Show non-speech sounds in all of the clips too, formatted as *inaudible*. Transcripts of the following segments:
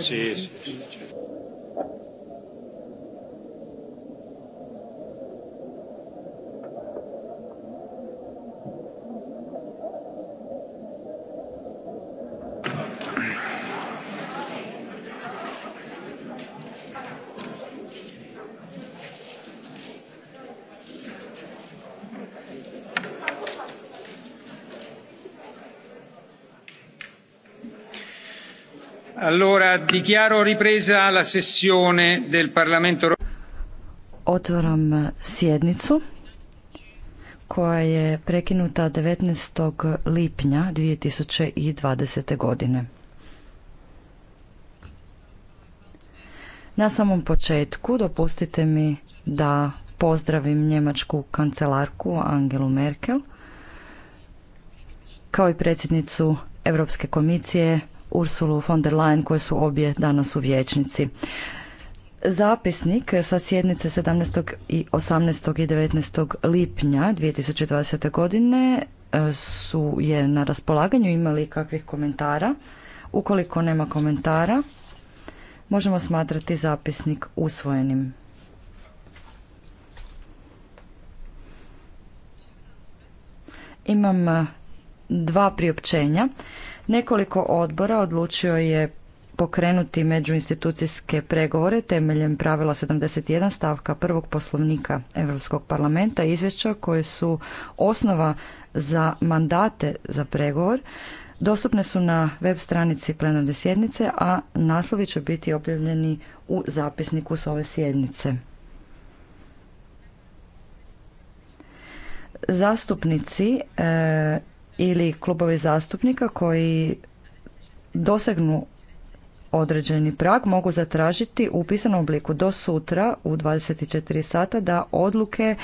Sí, Allora, Otvaram eh, sjednicu koja je prekinuta 19. lipnja 2020. godine. Na samom početku dopustite mi da pozdravim njemačku kancelarku Angelu Merkel kao i predsjednicu Europske komisije Ursulu von der Leyen koje su obje danas u vječnici. Zapisnik sa sjednice 17. i 18. i 19. lipnja 2020. godine e, su je na raspolaganju imali kakvih komentara. Ukoliko nema komentara, možemo smatrati zapisnik usvojenim. Imam e, dva priopćenja. Nekoliko odbora odlučio je pokrenuti međuinstitucijske pregovore temeljem pravila 71 stavka prvog poslovnika Europskog parlamenta izvješća koje su osnova za mandate za pregovor dostupne su na web stranici plenarne sjednice, a naslovi će biti objavljeni u zapisniku s ove sjednice. Zastupnici e, ili klubovi zastupnika koji dosegnu određeni prag mogu zatražiti u pisanom obliku do sutra u 24 sata da odluke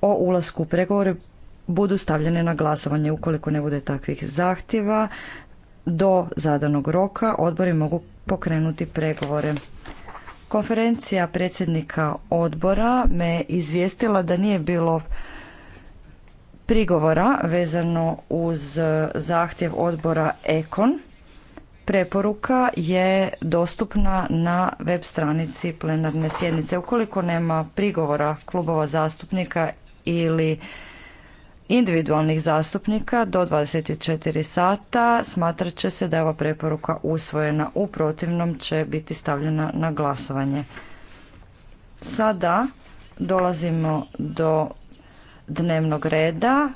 o ulasku u pregovore budu stavljene na glasovanje. Ukoliko ne bude takvih zahtjeva, do zadanog roka odbori mogu pokrenuti pregovore. Konferencija predsjednika odbora me izvijestila da nije bilo prigovora vezano uz e, zahtjev odbora Ekon. Preporuka je dostupna na web stranici plenarne sjednice. Ukoliko nema prigovora klubova zastupnika ili individualnih zastupnika do 24 sata smatrat će se da je ova preporuka usvojena. U protivnom će biti stavljena na glasovanje. Sada dolazimo do dnevnog reda.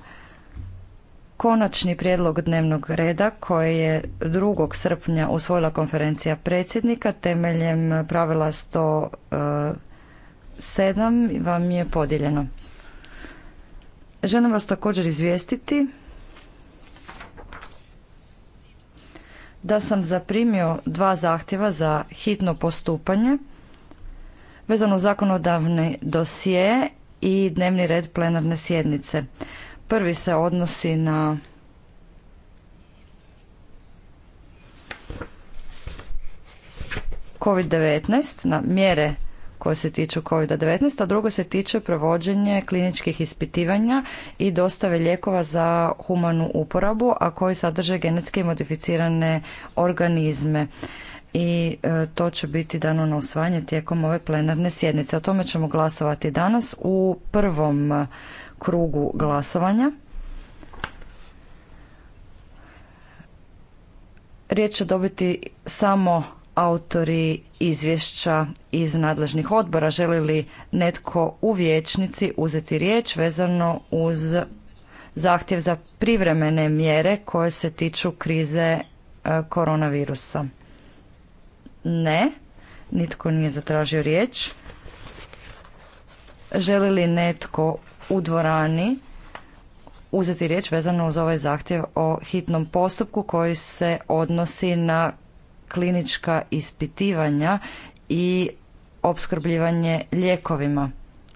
Konačni prijedlog dnevnog reda koji je 2. srpnja usvojila konferencija predsjednika temeljem pravila 107 eh, vam je podijeljeno. Želim vas također izvijestiti da sam zaprimio dva zahtjeva za hitno postupanje vezano zakonodavni dosije i dnevni red plenarne sjednice. Prvi se odnosi na COVID-19, na mjere koje se tiču COVID-19, a drugo se tiče provođenje kliničkih ispitivanja i dostave lijekova za humanu uporabu, a koji sadrže genetski modificirane organizme i e, to će biti dano ono na usvajanje tijekom ove plenarne sjednice. O tome ćemo glasovati danas u prvom e, krugu glasovanja. Riječ će dobiti samo autori izvješća iz nadležnih odbora. Želi li netko u vječnici uzeti riječ vezano uz zahtjev za privremene mjere koje se tiču krize e, koronavirusa? Ne. Nitko nije zatražio riječ. Želi li netko u dvorani uzeti riječ vezano uz ovaj zahtjev o hitnom postupku koji se odnosi na klinička ispitivanja i opskrbljivanje lijekovima.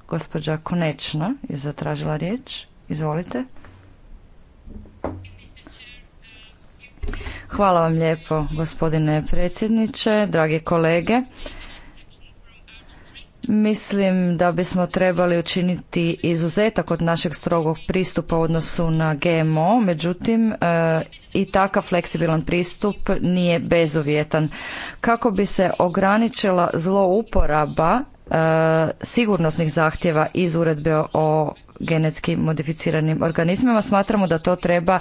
Gospođa Konečna je zatražila riječ. Izvolite. Hvala vam lijepo gospodine predsjedniče, dragi kolege. Mislim da bismo trebali učiniti izuzetak od našeg strogog pristupa u odnosu na GMO, međutim e, i takav fleksibilan pristup nije bezuvjetan. Kako bi se ograničila zlouporaba e, sigurnosnih zahtjeva iz uredbe o genetski modificiranim organizmima, smatramo da to treba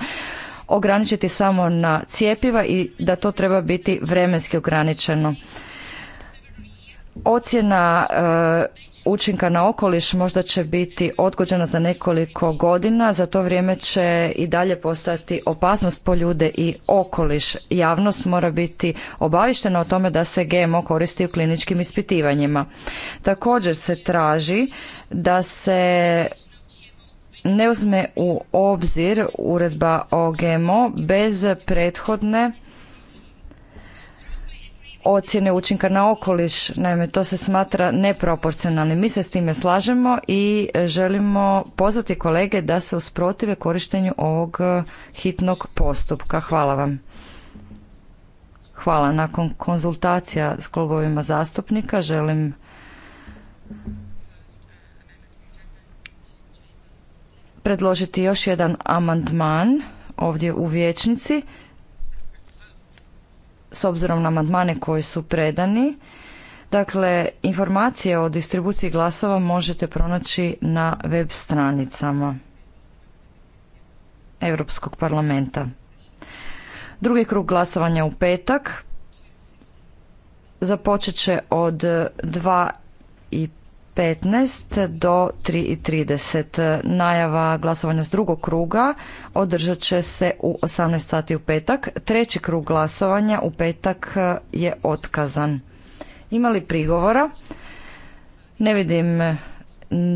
ograničiti samo na cijepiva i da to treba biti vremenski ograničeno. Ocjena e, učinka na okoliš možda će biti odgođena za nekoliko godina, za to vrijeme će i dalje postojati opasnost po ljude i okoliš. Javnost mora biti obavištena o tome da se GMO koristi u kliničkim ispitivanjima. Također se traži da se ne uzme u obzir uredba o GMO bez prethodne ocjene učinka na okoliš. Naime, to se smatra neproporcionalnim. Mi se s time slažemo i želimo pozvati kolege da se usprotive korištenju ovog hitnog postupka. Hvala vam. Hvala. Nakon konzultacija s klubovima zastupnika želim predložiti još jedan amandman ovdje u Vječnici s obzirom na amandmane koji su predani. Dakle, informacije o distribuciji glasova možete pronaći na web stranicama Europskog parlamenta. Drugi krug glasovanja u petak započet će od 2 i 15 do 3.30. Najava glasovanja s drugog kruga održat će se u 18 sati u petak. Treći krug glasovanja u petak je otkazan. Ima li prigovora? Ne vidim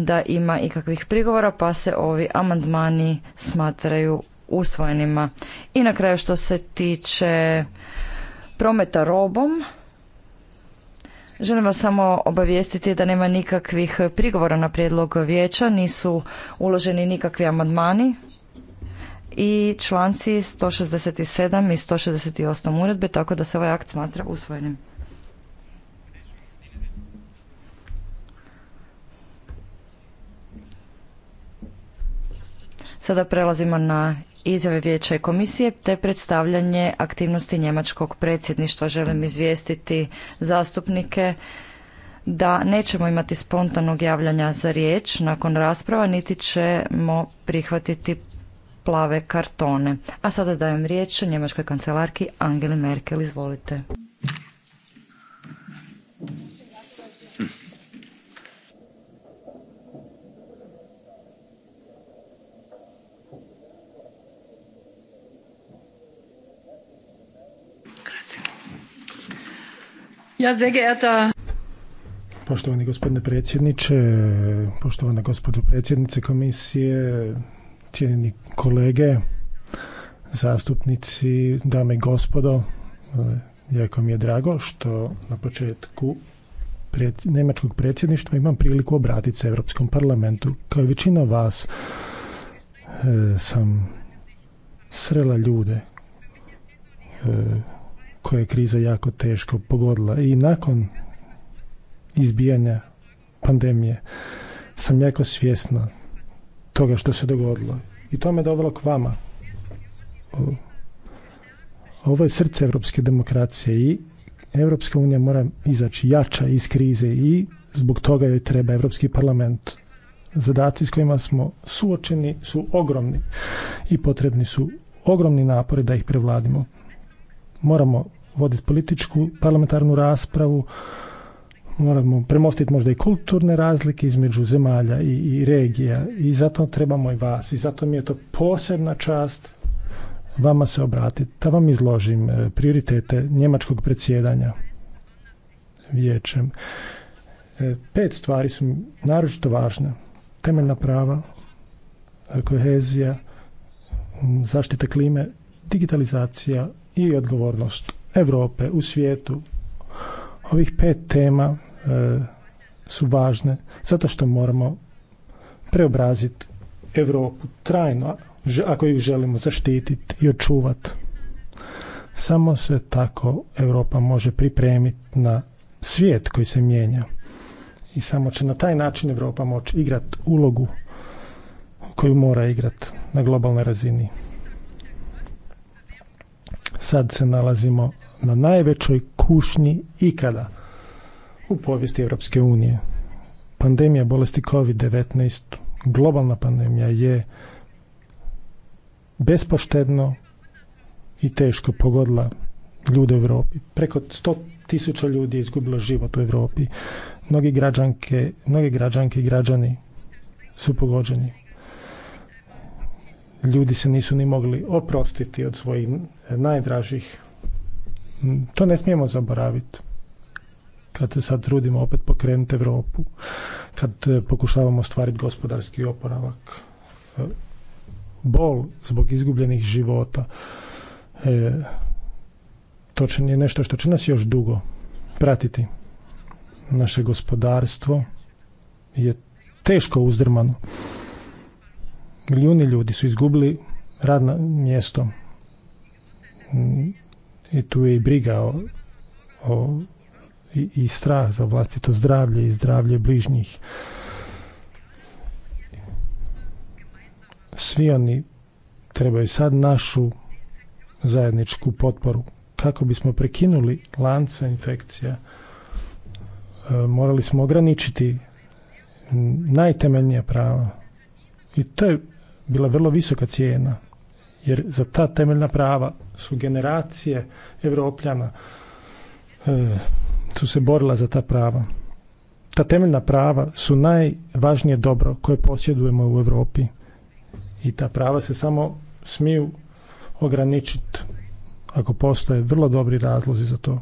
da ima ikakvih prigovora pa se ovi amandmani smatraju usvojenima. I na kraju što se tiče prometa robom, Želim vas samo obavijestiti da nema nikakvih prigovora na prijedlog vijeća, nisu uloženi nikakvi amandmani i članci 167 i 168 uredbe, tako da se ovaj akt smatra usvojenim. Sada prelazimo na izjave Vijeća komisije te predstavljanje aktivnosti njemačkog predsjedništva. Želim izvijestiti zastupnike da nećemo imati spontanog javljanja za riječ nakon rasprava, niti ćemo prihvatiti plave kartone. A sada dajem riječ njemačkoj kancelarki Angeli Merkel. Izvolite. Ja, sehr geehrter Poštovani gospodine predsjedniče, poštovana gospođo predsjednice komisije, cijenjeni kolege, zastupnici, dame i gospodo, jako mi je drago što na početku pred, njemačkog predsjedništva imam priliku obratiti se Europskom parlamentu. Kao i većina vas e, sam srela ljude e, koje je kriza jako teško pogodila. I nakon izbijanja pandemije sam jako svjesna toga što se dogodilo. I to me dovelo k vama. Ovo je srce evropske demokracije i Evropska unija mora izaći jača iz krize i zbog toga joj treba Evropski parlament. Zadaci s kojima smo suočeni su ogromni i potrebni su ogromni napori da ih prevladimo. Moramo voditi političku parlamentarnu raspravu, moramo premostiti možda i kulturne razlike između zemalja i, i regija i zato trebamo i vas i zato mi je to posebna čast vama se obratiti, da vam izložim e, prioritete njemačkog predsjedanja vijećem. E, pet stvari su naročito važne. Temeljna prava, e, kohezija, zaštita klime, digitalizacija i odgovornost. Europe u svijetu. Ovih pet tema e, su važne zato što moramo preobraziti Europu trajno ako ju želimo zaštititi i očuvati. Samo se tako Europa može pripremiti na svijet koji se mijenja. I samo će na taj način Europa moći igrati ulogu koju mora igrati na globalnoj razini. Sad se nalazimo na najvećoj kušnji ikada u povijesti Europske unije. Pandemija bolesti COVID-19, globalna pandemija je bespoštedno i teško pogodila ljude u Europi. Preko 100 tisuća ljudi je izgubilo život u Europi. Mnogi građanke, mnogi građanke i građani su pogođeni. Ljudi se nisu ni mogli oprostiti od svojih najdražih to ne smijemo zaboraviti kad se sad trudimo opet pokrenuti Europu, kad e, pokušavamo stvariti gospodarski oporavak. E, bol zbog izgubljenih života, e, to je nešto što će nas još dugo pratiti. Naše gospodarstvo je teško uzdrmano. Milijuni ljudi su izgubili radno mjesto i tu je i briga o, i, i strah za vlastito zdravlje i zdravlje bližnjih. Svi oni trebaju sad našu zajedničku potporu. Kako bismo prekinuli lanca infekcija, e, morali smo ograničiti najtemeljnija prava. I to je bila vrlo visoka cijena, jer za ta temeljna prava su generacije Evropljana e, su se borila za ta prava. Ta temeljna prava su najvažnije dobro koje posjedujemo u Europi i ta prava se samo smiju ograničiti ako postoje vrlo dobri razlozi za to.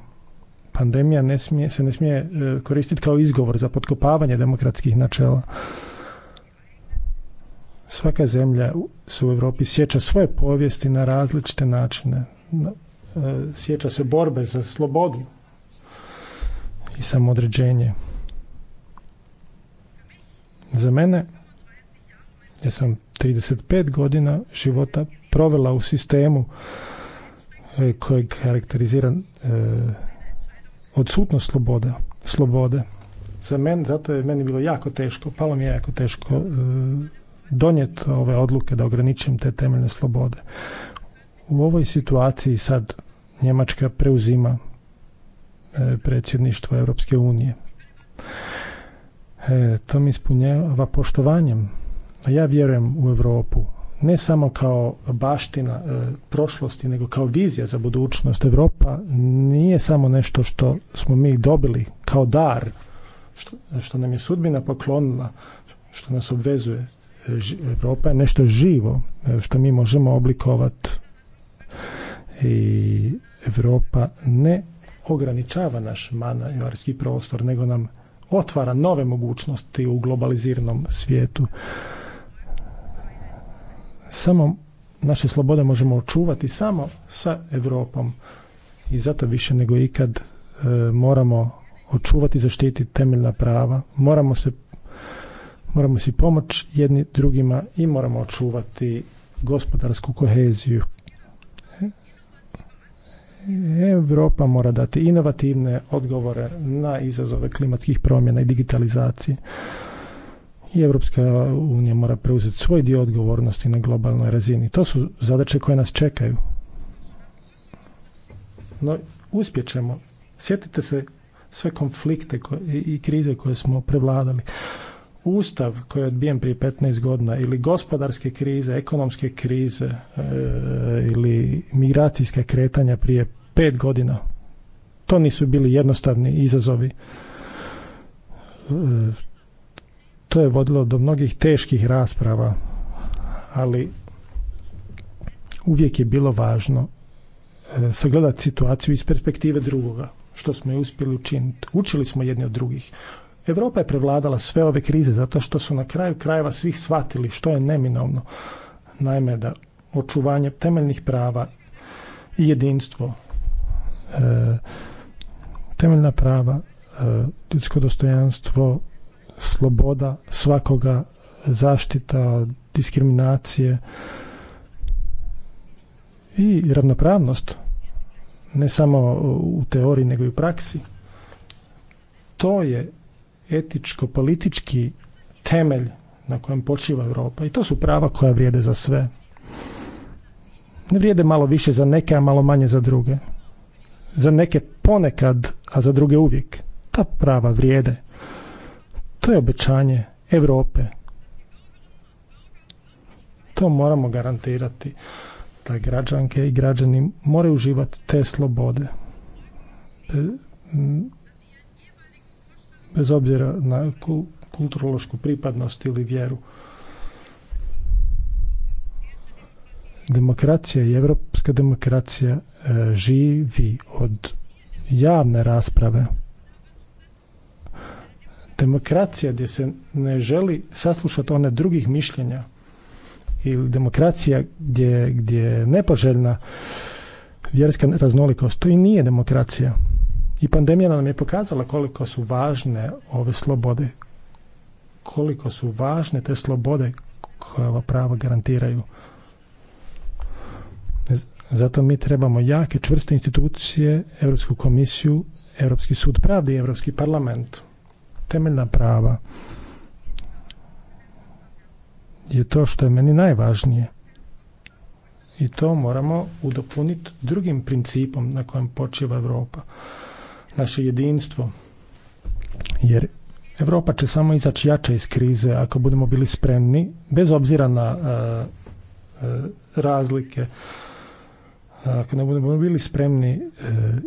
Pandemija ne smije, se ne smije e, koristiti kao izgovor za potkopavanje demokratskih načela. Svaka zemlja se u Europi sjeća svoje povijesti na različite načine. E, sjeća se borbe za slobodu i samodređenje. Za mene, ja sam 35 godina života provela u sistemu e, kojeg karakterizira e, odsutnost sloboda, slobode. Za men, zato je meni bilo jako teško, palo mi je jako teško donijeti ove odluke da ograničim te temeljne slobode. U ovoj situaciji sad Njemačka preuzima e, predsjedništvo Europske unije. E, to mi ispunjava poštovanjem. Ja vjerujem u Europu ne samo kao baština e, prošlosti, nego kao vizija za budućnost. Europa nije samo nešto što smo mi dobili kao dar, što, što nam je sudbina poklonila, što nas obvezuje, Europa je nešto živo e, što mi možemo oblikovati i Europa ne ograničava naš manajarski prostor nego nam otvara nove mogućnosti u globaliziranom svijetu. Samo naše slobode možemo očuvati samo sa Europom i zato više nego ikad e, moramo očuvati i zaštiti temeljna prava. Moramo se moramo si pomoći jedni drugima i moramo očuvati gospodarsku koheziju. Europa mora dati inovativne odgovore na izazove klimatskih promjena i digitalizacije. I Evropska unija mora preuzeti svoj dio odgovornosti na globalnoj razini. To su zadaće koje nas čekaju. No, uspjećemo. Sjetite se sve konflikte i krize koje smo prevladali ustav koji je odbijen prije 15 godina ili gospodarske krize, ekonomske krize e, ili migracijske kretanja prije 5 godina. To nisu bili jednostavni izazovi. E, to je vodilo do mnogih teških rasprava, ali uvijek je bilo važno e, sagledati situaciju iz perspektive drugoga, što smo i uspjeli učiniti. Učili smo jedni od drugih. Europa je prevladala sve ove krize zato što su na kraju krajeva svih shvatili što je neminovno. Naime, da očuvanje temeljnih prava i jedinstvo, e, temeljna prava, e, ljudsko dostojanstvo, sloboda svakoga, zaštita, diskriminacije i ravnopravnost, ne samo u teoriji nego i u praksi, to je etičko-politički temelj na kojem počiva Europa i to su prava koja vrijede za sve. Ne vrijede malo više za neke, a malo manje za druge. Za neke ponekad, a za druge uvijek. Ta prava vrijede. To je obećanje Europe. To moramo garantirati da građanke i građani moraju uživati te slobode bez obzira na kulturološku pripadnost ili vjeru. Demokracija i evropska demokracija e, živi od javne rasprave. Demokracija gdje se ne želi saslušati one drugih mišljenja ili demokracija gdje, gdje je nepoželjna vjerska raznolikost, to i nije demokracija. I pandemija nam je pokazala koliko su važne ove slobode, koliko su važne te slobode koje ova prava garantiraju. Zato mi trebamo jake, čvrste institucije, Europsku komisiju, Europski sud pravde i Europski parlament. Temeljna prava je to što je meni najvažnije. I to moramo udopuniti drugim principom na kojem počiva Europa naše jedinstvo. Jer Europa će samo izaći jače iz krize ako budemo bili spremni, bez obzira na e, e, razlike, ako ne budemo bili spremni e,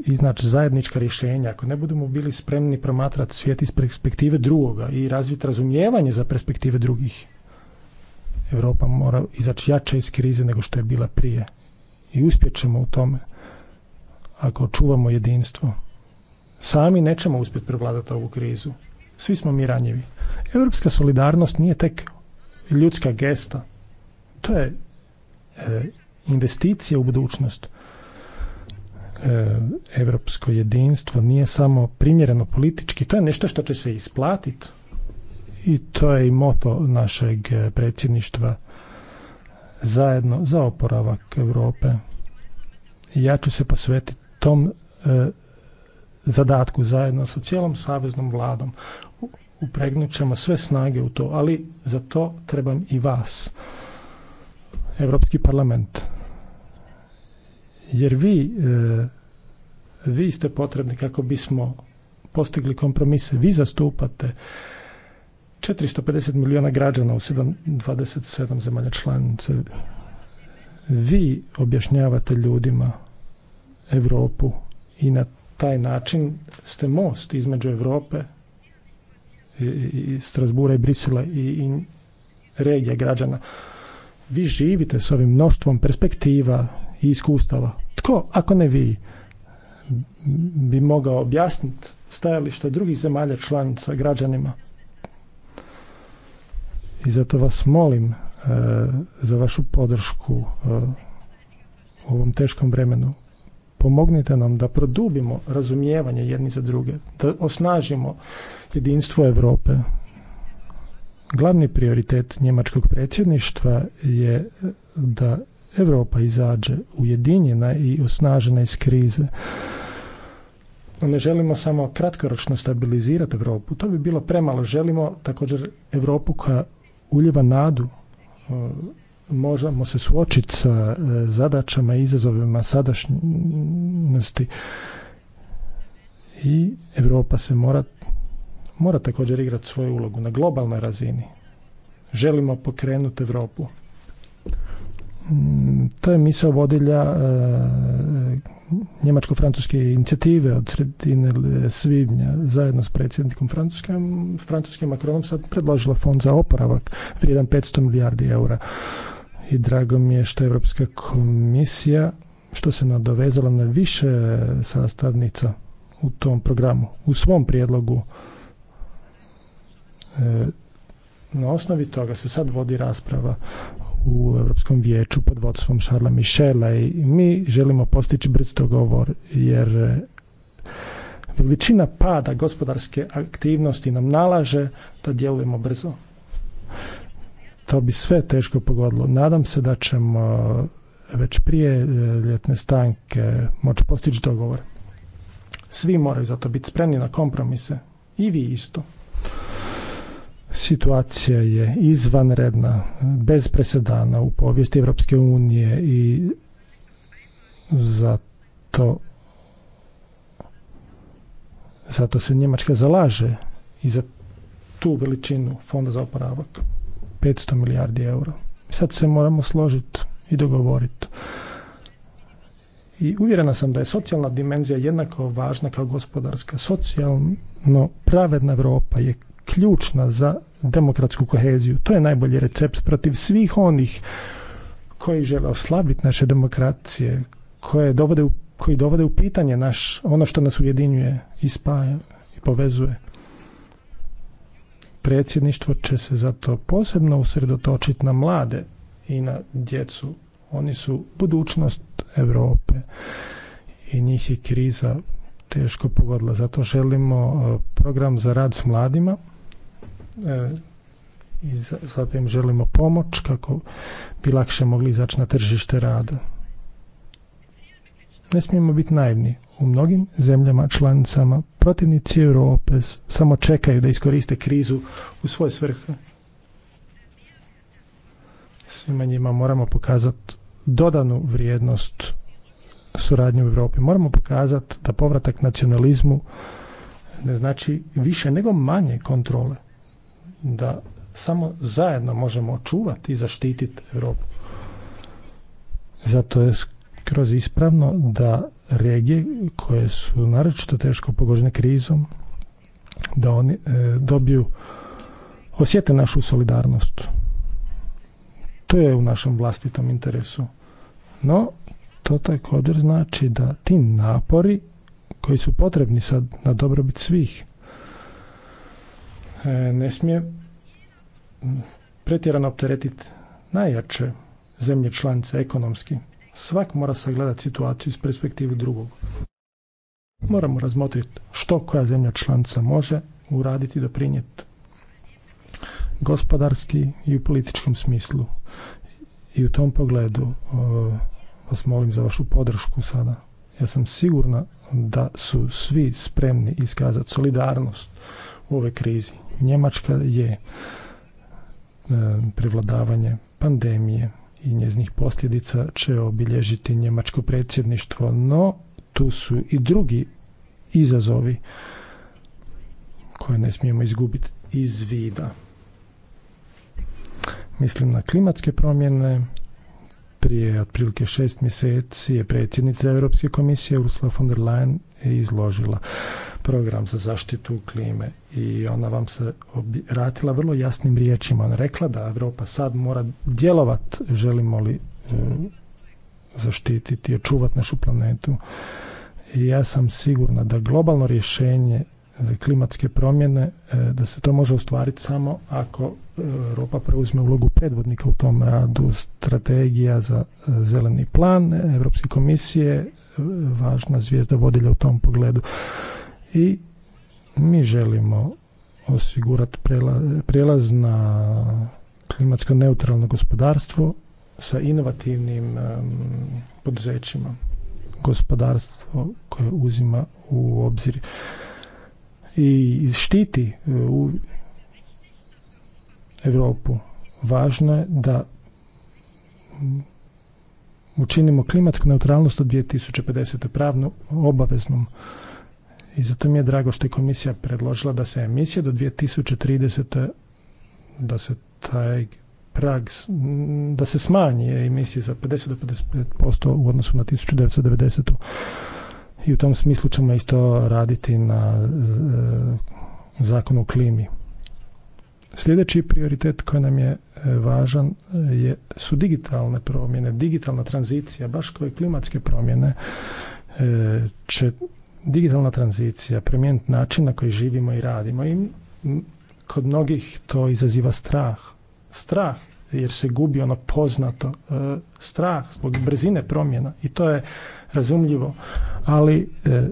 iznaći zajednička rješenja, ako ne budemo bili spremni promatrati svijet iz perspektive drugoga i razviti razumijevanje za perspektive drugih, Europa mora izaći jače iz krize nego što je bila prije. I uspjećemo u tome ako čuvamo jedinstvo. Sami nećemo uspjeti prevladati ovu krizu. Svi smo mi ranjivi. Europska solidarnost nije tek ljudska gesta. To je e, investicija u budućnost. E, Europsko jedinstvo nije samo primjereno politički, to je nešto što će se isplatiti. I to je i moto našeg e, predsjedništva zajedno za oporavak Europe. Ja ću se posvetiti tom e, zadatku zajedno sa cijelom saveznom vladom. Upregnut ćemo sve snage u to, ali za to trebam i vas, Europski parlament. Jer vi, e, vi ste potrebni kako bismo postigli kompromise. Vi zastupate 450 milijuna građana u 27 zemalja članice. Vi objašnjavate ljudima Europu i na taj način ste most između Europe i Strasbura i Brisela i, i regije građana. Vi živite s ovim mnoštvom perspektiva i iskustava. Tko, ako ne vi, bi mogao objasniti stajalište drugih zemalja članica građanima? I zato vas molim eh, za vašu podršku eh, u ovom teškom vremenu. Pomognite nam da produbimo razumijevanje jedni za druge, da osnažimo jedinstvo Europe. Glavni prioritet njemačkog predsjedništva je da Europa izađe ujedinjena i osnažena iz krize. Ne želimo samo kratkoročno stabilizirati Europu, to bi bilo premalo. Želimo također Europu koja uljeva nadu možemo se suočiti sa e, zadaćama i izazovima sadašnjosti i Europa se mora, mora također igrati svoju ulogu na globalnoj razini. Želimo pokrenuti Europu. Mm, to je misao vodilja e, njemačko-francuske inicijative od sredine e, svibnja zajedno s predsjednikom Francuske, francuskim Macronom sad predložila fond za oporavak vrijedan 500 milijardi eura i drago mi je što je Europska komisija što se nadovezala na više sastavnica u tom programu, u svom prijedlogu. E, na osnovi toga se sad vodi rasprava u Europskom vijeću pod vodstvom Šarla Mišela i mi želimo postići brz dogovor jer e, veličina pada gospodarske aktivnosti nam nalaže da djelujemo brzo to bi sve teško pogodilo. Nadam se da ćemo e, već prije e, ljetne stanke moći postići dogovor. Svi moraju zato biti spremni na kompromise. I vi isto. Situacija je izvanredna, bez presedana u povijesti Europske unije i zato zato se Njemačka zalaže i za tu veličinu fonda za oporavak. 500 milijardi eura. Sad se moramo složiti i dogovoriti. I uvjerena sam da je socijalna dimenzija jednako važna kao gospodarska. Socijalno pravedna Europa je ključna za demokratsku koheziju. To je najbolji recept protiv svih onih koji žele oslabiti naše demokracije, koje dovode u, koji dovode u pitanje naš, ono što nas ujedinjuje i spaja i povezuje predsjedništvo će se zato posebno usredotočiti na mlade i na djecu. Oni su budućnost Europe i njih je kriza teško pogodila. Zato želimo e, program za rad s mladima e, i zato im želimo pomoć kako bi lakše mogli izaći na tržište rada. Ne smijemo biti naivni u mnogim zemljama članicama protivnici Europe samo čekaju da iskoriste krizu u svoje svrhe. Svima njima moramo pokazati dodanu vrijednost suradnje u Europi. Moramo pokazati da povratak nacionalizmu ne znači više nego manje kontrole. Da samo zajedno možemo očuvati i zaštititi Europu. Zato je kroz ispravno da regije koje su naročito teško pogožene krizom, da oni e, dobiju, osjete našu solidarnost. To je u našem vlastitom interesu. No, to također znači da ti napori koji su potrebni sad na dobrobit svih e, ne smije pretjerano opteretiti najjače zemlje članice ekonomski. Svak mora sagledati situaciju iz perspektive drugog. Moramo razmotriti što koja zemlja članica može uraditi i doprinijeti gospodarski i u političkom smislu. I u tom pogledu e, vas molim za vašu podršku sada. Ja sam sigurna da su svi spremni iskazati solidarnost u ove krizi. Njemačka je e, prevladavanje pandemije, i njeznih posljedica će obilježiti njemačko predsjedništvo, no tu su i drugi izazovi koje ne smijemo izgubiti iz vida. Mislim na klimatske promjene. Prije otprilike šest mjeseci je predsjednica Europske komisije Ursula von der Leyen izložila program za zaštitu klime i ona vam se obratila vrlo jasnim riječima. Ona rekla da Europa sad mora djelovat želimo li e, zaštititi i očuvati našu planetu. I ja sam sigurna da globalno rješenje za klimatske promjene, e, da se to može ostvariti samo ako Europa preuzme ulogu predvodnika u tom radu, strategija za e, zeleni plan Europske komisije, važna zvijezda vodilja u tom pogledu i mi želimo osigurati prijelaz na klimatsko neutralno gospodarstvo sa inovativnim poduzećima, gospodarstvo koje uzima u obzir i štiti e, u Europu. Važno je da učinimo klimatsku neutralnost od 2050. pravno obaveznom. I zato mi je drago što je komisija predložila da se emisije do 2030. da se taj prag, da se smanji emisije za 50 do 55% u odnosu na 1990. I u tom smislu ćemo isto raditi na e, zakonu o klimi. Sljedeći prioritet koji nam je e, važan e, je, su digitalne promjene, digitalna tranzicija, baš koje klimatske promjene će digitalna tranzicija, promijeniti način na koji živimo i radimo i kod mnogih to izaziva strah. Strah jer se gubi ono poznato, e, strah zbog brzine promjena i to je razumljivo, ali e,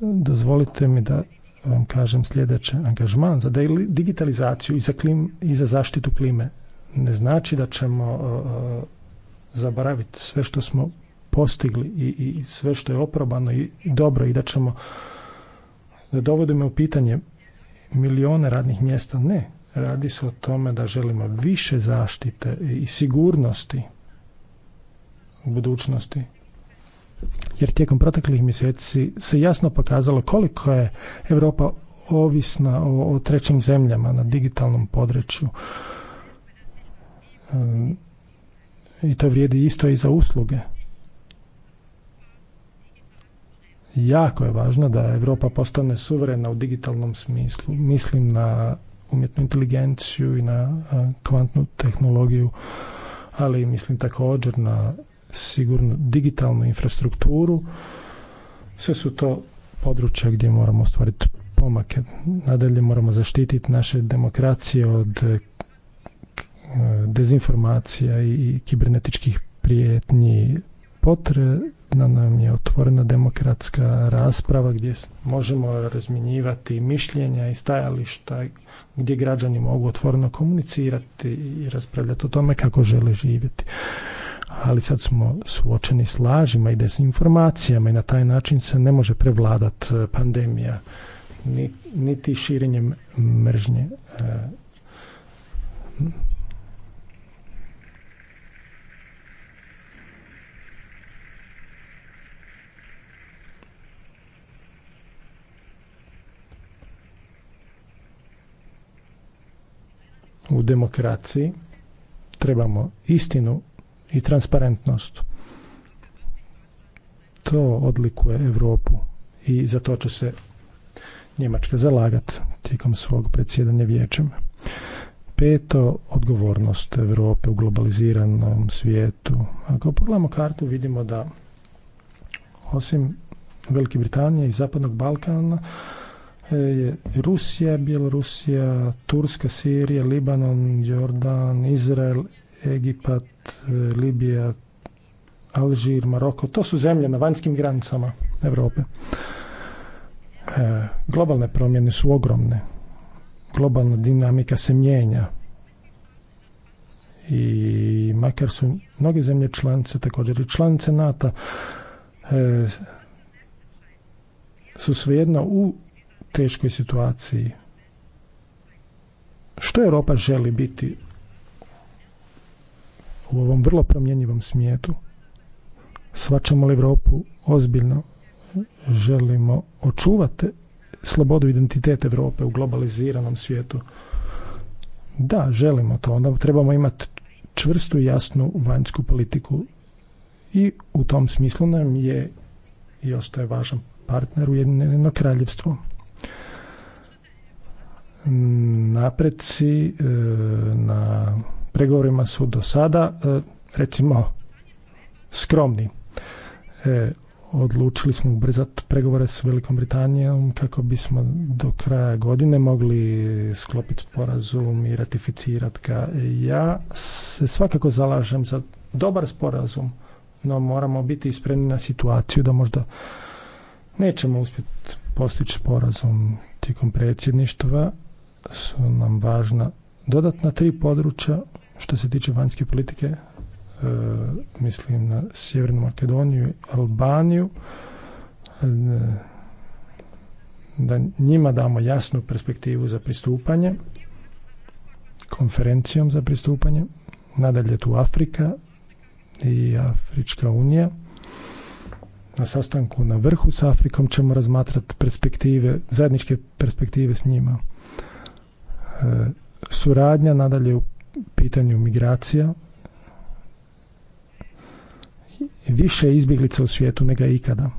dozvolite mi da vam kažem sljedeće, angažman za digitalizaciju i za, i za zaštitu klime ne znači da ćemo e, zaboraviti sve što smo postigli i, i sve što je oprobano i dobro i da ćemo da dovodimo u pitanje milijone radnih mjesta. Ne, radi se o tome da želimo više zaštite i sigurnosti u budućnosti. Jer tijekom proteklih mjeseci se jasno pokazalo koliko je Europa ovisna o, o trećim zemljama na digitalnom području. E, I to vrijedi isto i za usluge. Jako je važno da Europa postane suverena u digitalnom smislu. Mislim na umjetnu inteligenciju i na kvantnu tehnologiju, ali mislim također na sigurnu digitalnu infrastrukturu. Sve su to područja gdje moramo stvariti pomake. Nadalje moramo zaštititi naše demokracije od e, e, dezinformacija i kibernetičkih prijetnji. Potre, na nam je otvorena demokratska rasprava gdje možemo razminjivati mišljenja i stajališta gdje građani mogu otvoreno komunicirati i raspravljati o tome kako žele živjeti. Ali sad smo suočeni s lažima i dezinformacijama i na taj način se ne može prevladat e, pandemija niti širenjem mržnje. E, u demokraciji trebamo istinu i transparentnost. To odlikuje Europu i za to će se Njemačka zalagat tijekom svog predsjedanja vijećem. Peto, odgovornost Europe u globaliziranom svijetu. Ako pogledamo kartu vidimo da osim Velike Britanije i Zapadnog Balkana E, Rusija, Bjelorusija, Turska, Sirija, Libanon, Jordan, Izrael, Egipat, e, Libija, Alžir, Maroko. To su zemlje na vanjskim granicama Europe. E, globalne promjene su ogromne. Globalna dinamika se mijenja. I makar su mnoge zemlje članice, također i članice NATO, e, su svejedno u teškoj situaciji. Što Europa želi biti u ovom vrlo promjenjivom smijetu? Svačamo li Europu ozbiljno? Želimo očuvati slobodu identiteta Europe u globaliziranom svijetu. Da, želimo to. Onda trebamo imati čvrstu i jasnu vanjsku politiku. I u tom smislu nam je i ostaje važan partner Ujedinjeno kraljevstvu napreci e, na pregovorima su do sada e, recimo skromni. E, odlučili smo ubrzati pregovore s Velikom Britanijom kako bismo do kraja godine mogli sklopiti sporazum i ratificirati ga. Ja se svakako zalažem za dobar sporazum, no moramo biti ispremni na situaciju da možda nećemo uspjeti postići sporazum tijekom predsjedništva su nam važna dodatna tri područja što se tiče vanjske politike, e, mislim na Sjevernu Makedoniju i Albaniju, e, da njima damo jasnu perspektivu za pristupanje, konferencijom za pristupanje, nadalje tu Afrika i Afrička unija. Na sastanku na vrhu s Afrikom ćemo razmatrati perspektive, zajedničke perspektive s njima suradnja nadalje u pitanju migracija. Više izbjeglica u svijetu nego ikada.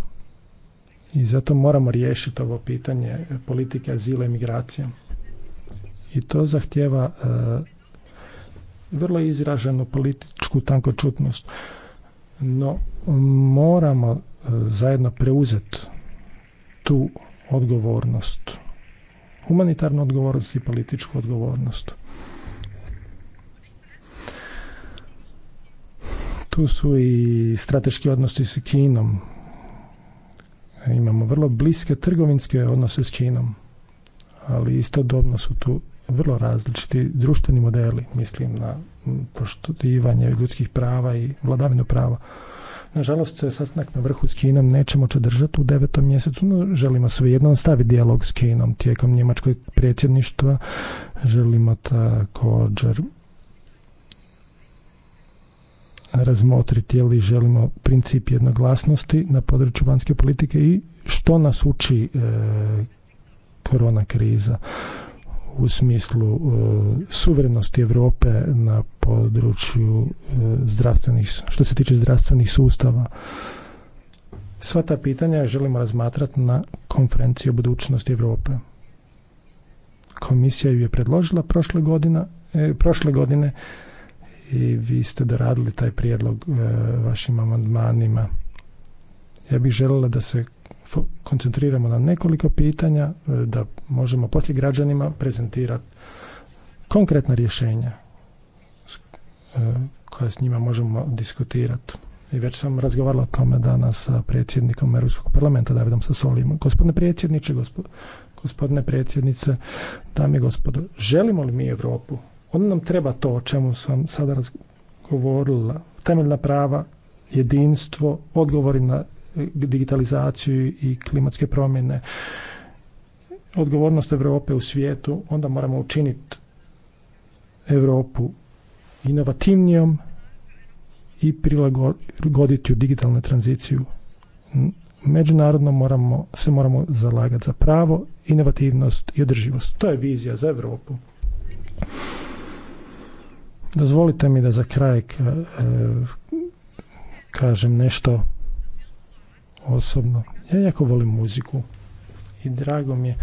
I zato moramo riješiti ovo pitanje politike azila i migracija. I to zahtjeva e, vrlo izraženu političku tankočutnost. No moramo e, zajedno preuzeti tu odgovornost humanitarnu odgovornost i političku odgovornost. Tu su i strateški odnosi s Kinom. Imamo vrlo bliske trgovinske odnose s Kinom, ali istodobno su tu vrlo različiti društveni modeli, mislim na poštivanje ljudskih prava i vladavinu prava. Nažalost, sastanak na vrhu s Kinom nećemo će držati u devetom mjesecu, no želimo svejedno nastaviti dijalog s Kinom tijekom njemačkog predsjedništva. Želimo također razmotriti je li želimo princip jednoglasnosti na području vanjske politike i što nas uči e, korona kriza u smislu e, suverenosti Europe na području e, zdravstvenih, što se tiče zdravstvenih sustava. Sva ta pitanja želimo razmatrati na konferenciji o budućnosti Europe. Komisija ju je predložila prošle, e, prošle godine i vi ste doradili taj prijedlog vašim amandmanima. Ja bih željela da se koncentriramo na nekoliko pitanja, e, da možemo poslije građanima prezentirati konkretna rješenja e, koja s njima možemo diskutirati. I već sam razgovarala o tome danas sa predsjednikom Europskog parlamenta Davidom solima Gospodine predsjedniče, gospodine predsjednice, dame i gospodo, želimo li mi Europu? Onda nam treba to o čemu sam sada razgovorila. Temeljna prava, jedinstvo, odgovori na digitalizaciju i klimatske promjene, odgovornost Europe u svijetu, onda moramo učiniti Europu inovativnijom i prilagoditi u digitalnu tranziciju. Međunarodno moramo, se moramo zalagati za pravo, inovativnost i održivost. To je vizija za Europu. Dozvolite mi da za kraj eh, eh, kažem nešto osobno. Ja jako volim muziku i drago mi je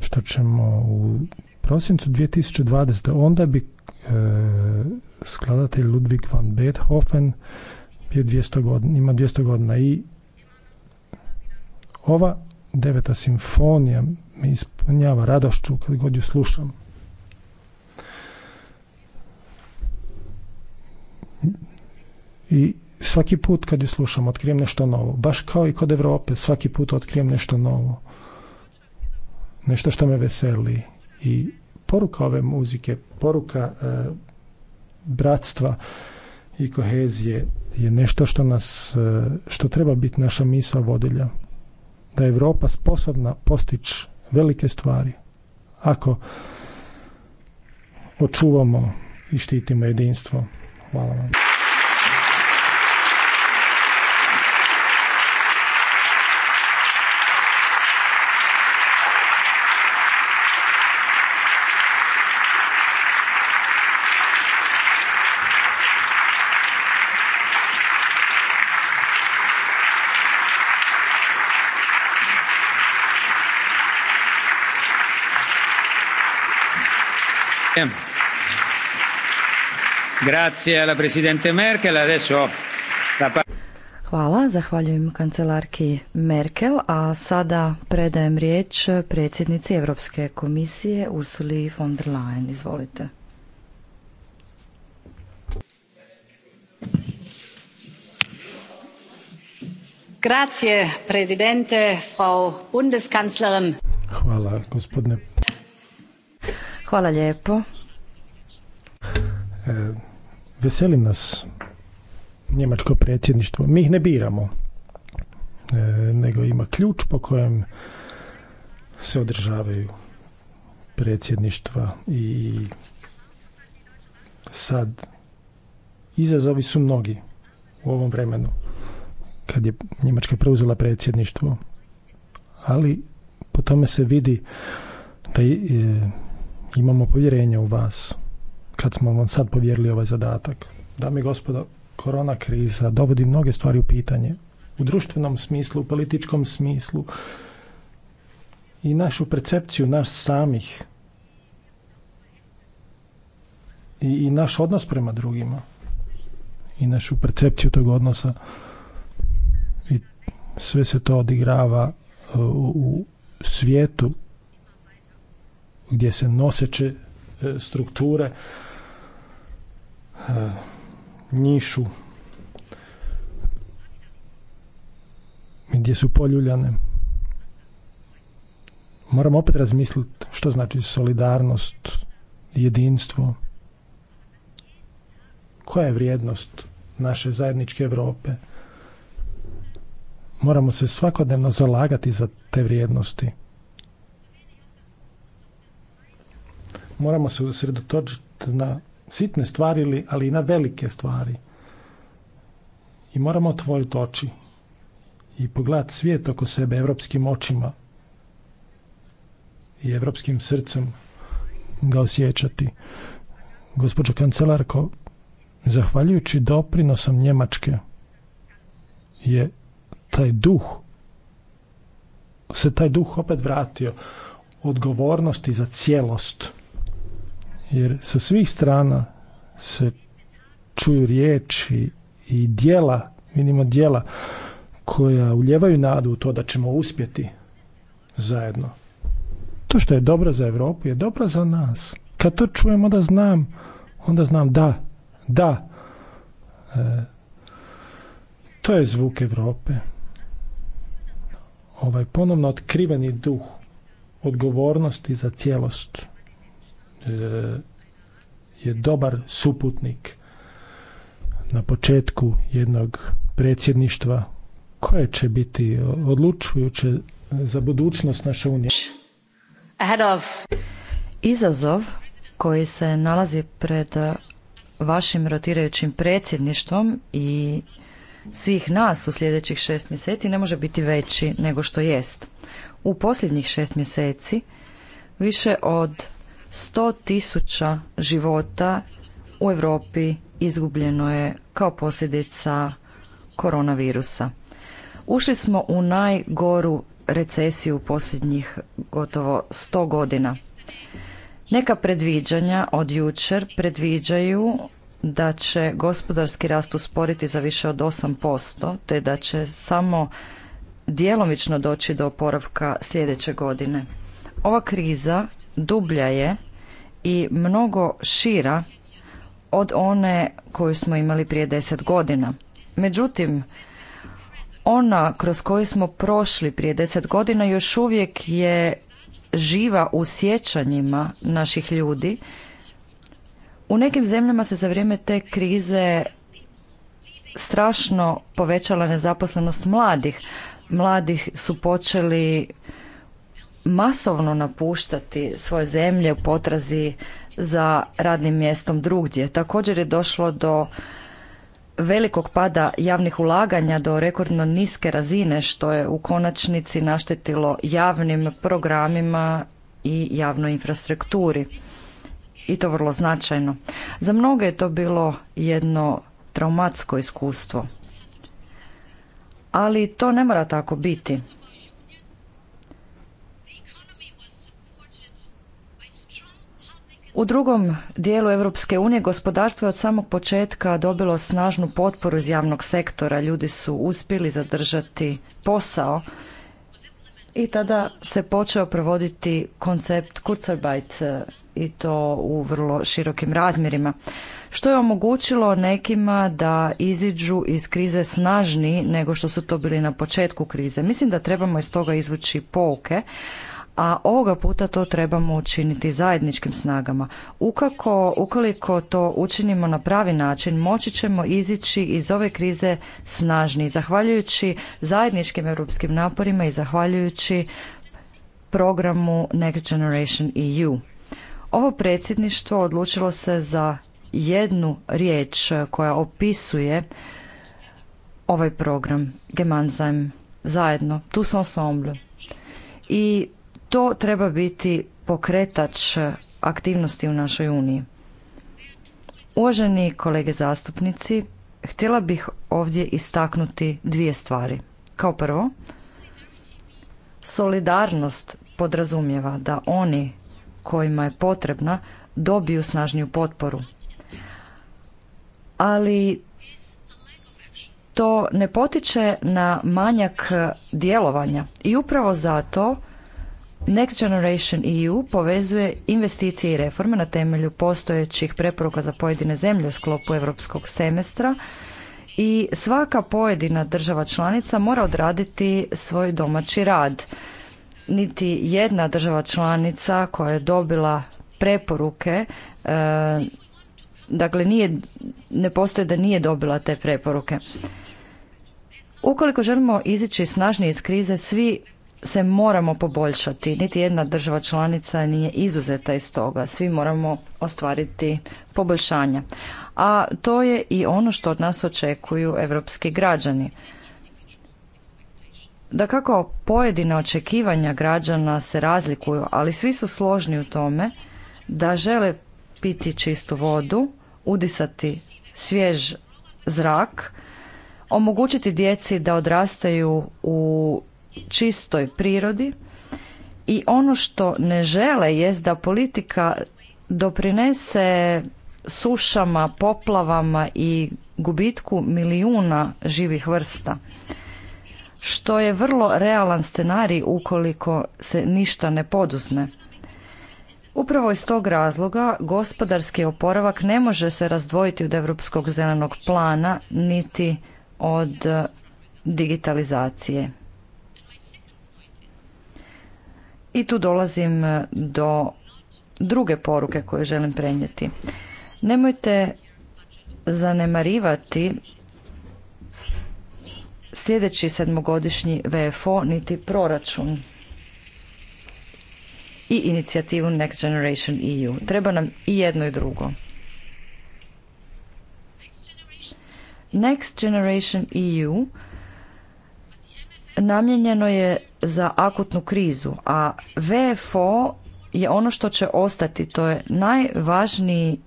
što ćemo u prosincu 2020. onda bi e, skladatelj Ludwig van Beethoven bio 200 godina, ima 200 godina i ova deveta simfonija mi ispunjava radošću kad god ju slušam. I svaki put kad ju slušam otkrijem nešto novo. Baš kao i kod Europe, svaki put otkrijem nešto novo. Nešto što me veseli. I poruka ove muzike, poruka e, bratstva i kohezije je nešto što nas, e, što treba biti naša misa vodilja. Da je Europa sposobna postići velike stvari. Ako očuvamo i štitimo jedinstvo. Hvala vam. Pa- Hvala, zahvaljujem kancelarki Merkel, a sada predajem riječ predsjednici Europske komisije Ursuli von der Leyen. Izvolite. Grazie, presidente, frau Bundeskanzlerin. Hvala, gospodine Hvala lijepo. E, veseli nas njemačko predsjedništvo. Mi ih ne biramo, e, nego ima ključ po kojem se održavaju predsjedništva i sad izazovi su mnogi u ovom vremenu kad je Njemačka preuzela predsjedništvo ali po tome se vidi da je imamo povjerenje u vas kad smo vam sad povjerili ovaj zadatak. Dame i gospodo, korona kriza dovodi mnoge stvari u pitanje. U društvenom smislu, u političkom smislu i našu percepciju, naš samih i, naš odnos prema drugima i našu percepciju tog odnosa i sve se to odigrava uh, u svijetu gdje se noseće e, strukture e, njišu gdje su poljuljane moramo opet razmisliti što znači solidarnost jedinstvo koja je vrijednost naše zajedničke Europe moramo se svakodnevno zalagati za te vrijednosti moramo se usredotočiti na sitne stvari, ali i na velike stvari. I moramo otvoriti oči i pogledati svijet oko sebe evropskim očima i evropskim srcem ga osjećati. Gospođo kancelarko, zahvaljujući doprinosom Njemačke je taj duh se taj duh opet vratio odgovornosti za cijelost jer sa svih strana se čuju riječi i dijela, vidimo dijela koja uljevaju nadu u to da ćemo uspjeti zajedno. To što je dobro za Europu je dobro za nas. Kad to čujemo da znam, onda znam da, da. E, to je zvuk Europe. Ovaj ponovno otkriveni duh odgovornosti za cijelost je dobar suputnik na početku jednog predsjedništva koje će biti odlučujuće za budućnost naše unije. Izazov koji se nalazi pred vašim rotirajućim predsjedništvom i svih nas u sljedećih šest mjeseci ne može biti veći nego što jest. U posljednjih šest mjeseci više od 100 tisuća života u Europi izgubljeno je kao posljedica koronavirusa. Ušli smo u najgoru recesiju posljednjih gotovo 100 godina. Neka predviđanja od jučer predviđaju da će gospodarski rast usporiti za više od 8%, te da će samo djelomično doći do oporavka sljedeće godine. Ova kriza dublja je i mnogo šira od one koju smo imali prije deset godina. Međutim, ona kroz koju smo prošli prije deset godina još uvijek je živa u sjećanjima naših ljudi. U nekim zemljama se za vrijeme te krize strašno povećala nezaposlenost mladih. Mladih su počeli masovno napuštati svoje zemlje u potrazi za radnim mjestom drugdje. Također je došlo do velikog pada javnih ulaganja do rekordno niske razine što je u konačnici naštetilo javnim programima i javnoj infrastrukturi. I to vrlo značajno. Za mnoge je to bilo jedno traumatsko iskustvo. Ali to ne mora tako biti. U drugom dijelu Europske unije gospodarstvo je od samog početka dobilo snažnu potporu iz javnog sektora. Ljudi su uspjeli zadržati posao i tada se počeo provoditi koncept Kurzarbeit e, i to u vrlo širokim razmjerima. Što je omogućilo nekima da iziđu iz krize snažniji nego što su to bili na početku krize. Mislim da trebamo iz toga izvući pouke a ovoga puta to trebamo učiniti zajedničkim snagama. Ukako, ukoliko to učinimo na pravi način, moći ćemo izići iz ove krize snažni, zahvaljujući zajedničkim europskim naporima i zahvaljujući programu Next Generation EU. Ovo predsjedništvo odlučilo se za jednu riječ koja opisuje ovaj program, Gemeinsam, zajedno, tous ensemble. I to treba biti pokretač aktivnosti u našoj Uniji. Uvaženi kolege zastupnici, htjela bih ovdje istaknuti dvije stvari. Kao prvo, solidarnost podrazumijeva da oni kojima je potrebna dobiju snažniju potporu. Ali to ne potiče na manjak djelovanja i upravo zato Next Generation EU povezuje investicije i reforme na temelju postojećih preporuka za pojedine zemlje u sklopu europskog semestra i svaka pojedina država članica mora odraditi svoj domaći rad. Niti jedna država članica koja je dobila preporuke e, dakle nije, ne postoje da nije dobila te preporuke. Ukoliko želimo izići snažnije iz krize, svi se moramo poboljšati. Niti jedna država članica nije izuzeta iz toga. Svi moramo ostvariti poboljšanja. A to je i ono što od nas očekuju evropski građani. Da kako pojedina očekivanja građana se razlikuju, ali svi su složni u tome da žele piti čistu vodu, udisati svjež zrak, omogućiti djeci da odrastaju u čistoj prirodi i ono što ne žele jest da politika doprinese sušama, poplavama i gubitku milijuna živih vrsta što je vrlo realan scenarij ukoliko se ništa ne poduzme. Upravo iz tog razloga gospodarski oporavak ne može se razdvojiti od Europskog zelenog plana niti od digitalizacije. I tu dolazim e, do druge poruke koju želim prenijeti. Nemojte zanemarivati sljedeći sedmogodišnji VFO niti proračun i inicijativu Next Generation EU. Treba nam i jedno i drugo. Next Generation EU namjenjeno je za akutnu krizu, a VFO je ono što će ostati. To je najvažniji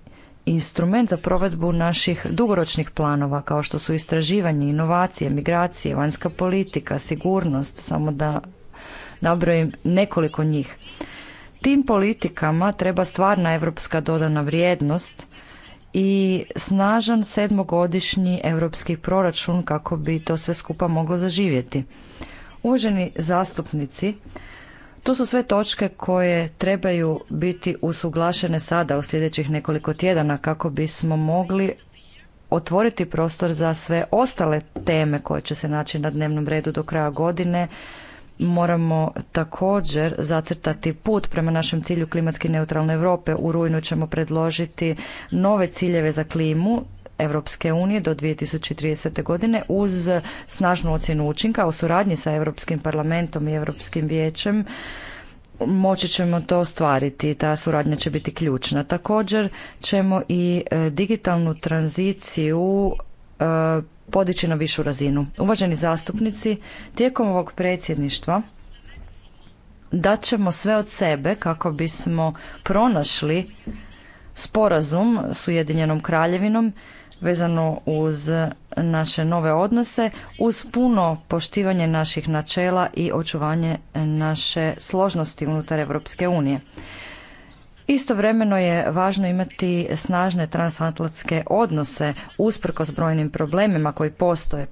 instrument za provedbu naših dugoročnih planova kao što su istraživanje, inovacije, migracije, vanjska politika, sigurnost, samo da nabrojim nekoliko njih. Tim politikama treba stvarna europska dodana vrijednost i snažan sedmogodišnji europski proračun kako bi to sve skupa moglo zaživjeti. Uvaženi zastupnici, to su sve točke koje trebaju biti usuglašene sada u sljedećih nekoliko tjedana kako bismo mogli otvoriti prostor za sve ostale teme koje će se naći na dnevnom redu do kraja godine. Moramo također zacrtati put prema našem cilju klimatski neutralne Europe. U rujnu ćemo predložiti nove ciljeve za klimu Europske unije do 2030. godine uz snažnu ocjenu učinka o suradnji sa Europskim parlamentom i Europskim vijećem moći ćemo to ostvariti. Ta suradnja će biti ključna. Također ćemo i e, digitalnu tranziciju e, podići na višu razinu. Uvaženi zastupnici, tijekom ovog predsjedništva dat ćemo sve od sebe kako bismo pronašli sporazum s Ujedinjenom kraljevinom vezano uz naše nove odnose uz puno poštivanje naših načela i očuvanje naše složnosti unutar Europske unije. Istovremeno je važno imati snažne transatlantske odnose usprkos brojnim problemima koji postoje.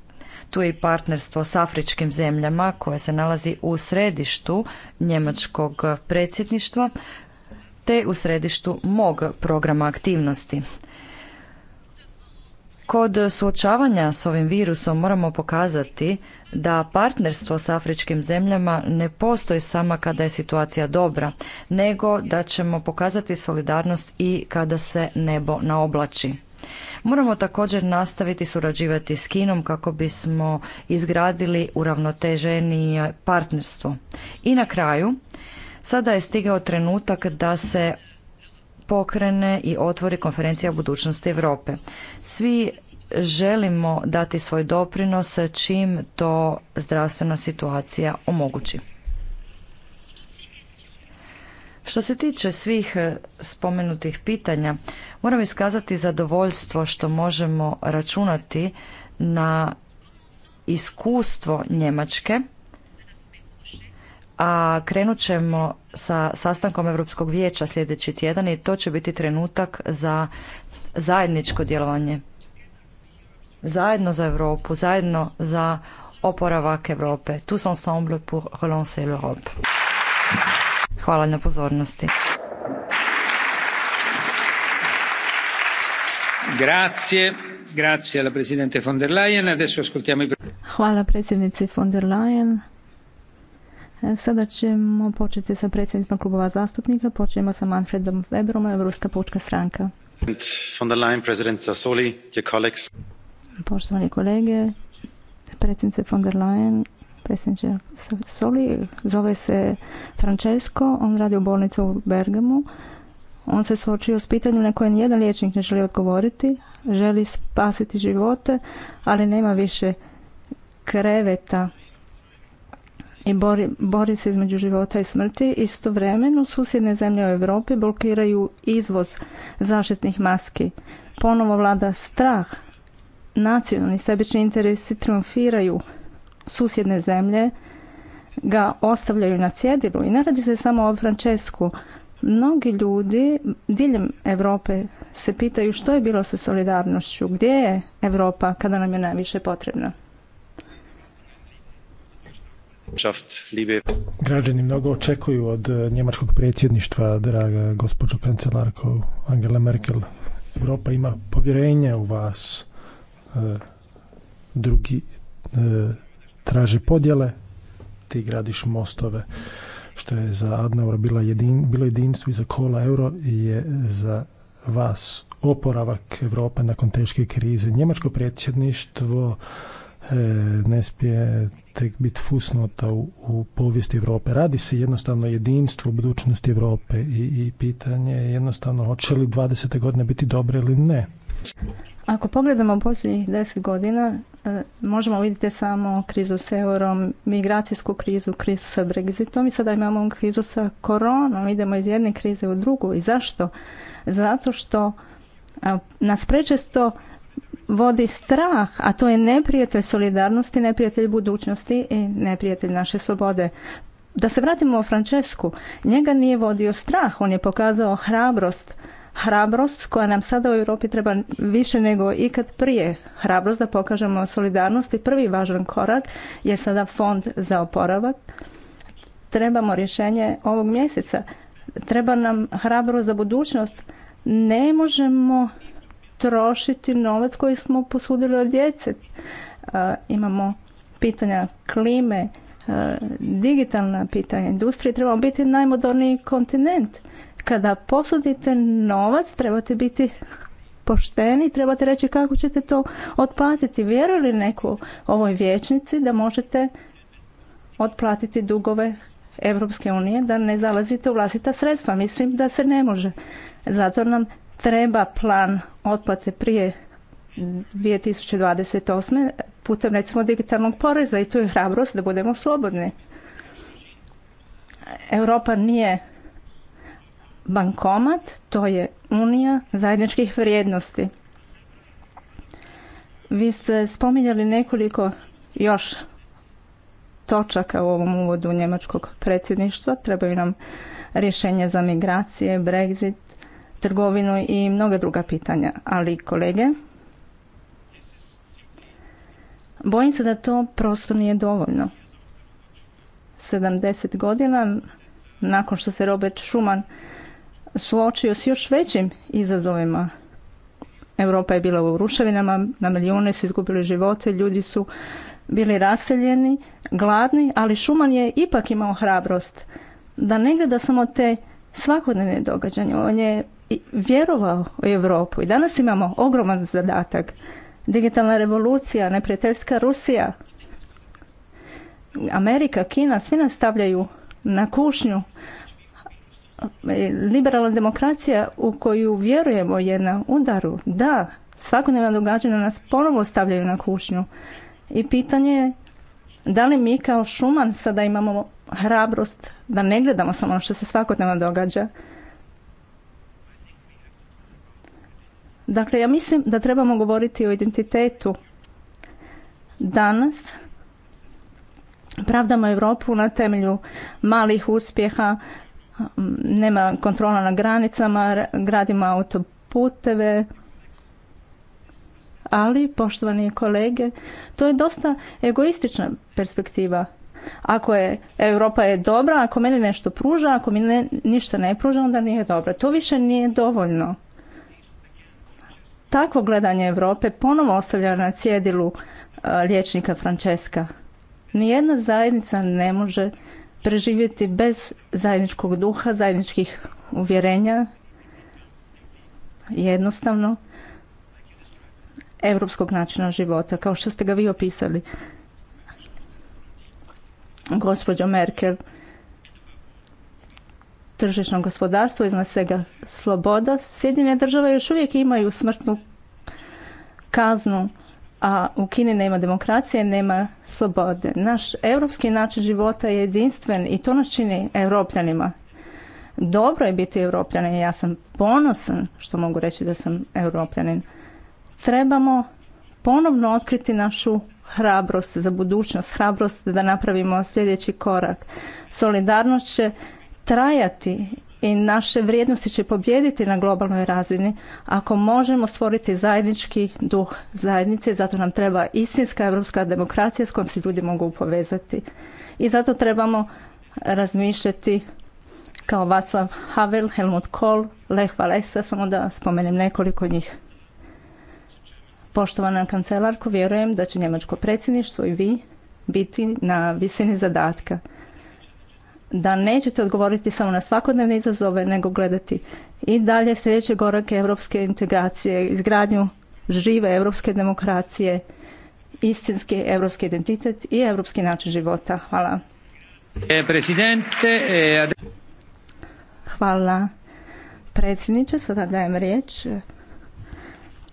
Tu je i partnerstvo s afričkim zemljama koje se nalazi u središtu njemačkog predsjedništva te u središtu mog programa aktivnosti. Kod suočavanja s ovim virusom moramo pokazati da partnerstvo s afričkim zemljama ne postoji sama kada je situacija dobra, nego da ćemo pokazati solidarnost i kada se nebo naoblači. Moramo također nastaviti surađivati s Kinom kako bismo izgradili uravnoteženije partnerstvo. I na kraju, sada je stigao trenutak da se pokrene i otvori konferencija budućnosti Europe. Svi želimo dati svoj doprinos čim to zdravstvena situacija omogući. Što se tiče svih spomenutih pitanja, moram iskazati zadovoljstvo što možemo računati na iskustvo Njemačke a krenut ćemo sa sastankom Europskog vijeća sljedeći tjedan i to će biti trenutak za zajedničko djelovanje. Zajedno za Europu, zajedno za oporavak Europe. Tous ensemble pour relancer l'Europe. Hvala na pozornosti. Grazie. Grazie alla Presidente von der Leyen. Adesso ascoltiamo i... Hvala predsjednici von der Leyen. Sada ćemo početi sa predsjednicima klubova zastupnika. Počnemo sa Manfredom Weberom, Evropska pučka stranka. Von der Poštovani kolege, predsjednice von der Leyen, predsjedniče Sassoli, zove se Francesco, on radi u bolnicu u Bergamu. On se suočio s pitanjem na koje nijedan liječnik ne želi odgovoriti, želi spasiti živote, ali nema više kreveta i bori, se između života i smrti, istovremeno susjedne zemlje u Europi blokiraju izvoz zaštitnih maski. Ponovo vlada strah, nacionalni sebični interesi triumfiraju susjedne zemlje, ga ostavljaju na cjedilu i ne radi se samo o Francesku. Mnogi ljudi diljem Europe se pitaju što je bilo sa solidarnošću, gdje je Europa kada nam je najviše potrebna. Građani mnogo očekuju od e, njemačkog predsjedništva, draga gospođo kancelarko Angela Merkel. Europa ima povjerenje u vas. E, drugi e, traže podjele, ti gradiš mostove. Što je za Adnaura bilo jedinstvo i za kola euro je za vas oporavak Europe nakon teške krize. Njemačko predsjedništvo E, ne smije tek biti fusnota u, povijesti Europe. Radi se jednostavno jedinstvo budućnosti Europe i, i pitanje je jednostavno hoće li 20. godine biti dobre ili ne. Ako pogledamo posljednjih deset godina, e, možemo vidjeti samo krizu s eurom, migracijsku krizu, krizu sa Brexitom i sada imamo krizu sa koronom. Idemo iz jedne krize u drugu. I zašto? Zato što e, nas prečesto vodi strah, a to je neprijatelj solidarnosti, neprijatelj budućnosti i neprijatelj naše slobode. Da se vratimo o Francesku, njega nije vodio strah, on je pokazao hrabrost, hrabrost koja nam sada u Europi treba više nego ikad prije. Hrabrost da pokažemo solidarnost i prvi važan korak je sada fond za oporavak. Trebamo rješenje ovog mjeseca. Treba nam hrabrost za budućnost. Ne možemo trošiti novac koji smo posudili od djece. E, imamo pitanja klime, e, digitalna pitanja industrije, trebamo biti najmoderniji kontinent. Kada posudite novac, trebate biti pošteni, trebate reći kako ćete to otplatiti. Vjeruje li neko ovoj vječnici da možete otplatiti dugove Evropske unije, da ne zalazite u vlastita sredstva? Mislim da se ne može. Zato nam treba plan otplate prije 2028. putem recimo digitalnog poreza i tu je hrabrost da budemo slobodni. Europa nije bankomat, to je unija zajedničkih vrijednosti. Vi ste spominjali nekoliko još točaka u ovom uvodu njemačkog predsjedništva. Trebaju nam rješenja za migracije, Brexit, trgovinu i mnoga druga pitanja. Ali kolege, bojim se da to prosto nije dovoljno. 70 godina nakon što se Robert Schumann suočio s još većim izazovima. Europa je bila u ruševinama, na milijune su izgubili živote, ljudi su bili raseljeni, gladni, ali Šuman je ipak imao hrabrost da ne gleda samo te svakodnevne događanje. On je vjerovao u Europu i danas imamo ogroman zadatak. Digitalna revolucija, neprijateljska Rusija, Amerika, Kina, svi nas stavljaju na kušnju. Liberalna demokracija u koju vjerujemo je na udaru. Da, svakodnevna događanja nas ponovo stavljaju na kušnju. I pitanje je da li mi kao Šuman sada imamo hrabrost da ne gledamo samo ono što se svakodnevno događa, Dakle, ja mislim da trebamo govoriti o identitetu danas. Pravdamo Europu na temelju malih uspjeha, nema kontrola na granicama, gradimo autoputeve, ali, poštovani kolege, to je dosta egoistična perspektiva. Ako je Europa je dobra, ako meni nešto pruža, ako mi ne, ništa ne pruža, onda nije dobra. To više nije dovoljno. Takvo gledanje Europe ponovo ostavlja na cjedilu e, liječnika Francesca. Nijedna zajednica ne može preživjeti bez zajedničkog duha, zajedničkih uvjerenja, jednostavno europskog načina života, kao što ste ga vi opisali. Gospođo Merkel, tržišno gospodarstvo, iznad svega sloboda, Sjedinjene države još uvijek imaju smrtnu kaznu, a u Kini nema demokracije, nema slobode. Naš europski način života je jedinstven i to nas čini europljanima. Dobro je biti europljanin, ja sam ponosan što mogu reći da sam europljanin. Trebamo ponovno otkriti našu hrabrost za budućnost, hrabrost da napravimo sljedeći korak. Solidarnost će trajati i naše vrijednosti će pobijediti na globalnoj razini ako možemo stvoriti zajednički duh zajednice zato nam treba istinska europska demokracija s kojom se ljudi mogu povezati. I zato trebamo razmišljati kao Vaclav Havel, Helmut Kohl, Lech Walesa, samo da spomenem nekoliko njih. Poštovana kancelarko, vjerujem da će njemačko predsjedništvo i vi biti na visini zadatka – da nećete odgovoriti samo na svakodnevne izazove, nego gledati i dalje sljedeće gorake europske integracije, izgradnju žive europske demokracije, istinski europski identitet i europski način života. Hvala. Eh, eh, Hvala predsjedniče. Sada dajem riječ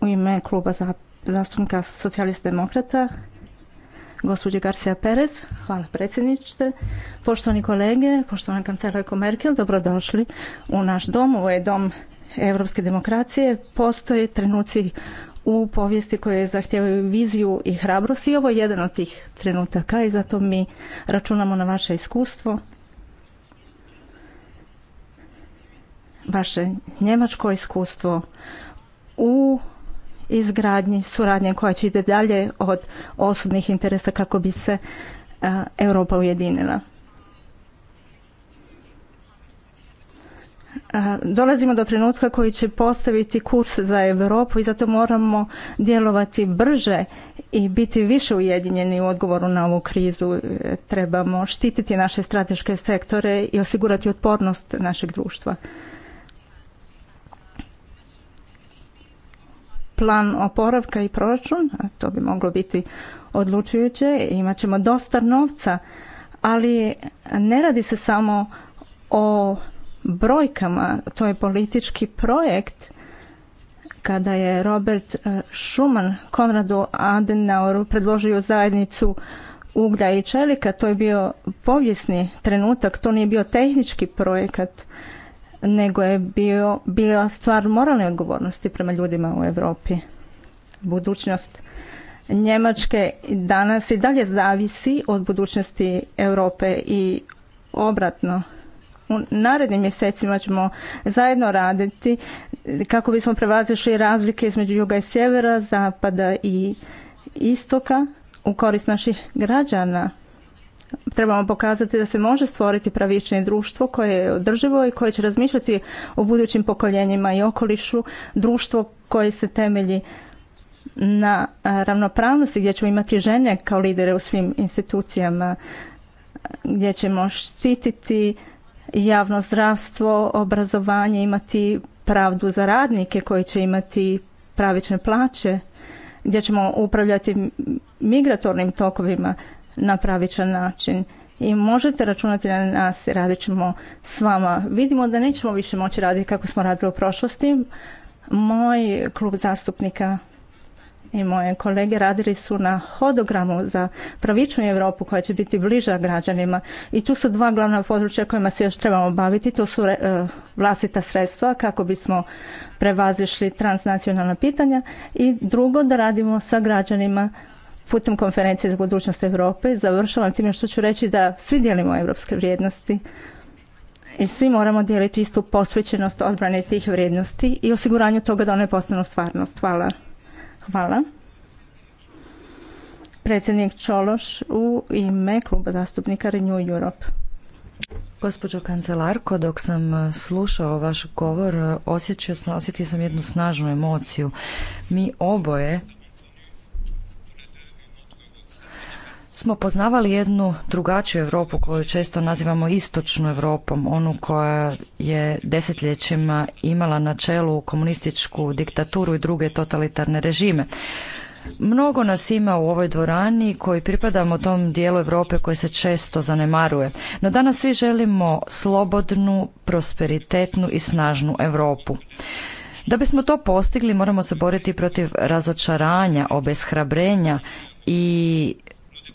u ime kluba zastupnika socijalista demokrata gospođe Garcia Perez. Hvala predsjedniče. Poštovani kolege, poštovana kancelarko Merkel, dobrodošli u naš dom. Ovo je dom europske demokracije. Postoje trenuci u povijesti koje zahtijevaju viziju i hrabrost i ovo je jedan od tih trenutaka i zato mi računamo na vaše iskustvo, vaše njemačko iskustvo u izgradnji suradnje koja će ide dalje od osobnih interesa kako bi se e, Europa ujedinila. E, dolazimo do trenutka koji će postaviti kurs za Europu i zato moramo djelovati brže i biti više ujedinjeni u odgovoru na ovu krizu. E, trebamo štititi naše strateške sektore i osigurati otpornost našeg društva. plan oporavka i proračun, to bi moglo biti odlučujuće, imat ćemo dosta novca, ali ne radi se samo o brojkama, to je politički projekt kada je Robert e, Schumann Konradu Adenauru predložio zajednicu uglja i čelika, to je bio povijesni trenutak, to nije bio tehnički projekat nego je bio, bila stvar moralne odgovornosti prema ljudima u Europi. Budućnost Njemačke danas i dalje zavisi od budućnosti Europe i obratno. U narednim mjesecima ćemo zajedno raditi kako bismo prevazišli razlike između juga i sjevera, zapada i istoka u korist naših građana trebamo pokazati da se može stvoriti pravičnije društvo koje je održivo i koje će razmišljati o budućim pokoljenjima i okolišu, društvo koje se temelji na ravnopravnosti gdje ćemo imati žene kao lidere u svim institucijama, gdje ćemo štititi javno zdravstvo, obrazovanje, imati pravdu za radnike koji će imati pravične plaće, gdje ćemo upravljati migratornim tokovima, na pravičan način i možete računati na nas i radit ćemo s vama. Vidimo da nećemo više moći raditi kako smo radili u prošlosti. Moj klub zastupnika i moje kolege radili su na hodogramu za pravičnu Europu koja će biti bliža građanima i tu su dva glavna područja kojima se još trebamo baviti, to su e, vlastita sredstva kako bismo prevazišli transnacionalna pitanja i drugo da radimo sa građanima putem konferencije za budućnost Europe završavam time što ću reći da svi dijelimo europske vrijednosti i svi moramo dijeliti istu posvećenost odbrane tih vrijednosti i osiguranju toga da one postanu stvarnost. Hvala. Hvala. Predsjednik Čološ u ime kluba zastupnika Renew Europe. Gospođo kancelarko, dok sam slušao vaš govor, osjećao sam, osjetio sam jednu snažnu emociju. Mi oboje smo poznavali jednu drugačiju Europu koju često nazivamo istočnu Europom, onu koja je desetljećima imala na čelu komunističku diktaturu i druge totalitarne režime. Mnogo nas ima u ovoj dvorani koji pripadamo tom dijelu Europe koji se često zanemaruje. No danas svi želimo slobodnu, prosperitetnu i snažnu Europu. Da bismo to postigli moramo se boriti protiv razočaranja, obeshrabrenja i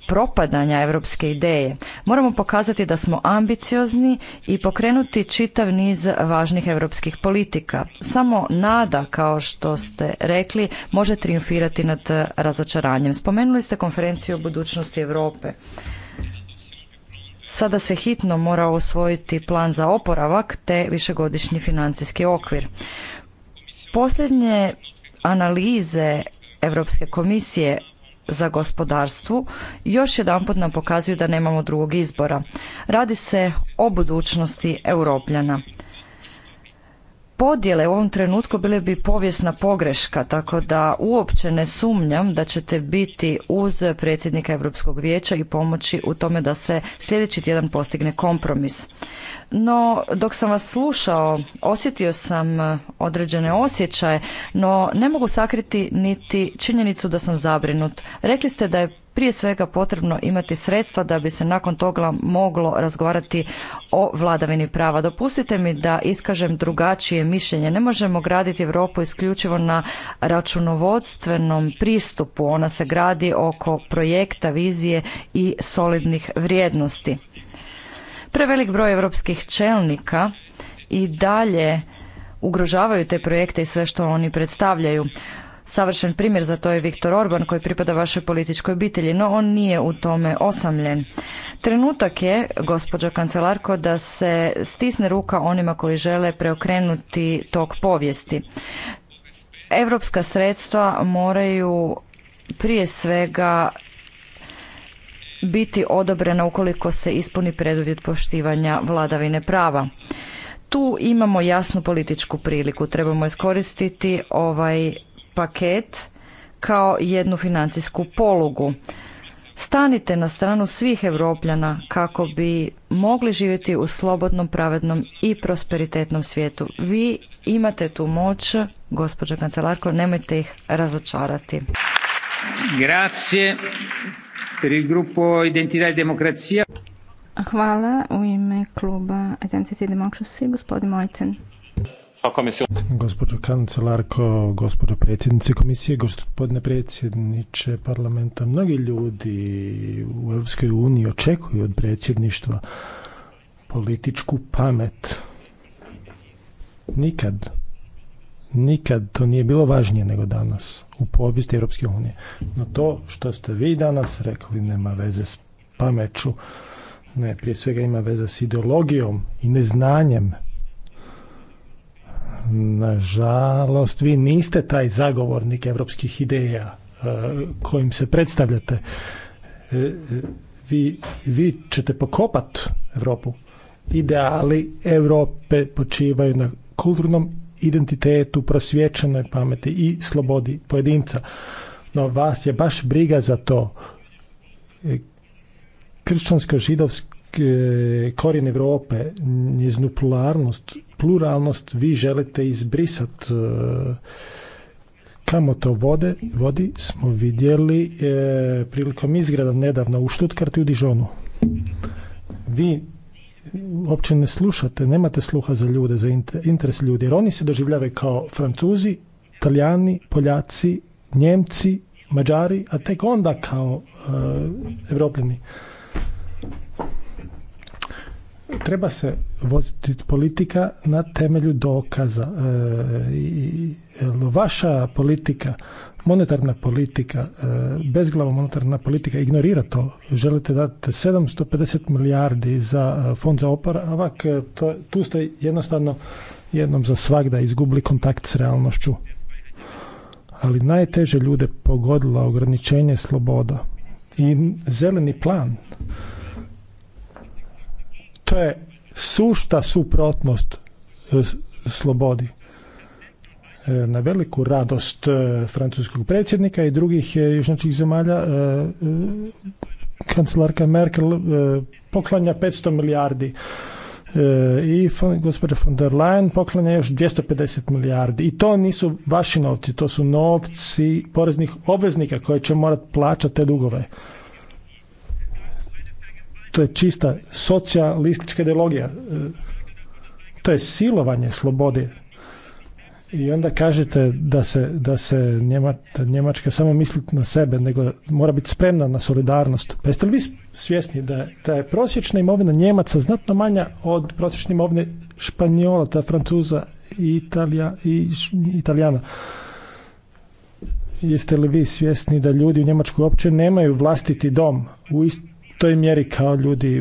propadanja europske ideje. Moramo pokazati da smo ambiciozni i pokrenuti čitav niz važnih europskih politika. Samo nada, kao što ste rekli, može triumfirati nad razočaranjem. Spomenuli ste konferenciju o budućnosti Europe. Sada se hitno mora usvojiti plan za oporavak te višegodišnji financijski okvir. Posljednje analize Europske komisije za gospodarstvu još jedanput nam pokazuju da nemamo drugog izbora. Radi se o budućnosti Europljana podjele u ovom trenutku bile bi povijesna pogreška, tako da uopće ne sumnjam da ćete biti uz predsjednika Europskog vijeća i pomoći u tome da se sljedeći tjedan postigne kompromis. No, dok sam vas slušao, osjetio sam određene osjećaje, no ne mogu sakriti niti činjenicu da sam zabrinut. Rekli ste da je prije svega potrebno imati sredstva da bi se nakon toga moglo razgovarati o vladavini prava. Dopustite mi da iskažem drugačije mišljenje. Ne možemo graditi Europu isključivo na računovodstvenom pristupu. Ona se gradi oko projekta, vizije i solidnih vrijednosti. Prevelik broj europskih čelnika i dalje ugrožavaju te projekte i sve što oni predstavljaju. Savršen primjer za to je Viktor Orban koji pripada vašoj političkoj obitelji, no on nije u tome osamljen. Trenutak je, gospođo kancelarko, da se stisne ruka onima koji žele preokrenuti tok povijesti. Europska sredstva moraju prije svega biti odobrena ukoliko se ispuni preduvjet poštivanja vladavine prava. Tu imamo jasnu političku priliku, trebamo iskoristiti ovaj paket kao jednu financijsku polugu. Stanite na stranu svih Europljana kako bi mogli živjeti u slobodnom, pravednom i prosperitetnom svijetu. Vi imate tu moć, gospođo kancelarko, nemojte ih razočarati. Grazie per il gruppo Identità e Democrazia. Hvala u ime kluba Identity e Democracy, gospodin Mojcen. Gospođo kancelarko, gospođo predsjednice komisije, gospodine predsjedniče parlamenta, mnogi ljudi u Europskoj uniji očekuju od predsjedništva političku pamet. Nikad, nikad to nije bilo važnije nego danas u povijesti Europske unije. No to što ste vi danas rekli nema veze s pameću, ne, prije svega ima veze s ideologijom i neznanjem Nažalost, vi niste taj zagovornik evropskih ideja e, kojim se predstavljate. E, e, vi, vi ćete pokopat Europu. Ideali Europe počivaju na kulturnom identitetu, prosvječenoj pameti i slobodi pojedinca. No vas je baš briga za to. kršćansko židovske korijen Europe, njeznu pluralnost pluralnost vi želite izbrisati. E, kamo to vode, vodi smo vidjeli e, prilikom izgrada nedavno u Štutkartu i u Dižonu. Vi uopće ne slušate, nemate sluha za ljude, za interes ljudi, jer oni se doživljavaju kao Francuzi, Italijani, Poljaci, Njemci, Mađari, a tek onda kao e, treba se voziti politika na temelju dokaza. E, vaša politika, monetarna politika, e, bezglava monetarna politika ignorira to. Želite dati 750 milijardi za e, fond za oporavak, to, tu ste jednostavno jednom za svagda izgubili kontakt s realnošću. Ali najteže ljude pogodila ograničenje sloboda i zeleni plan to je sušta suprotnost e, slobodi. E, na veliku radost e, francuskog predsjednika i drugih južnačih zemalja kancelarka Merkel poklanja 500 milijardi i gospođa von der Leyen poklanja još 250 milijardi i to nisu vaši novci, to su novci poreznih obveznika koje će morati plaćati te dugove. To je čista socijalistička ideologija. E, to je silovanje slobode. I onda kažete da se, da se Njemačka samo misli na sebe, nego mora biti spremna na solidarnost. Pa jeste li vi svjesni da, da je prosječna imovina Njemaca znatno manja od prosječne imovine Španjolaca, Francuza i, Italija, i Italijana? Jeste li vi svjesni da ljudi u Njemačkoj uopće nemaju vlastiti dom? U toj mjeri kao ljudi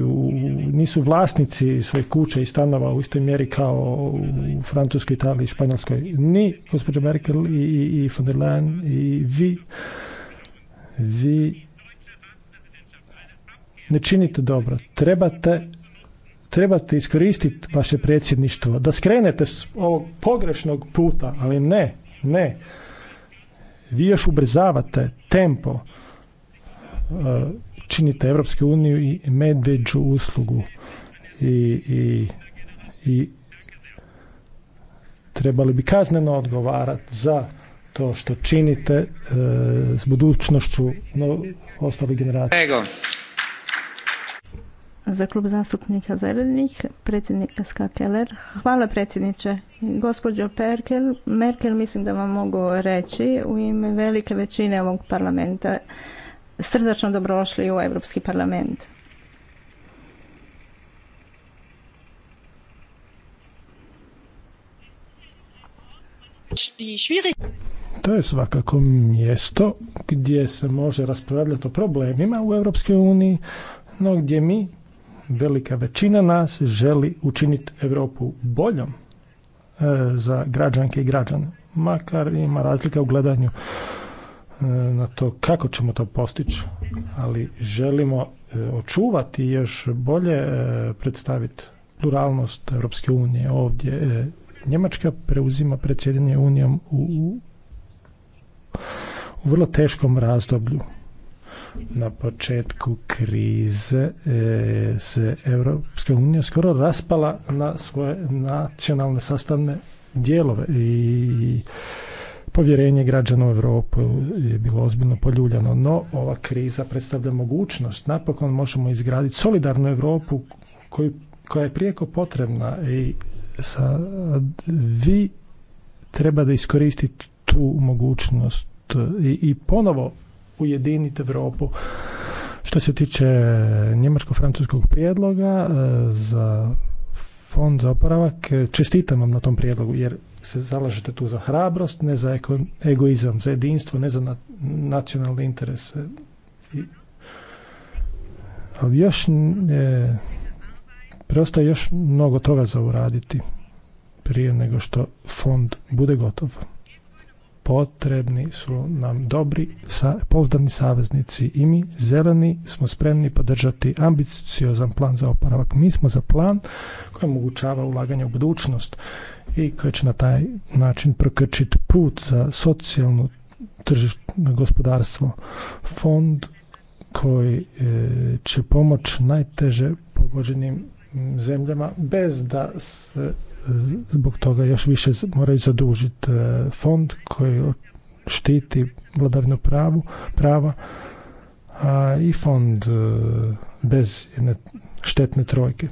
nisu vlasnici svojih kuća i stanova u istoj mjeri kao u Francuskoj, Italiji Španjolskoj. Ni gospođa Merkel i, i, von der Leyen i vi vi ne činite dobro. Trebate trebate iskoristiti vaše predsjedništvo da skrenete s ovog pogrešnog puta, ali ne, ne. Vi još ubrzavate tempo e, činite Evropsku uniju i medveđu uslugu i, i, i trebali bi kazneno odgovarati za to što činite e, s budućnošću no, ostalih generacija. Za klub zastupnika zelenih, predsjednik SK Keller. Hvala predsjedniče. Gospođo Perkel, Merkel mislim da vam mogu reći u ime velike većine ovog parlamenta srdačno dobrošli u Europski parlament. To je svakako mjesto gdje se može raspravljati o problemima u Europskoj uniji, no gdje mi, velika većina nas, želi učiniti Europu boljom e, za građanke i građane, makar ima razlika u gledanju na to kako ćemo to postići, ali želimo e, očuvati i još bolje e, predstaviti pluralnost Europske unije ovdje. E, Njemačka preuzima predsjedanje unijom u, u vrlo teškom razdoblju. Na početku krize se Europska unija skoro raspala na svoje nacionalne sastavne dijelove i povjerenje građana u Europu je bilo ozbiljno poljuljano, no ova kriza predstavlja mogućnost. Napokon možemo izgraditi solidarnu Europu koja je prijeko potrebna i sa, vi treba da iskoristite tu mogućnost i, ponovo Ujediniti Europu. Što se tiče njemačko-francuskog prijedloga e, za fond za oporavak, čestitam vam na tom prijedlogu jer se zalažete tu za hrabrost, ne za egoizam, za jedinstvo, ne za nacionalne interese. I, ali još e, preostaje još mnogo toga za uraditi prije nego što fond bude gotov. Potrebni su nam dobri, sa, pouzdani saveznici i mi, zeleni, smo spremni podržati ambiciozan plan za oporavak. Mi smo za plan koji omogućava ulaganje u budućnost i koje će na taj način prokrčiti put za socijalno tržišno gospodarstvo. Fond koji e, će pomoć najteže pogođenim zemljama bez da se zbog toga još više moraju zadužiti e, fond koji štiti vladavinu pravu, prava a i fond e, bez jedne štetne trojke.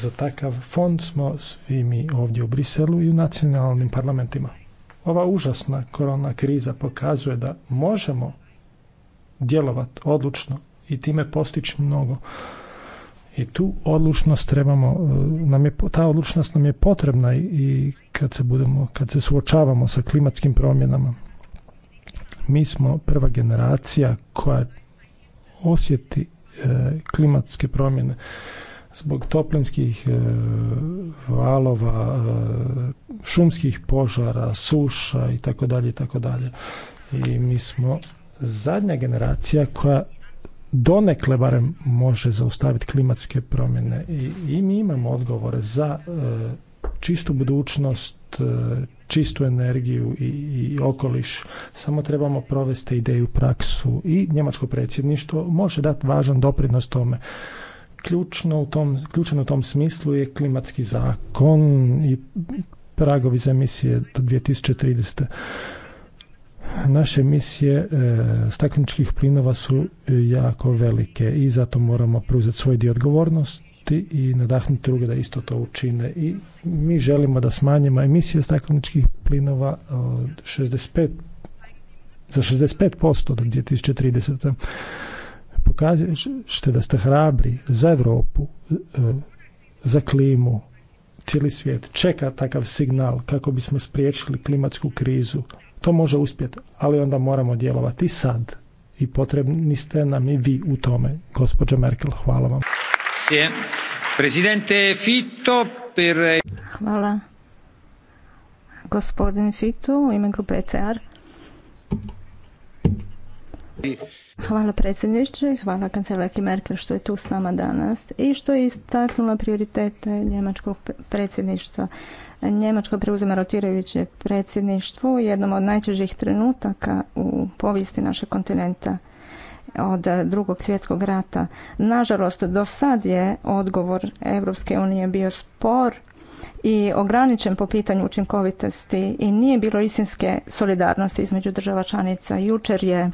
Za takav fond smo svi mi ovdje u Briselu i u nacionalnim parlamentima. Ova užasna korona kriza pokazuje da možemo djelovati odlučno i time postići mnogo. I tu odlučnost trebamo, e, nam je, ta odlučnost nam je potrebna i kad se budemo, kad se suočavamo sa klimatskim promjenama. Mi smo prva generacija koja osjeti e, klimatske promjene zbog toplinskih e, valova, e, šumskih požara, suša i tako dalje i tako dalje. I mi smo zadnja generacija koja donekle barem može zaustaviti klimatske promjene i, i mi imamo odgovore za e, čistu budućnost, čistu energiju i, i okoliš. Samo trebamo provesti ideju praksu i njemačko predsjedništvo može dati važan doprinos tome. Ključno u tom, ključan u tom smislu je klimatski zakon i pragovi za emisije do 2030. Naše emisije e, stakleničkih plinova su e, jako velike i zato moramo preuzeti svoj dio odgovornosti i nadahnuti druge da isto to učine. I mi želimo da smanjimo emisije stakleničkih plinova od e, 65, za 65% do 2030 pokazujete da ste hrabri za Europu, e, za klimu, cijeli svijet čeka takav signal kako bismo spriječili klimatsku krizu. To može uspjeti, ali onda moramo djelovati sad i potrebni ste nam i vi u tome, gospođa Merkel. Hvala vam. Presidente Hvala. Gospodin Fito u ime grupe ECR. Hvala predsjedniče, hvala kancelarki Merkel što je tu s nama danas i što je istaknula prioritete njemačkog predsjedništva. Njemačko preuzima rotirajuće predsjedništvo u jednom od najtežih trenutaka u povijesti našeg kontinenta od drugog svjetskog rata. Nažalost, do sad je odgovor Europske unije bio spor i ograničen po pitanju učinkovitosti i nije bilo istinske solidarnosti između država članica. Jučer je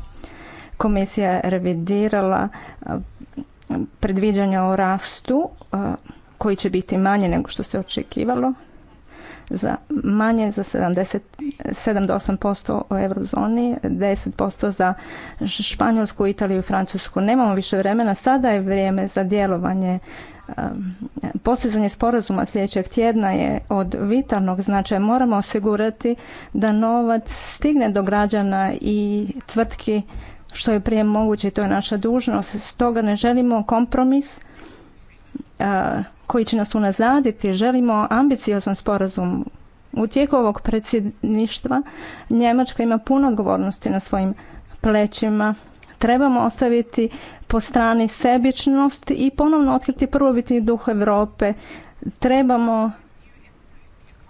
Komisija je revidirala e, predviđanja o rastu e, koji će biti manje nego što se očekivalo za manje za sedam 7 do 8% u eurozoni, 10% za Španjolsku, Italiju i Francusku. Nemamo više vremena, sada je vrijeme za djelovanje. E, postizanje sporazuma sljedećeg tjedna je od vitalnog značaja. Moramo osigurati da novac stigne do građana i tvrtki što je prije moguće i to je naša dužnost. Stoga ne želimo kompromis koji će nas unazaditi. Želimo ambiciozan sporazum. U tijeku ovog predsjedništva Njemačka ima puno odgovornosti na svojim plećima. Trebamo ostaviti po strani sebičnost i ponovno otkriti prvobitni duh Europe. Trebamo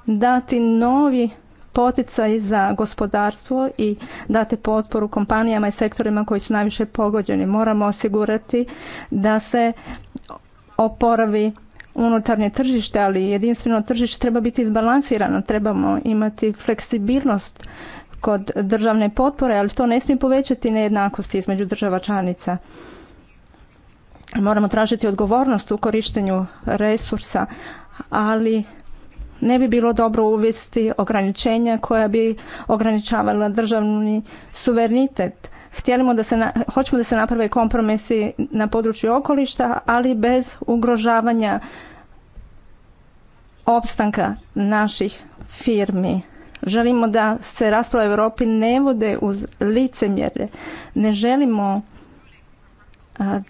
dati novi poticaj za gospodarstvo i dati potporu kompanijama i sektorima koji su najviše pogođeni. Moramo osigurati da se oporavi unutarnje tržište, ali jedinstveno tržište treba biti izbalansirano, trebamo imati fleksibilnost kod državne potpore, ali to ne smije povećati nejednakosti između država članica. Moramo tražiti odgovornost u korištenju resursa, ali ne bi bilo dobro uvesti ograničenja koja bi ograničavala državni suverenitet. Htjelimo da se na, hoćemo da se naprave kompromisi na području okolišta, ali bez ugrožavanja opstanka naših firmi. Želimo da se rasprave u Europi ne vode uz licemjerje. Ne želimo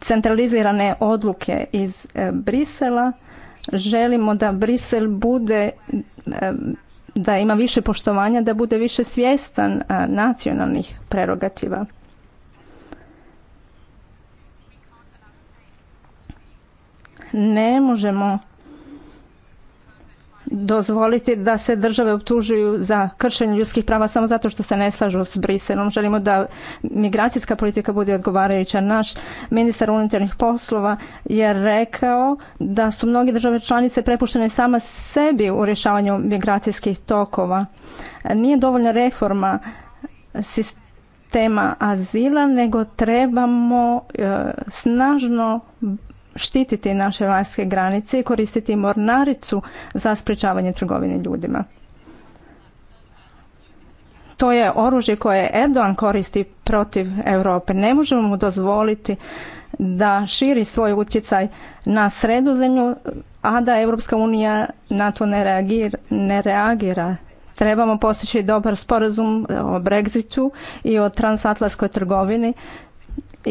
centralizirane odluke iz e, Brisela Želimo da Brisel bude da ima više poštovanja, da bude više svjestan nacionalnih prerogativa. Ne možemo dozvoliti da se države optužuju za kršenje ljudskih prava samo zato što se ne slažu s Briselom. Želimo da migracijska politika bude odgovarajuća. Naš ministar unutarnjih poslova je rekao da su mnoge države članice prepuštene sama sebi u rješavanju migracijskih tokova. Nije dovoljna reforma sistema azila, nego trebamo e, snažno štititi naše vanjske granice i koristiti mornaricu za sprečavanje trgovine ljudima. To je oružje koje Erdogan koristi protiv Europe. Ne možemo mu dozvoliti da širi svoj utjecaj na sredozemlju, a da Europska unija na to ne reagira, ne reagira. Trebamo postići dobar sporazum o Brexitu i o transatlantskoj trgovini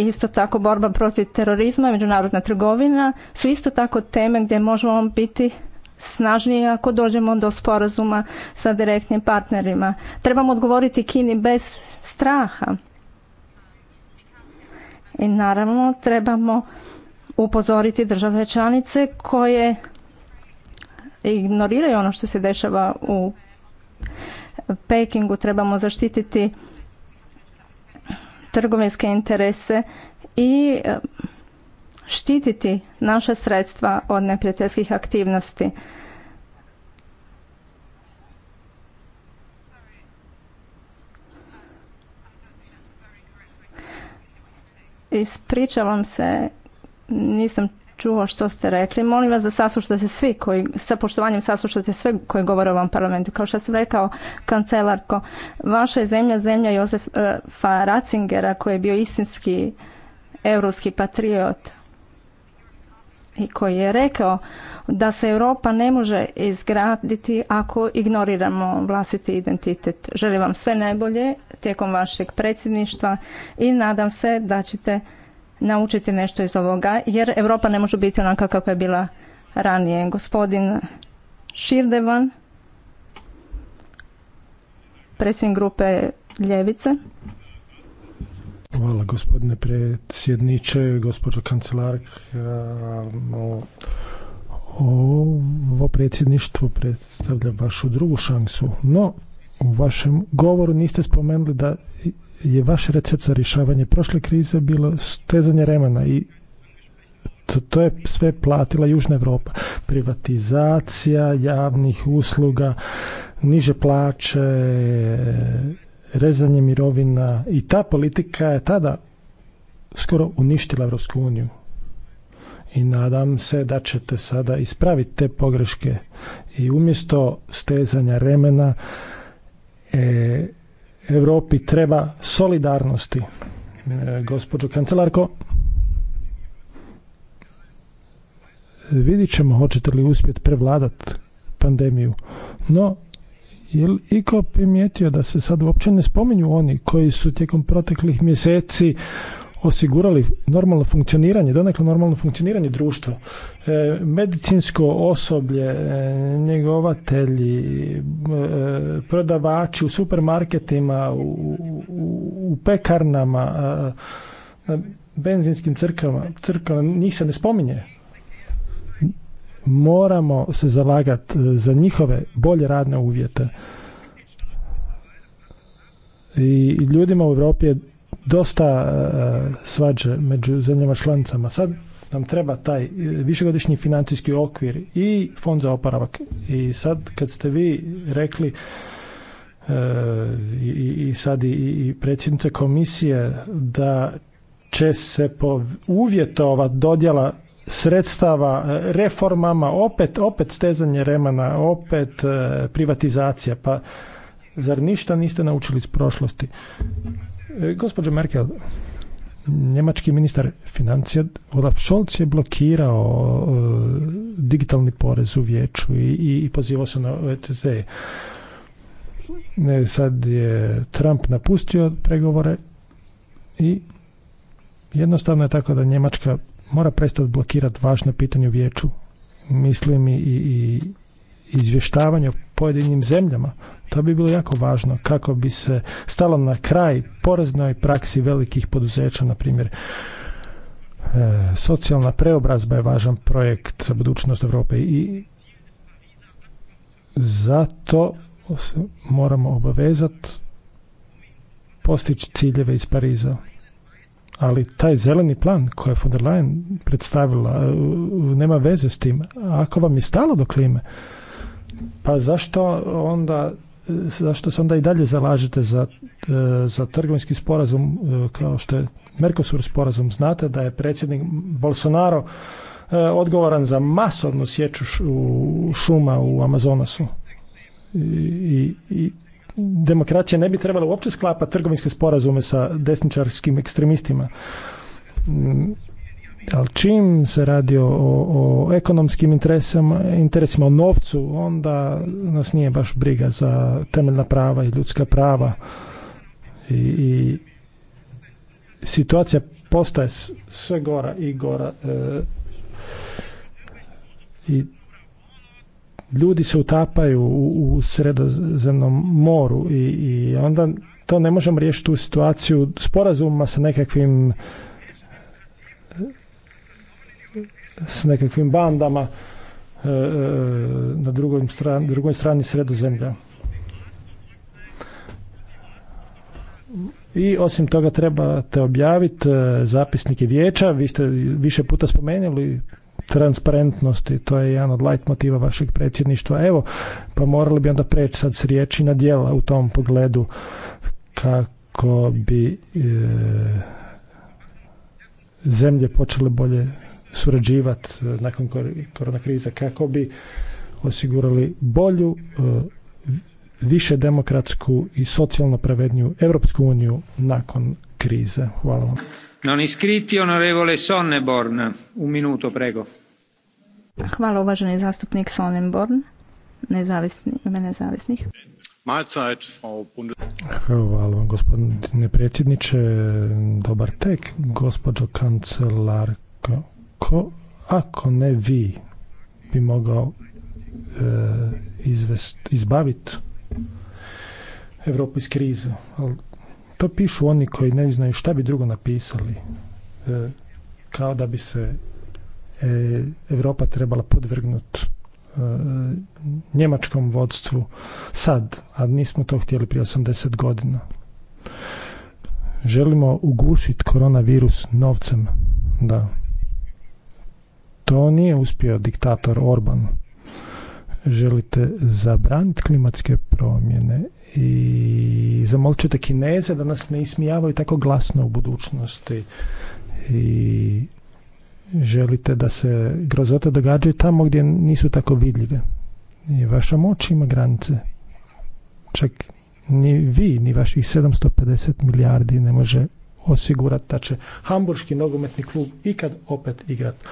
isto tako borba protiv terorizma, međunarodna trgovina su isto tako teme gdje možemo biti snažniji ako dođemo do sporazuma sa direktnim partnerima. Trebamo odgovoriti Kini bez straha. I naravno trebamo upozoriti države članice koje ignoriraju ono što se dešava u Pekingu. Trebamo zaštititi trgovinske interese i e, štititi naša sredstva od neprijateljskih aktivnosti. Ispričavam se, nisam čuo što ste rekli. Molim vas da saslušate svi koji, sa poštovanjem saslušate sve koji govore u ovom parlamentu. Kao što sam rekao, kancelarko, vaša je zemlja, zemlja Josefa eh, Ratzingera koji je bio istinski europski patriot i koji je rekao da se Europa ne može izgraditi ako ignoriramo vlastiti identitet. Želim vam sve najbolje tijekom vašeg predsjedništva i nadam se da ćete naučiti nešto iz ovoga jer Europa ne može biti onaka kakva je bila ranije. Gospodin Širdevan, predsjednik grupe Ljevice. Hvala gospodine predsjedniče, gospođo kancelarka. Ovo predsjedništvo predstavlja vašu drugu šansu, no u vašem govoru niste spomenuli da je vaš recept za rješavanje prošle krize bilo stezanje remena i to je sve platila Južna Europa. Privatizacija javnih usluga, niže plaće, rezanje mirovina i ta politika je tada skoro uništila Europsku uniju. I nadam se da ćete sada ispraviti te pogreške i umjesto stezanja remena e, Europi treba solidarnosti. E, gospođo kancelarko, vidit ćemo hoćete li uspjeti prevladat pandemiju. No, je li iko primijetio da se sad uopće ne spominju oni koji su tijekom proteklih mjeseci osigurali normalno funkcioniranje, donekle normalno funkcioniranje društva. E, medicinsko osoblje, e, njegovatelji, e, prodavači u supermarketima, u, u, pekarnama, na benzinskim crkama, crkama, njih se ne spominje. Moramo se zalagati za njihove bolje radne uvjete. I ljudima u Europi je dosta e, svađe među zemljama članicama. Sad nam treba taj e, višegodišnji financijski okvir i fond za oporavak. I sad kad ste vi rekli e, i, sad i, i predsjednica komisije da će se po uvjetova dodjela sredstava reformama, opet, opet stezanje remana, opet privatizacija. Pa zar ništa niste naučili iz prošlosti? E, gospođo Merkel, njemački ministar financija Olaf Scholz je blokirao e, digitalni porez u vijeću i, pozivao se na ne Sad je Trump napustio pregovore i jednostavno je tako da Njemačka mora prestati blokirati važno pitanje u vijeću. Mislim i, i izvještavanje o pojedinim zemljama. To bi bilo jako važno kako bi se stalo na kraj poreznoj praksi velikih poduzeća, na primjer. E, socijalna preobrazba je važan projekt za budućnost Europe i zato se moramo obavezati postići ciljeve iz Pariza. Ali taj zeleni plan koji je von der Leyen predstavila e, nema veze s tim. ako vam je stalo do klime, pa zašto onda zašto se onda i dalje zalažete za, e, za trgovinski sporazum e, kao što je Mercosur sporazum? Znate da je predsjednik Bolsonaro e, odgovoran za masovnu sjeću šuma u Amazonasu. I, i demokracija ne bi trebala uopće sklapati trgovinske sporazume sa desničarskim ekstremistima mm, ali čim se radi o, ekonomskim interesima, interesima, o novcu, onda nas nije baš briga za temeljna prava i ljudska prava. I, situacija postaje sve gora i gora. E, I ljudi se utapaju u, sredozemnom moru i, i onda to ne možemo riješiti u situaciju sporazuma sa nekakvim s nekakvim bandama e, e, na drugoj strani, drugoj strani sredozemlja. I osim toga trebate objaviti e, zapisnike vijeća, vi ste više puta spomenuli transparentnosti, to je jedan od light motiva vašeg predsjedništva. Evo, pa morali bi onda preći sad s riječi na djela u tom pogledu kako bi zemlje počele bolje surađivati e, nakon korona krize kako bi osigurali bolju, e, više demokratsku i socijalno pravedniju Europsku uniju nakon krize. Hvala vam. Non iscritti, onorevole Sonneborn. Un minuto, prego. Hvala, uvaženi zastupnik Sonneborn, nezavisni, ime nezavisnih. Hvala vam, gospodine predsjedniče. Dobar tek, gospođo kancelarko ako ne vi bi mogao e, izbaviti Evropu iz krize. to pišu oni koji ne znaju šta bi drugo napisali. E, kao da bi se Europa trebala podvrgnuti e, njemačkom vodstvu sad, a nismo to htjeli prije 80 godina. Želimo ugušiti koronavirus novcem. Da. To nije uspio diktator Orban. Želite zabraniti klimatske promjene i zamolit Kineze da nas ne ismijavaju tako glasno u budućnosti i želite da se grozote događaju tamo gdje nisu tako vidljive. I vaša moć ima granice. Čak ni vi, ni vaših 750 milijardi ne može osigurati da će hamburški nogometni klub ikad opet igrati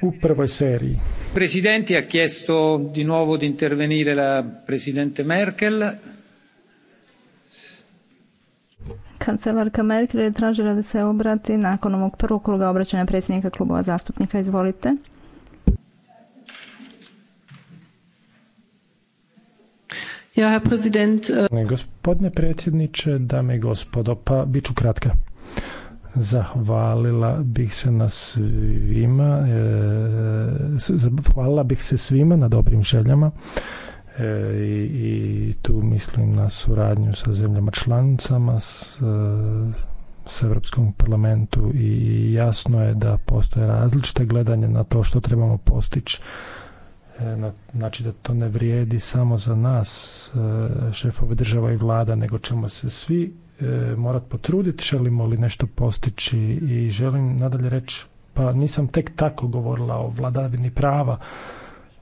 u prvoj seriji. Presidenti ha chiesto di nuovo di intervenire la presidente Merkel. Kancelarka Merkel je tražila da se obrati nakon ovog prvog kruga obraćanja predsjednika klubova zastupnika. Izvolite. Ja, Herr äh, Gospodine predsjedniče, dame i gospodo, pa bit ću kratka zahvalila bih se na svima, e, zahvalila bih se svima na dobrim željama e, i, i tu mislim na suradnju sa zemljama članicama, s, Europskom parlamentu i jasno je da postoje različite gledanje na to što trebamo postići e, znači da to ne vrijedi samo za nas šefove država i vlada, nego ćemo se svi e, morati potruditi želimo li nešto postići i želim nadalje reći pa nisam tek tako govorila o vladavini prava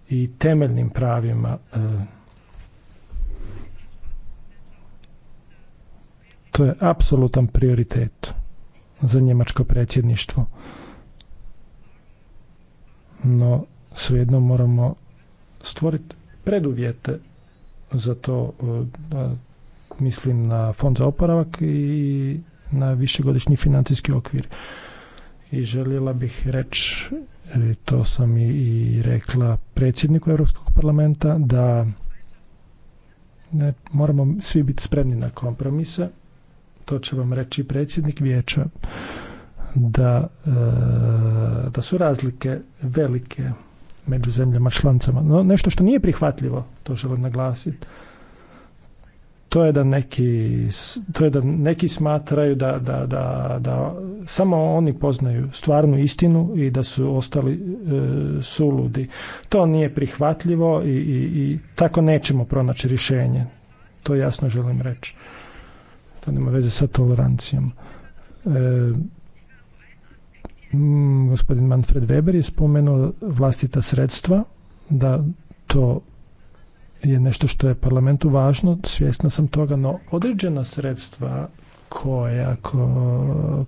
i temeljnim pravima e, to je apsolutan prioritet za njemačko predsjedništvo no svejedno moramo stvoriti preduvjete za to e, da mislim na fond za oporavak i na višegodišnji financijski okvir. I željela bih reći, e, to sam i rekla predsjedniku Europskog parlamenta, da ne, moramo svi biti spremni na kompromise. To će vam reći predsjednik vijeća da, e, da su razlike velike među zemljama članicama. No, nešto što nije prihvatljivo, to želim naglasiti, to je da neki, to je da neki smatraju da, da, da, da, samo oni poznaju stvarnu istinu i da su ostali e, suludi. To nije prihvatljivo i, i, i tako nećemo pronaći rješenje. To jasno želim reći. To nema veze sa tolerancijom. E, gospodin Manfred Weber je spomenuo vlastita sredstva da to je nešto što je parlamentu važno, svjesna sam toga, no određena sredstva koja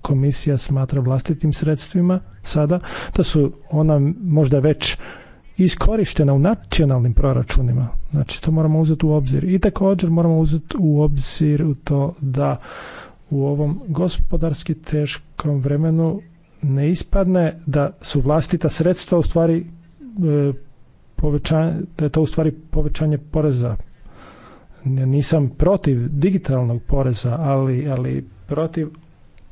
komisija smatra vlastitim sredstvima sada, da su ona možda već iskorištena u nacionalnim proračunima. Znači, to moramo uzeti u obzir. I također moramo uzeti u obzir u to da u ovom gospodarski teškom vremenu ne ispadne da su vlastita sredstva u stvari e, povećanje, da je to u stvari povećanje poreza. nisam protiv digitalnog poreza, ali, ali protiv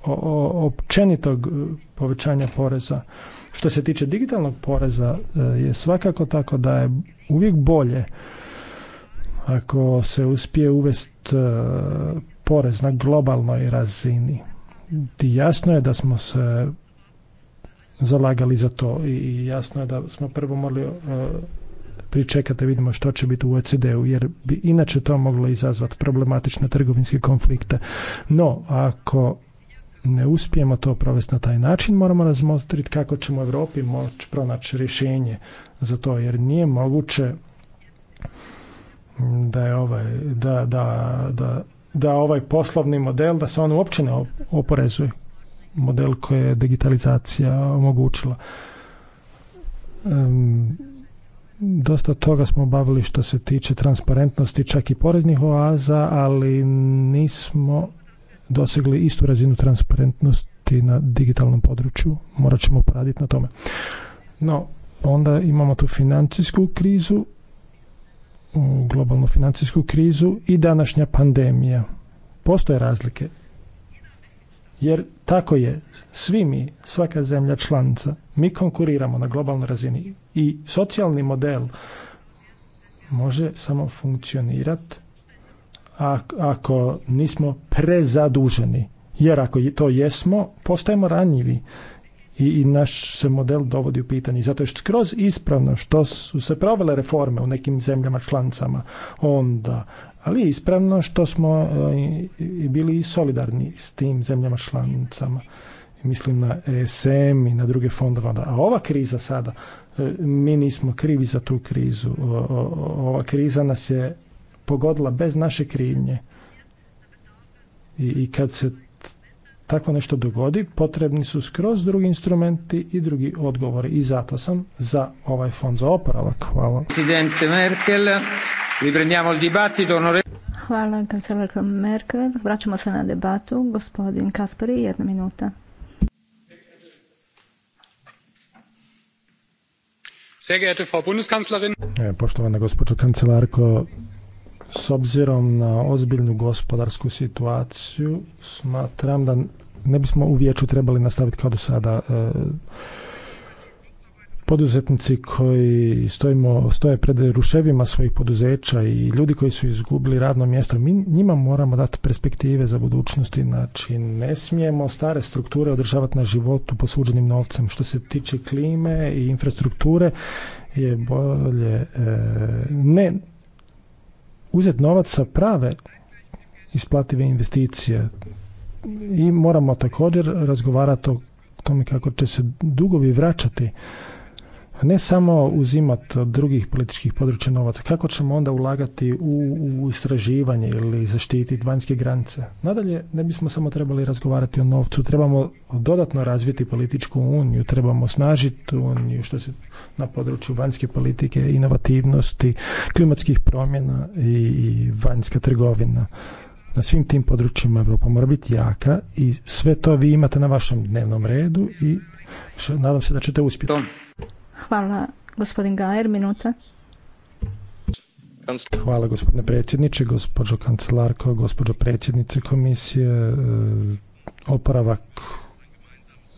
općenitog e, povećanja poreza. Što se tiče digitalnog poreza e, je svakako tako da je uvijek bolje ako se uspije uvesti e, porez na globalnoj razini. jasno je da smo se zalagali za to i jasno je da smo prvo morali e, pričekati da vidimo što će biti u OECD-u, jer bi inače to moglo izazvati problematične trgovinske konflikte. No, ako ne uspijemo to provesti na taj način, moramo razmotriti kako ćemo u Europi moći pronaći rješenje za to, jer nije moguće da je ovaj, da, da, da, da ovaj poslovni model, da se on uopće ne oporezuje model koje je digitalizacija omogućila. Dosta toga smo bavili što se tiče transparentnosti čak i poreznih oaza, ali nismo dosegli istu razinu transparentnosti na digitalnom području. Morat ćemo poraditi na tome. No, onda imamo tu financijsku krizu, globalnu financijsku krizu i današnja pandemija. Postoje razlike jer tako je svi mi, svaka zemlja članica, mi konkuriramo na globalnoj razini i socijalni model može samo funkcionirati ako nismo prezaduženi. Jer ako to jesmo, postajemo ranjivi i naš se model dovodi u pitanje. Zato je skroz ispravno što su se provele reforme u nekim zemljama članicama, onda ali je ispravno što smo e, bili i solidarni s tim zemljama članicama. Mislim na ESM i na druge fondove. A ova kriza sada, e, mi nismo krivi za tu krizu. Ova kriza nas je pogodila bez naše krivnje. I kad se tako nešto dogodi, potrebni su skroz drugi instrumenti i drugi odgovori. I zato sam za ovaj fond za oporavak. Hvala. Riprendiamo il dibattito, Hvala kancelarka Merkel. Vraćamo se na debatu. Gospodin Kasperi, jedna minuta. E, poštovana gospođo kancelarko, s obzirom na ozbiljnu gospodarsku situaciju, smatram da ne bismo u vijeću trebali nastaviti kao do sada. E, poduzetnici koji stojimo, stoje pred ruševima svojih poduzeća i ljudi koji su izgubili radno mjesto, mi njima moramo dati perspektive za budućnost, znači ne smijemo stare strukture održavati na životu posuđenim novcem. Što se tiče klime i infrastrukture, je bolje e, ne uzeti novac sa prave isplative investicije i moramo također razgovarati o tome kako će se dugovi vraćati ne samo uzimati od drugih političkih područja novaca, kako ćemo onda ulagati u, istraživanje ili zaštiti vanjske granice. Nadalje, ne bismo samo trebali razgovarati o novcu, trebamo dodatno razviti političku uniju, trebamo snažiti uniju što se na području vanjske politike, inovativnosti, klimatskih promjena i, i vanjska trgovina. Na svim tim područjima Evropa mora biti jaka i sve to vi imate na vašem dnevnom redu i nadam se da ćete uspjeti. Hvala, gospodin Gajer, minuta. Hvala gospodine predsjedniče, gospođo kancelarko, gospođo predsjednice komisije, e, oporavak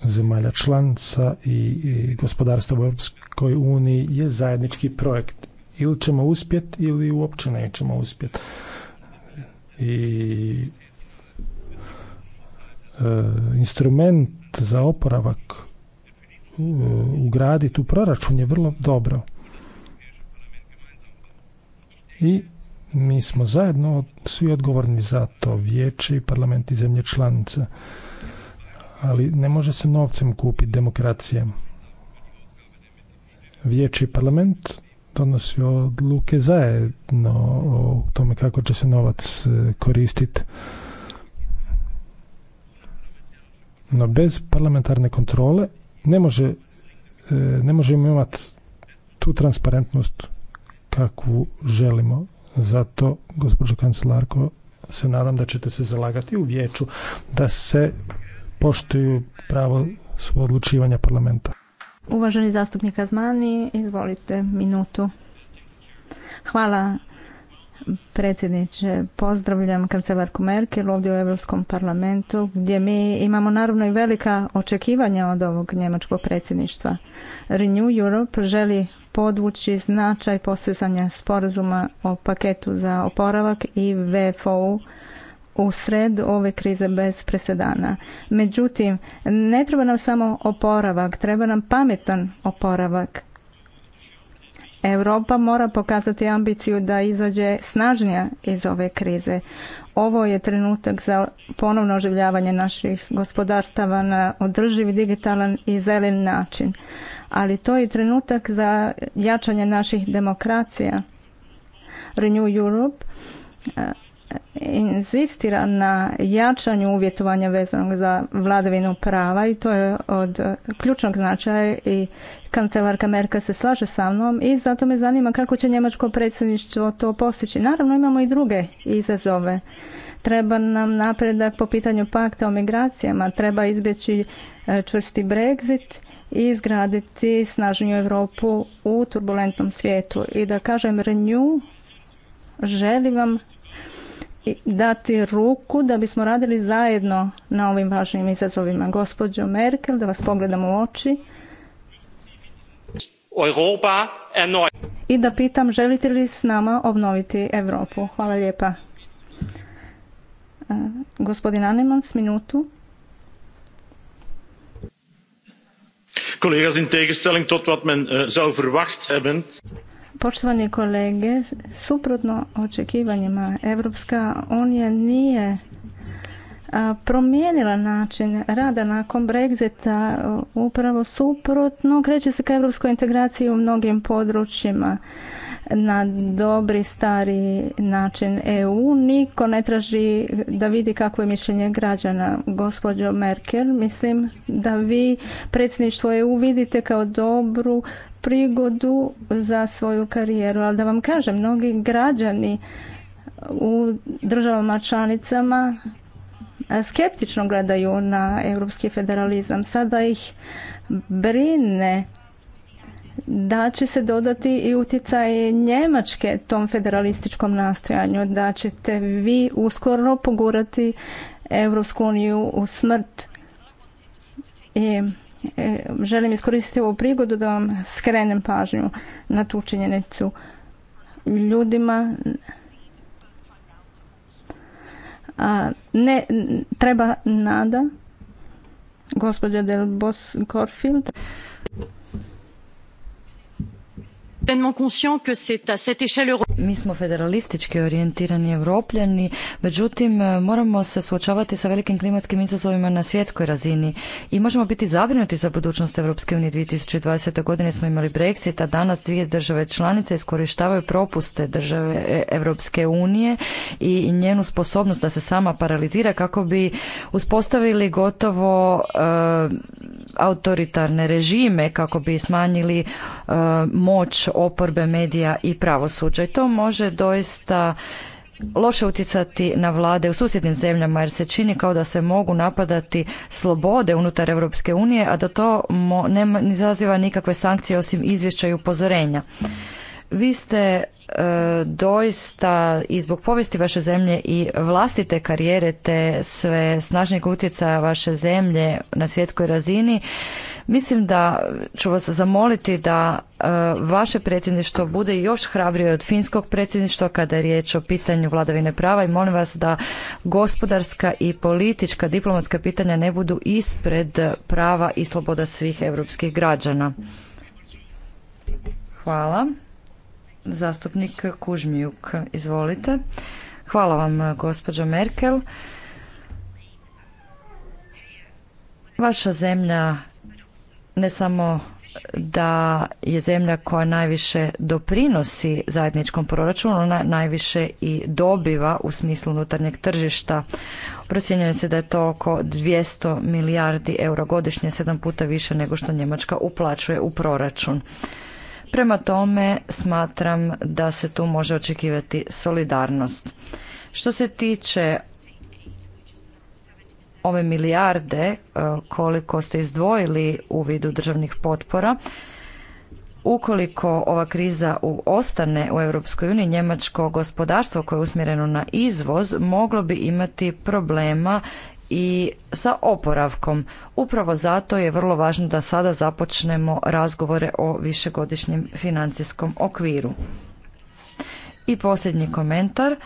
zemalja članca i gospodarstva u Europskoj uniji je zajednički projekt. Ili ćemo uspjeti ili uopće nećemo uspjeti. I e, instrument za oporavak ugraditi u proračun je vrlo dobro. I mi smo zajedno svi odgovorni za to, vijeće parlament i zemlje članice. Ali ne može se novcem kupiti demokracija. Vijeće parlament donosi odluke zajedno o tome kako će se novac e, koristiti. No bez parlamentarne kontrole ne može e, ne možemo imati tu transparentnost kakvu želimo. Zato, gospođo kancelarko, se nadam da ćete se zalagati u vijeću da se poštuju pravo odlučivanja parlamenta. Uvaženi zastupnik Azmani, izvolite minutu. Hvala predsjedniče. Pozdravljam kancelarku Merkel ovdje u Europskom parlamentu gdje mi imamo naravno i velika očekivanja od ovog njemačkog predsjedništva. Renew Europe želi podvući značaj posezanja sporazuma o paketu za oporavak i VFO-u u sred ove krize bez presedana. Međutim, ne treba nam samo oporavak, treba nam pametan oporavak Europa mora pokazati ambiciju da izađe snažnija iz ove krize. Ovo je trenutak za ponovno oživljavanje naših gospodarstava na održivi, digitalan i zelen način. Ali to je trenutak za jačanje naših demokracija. Renew Europe inzistira na jačanju uvjetovanja vezanog za vladavinu prava i to je od ključnog značaja i kancelarka Merka se slaže sa mnom i zato me zanima kako će njemačko predsjedništvo to postići. Naravno imamo i druge izazove. Treba nam napredak po pitanju pakta o migracijama, treba izbjeći e, čvrsti Brexit i izgraditi snažniju Europu u turbulentnom svijetu. I da kažem Renew, želim vam dati ruku da bismo radili zajedno na ovim važnim izazovima. Gospođo Merkel, da vas pogledam u oči. Europa I da pitam želite li s nama obnoviti Europu? Hvala lijepa. E, gospodin Anemans, minutu. Collega's, in tegenstelling tot wat men eh, zou verwacht hebben, Poštovani kolege, suprotno očekivanjima Evropska unija nije promijenila način rada nakon Brexita, upravo suprotno, kreće se ka evropskoj integraciji u mnogim područjima na dobri stari način EU. Niko ne traži da vidi kakvo je mišljenje građana. Gospođo Merkel, mislim da vi predsjedništvo EU vidite kao dobru prigodu za svoju karijeru. Ali da vam kažem, mnogi građani u državama članicama skeptično gledaju na europski federalizam. Sada ih brine da će se dodati i utjecaj Njemačke tom federalističkom nastojanju, da ćete vi uskoro pogurati Europsku uniju u smrt. I e, želim iskoristiti ovu prigodu da vam skrenem pažnju na tu činjenicu. Ljudima a, ne treba nada gospođa Del Bos Corfield. Mi smo federalistički orijentirani europljani, međutim eh, moramo se suočavati sa velikim klimatskim izazovima na svjetskoj razini i možemo biti zabrinuti za budućnost Europske unije 2020. godine smo imali Brexit, a danas dvije države članice iskorištavaju propuste države Europske unije i njenu sposobnost da se sama paralizira kako bi uspostavili gotovo eh, autoritarne režime kako bi smanjili e, moć oporbe medija i pravosuđa i to može doista loše utjecati na vlade u susjednim zemljama jer se čini kao da se mogu napadati slobode unutar Europske unije, a da to ne izaziva nikakve sankcije osim izvješća i upozorenja. Vi ste E, doista i zbog povijesti vaše zemlje i vlastite karijere te sve snažnijeg utjecaja vaše zemlje na svjetskoj razini, mislim da ću vas zamoliti da e, vaše predsjedništvo bude još hrabrije od finskog predsjedništva kada je riječ o pitanju vladavine prava i molim vas da gospodarska i politička diplomatska pitanja ne budu ispred prava i sloboda svih europskih građana. Hvala. Zastupnik Kužmijuk, izvolite. Hvala vam, gospođo Merkel. Vaša zemlja ne samo da je zemlja koja najviše doprinosi zajedničkom proračunu, ona najviše i dobiva u smislu unutarnjeg tržišta. Procjenjuje se da je to oko 200 milijardi eura godišnje, sedam puta više nego što Njemačka uplaćuje u proračun. Prema tome smatram da se tu može očekivati solidarnost. Što se tiče ove milijarde e, koliko ste izdvojili u vidu državnih potpora, ukoliko ova kriza ostane u EU, njemačko gospodarstvo koje je usmjereno na izvoz moglo bi imati problema i sa oporavkom. Upravo zato je vrlo važno da sada započnemo razgovore o višegodišnjem financijskom okviru. I posljednji komentar.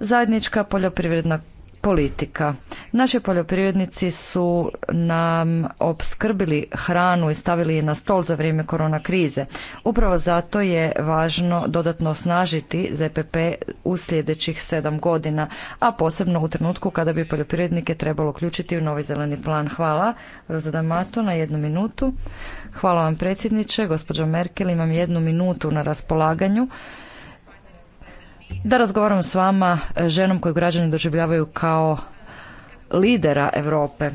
Zajednička poljoprivredna politika. Naši poljoprivrednici su nam opskrbili hranu i stavili je na stol za vrijeme korona krize. Upravo zato je važno dodatno osnažiti ZPP u sljedećih sedam godina, a posebno u trenutku kada bi poljoprivrednike trebalo uključiti u novi zeleni plan. Hvala. Rozada Mato na jednu minutu. Hvala vam predsjedniče. Gospođo Merkel, imam jednu minutu na raspolaganju da razgovaram s vama, e, ženom koju građani doživljavaju kao lidera Europe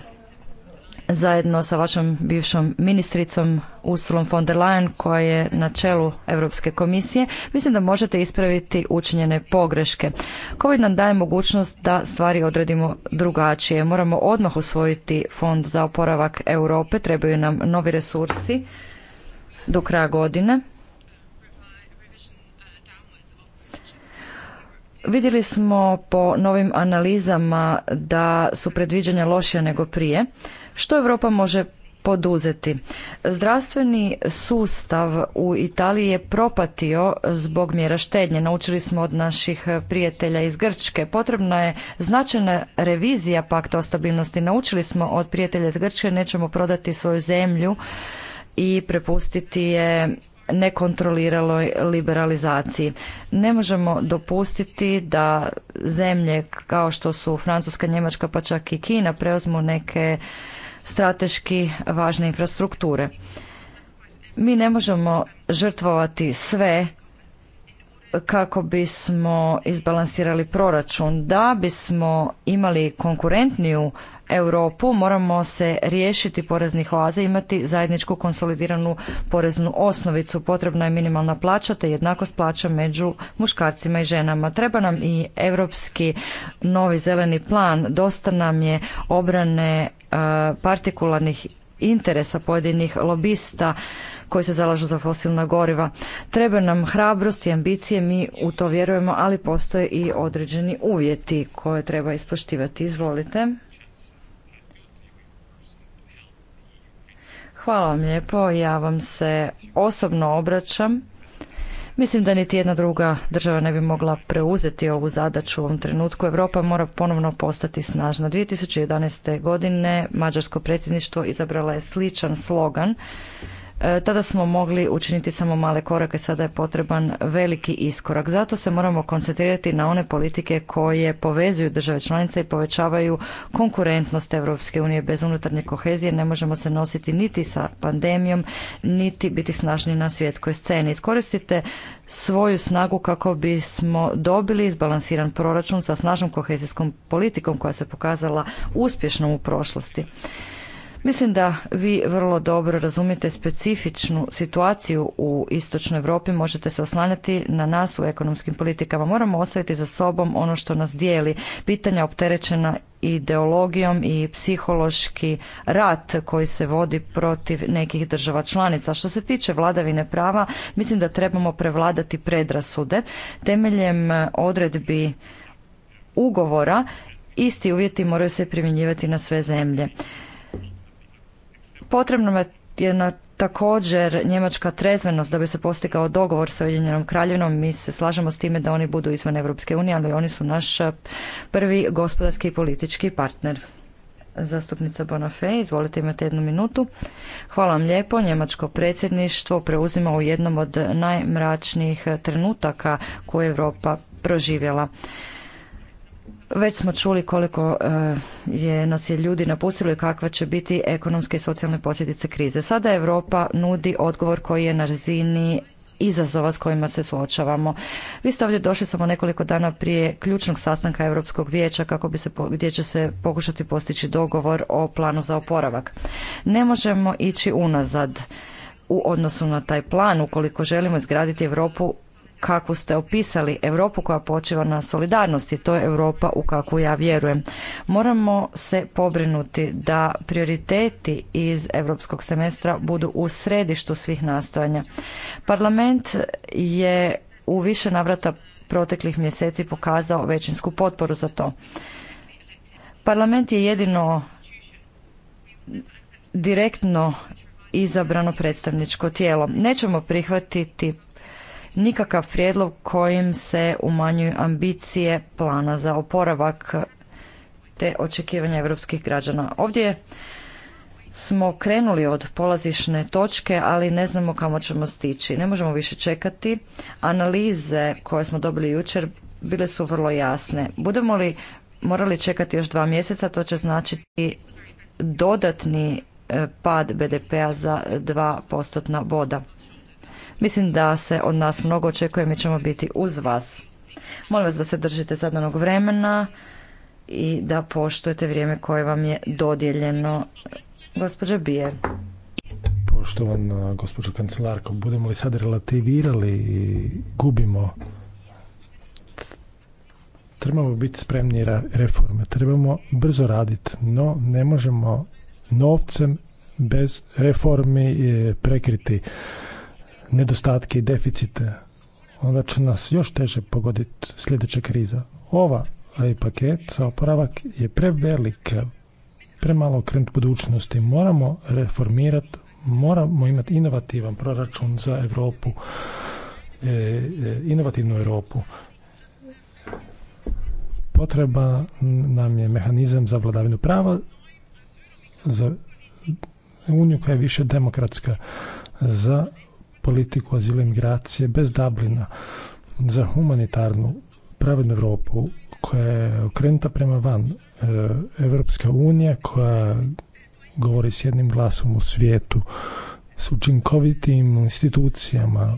zajedno sa vašom bivšom ministricom Ursulom von der Leyen koja je na čelu Europske komisije, mislim da možete ispraviti učinjene pogreške. Covid nam daje mogućnost da stvari odredimo drugačije. Moramo odmah usvojiti fond za oporavak Europe, trebaju nam novi resursi do kraja godine. Vidjeli smo po novim analizama da su predviđanja lošija nego prije. Što Europa može poduzeti? Zdravstveni sustav u Italiji je propatio zbog mjera štednje. Naučili smo od naših prijatelja iz Grčke. Potrebna je značajna revizija pakta o stabilnosti. Naučili smo od prijatelja iz Grčke, nećemo prodati svoju zemlju i prepustiti je nekontroliraloj liberalizaciji. Ne možemo dopustiti da zemlje kao što su Francuska, Njemačka pa čak i Kina preuzmu neke strateški važne infrastrukture. Mi ne možemo žrtvovati sve kako bismo izbalansirali proračun da bismo imali konkurentniju Europu, moramo se riješiti poreznih oaza, imati zajedničku konsolidiranu poreznu osnovicu. Potrebna je minimalna plaća te jednakost plaća među muškarcima i ženama. Treba nam i europski novi zeleni plan. Dosta nam je obrane e, partikularnih interesa pojedinih lobista koji se zalažu za fosilna goriva. Treba nam hrabrost i ambicije, mi u to vjerujemo, ali postoje i određeni uvjeti koje treba ispoštivati. Izvolite. Hvala vam lijepo. Ja vam se osobno obraćam. Mislim da niti jedna druga država ne bi mogla preuzeti ovu zadaću u ovom trenutku. Europa mora ponovno postati snažna. 2011. godine Mađarsko predsjedništvo izabralo je sličan slogan E, tada smo mogli učiniti samo male korake, sada je potreban veliki iskorak. Zato se moramo koncentrirati na one politike koje povezuju države članice i povećavaju konkurentnost Europske unije. Bez unutarnje kohezije ne možemo se nositi niti sa pandemijom, niti biti snažni na svjetskoj sceni. Iskoristite svoju snagu kako bismo dobili izbalansiran proračun sa snažnom kohezijskom politikom koja se pokazala uspješnom u prošlosti. Mislim da vi vrlo dobro razumijete specifičnu situaciju u istočnoj Europi, možete se oslanjati na nas u ekonomskim politikama. Moramo ostaviti za sobom ono što nas dijeli, pitanja opterećena ideologijom i psihološki rat koji se vodi protiv nekih država članica. Što se tiče vladavine prava, mislim da trebamo prevladati predrasude temeljem odredbi ugovora isti uvjeti moraju se primjenjivati na sve zemlje. Potrebno je na također njemačka trezvenost da bi se postigao dogovor sa Ujedinjenom kraljevinom. Mi se slažemo s time da oni budu izvan Europske unije, ali oni su naš eh, prvi gospodarski i politički partner. Zastupnica Bonafé, izvolite imate jednu minutu. Hvala vam lijepo. Njemačko predsjedništvo preuzima u jednom od najmračnijih trenutaka koje Europa proživjela. Već smo čuli koliko e, je nas je ljudi napustilo i kakva će biti ekonomske i socijalne posljedice krize. Sada Europa nudi odgovor koji je na razini izazova s kojima se suočavamo. Vi ste ovdje došli samo nekoliko dana prije ključnog sastanka Europskog vijeća kako bi se gdje će se pokušati postići dogovor o planu za oporavak. Ne možemo ići unazad u odnosu na taj plan ukoliko želimo izgraditi Europu kakvu ste opisali, Europu koja počiva na solidarnosti, to je Europa u kakvu ja vjerujem. Moramo se pobrinuti da prioriteti iz europskog semestra budu u središtu svih nastojanja. Parlament je u više navrata proteklih mjeseci pokazao većinsku potporu za to. Parlament je jedino direktno izabrano predstavničko tijelo. Nećemo prihvatiti nikakav prijedlog kojim se umanjuju ambicije plana za oporavak te očekivanja europskih građana. Ovdje smo krenuli od polazišne točke, ali ne znamo kamo ćemo stići. Ne možemo više čekati. Analize koje smo dobili jučer bile su vrlo jasne. Budemo li morali čekati još dva mjeseca, to će značiti dodatni e, pad BDP-a za dva postotna boda. Mislim da se od nas mnogo očekuje, mi ćemo biti uz vas. Molim vas da se držite zadanog vremena i da poštujete vrijeme koje vam je dodijeljeno. Gospođa Bije. Poštovana gospođo kancelarko, budemo li sad relativirali i gubimo trebamo biti spremni reforme, trebamo brzo raditi, no ne možemo novcem bez reformi eh, prekriti nedostatke i deficite, onda će nas još teže pogoditi sljedeća kriza. Ova i paket za oporavak je prevelik, premalo krenut budućnosti. Moramo reformirati, moramo imati inovativan proračun za Europu, e, e, inovativnu Europu. Potreba nam je mehanizam za vladavinu prava, za uniju koja je više demokratska, za politiku azila migracije bez Dublina za humanitarnu pravednu Europu koja je okrenuta prema van eh, Evropska unija koja govori s jednim glasom u svijetu s učinkovitim institucijama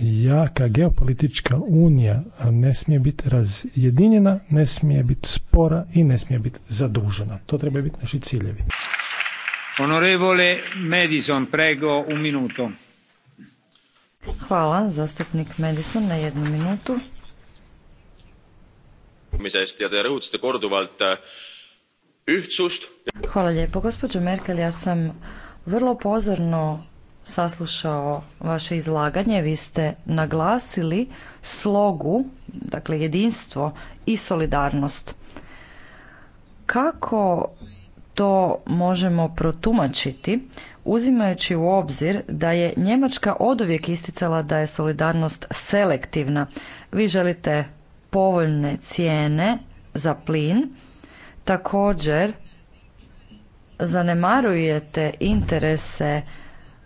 jaka geopolitička unija ne smije biti razjedinjena, ne smije biti spora i ne smije biti zadužena. To treba biti naši ciljevi. Onorevole Madison, prego un minuto. Hvala, zastupnik Madison, na jednu minutu. Äh, Hvala lijepo. Gospođo Merkel, ja sam vrlo pozorno saslušao vaše izlaganje. Vi ste naglasili slogu, dakle jedinstvo i solidarnost. Kako to možemo protumačiti uzimajući u obzir da je Njemačka oduvijek isticala da je solidarnost selektivna. Vi želite povoljne cijene za plin, također zanemarujete interese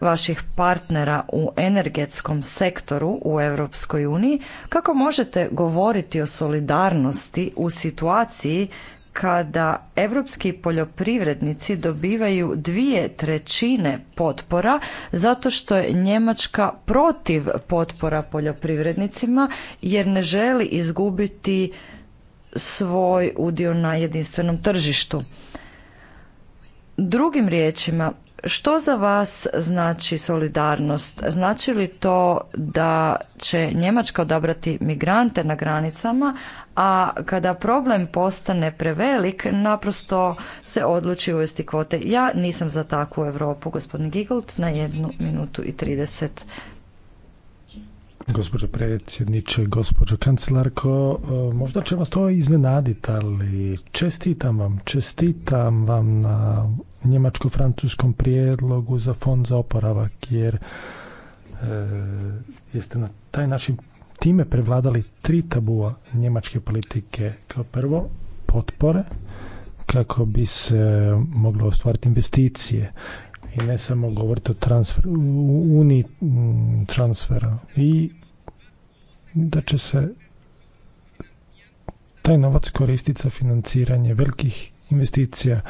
vaših partnera u energetskom sektoru u Europskoj uniji, kako možete govoriti o solidarnosti u situaciji kada europski poljoprivrednici dobivaju dvije trećine potpora zato što je Njemačka protiv potpora poljoprivrednicima jer ne želi izgubiti svoj udio na jedinstvenom tržištu. Drugim riječima, što za vas znači solidarnost? Znači li to da će Njemačka odabrati migrante na granicama, a kada problem postane prevelik, naprosto se odluči uvesti kvote? Ja nisam za takvu Europu, gospodin Gigold, na jednu minutu i 30 Gospođo predsjedniče, gospođo kancelarko, e, možda će vas to iznenaditi, ali čestitam vam, čestitam vam na njemačko-francuskom prijedlogu za fond za oporavak, jer e, jeste na taj način time prevladali tri tabua njemačke politike. Kao prvo, potpore, kako bi se moglo ostvariti investicije i ne samo govoriti o transfer, uniji transfera i da će se taj novac koristiti za financiranje velikih investicija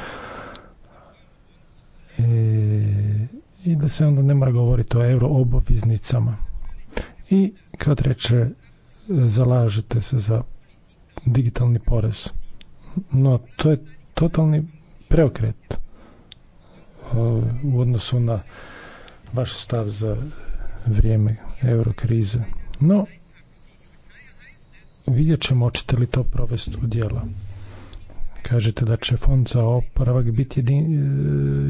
e, i da se onda ne mora govoriti o euro obveznicama. I kad treće, e, zalažete se za digitalni porez. No, to je totalni preokret e, u odnosu na vaš stav za vrijeme euro krize. No, vidjet ćemo hoćete li to provesti u djelo. Kažete da će fond za oporavak biti e,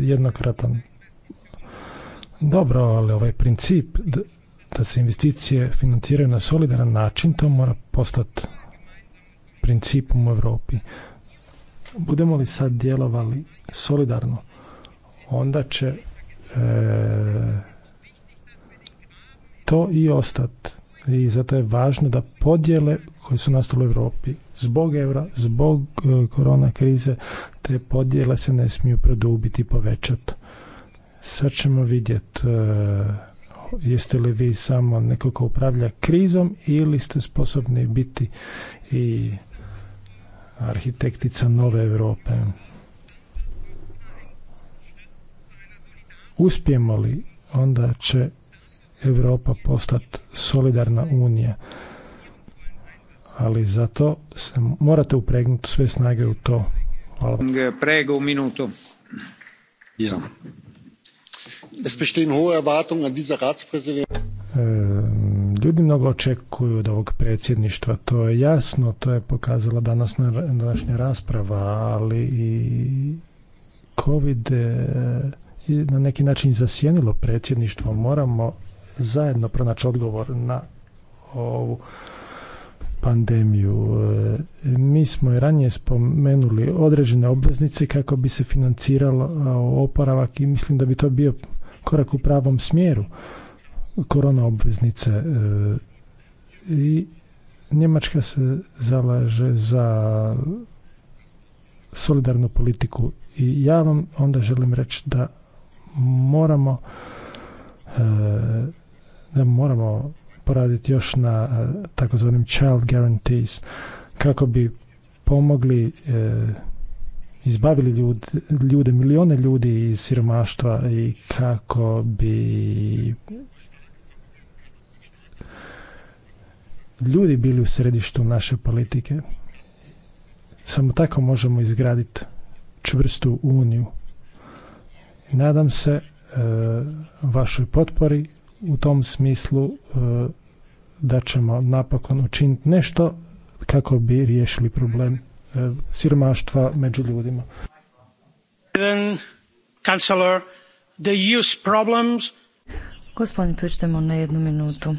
jednokratan. Dobro, ali ovaj princip da se investicije financiraju na solidaran način, to mora postati principom u Europi. Budemo li sad djelovali solidarno, onda će e, to i ostati. I zato je važno da podjele koji su nastali u Europi zbog zbog e, korona krize, te podjele se ne smiju produbiti i povećati. Sad ćemo vidjeti e, jeste li vi samo neko ko upravlja krizom ili ste sposobni biti i arhitektica nove Europe. Uspijemo li, onda će Europa postati solidarna unija ali zato se morate upregnuti sve snage u to. Hvala. Prego u minuto. Ja. Es bestehen hohe Erwartungen an dieser Ljudi mnogo očekuju od ovog predsjedništva, to je jasno, to je pokazala danas današnja rasprava, ali i COVID je na neki način zasjenilo predsjedništvo. Moramo zajedno pronaći odgovor na ovu pandemiju. E, mi smo i ranije spomenuli određene obveznice kako bi se financiralo oporavak i mislim da bi to bio korak u pravom smjeru korona obveznice e, i Njemačka se zalaže za solidarnu politiku i ja vam onda želim reći da moramo e, da moramo poraditi još na e, takozvanim child guarantees kako bi pomogli e, izbavili ljude, milione ljudi iz siromaštva i kako bi ljudi bili u središtu naše politike. Samo tako možemo izgraditi čvrstu uniju. Nadam se e, vašoj potpori u tom smislu da ćemo napokon učiniti nešto kako bi riješili problem e, siromaštva među ljudima. Gospodin pričtemo na jednu minutu.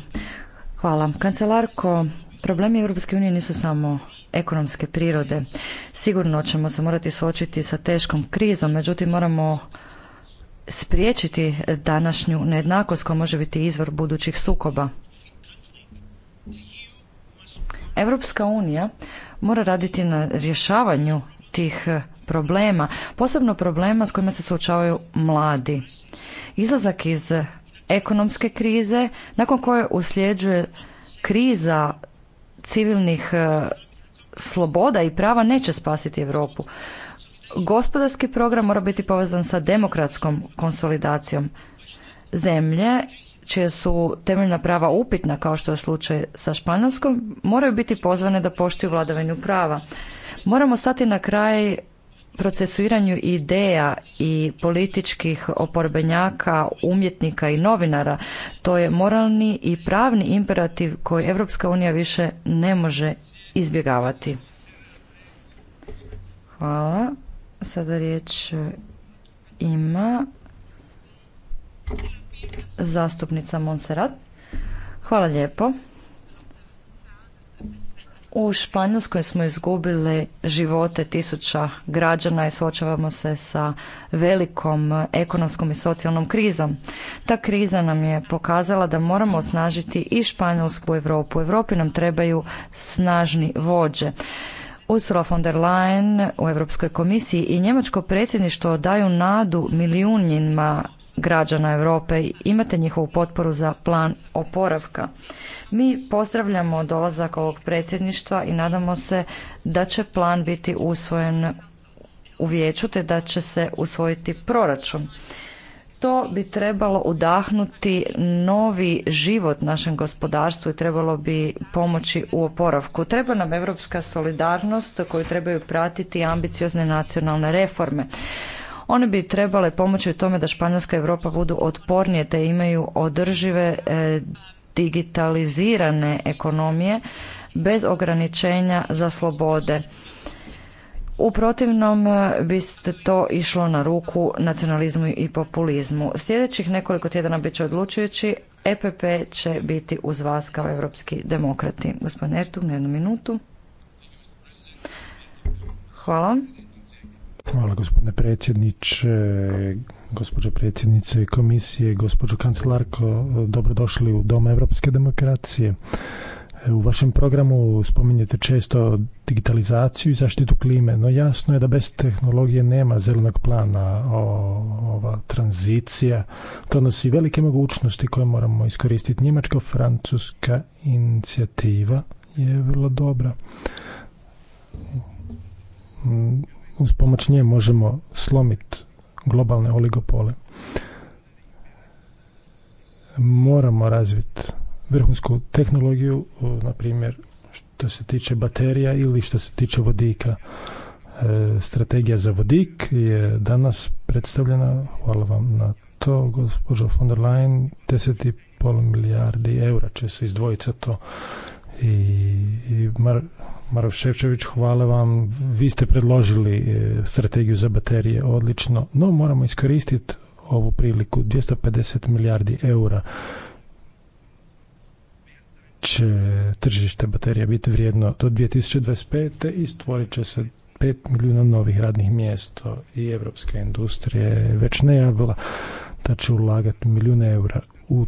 Hvala. Kancelarko, problemi Europske unije nisu samo ekonomske prirode. Sigurno ćemo se morati suočiti sa teškom krizom, međutim moramo spriječiti današnju nejednakost koja može biti izvor budućih sukoba. Europska unija mora raditi na rješavanju tih eh, problema, posebno problema s kojima se suočavaju mladi. Izlazak iz ekonomske krize, nakon koje usljeđuje kriza civilnih eh, sloboda i prava neće spasiti Europu. Gospodarski program mora biti povezan sa demokratskom konsolidacijom. Zemlje čije su temeljna prava upitna, kao što je slučaj sa Španjolskom, moraju biti pozvane da poštuju vladavinu prava. Moramo stati na kraj procesuiranju ideja i političkih oporbenjaka, umjetnika i novinara. To je moralni i pravni imperativ koji Europska unija više ne može izbjegavati. Hvala. Sada riječ e, ima Zastupnica Monserrat. Hvala lijepo. U Španjolskoj smo izgubili živote tisuća građana i suočavamo se sa velikom ekonomskom i socijalnom krizom. Ta kriza nam je pokazala da moramo osnažiti i Španjolsku Europu. U Europi nam trebaju snažni vođe. Ursula von der Leyen u Europskoj komisiji i njemačko predsjedništvo daju nadu milijunima građana Europe. Imate njihovu potporu za plan oporavka. Mi pozdravljamo dolazak ovog predsjedništva i nadamo se da će plan biti usvojen u vijeću te da će se usvojiti proračun. To bi trebalo udahnuti novi život našem gospodarstvu i trebalo bi pomoći u oporavku. Treba nam europska solidarnost koju trebaju pratiti ambiciozne nacionalne reforme. One bi trebale pomoći u tome da Španjolska Europa budu otpornije te imaju održive e, digitalizirane ekonomije bez ograničenja za slobode. U protivnom e, bi to išlo na ruku nacionalizmu i populizmu. Sljedećih nekoliko tjedana bit će odlučujući. EPP će biti uz vas kao evropski demokrati. Gospodin Ertug, na jednu minutu. Hvala. Hvala gospodine predsjedniče, gospođo predsjednice komisije, gospođo kancelarko, dobrodošli u Dom Evropske demokracije. E, u vašem programu spominjete često digitalizaciju i zaštitu klime, no jasno je da bez tehnologije nema zelenog plana. O, ova tranzicija To nosi velike mogućnosti koje moramo iskoristiti. Njemačko-francuska inicijativa je vrlo dobra uz pomoć nje možemo slomiti globalne oligopole. Moramo razviti vrhunsku tehnologiju, na primjer što se tiče baterija ili što se tiče vodika. E, strategija za vodik je danas predstavljena, hvala vam na to, gospođo von der Leyen, 10,5 milijardi eura će se izdvojiti za to i, i Marov Ševčević, hvala vam. Vi ste predložili e, strategiju za baterije, odlično, no moramo iskoristiti ovu priliku. 250 milijardi eura će tržište baterija biti vrijedno do 2025. i stvorit će se 5 milijuna novih radnih mjesta i evropska industrija je već najavila da će ulagati milijune eura u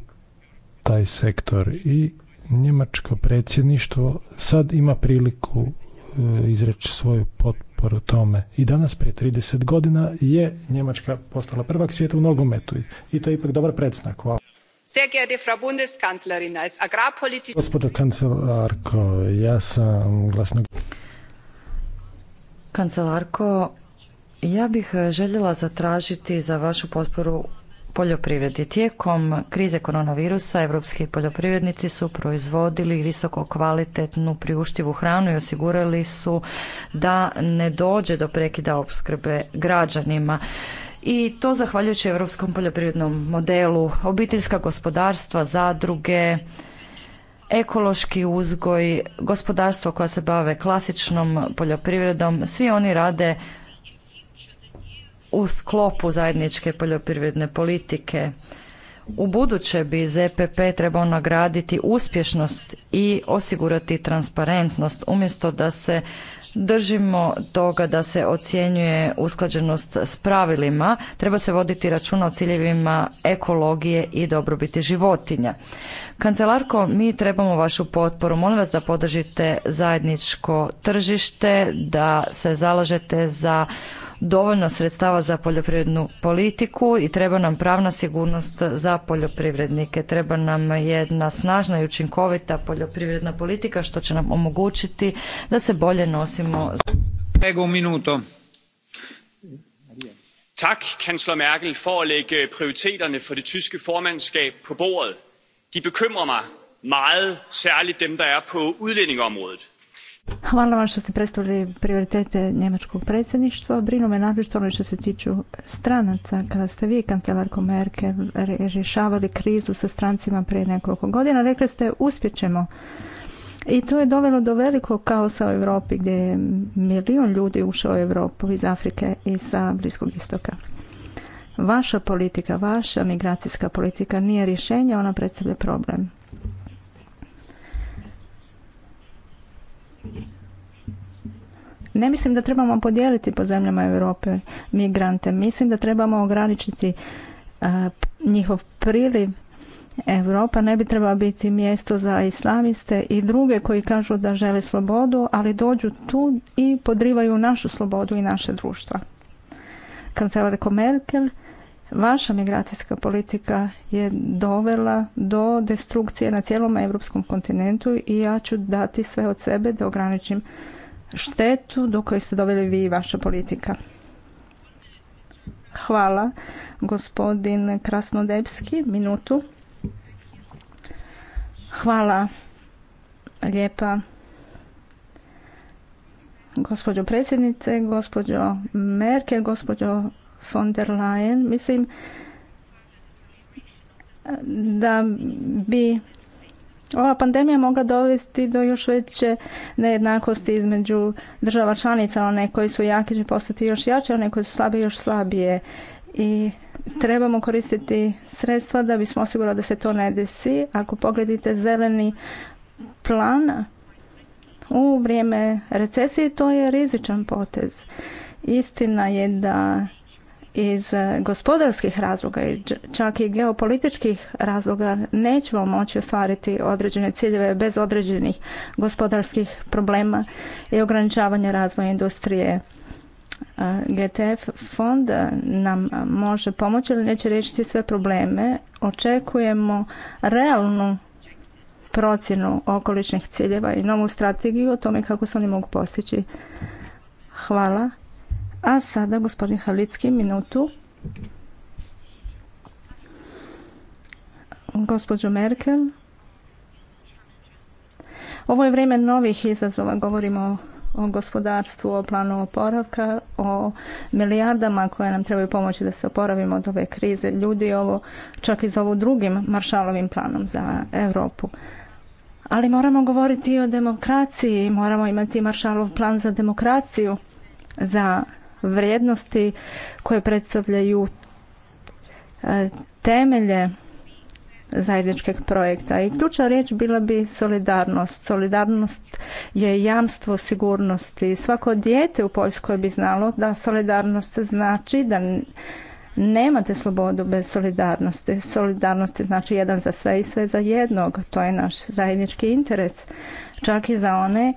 taj sektor i njemačko predsjedništvo sad ima priliku e, izreći svoju potporu tome. I danas, prije 30 godina, je Njemačka postala prvak svijeta u nogometu. I to je ipak dobar predsnak. Hvala. Agrarpolitik... Gospodo kancelarko, ja sam glasno... Kancelarko, ja bih željela zatražiti za vašu potporu poljoprivredi. Tijekom krize koronavirusa europski poljoprivrednici su proizvodili visoko kvalitetnu priuštivu hranu i osigurali su da ne dođe do prekida opskrbe građanima. I to zahvaljujući europskom poljoprivrednom modelu, obiteljska gospodarstva, zadruge, ekološki uzgoj, gospodarstvo koja se bave klasičnom poljoprivredom, svi oni rade u sklopu zajedničke poljoprivredne politike. U buduće bi ZPP trebao nagraditi uspješnost i osigurati transparentnost umjesto da se držimo toga da se ocjenjuje usklađenost s pravilima, treba se voditi računa o ciljevima ekologije i dobrobiti životinja. Kancelarko, mi trebamo vašu potporu. Molim vas da podržite zajedničko tržište, da se zalažete za dovoljno sredstava za poljoprivrednu politiku i treba nam pravna sigurnost za poljoprivrednike. Treba nam jedna snažna i učinkovita poljoprivredna politika što će nam omogućiti da se bolje nosimo. Ego minuto. Tak, kansler Merkel, for at lægge prioriteterne for det tyske formandskab på bordet. De bekymrer mig meget, særligt dem, der er på Hvala vam što ste predstavili prioritete njemačkog predsjedništva. Brinu me naprosto ono što se tiču stranaca. Kada ste vi, kancelarko Merkel, rješavali krizu sa strancima prije nekoliko godina, rekli ste uspjećemo. I to je dovelo do velikog kaosa u Europi gdje je milijun ljudi ušao u Europu iz Afrike i sa Bliskog istoka. Vaša politika, vaša migracijska politika nije rješenje, ona predstavlja problem. Ne mislim da trebamo podijeliti po zemljama Europe migrante. Mislim da trebamo ograničiti e, njihov priliv. Europa ne bi trebala biti mjesto za islamiste i druge koji kažu da žele slobodu, ali dođu tu i podrivaju našu slobodu i naše društva. Kancelarko Merkel Vaša migracijska politika je dovela do destrukcije na cijelom europskom kontinentu i ja ću dati sve od sebe da ograničim štetu do koje ste doveli vi i vaša politika. Hvala. Gospodin Krasnodebski, minutu. Hvala lijepa gospođo predsjednice, gospođo Merkel, gospođo von der Leyen. Mislim da bi ova pandemija mogla dovesti do još veće nejednakosti između država članica, one koji su jake će postati još jače, one koji su slabije još slabije. I trebamo koristiti sredstva da bismo osigurali da se to ne desi. Ako pogledite zeleni plan u vrijeme recesije, to je rizičan potez. Istina je da iz e, gospodarskih razloga i čak i geopolitičkih razloga nećemo moći ostvariti određene ciljeve bez određenih gospodarskih problema i ograničavanja razvoja industrije. E, GTF fond nam može pomoći, ali neće riješiti sve probleme. Očekujemo realnu procjenu okoličnih ciljeva i novu strategiju o tome kako se oni mogu postići. Hvala. A sada gospodin Halicki, minutu. Gospođo Merkel, ovo je vrijeme novih izazova, govorimo o, o gospodarstvu, o planu oporavka, o milijardama koje nam trebaju pomoći da se oporavimo od ove krize. Ljudi ovo čak i zovu drugim maršalovim planom za Europu. Ali moramo govoriti i o demokraciji, moramo imati maršalov plan za demokraciju, za vrijednosti koje predstavljaju e, temelje zajedničkog projekta. I ključna riječ bila bi solidarnost. Solidarnost je jamstvo sigurnosti. Svako dijete u Poljskoj bi znalo da solidarnost znači da nemate slobodu bez solidarnosti. Solidarnost znači jedan za sve i sve za jednog. To je naš zajednički interes. Čak i za one e,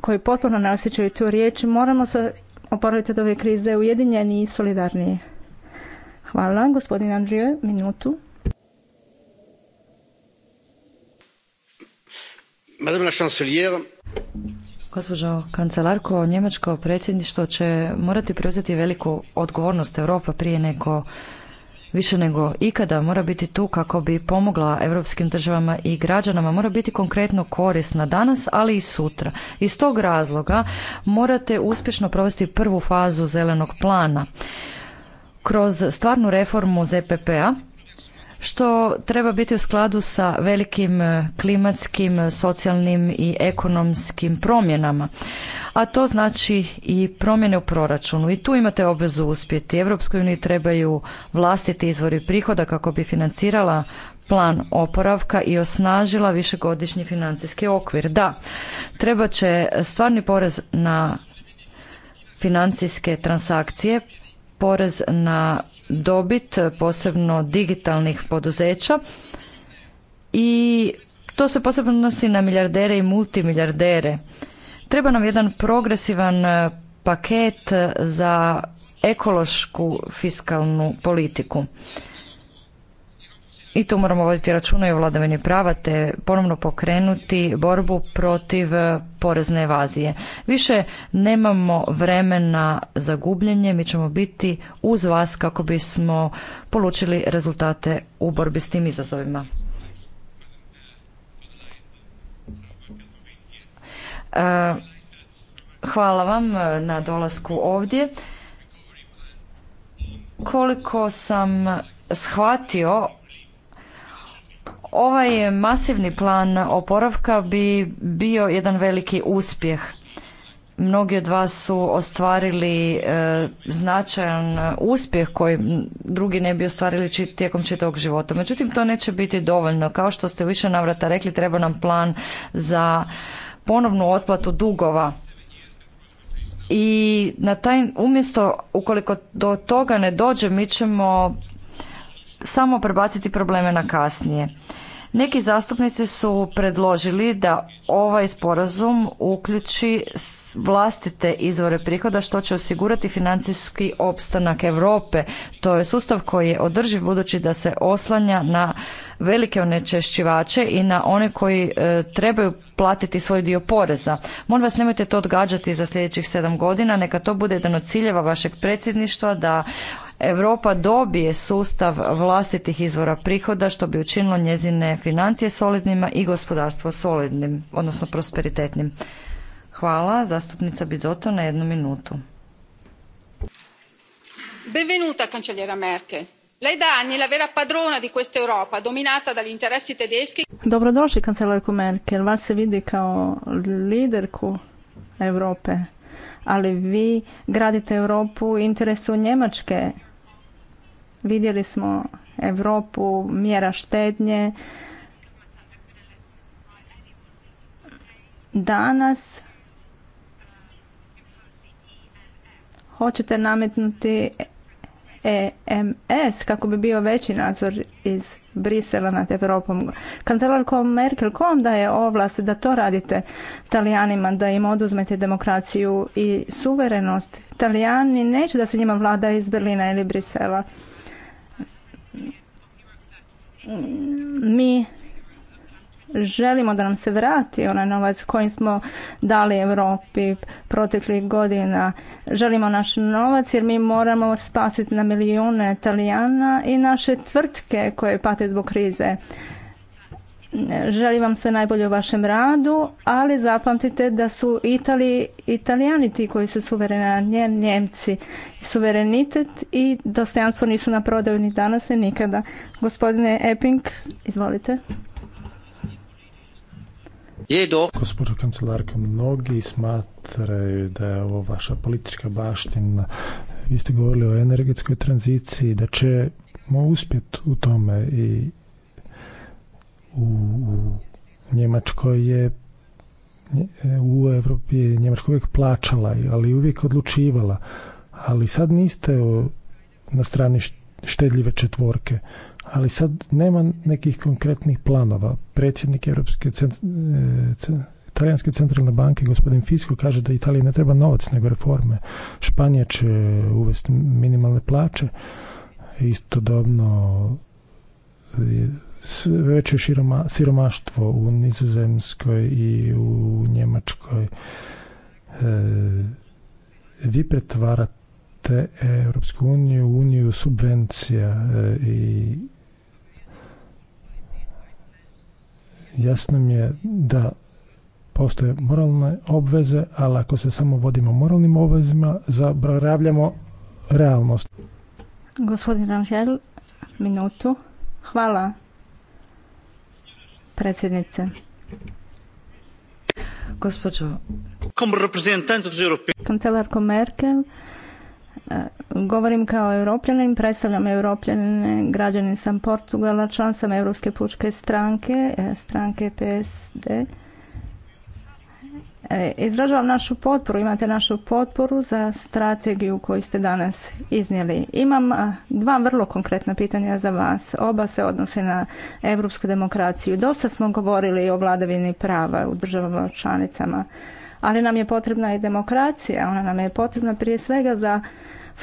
koji potpuno ne osjećaju tu riječ, moramo se oporaviti od ove krize ujedinjeni i solidarni. Hvala. Gospodin Andrije, minutu. Madame la chancelière, Gospođo kancelarko, njemačko predsjedništvo će morati preuzeti veliku odgovornost Europa prije nego više nego ikada mora biti tu kako bi pomogla europskim državama i građanama, mora biti konkretno korisna danas, ali i sutra. Iz tog razloga morate uspješno provesti prvu fazu zelenog plana. Kroz stvarnu reformu ZPP-a što treba biti u skladu sa velikim e, klimatskim, e, socijalnim i ekonomskim promjenama. A to znači i promjene u proračunu. I tu imate obvezu uspjeti. Evropskoj uniji trebaju vlastiti izvori prihoda kako bi financirala plan oporavka i osnažila višegodišnji financijski okvir. Da, treba će stvarni porez na financijske transakcije porez na dobit, posebno digitalnih poduzeća i to se posebno odnosi na milijardere i multimilijardere. Treba nam jedan progresivan e, paket za ekološku fiskalnu politiku i tu moramo voditi računa i o vladavini prava te ponovno pokrenuti borbu protiv e, porezne evazije. Više nemamo vremena za gubljenje, mi ćemo biti uz vas kako bismo polučili rezultate u borbi s tim izazovima. E, hvala vam e, na dolasku ovdje. Koliko sam shvatio Ovaj masivni plan oporavka bi bio jedan veliki uspjeh. Mnogi od vas su ostvarili e, značajan uspjeh koji drugi ne bi ostvarili tijekom čitavog života. Međutim, to neće biti dovoljno. Kao što ste više navrata rekli, treba nam plan za ponovnu otplatu dugova i na taj umjesto ukoliko do toga ne dođe mi ćemo samo prebaciti probleme na kasnije. Neki zastupnici su predložili da ovaj sporazum uključi vlastite izvore prihoda što će osigurati financijski opstanak Europe. To je sustav koji je održiv budući da se oslanja na velike onečešćivače i na one koji e, trebaju platiti svoj dio poreza. Molim vas nemojte to odgađati za sljedećih sedam godina, neka to bude jedan od ciljeva vašeg predsjedništva da Europa dobije sustav vlastitih izvora prihoda što bi učinilo njezine financije solidnima i gospodarstvo solidnim, odnosno prosperitetnim. Hvala, zastupnica Bizoto na jednu minutu. Benvenuta cancelliera Merkel. Lei da anni la vera padrona di questa Europa, dominata dagli interessi tedeschi. Dobrodošli kancelarku Merkel, vas se vidi kao liderku Europe ali vi gradite Europu interesu Njemačke Vidjeli smo Europu mjera štednje. Danas hoćete nametnuti EMS kako bi bio veći nadzor iz Brisela nad Europom. Kancelarko Merkel, ko da je ovlast da to radite Talijanima, da im oduzmete demokraciju i suverenost? Talijani neće da se njima vlada iz Berlina ili Brisela mi želimo da nam se vrati onaj novac koji smo dali Europi proteklih godina. Želimo naš novac jer mi moramo spasiti na milijune Italijana i naše tvrtke koje pate zbog krize. Želim vam sve najbolje u vašem radu, ali zapamtite da su Itali, Italijani ti koji su suvereni, Njemci. Suverenitet i dostojanstvo nisu na prodaju ni danas ni nikada. Gospodine Epping, izvolite. Gospođo kancelarka, mnogi smatraju da je ovo vaša politička baština. Vi ste govorili o energetskoj tranziciji, da mo uspjeti u tome i u Njemačkoj je e, u Europi je Njemačka uvijek plaćala, ali uvijek odlučivala. Ali sad niste na strani štedljive četvorke, ali sad nema nekih konkretnih planova. Predsjednik Europske e, Italijanske centralne banke, gospodin Fisko, kaže da Italiji ne treba novac, nego reforme. Španija će uvesti minimalne plaće. Istodobno sve veće siromaštvo u Nizozemskoj i u Njemačkoj. E, vi pretvarate Europsku uniju uniju subvencija e, i jasno mi je da postoje moralne obveze, ali ako se samo vodimo moralnim obvezima, zabravljamo realnost. Gospodin Rangel, minutu. Hvala predsjednice. Gospođo kancelarko Merkel, e, govorim kao europljanin, predstavljam europljanine, građanin sam Portugala, član sam Europske pučke stranke, e, stranke PSD E, izražavam našu potporu, imate našu potporu za strategiju koju ste danas iznijeli. Imam dva vrlo konkretna pitanja za vas. Oba se odnose na europsku demokraciju. Dosta smo govorili o vladavini prava u državama članicama, ali nam je potrebna i demokracija. Ona nam je potrebna prije svega za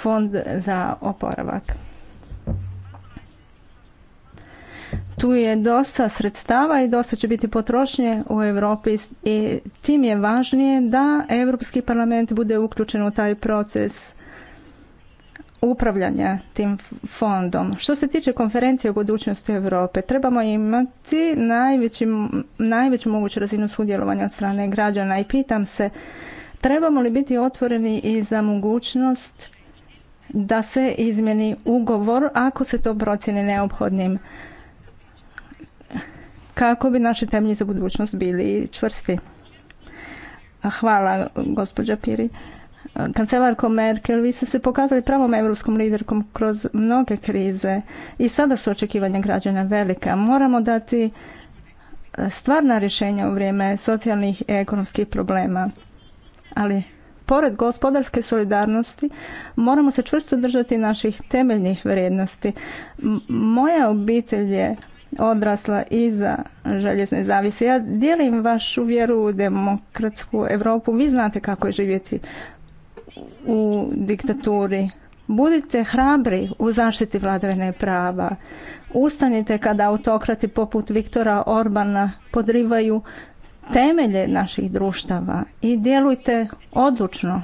fond za oporavak tu je dosta sredstava i dosta će biti potrošnje u Europi i tim je važnije da Europski parlament bude uključen u taj proces upravljanja tim fondom. Što se tiče konferencije o budućnosti Europe, trebamo imati najveći, najveću moguću razinu sudjelovanja od strane građana i pitam se trebamo li biti otvoreni i za mogućnost da se izmjeni ugovor ako se to procjeni neophodnim kako bi naši temelji za budućnost bili čvrsti. Hvala, gospođa Piri. Kancelarko Merkel, vi ste se pokazali pravom europskom liderkom kroz mnoge krize i sada su očekivanja građana velika. Moramo dati e, stvarna rješenja u vrijeme socijalnih i ekonomskih problema. Ali pored gospodarske solidarnosti moramo se čvrsto držati naših temeljnih vrijednosti. Moja obitelj je odrasla za željezne zavise. Ja dijelim vašu vjeru u demokratsku Europu. Vi znate kako je živjeti u diktaturi. Budite hrabri u zaštiti vladavine prava. Ustanite kada autokrati poput Viktora Orbana podrivaju temelje naših društava i djelujte odlučno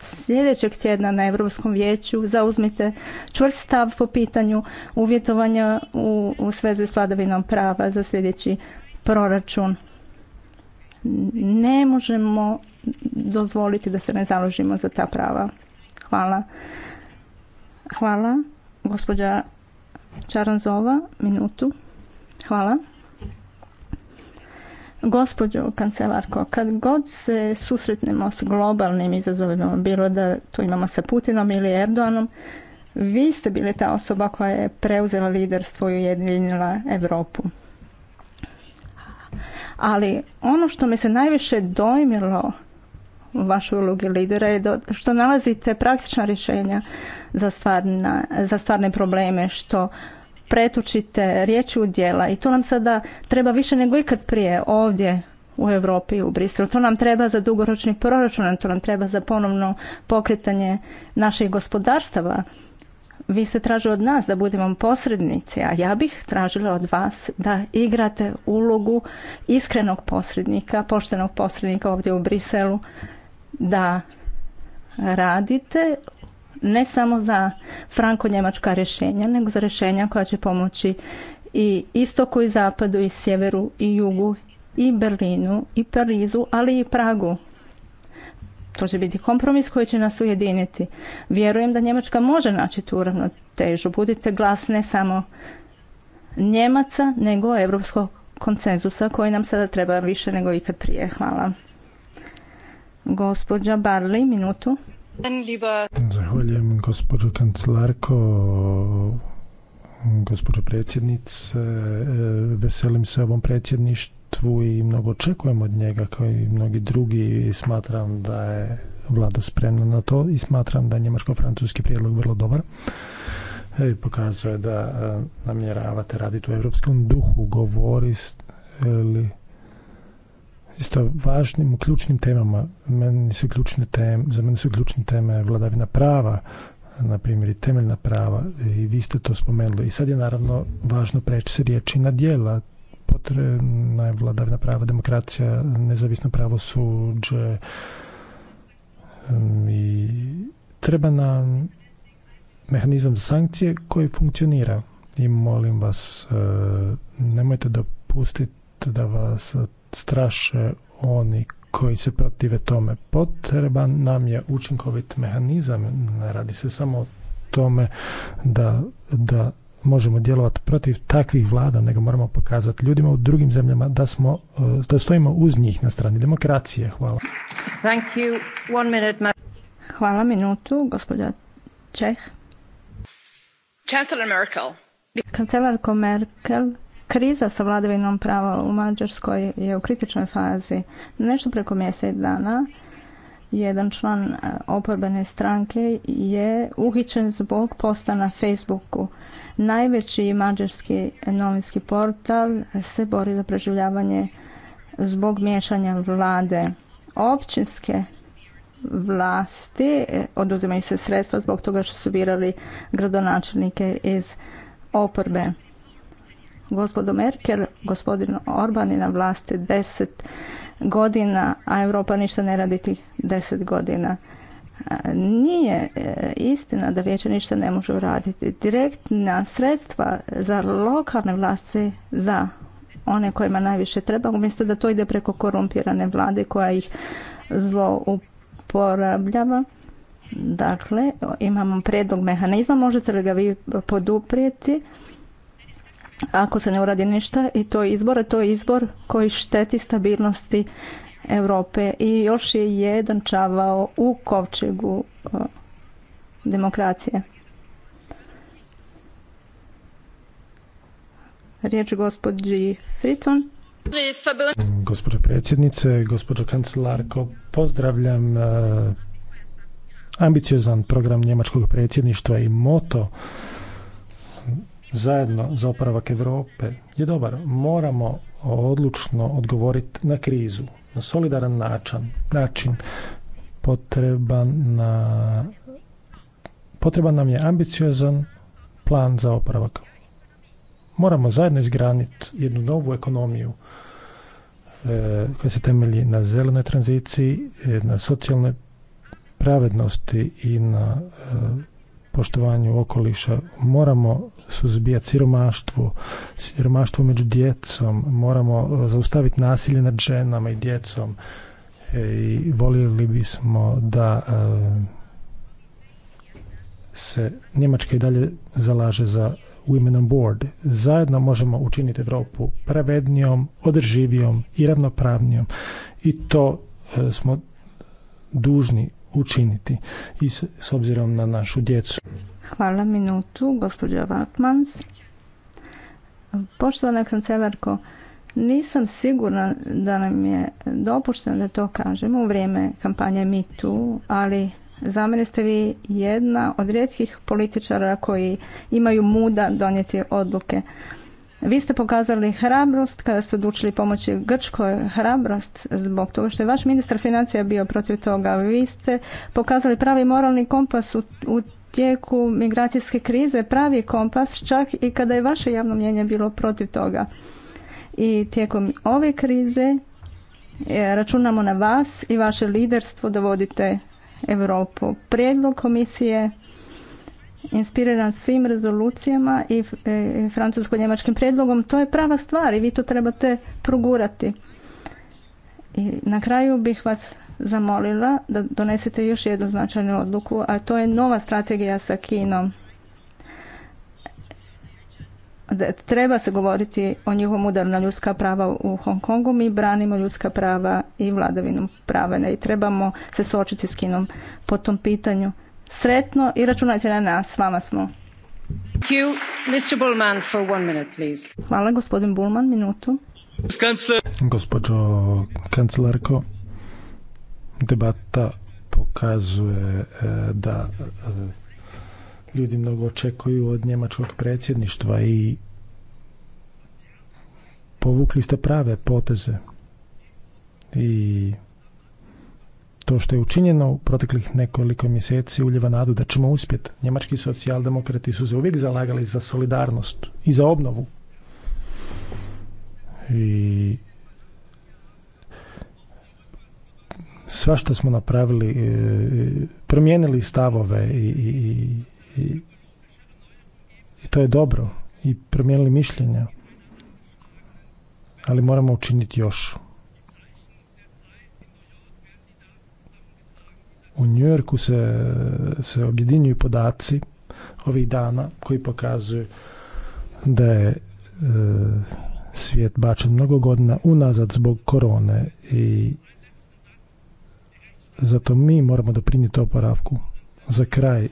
sljedećeg tjedna na Europskom vijeću zauzmite čvrst stav po pitanju uvjetovanja u, u svezi s vladavinom prava za sljedeći proračun. Ne možemo dozvoliti da se ne založimo za ta prava. Hvala. Hvala. Gospođa Čaranzova, minutu. Hvala. Gospođo kancelarko, kad god se susretnemo s globalnim izazovima, bilo da to imamo sa Putinom ili Erdoganom, vi ste bili ta osoba koja je preuzela liderstvo i ujedinila Europu. Ali ono što me se najviše dojmilo u vašoj ulogi lidera je što nalazite praktična rješenja za, za stvarne probleme, što pretučite riječi u djela i to nam sada treba više nego ikad prije ovdje u Europi i u Briselu. To nam treba za dugoročni proračun, to nam treba za ponovno pokretanje naših gospodarstava. Vi se traži od nas da budemo posrednici, a ja bih tražila od vas da igrate ulogu iskrenog posrednika, poštenog posrednika ovdje u Briselu, da radite ne samo za franko-njemačka rješenja, nego za rješenja koja će pomoći i istoku i zapadu i sjeveru i jugu i Berlinu i Parizu, ali i Pragu. To će biti kompromis koji će nas ujediniti. Vjerujem da Njemačka može naći tu težu. Budite glas ne samo Njemaca, nego evropskog konsenzusa koji nam sada treba više nego ikad prije. Hvala. Gospođa Barli, minutu. Zahvaljujem gospođo kancelarko, gospođo predsjednice. Veselim se ovom predsjedništvu i mnogo očekujem od njega kao i mnogi drugi smatram da je vlada spremna na to i smatram da je njemačko-francuski prijedlog vrlo dobar i e, pokazuje da e, namjeravate raditi u evropskom duhu. Govori e, isto važnim, ključnim temama. Meni su ključne teme, za mene su ključne teme vladavina prava, na primjer i temeljna prava i vi ste to spomenuli. I sad je naravno važno preći se riječi na dijela. Potrebna je vladavina prava, demokracija, nezavisno pravo suđe i treba nam mehanizam sankcije koji funkcionira. I molim vas, nemojte dopustiti da vas straše oni koji se protive tome. Potreban nam je učinkovit mehanizam, ne radi se samo o tome da, da možemo djelovati protiv takvih vlada, nego moramo pokazati ljudima u drugim zemljama da, smo, da stojimo uz njih na strani demokracije. Hvala. Thank you. One minute, Hvala minutu, gospođa Čeh. Chancellor Merkel. Kancelarko Merkel Kriza sa vladavinom prava u Mađarskoj je u kritičnoj fazi. Nešto preko mjesec dana jedan član e, oporbene stranke je uhićen zbog posta na Facebooku. Najveći mađarski novinski portal se bori za preživljavanje zbog miješanja vlade. Općinske vlasti e, oduzimaju se sredstva zbog toga što su birali gradonačelnike iz oporbe gospodo Merkel, gospodin Orban je na vlasti deset godina, a Europa ništa ne radi tih deset godina. E, nije e, istina da vijeće ništa ne može uraditi. Direktna sredstva za lokalne vlasti, za one kojima najviše treba, umjesto da to ide preko korumpirane vlade koja ih zlouporabljava. Dakle, imamo predlog mehanizma, možete li ga vi poduprijeti? ako se ne uradi ništa i to je izbor, to je izbor koji šteti stabilnosti Europe i još je jedan čavao u kovčegu e, demokracije. Riječ gospođi Fritzon. Gospođo predsjednice, gospođo kancelarko, pozdravljam e, ambiciozan program njemačkog predsjedništva i moto zajedno za oporavak Europe je dobar. Moramo odlučno odgovoriti na krizu, na solidaran način, način potreban, na, potreban nam je ambiciozan plan za oporavak. Moramo zajedno izgraditi jednu novu ekonomiju e, koja se temelji na zelenoj tranziciji, e, na socijalnoj pravednosti i na e, poštovanju okoliša. Moramo suzbijati siromaštvo, siromaštvo među djecom, moramo e, zaustaviti nasilje nad ženama i djecom e, i voljeli bismo da e, se Njemačka i dalje zalaže za Women on Board. Zajedno možemo učiniti Europu pravednijom, održivijom i ravnopravnijom i to smo dužni učiniti i s obzirom na našu djecu. Hvala minutu, gospođa Vatmans. Poštovana kancelarko, nisam sigurna da nam je dopušteno da to kažemo u vrijeme kampanje MeToo, ali za mene ste vi jedna od rijetkih političara koji imaju muda donijeti odluke. Vi ste pokazali hrabrost kada ste odlučili pomoći Grčkoj, hrabrost zbog toga što je vaš ministar financija bio protiv toga. Vi ste pokazali pravi moralni kompas u tijeku migracijske krize pravi kompas čak i kada je vaše javno mnjenje bilo protiv toga. I tijekom ove krize e, računamo na vas i vaše liderstvo da vodite Europu. Prijedlog komisije inspiriran svim rezolucijama i e, francusko-njemačkim prijedlogom, to je prava stvar i vi to trebate progurati. I na kraju bih vas zamolila da donesete još jednu značajnu odluku, a to je nova strategija sa Kinom. treba se govoriti o njihovom udaru na ljudska prava u Hong Kongu. Mi branimo ljudska prava i vladavinu prava i trebamo se suočiti s Kinom po tom pitanju. Sretno i računajte na nas, s vama smo. Hvala, gospodin Bulman, minutu. Gospođo kancelarko, debata pokazuje e, da e, ljudi mnogo očekuju od njemačkog predsjedništva i povukli ste prave poteze i to što je učinjeno u proteklih nekoliko mjeseci uljeva nadu da ćemo uspjeti. Njemački socijaldemokrati su se uvijek zalagali za solidarnost i za obnovu. I sva što smo napravili, e, promijenili stavove i, i, i, i to je dobro i promijenili mišljenja. Ali moramo učiniti još. U Njujorku se, se objedinjuju podaci ovih dana koji pokazuju da je e, svijet bačen mnogo godina unazad zbog korone i zato mi moramo doprinijeti oporavku. Za kraj e,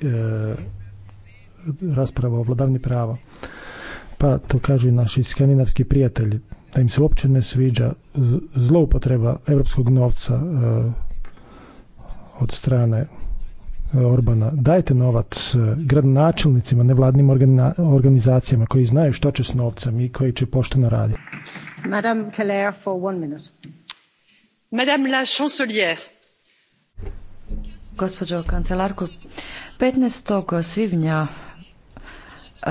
rasprava o vladavni prava. Pa to kažu i naši skandinavski prijatelji, da im se uopće ne sviđa zloupotreba europskog novca e, od strane e, Orbana. Dajte novac gradonačelnicima, nevladnim organizacijama koji znaju što će s novcem i koji će pošteno raditi. Madame Keller for one minute. Madame la chancelière, Gospođo kancelarko, 15. svibnja e,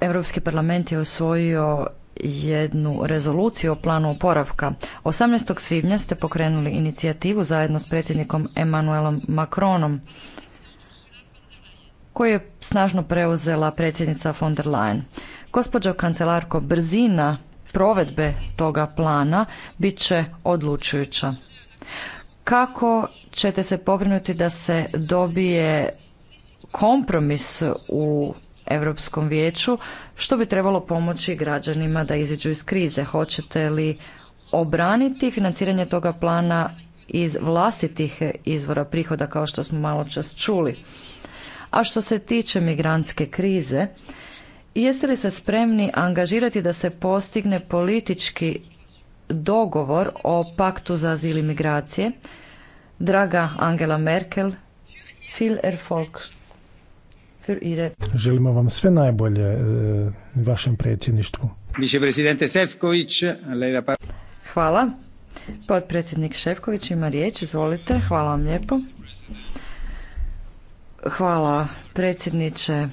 Europski parlament je usvojio jednu rezoluciju o planu oporavka. 18. svibnja ste pokrenuli inicijativu zajedno s predsjednikom Emanuelom Macronom koju je snažno preuzela predsjednica von der Leyen. Gospođo kancelarko, brzina provedbe toga plana bit će odlučujuća. Kako ćete se pobrinuti da se dobije kompromis u Europskom vijeću što bi trebalo pomoći građanima da iziđu iz krize? Hoćete li obraniti financiranje toga plana iz vlastitih izvora prihoda kao što smo malo čas čuli? A što se tiče migrantske krize, jeste li se spremni angažirati da se postigne politički dogovor o paktu za azil migracije Draga Angela Merkel, viel Erfolg für Ihre... Želimo vam sve najbolje e, vašem predsjedništvu. Hvala. Potpredsjednik Šefković ima riječ, izvolite. Hvala vam lijepo. Hvala predsjedniče,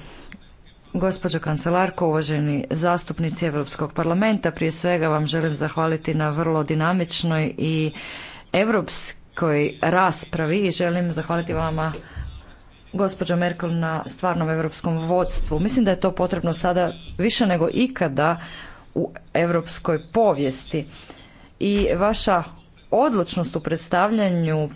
gospođo kancelarko, uvaženi zastupnici Europskog parlamenta. Prije svega vam želim zahvaliti na vrlo dinamičnoj i europski koj raspravi i želim zahvaliti vama gospođo Merkel na stvarnom europskom vodstvu. Mislim da je to potrebno sada više nego ikada u europskoj povijesti. I vaša odlučnost u predstavljanju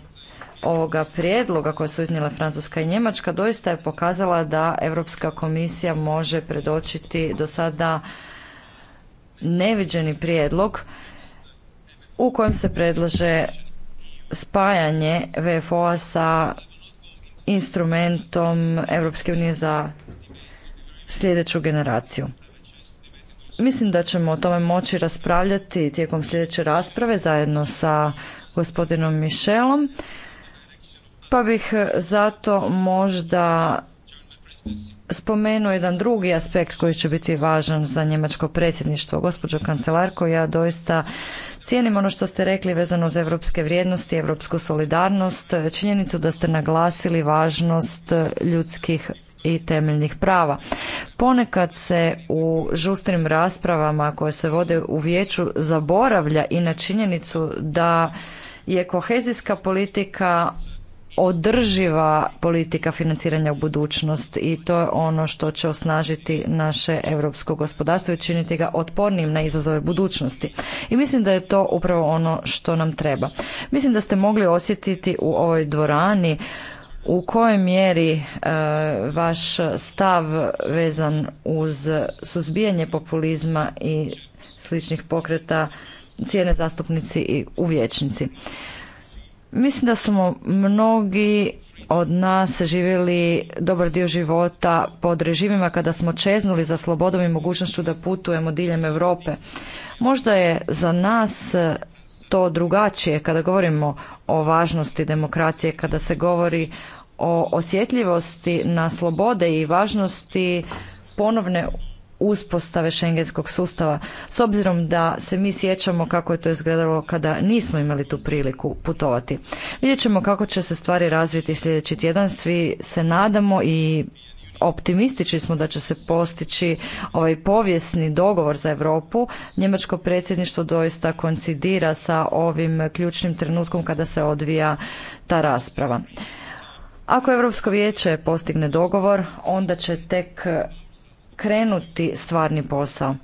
ovoga prijedloga koje su iznijela Francuska i Njemačka doista je pokazala da Europska komisija može predočiti do sada neviđeni prijedlog u kojem se predlaže spajanje VFO-a sa instrumentom Europske unije za sljedeću generaciju. Mislim da ćemo o tome moći raspravljati tijekom sljedeće rasprave zajedno sa gospodinom Michelom, pa bih zato možda spomenuo jedan drugi aspekt koji će biti važan za njemačko predsjedništvo. Gospođo kancelarko, ja doista cijenim ono što ste rekli vezano za europske vrijednosti, europsku solidarnost, činjenicu da ste naglasili važnost ljudskih i temeljnih prava. Ponekad se u žustrim raspravama koje se vode u vijeću zaboravlja i na činjenicu da je kohezijska politika održiva politika financiranja u budućnost i to je ono što će osnažiti naše europsko gospodarstvo i činiti ga otpornijim na izazove budućnosti. I mislim da je to upravo ono što nam treba. Mislim da ste mogli osjetiti u ovoj dvorani u kojoj mjeri e, vaš stav vezan uz suzbijanje populizma i sličnih pokreta cijene zastupnici i u vijećnici. Mislim da smo mnogi od nas živjeli dobar dio života pod režimima kada smo čeznuli za slobodom i mogućnošću da putujemo diljem Europe. Možda je za nas to drugačije kada govorimo o važnosti demokracije, kada se govori o osjetljivosti na slobode i važnosti ponovne uspostave šengenskog sustava s obzirom da se mi sjećamo kako je to izgledalo kada nismo imali tu priliku putovati. Vidjet ćemo kako će se stvari razviti sljedeći tjedan. Svi se nadamo i optimistični smo da će se postići ovaj povijesni dogovor za Europu. Njemačko predsjedništvo doista koncidira sa ovim ključnim trenutkom kada se odvija ta rasprava. Ako Europsko vijeće postigne dogovor, onda će tek Krenuti stvarni posao.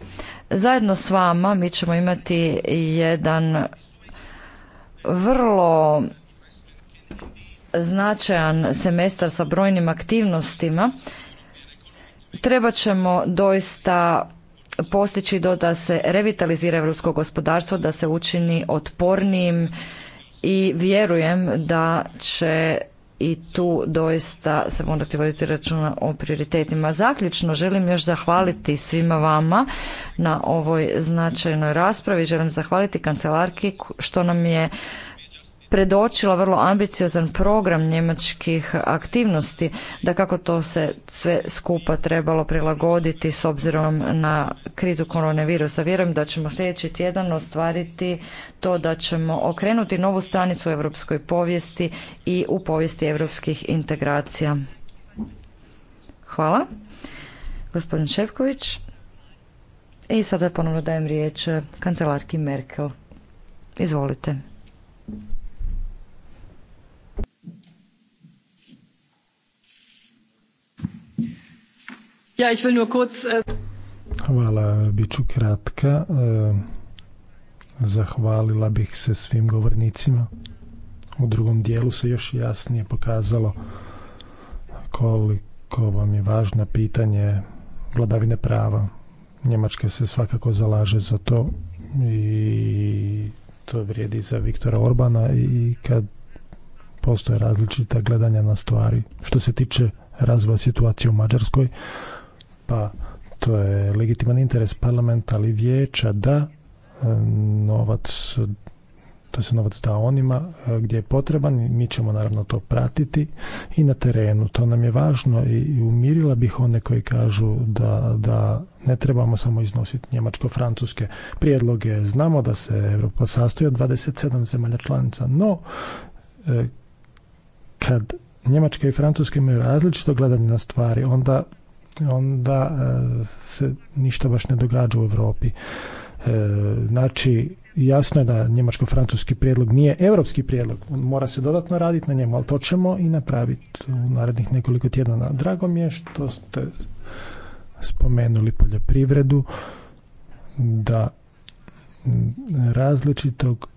Zajedno s vama mi ćemo imati jedan vrlo značajan semestar sa brojnim aktivnostima. Treba ćemo doista postići do da se revitalizira europsko gospodarstvo, da se učini otpornijim i vjerujem da će i tu doista se morate voditi računa o prioritetima. Zaključno želim još zahvaliti svima vama na ovoj značajnoj raspravi. Želim zahvaliti kancelarki što nam je predočila vrlo ambiciozan program njemačkih aktivnosti, da kako to se sve skupa trebalo prilagoditi s obzirom na krizu koronavirusa. Vjerujem da ćemo sljedeći tjedan ostvariti to da ćemo okrenuti novu stranicu u europskoj povijesti i u povijesti europskih integracija. Hvala. Gospodin Šefković. I sada ponovno dajem riječ kancelarki Merkel. Izvolite. Ja, ich will nur kurz... Äh, Hvala, bit ću kratka. E, zahvalila bih se svim govornicima. U drugom dijelu se još jasnije pokazalo koliko vam je važno pitanje vladavine prava. Njemačka se svakako zalaže za to i to vrijedi za Viktora Orbana i kad postoje različita gledanja na stvari. Što se tiče razvoja situacije u Mađarskoj, pa to je legitiman interes parlamenta ali vijeća da e, novac da se novac da onima e, gdje je potreban mi ćemo naravno to pratiti i na terenu to nam je važno i umirila bih one koji kažu da, da ne trebamo samo iznositi njemačko-francuske prijedloge znamo da se Europa sastoji od 27 zemalja članica no e, kad Njemačka i francuske imaju različito gledanje na stvari onda onda e, se ništa baš ne događa u Europi. E, znači, jasno je da njemačko-francuski prijedlog nije europski prijedlog. Mora se dodatno raditi na njemu, ali to ćemo i napraviti u narednih nekoliko tjedana. Drago mi je što ste spomenuli poljoprivredu, da različitog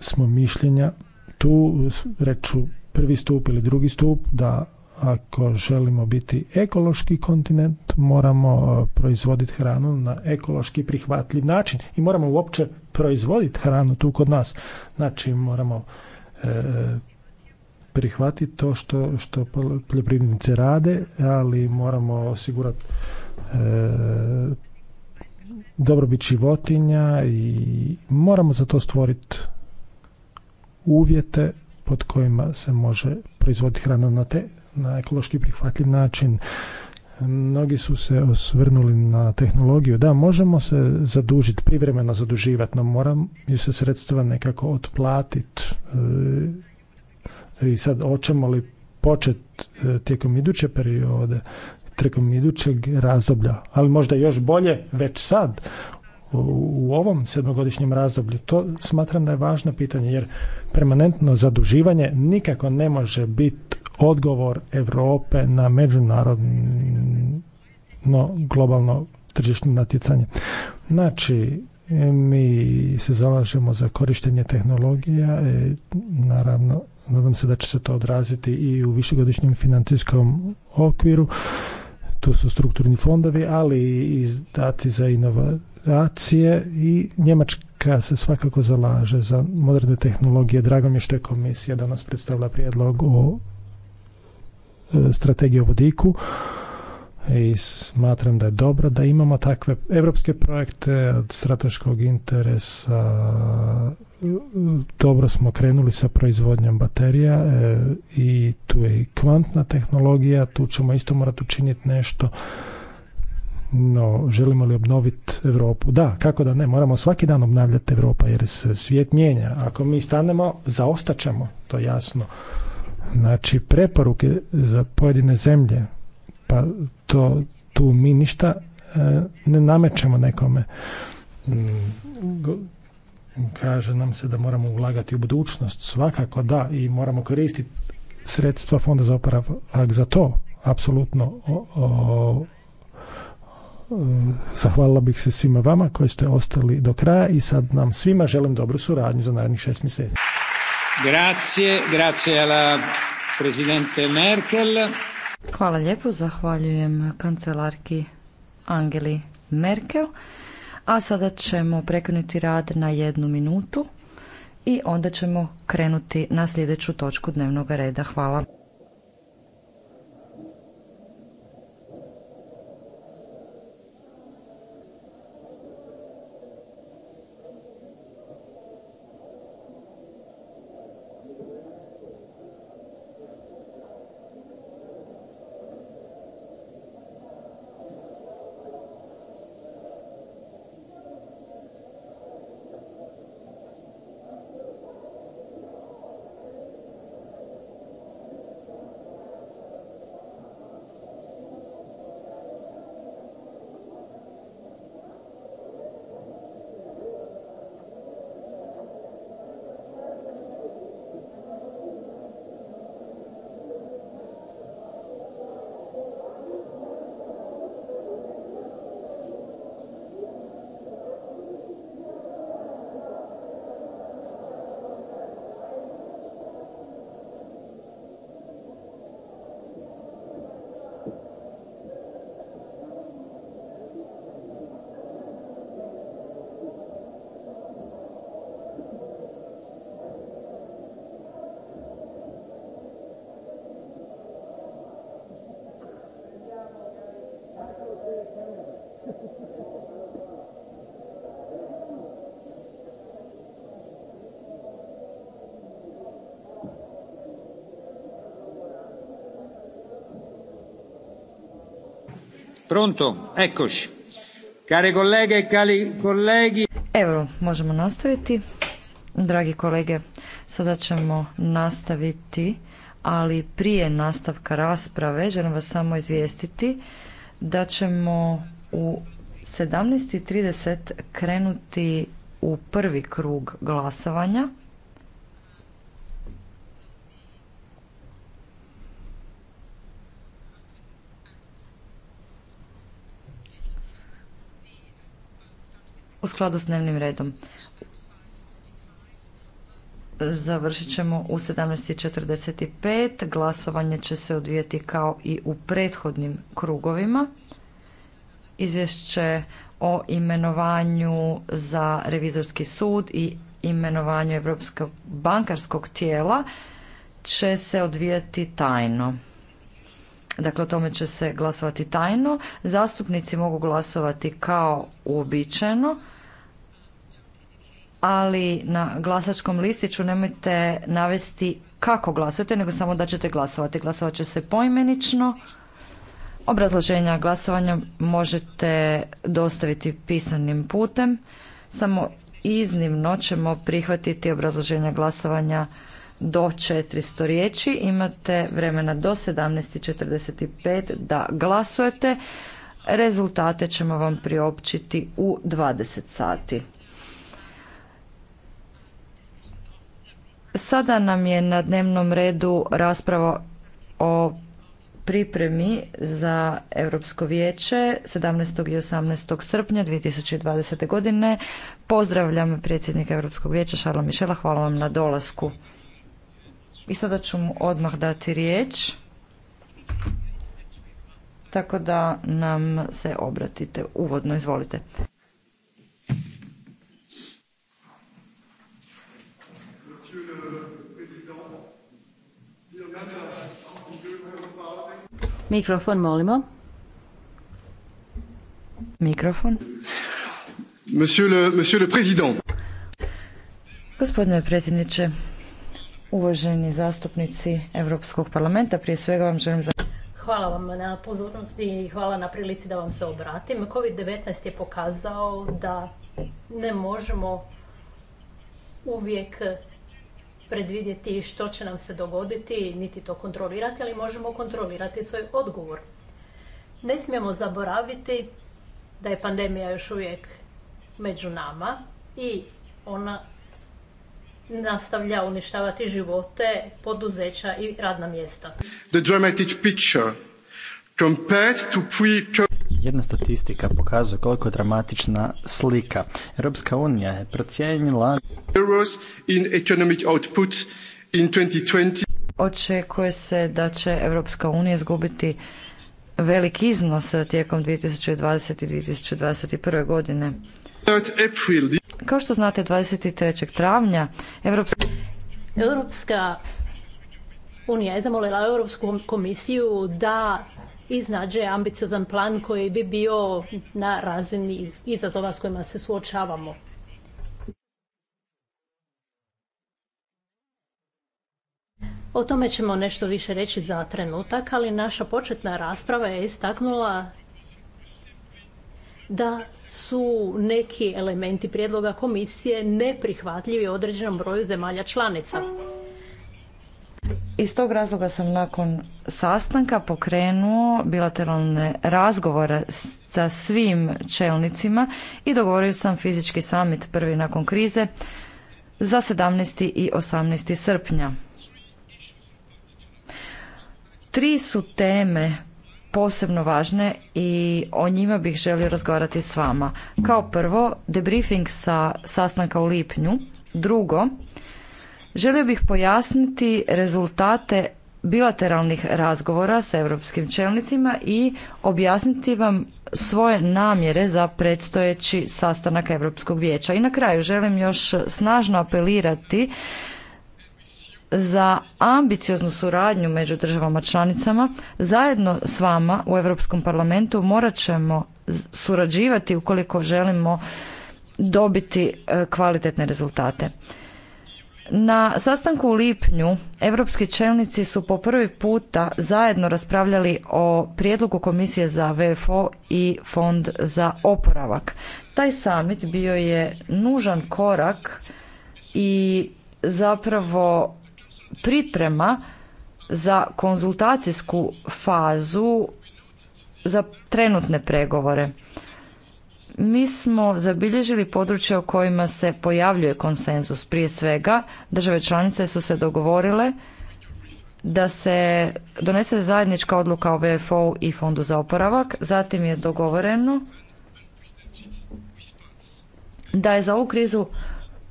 smo mišljenja tu reču prvi stup ili drugi stup, da ako želimo biti ekološki kontinent, moramo e, proizvoditi hranu na ekološki prihvatljiv način i moramo uopće proizvoditi hranu tu kod nas. Znači, moramo e, prihvatiti to što, što poljoprivrednice rade, ali moramo osigurati e, dobrobit životinja i moramo za to stvoriti uvjete pod kojima se može proizvoditi hrana na te na ekološki prihvatljiv način. Mnogi su se osvrnuli na tehnologiju. Da, možemo se zadužiti, privremeno zaduživati, no ju se sredstva nekako otplatiti. E, I sad, hoćemo li početi e, tijekom iduće periode, tijekom idućeg razdoblja, ali možda još bolje već sad, u ovom sedmogodišnjem razdoblju? To smatram da je važno pitanje jer permanentno zaduživanje nikako ne može biti odgovor Europe na međunarodno globalno tržišno natjecanje. Znači, mi se zalažemo za korištenje tehnologija, e, naravno nadam se da će se to odraziti i u višegodišnjem financijskom okviru, tu su strukturni fondovi, ali i izdaci za inovacije i Njemačka se svakako zalaže za moderne tehnologije. Drago mi je što je komisija danas predstavila prijedlog o strategije o vodiku i smatram da je dobro da imamo takve evropske projekte od strateškog interesa. Dobro smo krenuli sa proizvodnjom baterija e, i tu je i kvantna tehnologija, tu ćemo isto morati učiniti nešto. No, želimo li obnoviti Europu? Da, kako da ne, moramo svaki dan obnavljati Europa jer se svijet mijenja. Ako mi stanemo, zaostaćemo, to je jasno znači preporuke za pojedine zemlje, pa to tu mi ništa e, ne namećemo nekome. Mm. Kaže nam se da moramo ulagati u budućnost, svakako da, i moramo koristiti sredstva Fonda za oporavak za to, apsolutno e, zahvalila bih se svima vama koji ste ostali do kraja i sad nam svima želim dobru suradnju za narednih šest mjeseci. Merkel. Hvala lijepo, zahvaljujem kancelarki Angeli Merkel. A sada ćemo prekinuti rad na jednu minutu i onda ćemo krenuti na sljedeću točku dnevnog reda. Hvala. Pronto? E Evo, možemo nastaviti. Dragi kolege, sada ćemo nastaviti, ali prije nastavka rasprave želim vas samo izvijestiti da ćemo u 17.30 krenuti u prvi krug glasovanja. u skladu s dnevnim redom. Završit ćemo u 17.45. Glasovanje će se odvijeti kao i u prethodnim krugovima. Izvješće o imenovanju za revizorski sud i imenovanju Europskog bankarskog tijela će se odvijati tajno. Dakle, o tome će se glasovati tajno. Zastupnici mogu glasovati kao uobičajeno ali na glasačkom listiću nemojte navesti kako glasujete, nego samo da ćete glasovati. Glasovat će se poimenično. Obrazloženja glasovanja možete dostaviti pisanim putem. Samo iznimno ćemo prihvatiti obrazloženja glasovanja do 400 riječi. Imate vremena do 17.45 da glasujete. Rezultate ćemo vam priopćiti u 20 sati. Sada nam je na dnevnom redu rasprava o pripremi za Europsko vijeće 17. i 18. srpnja 2020. godine. Pozdravljam predsjednika Europskog vijeća Šarla Mišela, hvala vam na dolasku. I sada ću mu odmah dati riječ, tako da nam se obratite uvodno, izvolite. Mikrofon, molimo. Mikrofon. Monsieur le, président. Gospodine predsjedniče, uvaženi zastupnici Europskog parlamenta, prije svega vam želim Hvala vam na pozornosti i hvala na prilici da vam se obratim. COVID-19 je pokazao da ne možemo uvijek predvidjeti što će nam se dogoditi, niti to kontrolirati, ali možemo kontrolirati svoj odgovor. Ne smijemo zaboraviti da je pandemija još uvijek među nama i ona nastavlja uništavati živote, poduzeća i radna mjesta. The dramatic picture compared to pre jedna statistika pokazuje koliko je dramatična slika. Europska unija je procijenila in Očekuje se da će Europska unija izgubiti velik iznos tijekom 2020. i 2021. godine. Kao što znate, 23. travnja Europska... Europska unija je zamolila Europsku komisiju da iznađe ambiciozan plan koji bi bio na razini izazova s kojima se suočavamo. O tome ćemo nešto više reći za trenutak, ali naša početna rasprava je istaknula da su neki elementi prijedloga komisije neprihvatljivi određenom broju zemalja članica. Iz tog razloga sam nakon sastanka pokrenuo bilateralne razgovore sa svim čelnicima i dogovorio sam fizički summit prvi nakon krize za 17. i 18. srpnja. Tri su teme posebno važne i o njima bih želio razgovarati s vama. Kao prvo, debriefing sa sastanka u lipnju, drugo, Želio bih pojasniti rezultate bilateralnih razgovora sa europskim čelnicima i objasniti vam svoje namjere za predstojeći sastanak Europskog vijeća. I na kraju želim još snažno apelirati za ambicioznu suradnju među državama članicama. Zajedno s vama u Europskom parlamentu morat ćemo surađivati ukoliko želimo dobiti e, kvalitetne rezultate. Na sastanku u lipnju europski čelnici su po prvi puta zajedno raspravljali o prijedlogu komisije za VFO i fond za oporavak. Taj summit bio je nužan korak i zapravo priprema za konzultacijsku fazu za trenutne pregovore mi smo zabilježili područje o kojima se pojavljuje konsenzus. Prije svega, države članice su se dogovorile da se donese zajednička odluka o VFO i Fondu za oporavak. Zatim je dogovoreno da je za ovu krizu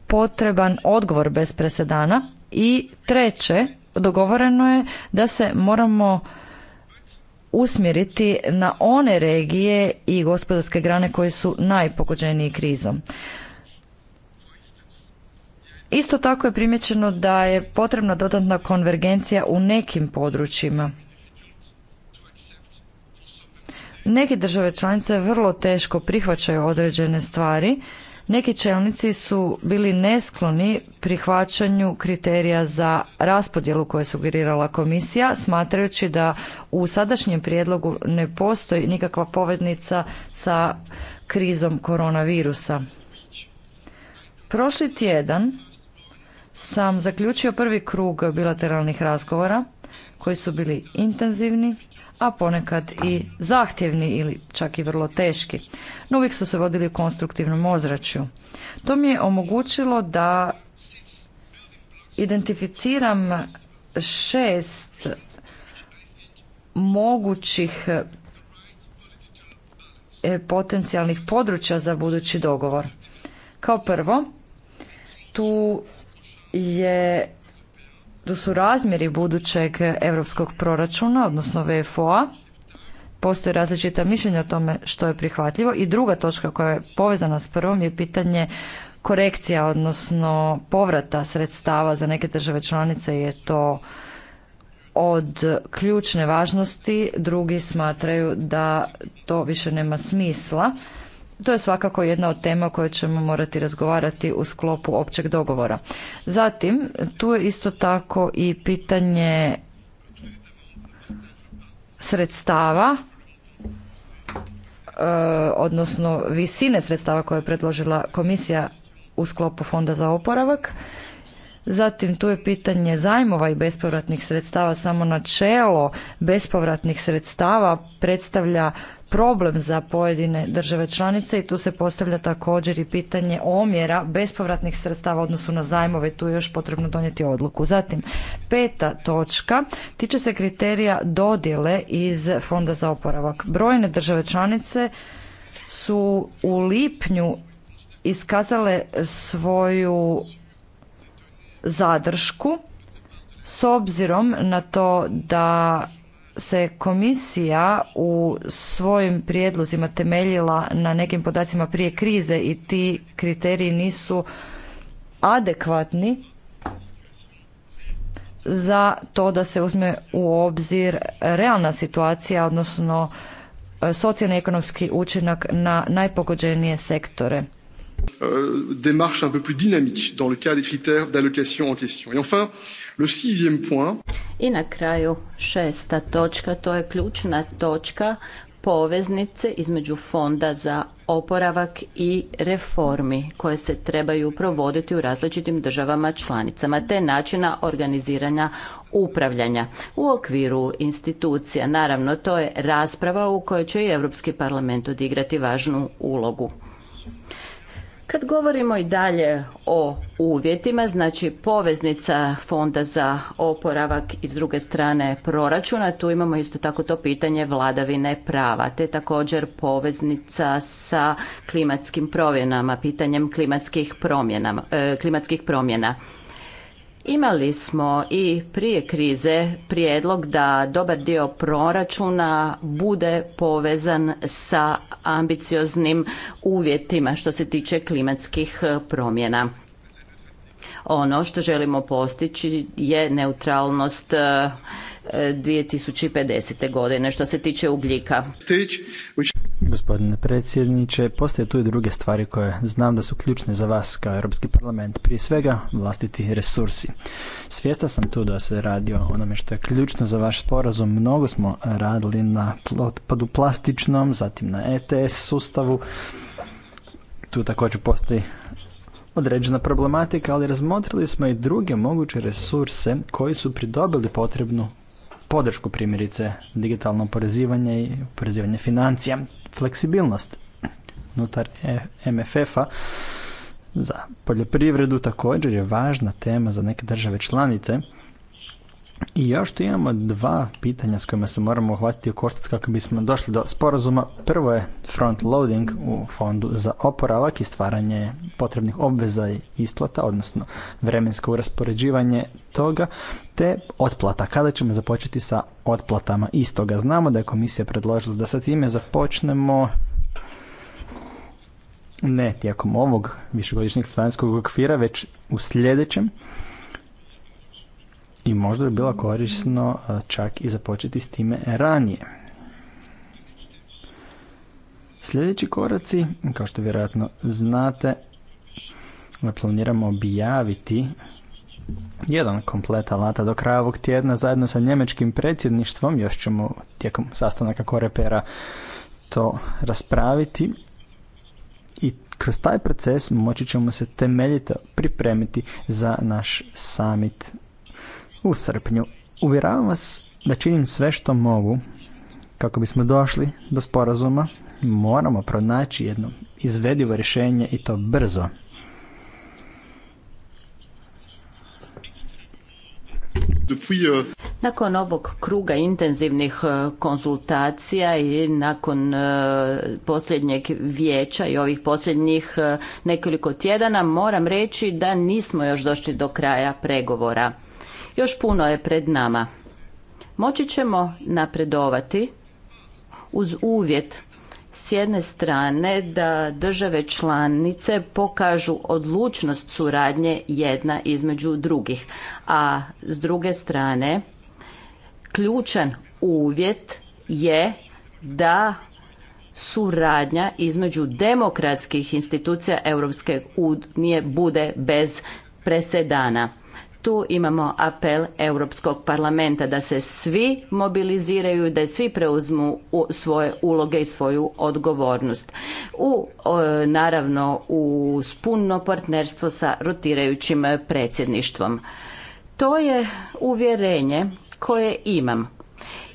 potreban odgovor bez presedana. I treće, dogovoreno je da se moramo usmjeriti na one regije i gospodarske grane koje su najpogođenije krizom. Isto tako je primjećeno da je potrebna dodatna konvergencija u nekim područjima. Neke države članice vrlo teško prihvaćaju određene stvari, neki čelnici su bili neskloni prihvaćanju kriterija za raspodjelu koje sugerirala komisija, smatrajući da u sadašnjem prijedlogu ne postoji nikakva povednica sa krizom koronavirusa. Prošli tjedan sam zaključio prvi krug bilateralnih razgovora koji su bili intenzivni a ponekad i zahtjevni ili čak i vrlo teški. No uvijek su se vodili u konstruktivnom ozračju. To mi je omogućilo da identificiram šest mogućih e, potencijalnih područja za budući dogovor. Kao prvo, tu je da su razmjeri budućeg europskog proračuna, odnosno VFO-a, postoje različita mišljenja o tome što je prihvatljivo. I druga točka koja je povezana s prvom je pitanje korekcija, odnosno povrata sredstava za neke države članice je to od ključne važnosti, drugi smatraju da to više nema smisla to je svakako jedna od tema koje ćemo morati razgovarati u sklopu općeg dogovora. Zatim, tu je isto tako i pitanje sredstava e, odnosno visine sredstava koje je predložila komisija u sklopu fonda za oporavak. Zatim tu je pitanje zajmova i bespovratnih sredstava, samo načelo bespovratnih sredstava predstavlja problem za pojedine države članice i tu se postavlja također i pitanje omjera bespovratnih sredstava u odnosu na zajmove, tu je još potrebno donijeti odluku. Zatim, peta točka tiče se kriterija dodjele iz Fonda za oporavak. Brojne države članice su u lipnju iskazale svoju zadršku s obzirom na to da se komisija u svojim prijedlozima temeljila na nekim podacima prije krize i ti kriteriji nisu adekvatni za to da se uzme u obzir realna situacija, odnosno e, socijalni ekonomski učinak na najpogođenije sektore. Euh, démarche un peu plus dynamique dans le cas des critères d'allocation en question. Et enfin, i na kraju šesta točka, to je ključna točka poveznice između fonda za oporavak i reformi koje se trebaju provoditi u različitim državama članicama te načina organiziranja upravljanja u okviru institucija. Naravno, to je rasprava u kojoj će i Europski parlament odigrati važnu ulogu. Kad govorimo i dalje o uvjetima, znači poveznica fonda za oporavak i s druge strane proračuna, tu imamo isto tako to pitanje vladavine prava, te također poveznica sa klimatskim promjenama, pitanjem klimatskih, e, klimatskih promjena. Imali smo i prije krize prijedlog da dobar dio proračuna bude povezan sa ambicioznim uvjetima što se tiče klimatskih e, promjena. Ono što želimo postići je neutralnost e, 2050. godine što se tiče ugljika. Gospodine predsjedniče, postoje tu i druge stvari koje znam da su ključne za vas kao Europski parlament. Prije svega vlastiti resursi. Svijesta sam tu da se radi o onome što je ključno za vaš sporazum. Mnogo smo radili na plastičnom, zatim na ETS sustavu. Tu također postoji određena problematika, ali razmotrili smo i druge moguće resurse koji su pridobili potrebnu podršku primjerice digitalno oporezivanje i oporezivanje financija. Fleksibilnost unutar MFF-a za poljoprivredu također je važna tema za neke države članice i još tu imamo dva pitanja s kojima se moramo uhvatiti u koštac kako bismo došli do sporazuma. Prvo je front loading u fondu za oporavak i stvaranje potrebnih obveza i isplata, odnosno vremensko raspoređivanje toga, te otplata. Kada ćemo započeti sa otplatama istoga? Znamo da je komisija predložila da sa time započnemo ne tijekom ovog višegodišnjeg financijskog okvira, već u sljedećem. I možda bi bilo korisno e, čak i započeti s time ranije. Sljedeći koraci, kao što vjerojatno znate, planiramo objaviti jedan komplet alata do kraja ovog tjedna zajedno sa njemečkim predsjedništvom. Još ćemo tijekom sastanaka korepera to raspraviti i kroz taj proces moći ćemo se temeljito pripremiti za naš summit u srpnju. Uvjeravam vas da činim sve što mogu kako bismo došli do sporazuma moramo pronaći jedno izvedivo rješenje i to brzo. Uh, nakon ovog kruga intenzivnih uh, konzultacija i nakon uh, posljednjeg vijeća i ovih posljednjih nekoliko tjedana moram reći da nismo još došli do kraja pregovora. Još puno je pred nama. Moći ćemo napredovati uz uvjet s jedne strane da države članice pokažu odlučnost suradnje jedna između drugih, a s druge strane ključan uvjet je da suradnja između demokratskih institucija Europske unije bude bez presedana tu imamo apel Europskog parlamenta da se svi mobiliziraju, da svi preuzmu svoje uloge i svoju odgovornost. U, naravno u puno partnerstvo sa rotirajućim predsjedništvom. To je uvjerenje koje imam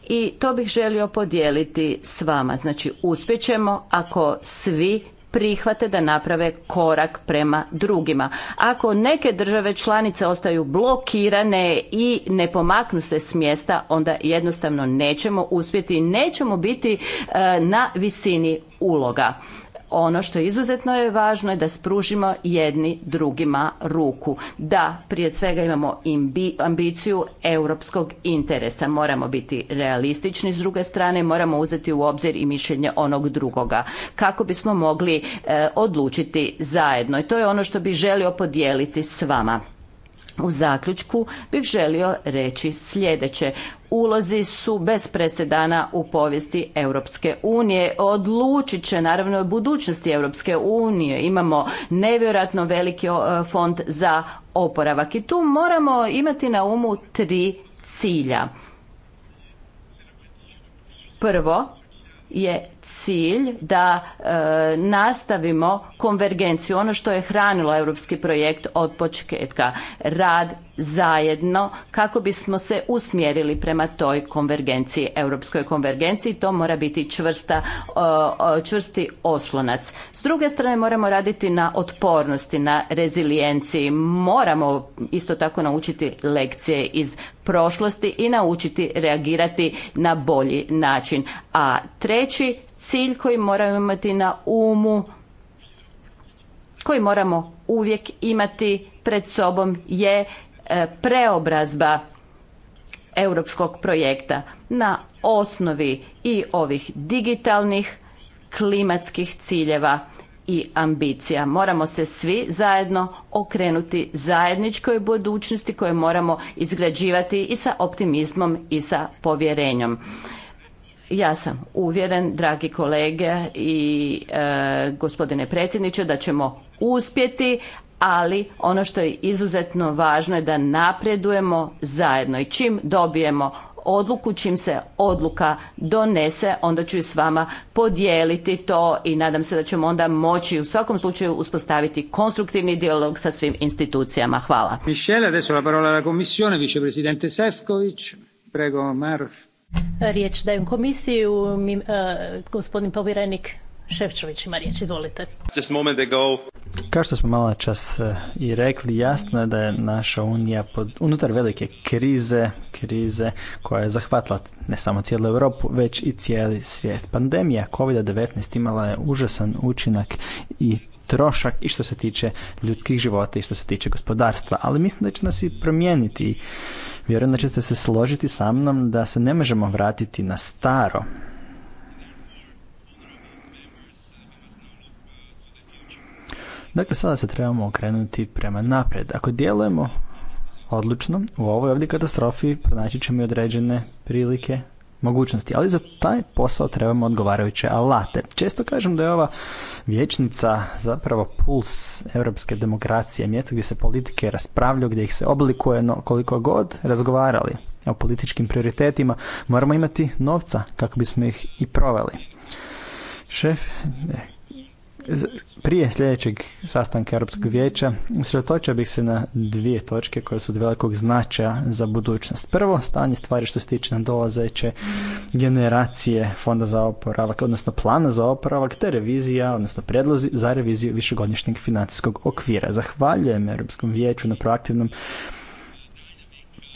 i to bih želio podijeliti s vama. Znači uspjećemo ako svi prihvate da naprave korak prema drugima. Ako neke države članice ostaju blokirane i ne pomaknu se s mjesta, onda jednostavno nećemo uspjeti i nećemo biti e, na visini uloga ono što je izuzetno je važno je da spružimo jedni drugima ruku. Da, prije svega imamo ambiciju europskog interesa. Moramo biti realistični s druge strane, moramo uzeti u obzir i mišljenje onog drugoga kako bismo mogli eh, odlučiti zajedno. I to je ono što bi želio podijeliti s vama. U zaključku bih želio reći sljedeće. Ulozi su bez presedana u povijesti Europske unije. Odlučit će naravno budućnosti Europske unije. Imamo nevjerojatno veliki fond za oporavak i tu moramo imati na umu tri cilja. Prvo je cilj da e, nastavimo konvergenciju ono što je hranilo europski projekt od početka rad zajedno kako bismo se usmjerili prema toj konvergenciji europskoj konvergenciji to mora biti čvrsta čvrsti oslonac s druge strane moramo raditi na otpornosti na rezilijenciji moramo isto tako naučiti lekcije iz prošlosti i naučiti reagirati na bolji način a treći cilj koji moramo imati na umu, koji moramo uvijek imati pred sobom je e, preobrazba europskog projekta na osnovi i ovih digitalnih klimatskih ciljeva i ambicija. Moramo se svi zajedno okrenuti zajedničkoj budućnosti koju moramo izgrađivati i sa optimizmom i sa povjerenjem ja sam uvjeren, dragi kolege i e, gospodine predsjedniče, da ćemo uspjeti, ali ono što je izuzetno važno je da napredujemo zajedno i čim dobijemo odluku, čim se odluka donese, onda ću i s vama podijeliti to i nadam se da ćemo onda moći u svakom slučaju uspostaviti konstruktivni dijalog sa svim institucijama. Hvala. Michele, adesso la parola alla Sefković. Prego, Maroš. Riječ dajem komisiju. E, gospodin povjerenik Ševčević ima riječ, izvolite. Kao što smo malo čas e, i rekli, jasno je da je naša unija pod, unutar velike krize, krize koja je zahvatila ne samo cijelu Europu, već i cijeli svijet. Pandemija COVID-19 imala je užasan učinak i trošak i što se tiče ljudskih života i što se tiče gospodarstva. Ali mislim da će nas i promijeniti. Vjerujem da ćete se složiti sa mnom da se ne možemo vratiti na staro. Dakle, sada se trebamo okrenuti prema napred Ako djelujemo odlučno, u ovoj ovdje katastrofi pronaći ćemo i određene prilike mogućnosti, ali za taj posao trebamo odgovarajuće alate. Često kažem da je ova vječnica zapravo puls europske demokracije, mjesto gdje se politike raspravljaju, gdje ih se oblikuje, no koliko god razgovarali o političkim prioritetima, moramo imati novca kako bismo ih i proveli. Šef prije sljedećeg sastanka Europskog vijeća usredotočio bih se na dvije točke koje su od velikog značaja za budućnost. Prvo, stanje stvari što se tiče nadolazeće generacije fonda za oporavak, odnosno plana za oporavak, te revizija, odnosno predlozi za reviziju višegodišnjeg financijskog okvira. Zahvaljujem Europskom vijeću na proaktivnom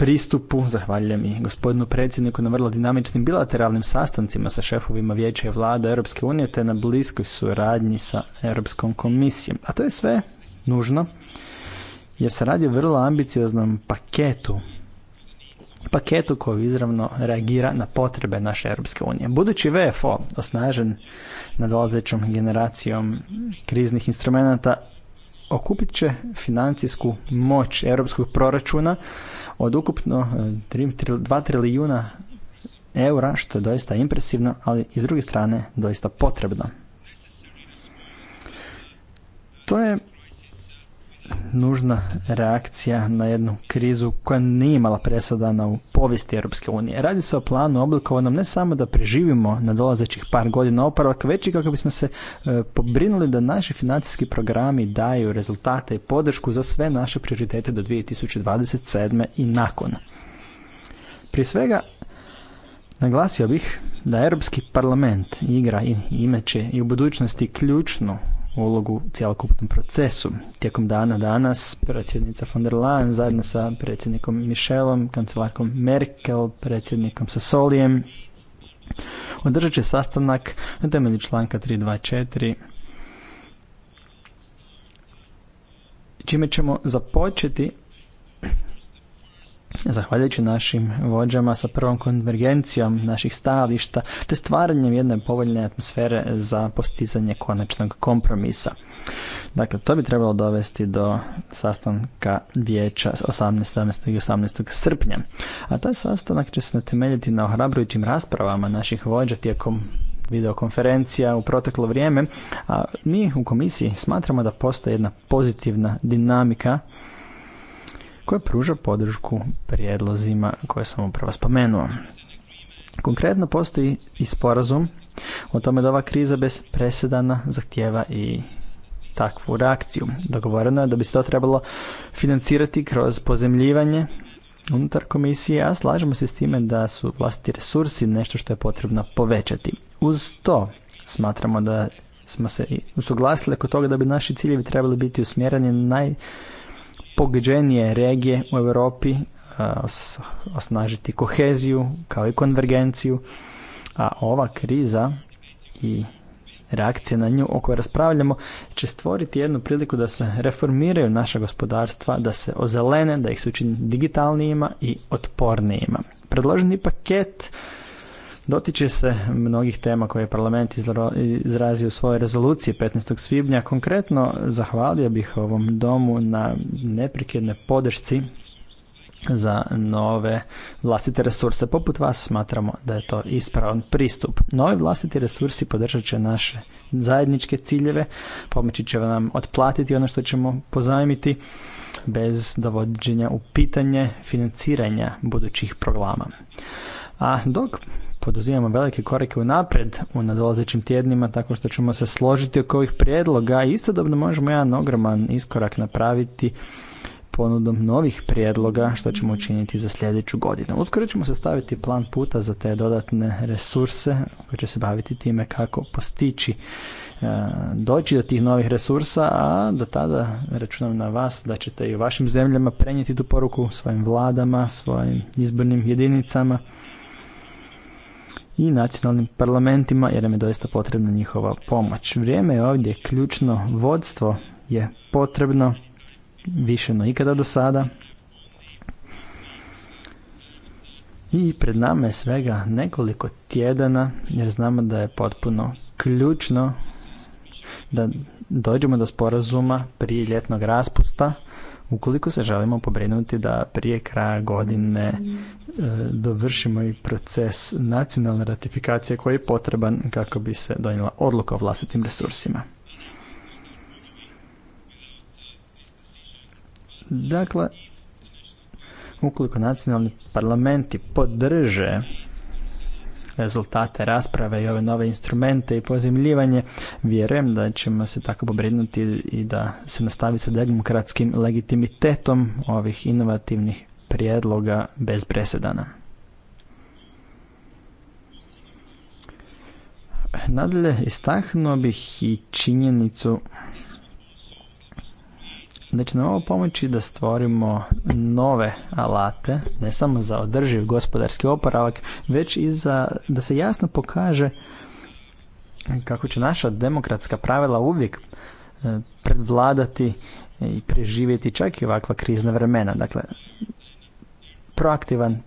pristupu. Zahvaljujem i gospodinu predsjedniku na vrlo dinamičnim bilateralnim sastancima sa šefovima vijeća i vlada Europske unije te na bliskoj suradnji sa Europskom komisijom. A to je sve nužno jer se radi o vrlo ambicioznom paketu paketu koji izravno reagira na potrebe naše Europske unije. Budući VFO osnažen nadolazećom generacijom kriznih instrumenata okupit će financijsku moć europskog proračuna od ukupno 2 e, trilijuna eura, što je doista impresivno, ali iz s druge strane doista potrebno. To je nužna reakcija na jednu krizu koja nije imala presadana u povijesti Europske unije. Radi se o planu oblikovanom ne samo da preživimo na dolazećih par godina oporavak, već i kako bismo se e, pobrinuli da naši financijski programi daju rezultate i podršku za sve naše prioritete do 2027. i nakon. Prije svega, naglasio bih da Europski parlament igra i imeće i u budućnosti ključnu ulogu u cijelokupnom procesu. Tijekom dana danas predsjednica von der Leyen zajedno sa predsjednikom Michelom, kancelarkom Merkel, predsjednikom Sasolijem održat će sastanak na temelju članka 324 čime ćemo započeti Zahvaljujući našim vođama sa prvom konvergencijom naših stajališta te stvaranjem jedne povoljne atmosfere za postizanje konačnog kompromisa. Dakle, to bi trebalo dovesti do sastanka vijeća 18. 17. i 18. srpnja. A taj sastanak će se natemeljiti na ohrabrujućim raspravama naših vođa tijekom videokonferencija u proteklo vrijeme, a mi u komisiji smatramo da postoji jedna pozitivna dinamika koja pruža podršku prijedlozima koje sam upravo spomenuo. Konkretno postoji i sporazum o tome da ova kriza bez presedana zahtjeva i takvu reakciju. Dogovoreno je da bi se to trebalo financirati kroz pozemljivanje unutar komisije, a slažemo se s time da su vlastiti resursi nešto što je potrebno povećati. Uz to smatramo da smo se usuglasili oko toga da bi naši ciljevi trebali biti usmjereni na pogođenije regije u Europi, eh, osnažiti koheziju kao i konvergenciju, a ova kriza i reakcija na nju o kojoj raspravljamo će stvoriti jednu priliku da se reformiraju naša gospodarstva, da se ozelene, da ih se učini digitalnijima i otpornijima. Predloženi paket dotiče se mnogih tema koje je parlament izrazio u svojoj rezoluciji 15. svibnja. Konkretno zahvalio bih ovom domu na neprekidne podršci za nove vlastite resurse. Poput vas smatramo da je to ispravan pristup. Novi vlastiti resursi podržat će naše zajedničke ciljeve, pomoći će nam otplatiti ono što ćemo pozajmiti bez dovođenja u pitanje financiranja budućih programa. A dok poduzimamo velike korake u napred u nadolazećim tjednima tako što ćemo se složiti oko ovih prijedloga i istodobno možemo jedan ogroman iskorak napraviti ponudom novih prijedloga što ćemo učiniti za sljedeću godinu. Uskoro ćemo se staviti plan puta za te dodatne resurse koji će se baviti time kako postići e, doći do tih novih resursa, a do tada računam na vas da ćete i u vašim zemljama prenijeti tu poruku svojim vladama, svojim izbornim jedinicama i nacionalnim parlamentima jer nam je doista potrebna njihova pomoć. Vrijeme je ovdje ključno, vodstvo je potrebno više no ikada do sada. I pred nama je svega nekoliko tjedana jer znamo da je potpuno ključno da dođemo do sporazuma prije ljetnog raspusta Ukoliko se želimo pobrinuti da prije kraja godine mm. e, dovršimo i proces nacionalne ratifikacije koji je potreban kako bi se donijela odluka o vlastitim resursima. Dakle, ukoliko nacionalni parlamenti podrže rezultate rasprave i ove nove instrumente i pozemljivanje, vjerujem da ćemo se tako pobrinuti i da se nastavi sa demokratskim legitimitetom ovih inovativnih prijedloga bez presedana. Nadalje, istaknuo bih i činjenicu da će nam ovo pomoći da stvorimo nove alate, ne samo za održiv gospodarski oporavak, već i za, da se jasno pokaže kako će naša demokratska pravila uvijek e, predvladati i preživjeti čak i ovakva krizna vremena. Dakle, proaktivan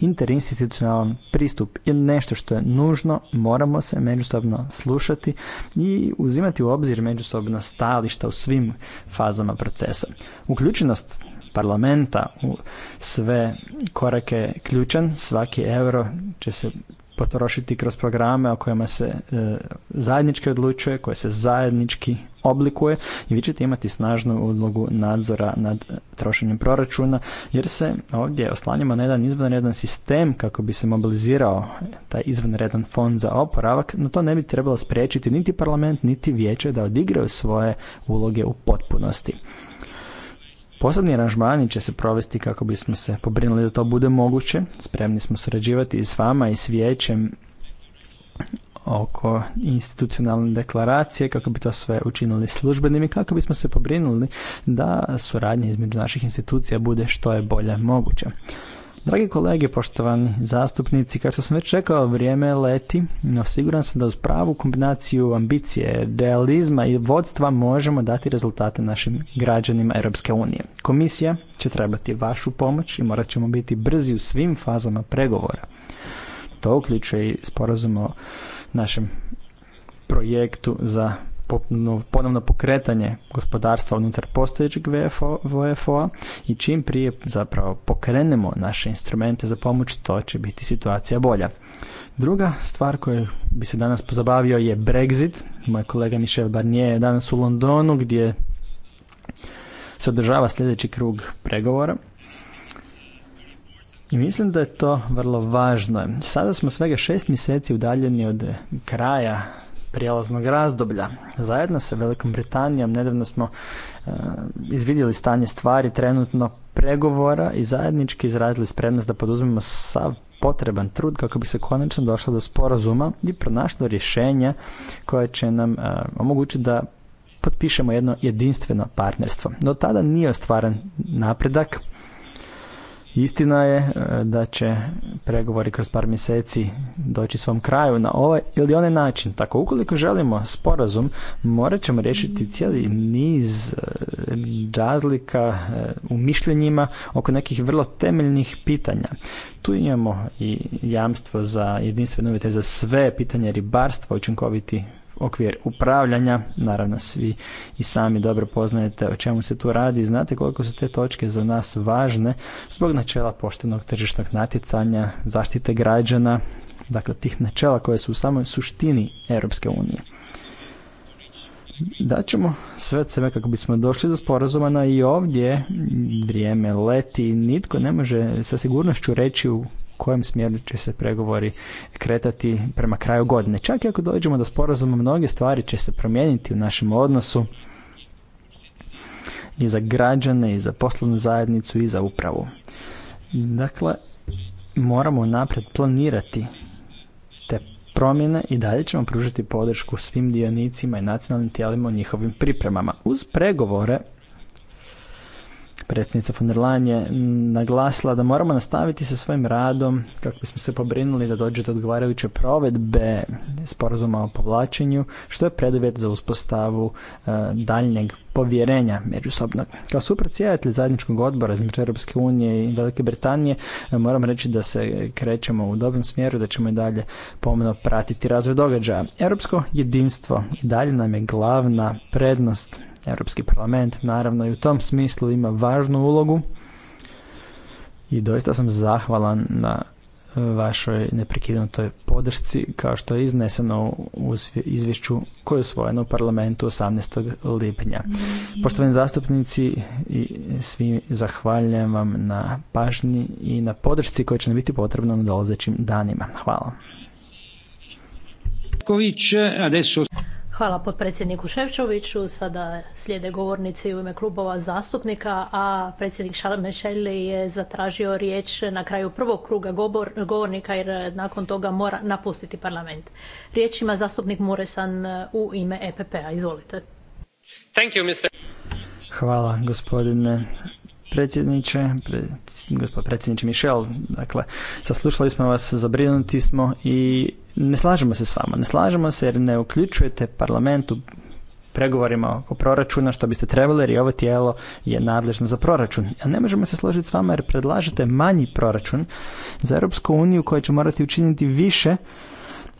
interinstitucionalan pristup je nešto što je nužno, moramo se međusobno slušati i uzimati u obzir međusobna stajališta u svim fazama procesa. Uključenost parlamenta u sve korake je ključan, svaki euro će se potrošiti kroz programe o kojima se e, zajednički odlučuje, koje se zajednički oblikuje i vi ćete imati snažnu ulogu nadzora nad eh, trošenjem proračuna jer se ovdje oslanjamo na jedan izvanredan sistem kako bi se mobilizirao eh, taj izvanredan fond za oporavak, no to ne bi trebalo spriječiti niti parlament niti vijeće da odigraju svoje uloge u potpunosti. Posebni aranžmani će se provesti kako bismo se pobrinuli da to bude moguće. Spremni smo surađivati i s vama i s vijećem oko institucionalne deklaracije, kako bi to sve učinili službenim i kako bismo se pobrinuli da suradnja između naših institucija bude što je bolje moguće. Dragi kolege, poštovani zastupnici, kao što sam već čekao vrijeme leti, no siguran sam da uz pravu kombinaciju ambicije, realizma i vodstva možemo dati rezultate našim građanima Europske unije. Komisija će trebati vašu pomoć i morat ćemo biti brzi u svim fazama pregovora. To uključuje i sporazum o našem projektu za ponovno pokretanje gospodarstva unutar postojećeg VFO-a i čim prije zapravo pokrenemo naše instrumente za pomoć, to će biti situacija bolja. Druga stvar koju bi se danas pozabavio je Brexit. Moj kolega Michel Barnier je danas u Londonu gdje sadržava sljedeći krug pregovora – i mislim da je to vrlo važno. Sada smo svega šest mjeseci udaljeni od kraja prijelaznog razdoblja. Zajedno sa Velikom Britanijom nedavno smo eh, izvidjeli stanje stvari trenutno pregovora i zajednički izrazili spremnost da poduzmemo sav potreban trud kako bi se konačno došlo do sporazuma i pronašlo rješenje koje će nam uh, omogućiti da potpišemo jedno jedinstveno partnerstvo. Do tada nije ostvaren napredak, Istina je e, da će pregovori kroz par mjeseci doći svom kraju na ovaj ili onaj način. Tako ukoliko želimo sporazum, morat ćemo riješiti cijeli niz e, razlika e, u mišljenjima oko nekih vrlo temeljnih pitanja. Tu imamo i jamstvo za jedinstvene uvjete za sve pitanje ribarstva, učinkoviti okvir upravljanja. Naravno, svi i sami dobro poznajete o čemu se tu radi i znate koliko su te točke za nas važne zbog načela poštenog tržišnog natjecanja, zaštite građana, dakle tih načela koje su u samoj suštini Europske unije. Daćemo sve od sebe kako bismo došli do sporazuma, i ovdje vrijeme leti, nitko ne može sa sigurnošću reći u kojem smjeru će se pregovori kretati prema kraju godine. Čak i ako dođemo do sporazuma, mnoge stvari će se promijeniti u našem odnosu i za građane, i za poslovnu zajednicu, i za upravu. Dakle, moramo napred planirati te promjene i dalje ćemo pružiti podršku svim dionicima i nacionalnim tijelima u njihovim pripremama. Uz pregovore predsjednica von der Leyen je naglasila da moramo nastaviti sa svojim radom kako bismo se pobrinuli da dođe do odgovarajuće provedbe sporazuma o povlačenju, što je preduvjet za uspostavu e, daljnjeg povjerenja međusobnog. Kao supredsjedatelj zajedničkog odbora između Europske unije i Velike Britanije e, moram reći da se krećemo u dobrom smjeru, da ćemo i dalje pomno pratiti razvoj događaja. Europsko jedinstvo i dalje nam je glavna prednost Europski parlament naravno i u tom smislu ima važnu ulogu i doista sam zahvalan na e, vašoj neprekidnutoj podršci kao što je izneseno u izvješću koje je usvojeno u parlamentu 18. lipnja. Mhm. Poštovani zastupnici i svi zahvaljujem vam na pažnji i na podršci koja će nam biti potrebna u dolazećim danima. Hvala. Hvala potpredsjedniku Ševčoviću. Sada slijede govornici u ime klubova zastupnika, a predsjednik Michel je zatražio riječ na kraju prvog kruga govornika jer nakon toga mora napustiti parlament. Riječ ima zastupnik Muresan u ime EPP-a. Izvolite. Hvala gospodine predsjedniče, gospod predsjedniče Mišel, dakle, saslušali smo vas, zabrinuti smo i ne slažemo se s vama, ne slažemo se jer ne uključujete parlament u pregovorima oko proračuna što biste trebali jer i ovo tijelo je nadležno za proračun. A ne možemo se složiti s vama jer predlažete manji proračun za Europsku uniju koja će morati učiniti više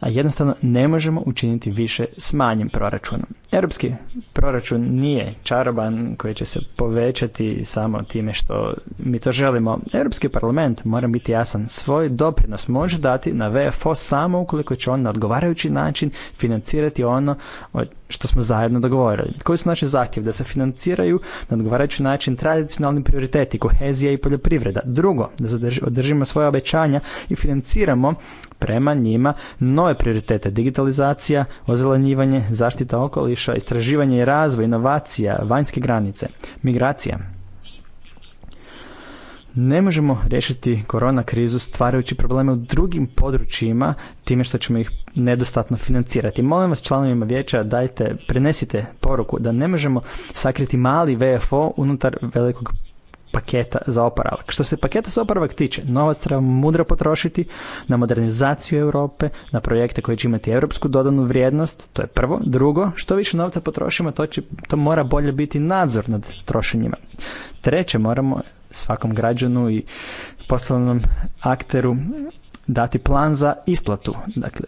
a jednostavno ne možemo učiniti više s manjim proračunom. Europski proračun nije čaroban koji će se povećati samo time što mi to želimo. Europski parlament mora biti jasan. Svoj doprinos može dati na VFO samo ukoliko će on na odgovarajući način financirati ono što smo zajedno dogovorili. Koji su naši zahtjevi? Da se financiraju na odgovarajući način tradicionalni prioriteti, kohezija i poljoprivreda. Drugo, da održimo svoje obećanja i financiramo prema njima nove prioritete digitalizacija, ozelenjivanje, zaštita okoliša, istraživanje i razvoj, inovacija, vanjske granice, migracija. Ne možemo riješiti korona krizu stvarajući probleme u drugim područjima time što ćemo ih nedostatno financirati. Molim vas članovima vijeća dajte, prenesite poruku da ne možemo sakriti mali VFO unutar velikog paketa za oporavak. Što se paketa za oporavak tiče, novac treba mudro potrošiti na modernizaciju Europe, na projekte koji će imati europsku dodanu vrijednost, to je prvo. Drugo, što više novca potrošimo, to, to mora bolje biti nadzor nad trošenjima. Treće, moramo svakom građanu i poslovnom akteru dati plan za isplatu. Dakle,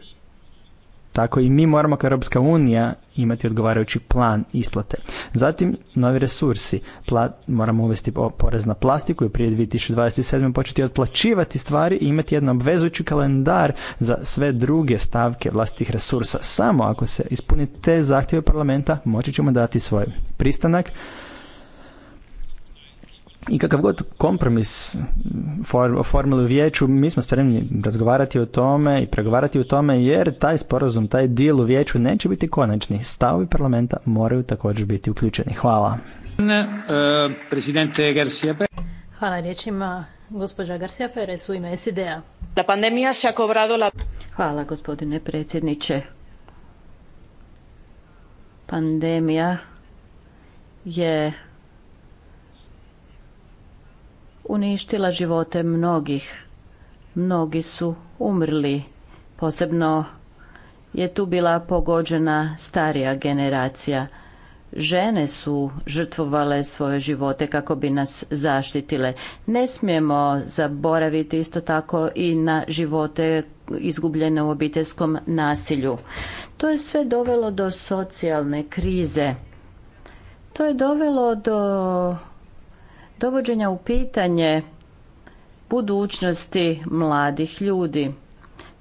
tako i mi moramo kao Europska unija imati odgovarajući plan isplate. Zatim, novi resursi. moramo uvesti porez na plastiku i prije 2027. početi otplaćivati stvari i imati jedan obvezujući kalendar za sve druge stavke vlastitih resursa. Samo ako se ispunite te zahtjeve parlamenta, moći ćemo dati svoj pristanak i kakav god kompromis oformili u vijeću, mi smo spremni razgovarati o tome i pregovarati o tome jer taj sporazum, taj deal u vijeću neće biti konačni. Stavovi parlamenta moraju također biti uključeni. Hvala. E, Hvala riječima gospođa Garcia Perez u ime SID-a. Hvala gospodine predsjedniče. Pandemija je uništila živote mnogih. Mnogi su umrli, posebno je tu bila pogođena starija generacija. Žene su žrtvovale svoje živote kako bi nas zaštitile. Ne smijemo zaboraviti isto tako i na živote izgubljene u obiteljskom nasilju. To je sve dovelo do socijalne krize. To je dovelo do dovođenja u pitanje budućnosti mladih ljudi.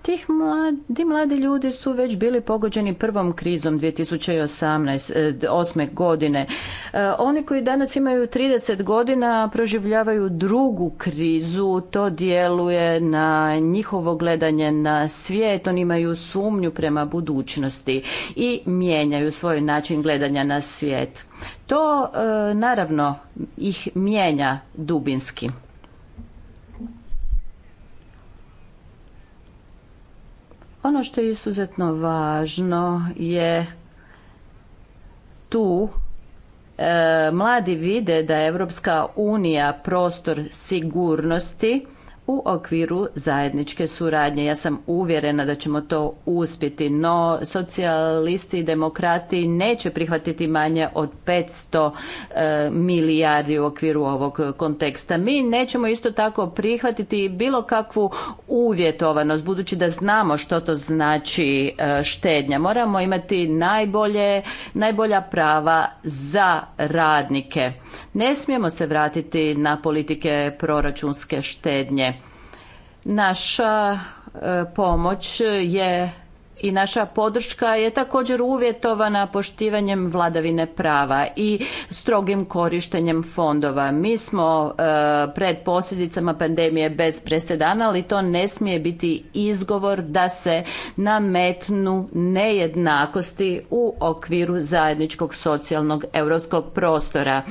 Tih mladi, ti mladi ljudi su već bili pogođeni prvom krizom 2018. 8. E, godine. E, oni koji danas imaju 30 godina proživljavaju drugu krizu. To djeluje na njihovo gledanje na svijet. Oni imaju sumnju prema budućnosti i mijenjaju svoj način gledanja na svijet. To e, naravno ih mijenja dubinski. Ono što je izuzetno važno je tu e, mladi vide da je Europska unija prostor sigurnosti u okviru zajedničke suradnje. Ja sam uvjerena da ćemo to uspjeti, no socijalisti i demokrati neće prihvatiti manje od 500 e, milijardi u okviru ovog konteksta. Mi nećemo isto tako prihvatiti bilo kakvu uvjetovanost, budući da znamo što to znači e, štednja. Moramo imati najbolje, najbolja prava za radnike ne smijemo se vratiti na politike proračunske štednje. Naša e, pomoć je i naša podrška je također uvjetovana poštivanjem vladavine prava i strogim korištenjem fondova. Mi smo e, pred posljedicama pandemije bez presedana, ali to ne smije biti izgovor da se nametnu nejednakosti u okviru zajedničkog socijalnog europskog prostora.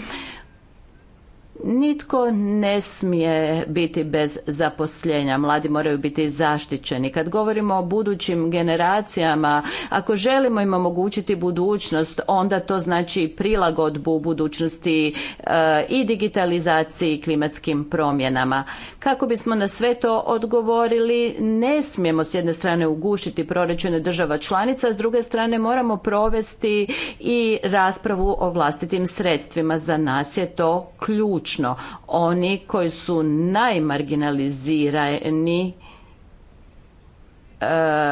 Nitko ne smije biti bez zaposljenja, mladi moraju biti zaštićeni. Kad govorimo o budućim generacijama, ako želimo im omogućiti budućnost, onda to znači prilagodbu budućnosti e, i digitalizaciji i klimatskim promjenama. Kako bismo na sve to odgovorili, ne smijemo s jedne strane ugušiti proračune država članica, s druge strane moramo provesti i raspravu o vlastitim sredstvima. Za nas je to ključ ključno. Oni koji su najmarginalizirani e,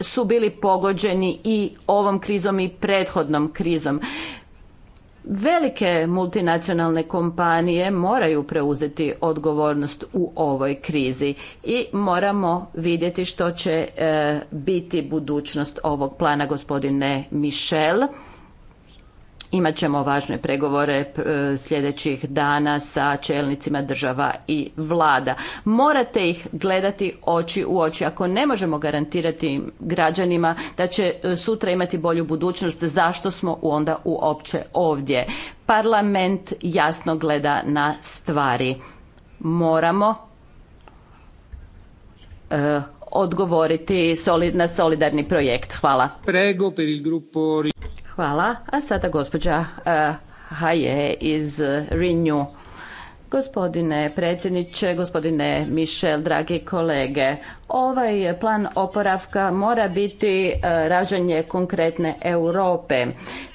su bili pogođeni i ovom krizom i prethodnom krizom. Velike multinacionalne kompanije moraju preuzeti odgovornost u ovoj krizi i moramo vidjeti što će e, biti budućnost ovog plana gospodine Michel. Imat ćemo važne pregovore e, sljedećih dana sa čelnicima država i vlada. Morate ih gledati oči u oči. Ako ne možemo garantirati građanima da će e, sutra imati bolju budućnost, zašto smo onda uopće ovdje? Parlament jasno gleda na stvari. Moramo e, odgovoriti na solidarni projekt. Hvala. Hvala. A sada gospođa eh, Haje iz Rinju. Gospodine predsjedniče, gospodine Michel, dragi kolege, Ovaj plan oporavka mora biti e, rađanje konkretne Europe.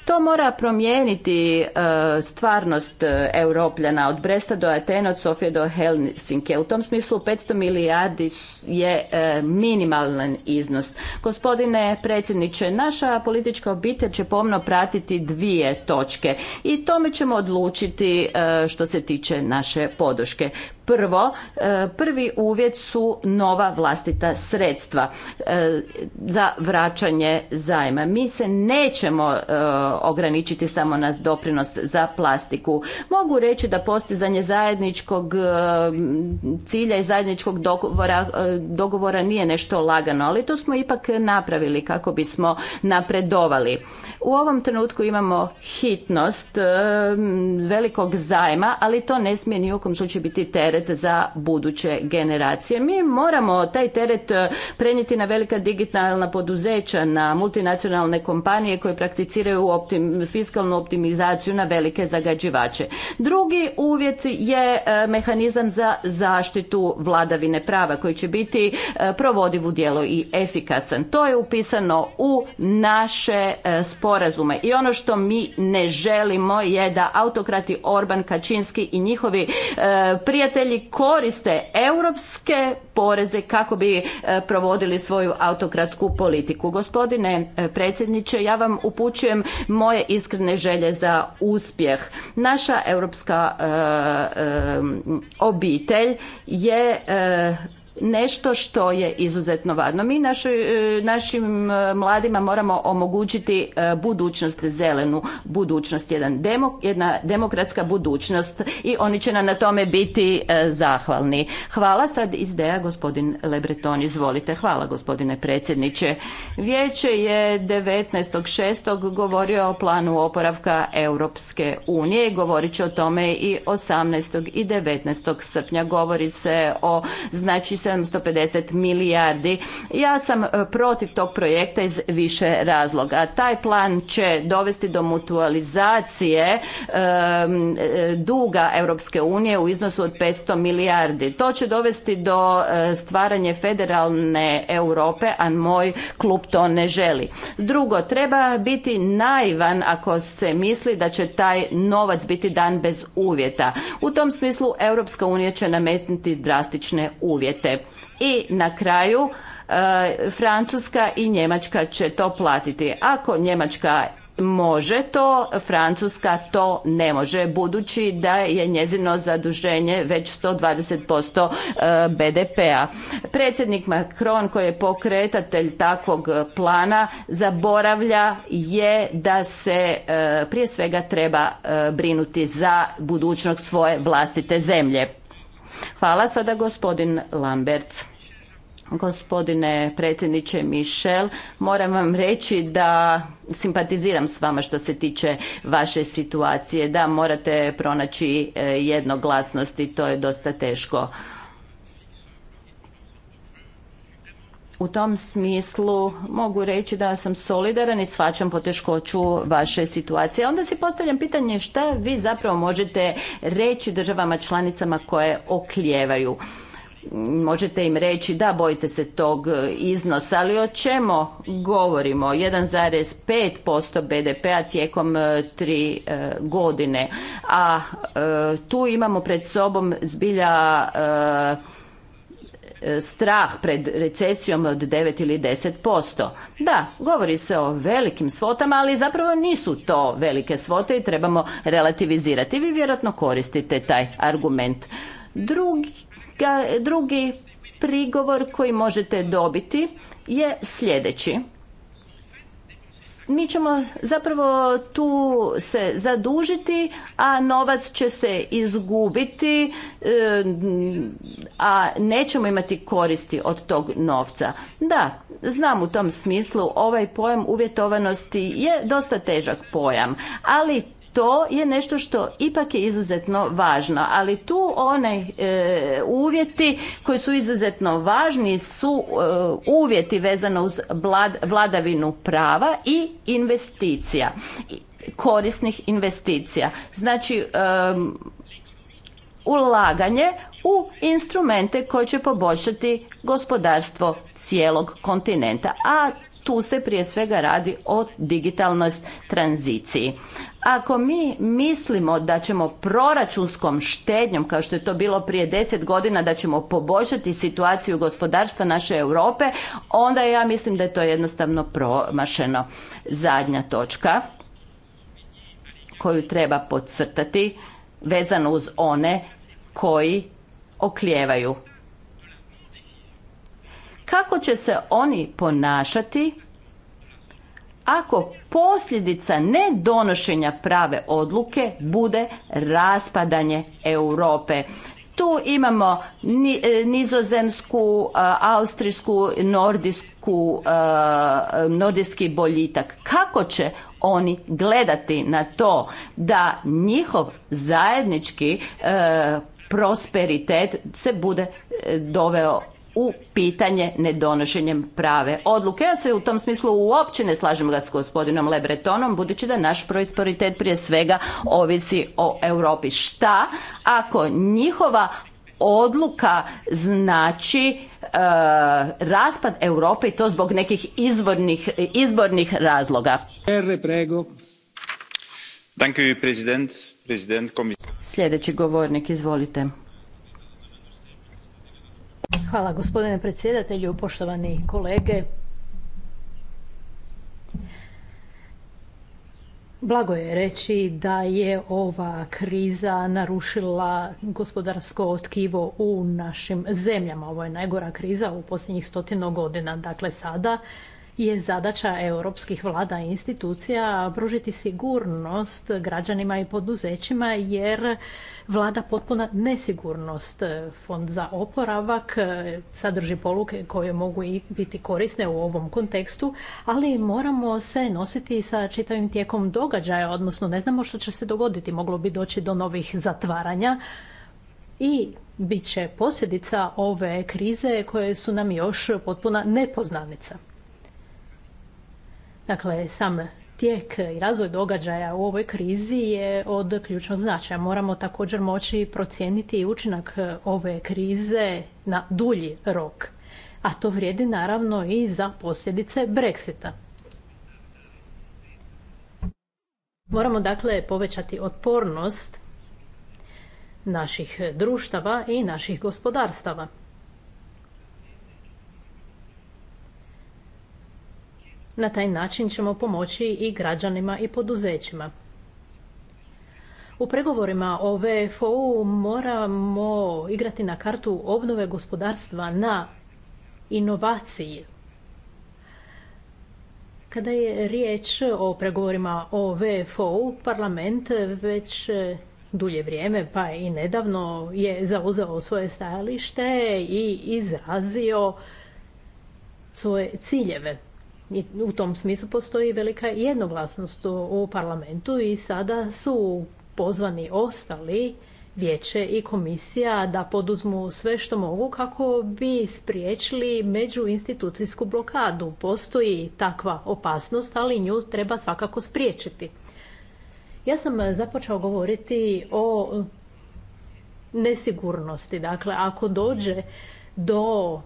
To mora promijeniti e, stvarnost e, europljana od Bresta do Atene, od Sofije do Helsinke. U tom smislu 500 milijardi je minimalan iznos. Gospodine predsjedniče, naša politička obitelj će pomno pratiti dvije točke i tome ćemo odlučiti što se tiče naše podrške. Prvo, e, prvi uvjet su nova vlastita sredstva e, za vraćanje zajma. Mi se nećemo e, ograničiti samo na doprinos za plastiku. Mogu reći da postizanje zajedničkog cilja i zajedničkog dogovora, dogovora nije nešto lagano, ali to smo ipak napravili kako bismo napredovali. U ovom trenutku imamo hitnost velikog zajma, ali to ne smije ni u kom slučaju biti teret teret za buduće generacije. Mi moramo taj teret eh, prenijeti na velika digitalna poduzeća, na multinacionalne kompanije koje prakticiraju fiskalnu optimizaciju na velike zagađivače. Drugi uvjet je eh, mehanizam za zaštitu vladavine prava koji će biti eh, provodiv u djelo i efikasan. To je upisano u naše sporazume i ono što mi ne želimo je da autokrati Orban, Kačinski i njihovi prijatelji voditelji koriste europske poreze kako bi e, provodili svoju autokratsku politiku. Gospodine e, predsjedniče, ja vam upućujem moje iskrene želje za uspjeh. Naša europska e, obitelj je nešto što je izuzetno važno. Mi e, našim e, mladima moramo omogućiti e, budućnost zelenu, budućnost jedan jedna demokratska budućnost i oni će nam na tome biti zahvalni. Hvala sad izdeja gospodin Lebreton, izvolite. Hvala gospodine predsjedniče. Vijeće je 19.6. govorio o planu oporavka Europske unije, govorit će o tome i 18. i 19. srpnja. Govori se o znači 750 milijardi. Ja sam e, protiv tog projekta iz više razloga. Taj plan će dovesti do mutualizacije e, e, duga Europske unije u iznosu od 500 milijardi. To će dovesti do stvaranje federalne Europe, a moj klub to ne želi. Drugo, treba biti naivan ako se misli da će taj novac biti dan bez uvjeta. U tom smislu Europska unija će nametnuti drastične uvjete i na kraju e, Francuska i Njemačka će to platiti. Ako Njemačka može to, Francuska to ne može, budući da je njezino zaduženje već 120% e, BDP-a. Predsjednik Macron, koji je pokretatelj takvog plana, zaboravlja je da se e, prije svega treba brinuti za budućnost svoje vlastite zemlje. Hvala sada gospodin Lamberts. Gospodine predsjedniče Michel, moram vam reći da simpatiziram s vama što se tiče vaše situacije. Da, morate pronaći e, i to je dosta teško. u tom smislu mogu reći da sam solidaran i shvaćam poteškoću vaše situacije. Onda si postavljam pitanje šta vi zapravo možete reći državama članicama koje okljevaju, Možete im reći da bojite se tog iznosa, ali o čemu govorimo? 1,5% BDP-a tijekom e, tri e, godine, a e, tu imamo pred sobom zbilja E, strah pred recesijom od 9 ili 10%. Da, govori se o velikim svotama, ali zapravo nisu to velike svote i trebamo relativizirati. Vi vjerojatno koristite taj argument. Drugi, drugi prigovor koji možete dobiti je sljedeći mi ćemo zapravo tu se zadužiti, a novac će se izgubiti, e, a nećemo imati koristi od tog novca. Da, znam u tom smislu, ovaj pojam uvjetovanosti je dosta težak pojam, ali to je nešto što ipak je izuzetno važno, ali tu one e, uvjeti koji su izuzetno važni su e, uvjeti vezano uz vladavinu prava i investicija, korisnih investicija. Znači ulaganje u instrumente koji će poboljšati gospodarstvo cijelog kontinenta, a tu se prije svega radi o digitalnoj tranziciji. Ako mi mislimo da ćemo proračunskom štednjom, kao što je to bilo prije deset godina, da ćemo poboljšati situaciju gospodarstva naše Europe, onda ja mislim da je to jednostavno promašeno. Zadnja točka koju treba podcrtati vezano uz one koji oklijevaju. Kako će se oni ponašati ako posljedica nedonošenja prave odluke bude raspadanje Europe. Tu imamo e, nizozemsku, e, austrijsku, nordijsku, e, nordijski boljitak. Kako će oni gledati na to da njihov zajednički prosperitet se bude doveo u pitanje nedonošenjem prave odluke. Ja se u tom smislu uopće ne slažem ga s gospodinom Lebretonom, budući da naš proizporitet prije svega ovisi o Europi. Šta ako njihova odluka znači e, raspad Europe i to zbog nekih izvornih, izbornih razloga. Sljedeći govornik, izvolite. Hvala gospodine predsjedatelju, poštovani kolege. Blago je reći da je ova kriza narušila gospodarsko otkivo u našim zemljama. Ovo je najgora kriza u posljednjih stotinu godina. Dakle, sada je zadaća europskih vlada i institucija pružiti sigurnost građanima i poduzećima jer vlada potpuna nesigurnost. Fond za oporavak e, sadrži poluke koje mogu biti korisne u ovom kontekstu, ali moramo se nositi sa čitavim tijekom događaja, odnosno ne znamo što će se dogoditi. Moglo bi doći do novih zatvaranja i bit će posljedica ove krize koje su nam još potpuna nepoznanica. Dakle, sam tijek i razvoj događaja u ovoj krizi je od ključnog značaja. Moramo također moći procijeniti i učinak ove krize na dulji rok. A to vrijedi naravno i za posljedice Brexita. Moramo dakle povećati otpornost naših društava i naših gospodarstava. Na taj način ćemo pomoći i građanima i poduzećima. U pregovorima o VFO-u moramo igrati na kartu obnove gospodarstva na inovaciji. Kada je riječ o pregovorima o VFO-u, parlament već dulje vrijeme, pa i nedavno, je zauzeo svoje stajalište i izrazio svoje ciljeve u tom smislu postoji velika jednoglasnost u parlamentu i sada su pozvani ostali vijeće i komisija da poduzmu sve što mogu kako bi spriječili međuinstitucijsku blokadu. Postoji takva opasnost, ali nju treba svakako spriječiti. Ja sam započeo govoriti o nesigurnosti. Dakle, ako dođe do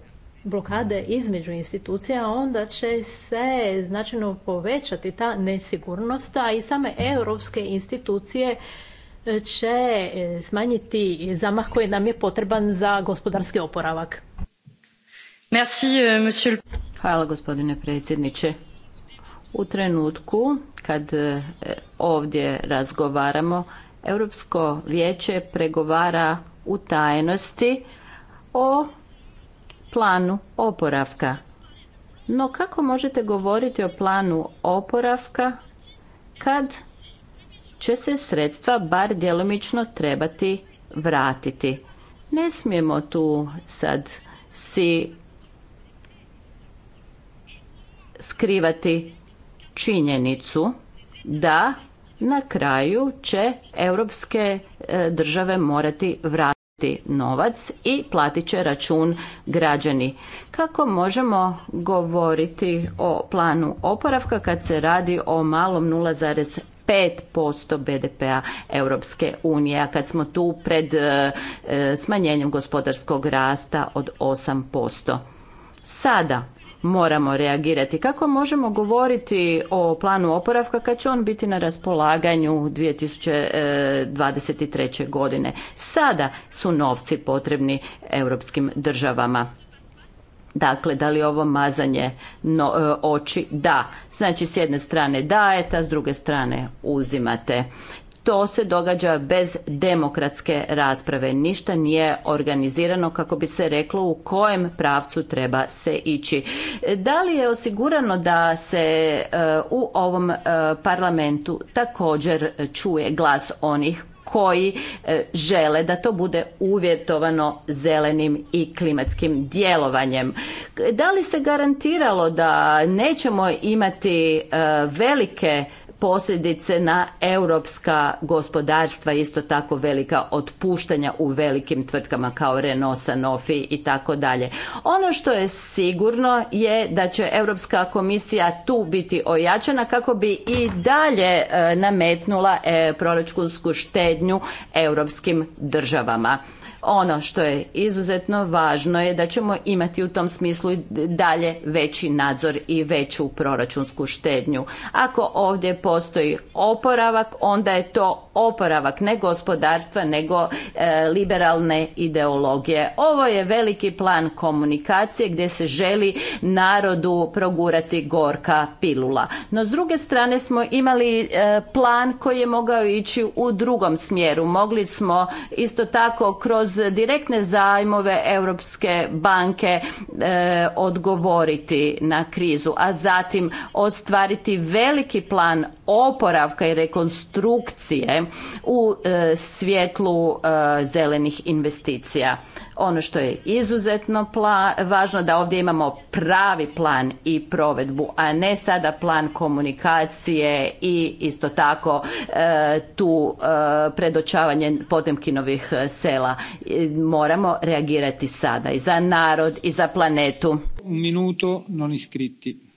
blokade između institucija, onda će se značajno povećati ta nesigurnost, a i same europske institucije e, će e, smanjiti zamah koji nam je potreban za gospodarski oporavak. E, Hvala gospodine predsjedniče. U trenutku kad ovdje razgovaramo, Europsko vijeće pregovara u tajnosti o planu oporavka. No kako možete govoriti o planu oporavka kad će se sredstva bar djelomično trebati vratiti? Ne smijemo tu sad si skrivati činjenicu da na kraju će europske e, države morati vratiti novac i platit će račun građani. Kako možemo govoriti o planu oporavka kad se radi o malom 0,5% BDP-a Europske unije, a kad smo tu pred e, e, smanjenjem gospodarskog rasta od 8%. Sada moramo reagirati. Kako možemo govoriti o planu oporavka kad će on biti na raspolaganju 2023. godine? Sada su novci potrebni europskim državama. Dakle, da li ovo mazanje e, oči? Da. Znači, s jedne strane dajete, a s druge strane uzimate to se događa bez demokratske rasprave. Ništa nije organizirano kako bi se reklo u kojem pravcu treba se ići. Da li je osigurano da se e, u ovom e, parlamentu također čuje glas onih koji e, žele da to bude uvjetovano zelenim i klimatskim djelovanjem. Da li se garantiralo da nećemo imati velike posljedice na europska gospodarstva isto tako velika otpuštanja u velikim tvrtkama kao Renault, Sanofi i tako dalje. Ono što je sigurno je da će Europska komisija tu biti ojačana kako bi i dalje e, nametnula e, proračunsku štednju europskim državama. Ono što je izuzetno važno je da ćemo imati u tom smislu dalje veći nadzor i veću proračunsku štednju. Ako ovdje postoji oporavak, onda je to oporavak ne gospodarstva, nego e, liberalne ideologije. Ovo je veliki plan komunikacije gdje se želi narodu progurati gorka pilula. No s druge strane smo imali e, plan koji je mogao ići u drugom smjeru. Mogli smo isto tako kroz direktne zajmove Europske banke e, odgovoriti na krizu, a zatim ostvariti veliki plan oporavka i rekonstrukcije u e, svjetlu e, zelenih investicija. Ono što je izuzetno važno da ovdje imamo pravi plan i provedbu, a ne sada plan komunikacije i isto tako e, tu predočavanje Potemkinovih sela. Moramo reagirati sada i za narod i za planetu. minuto non iscritti.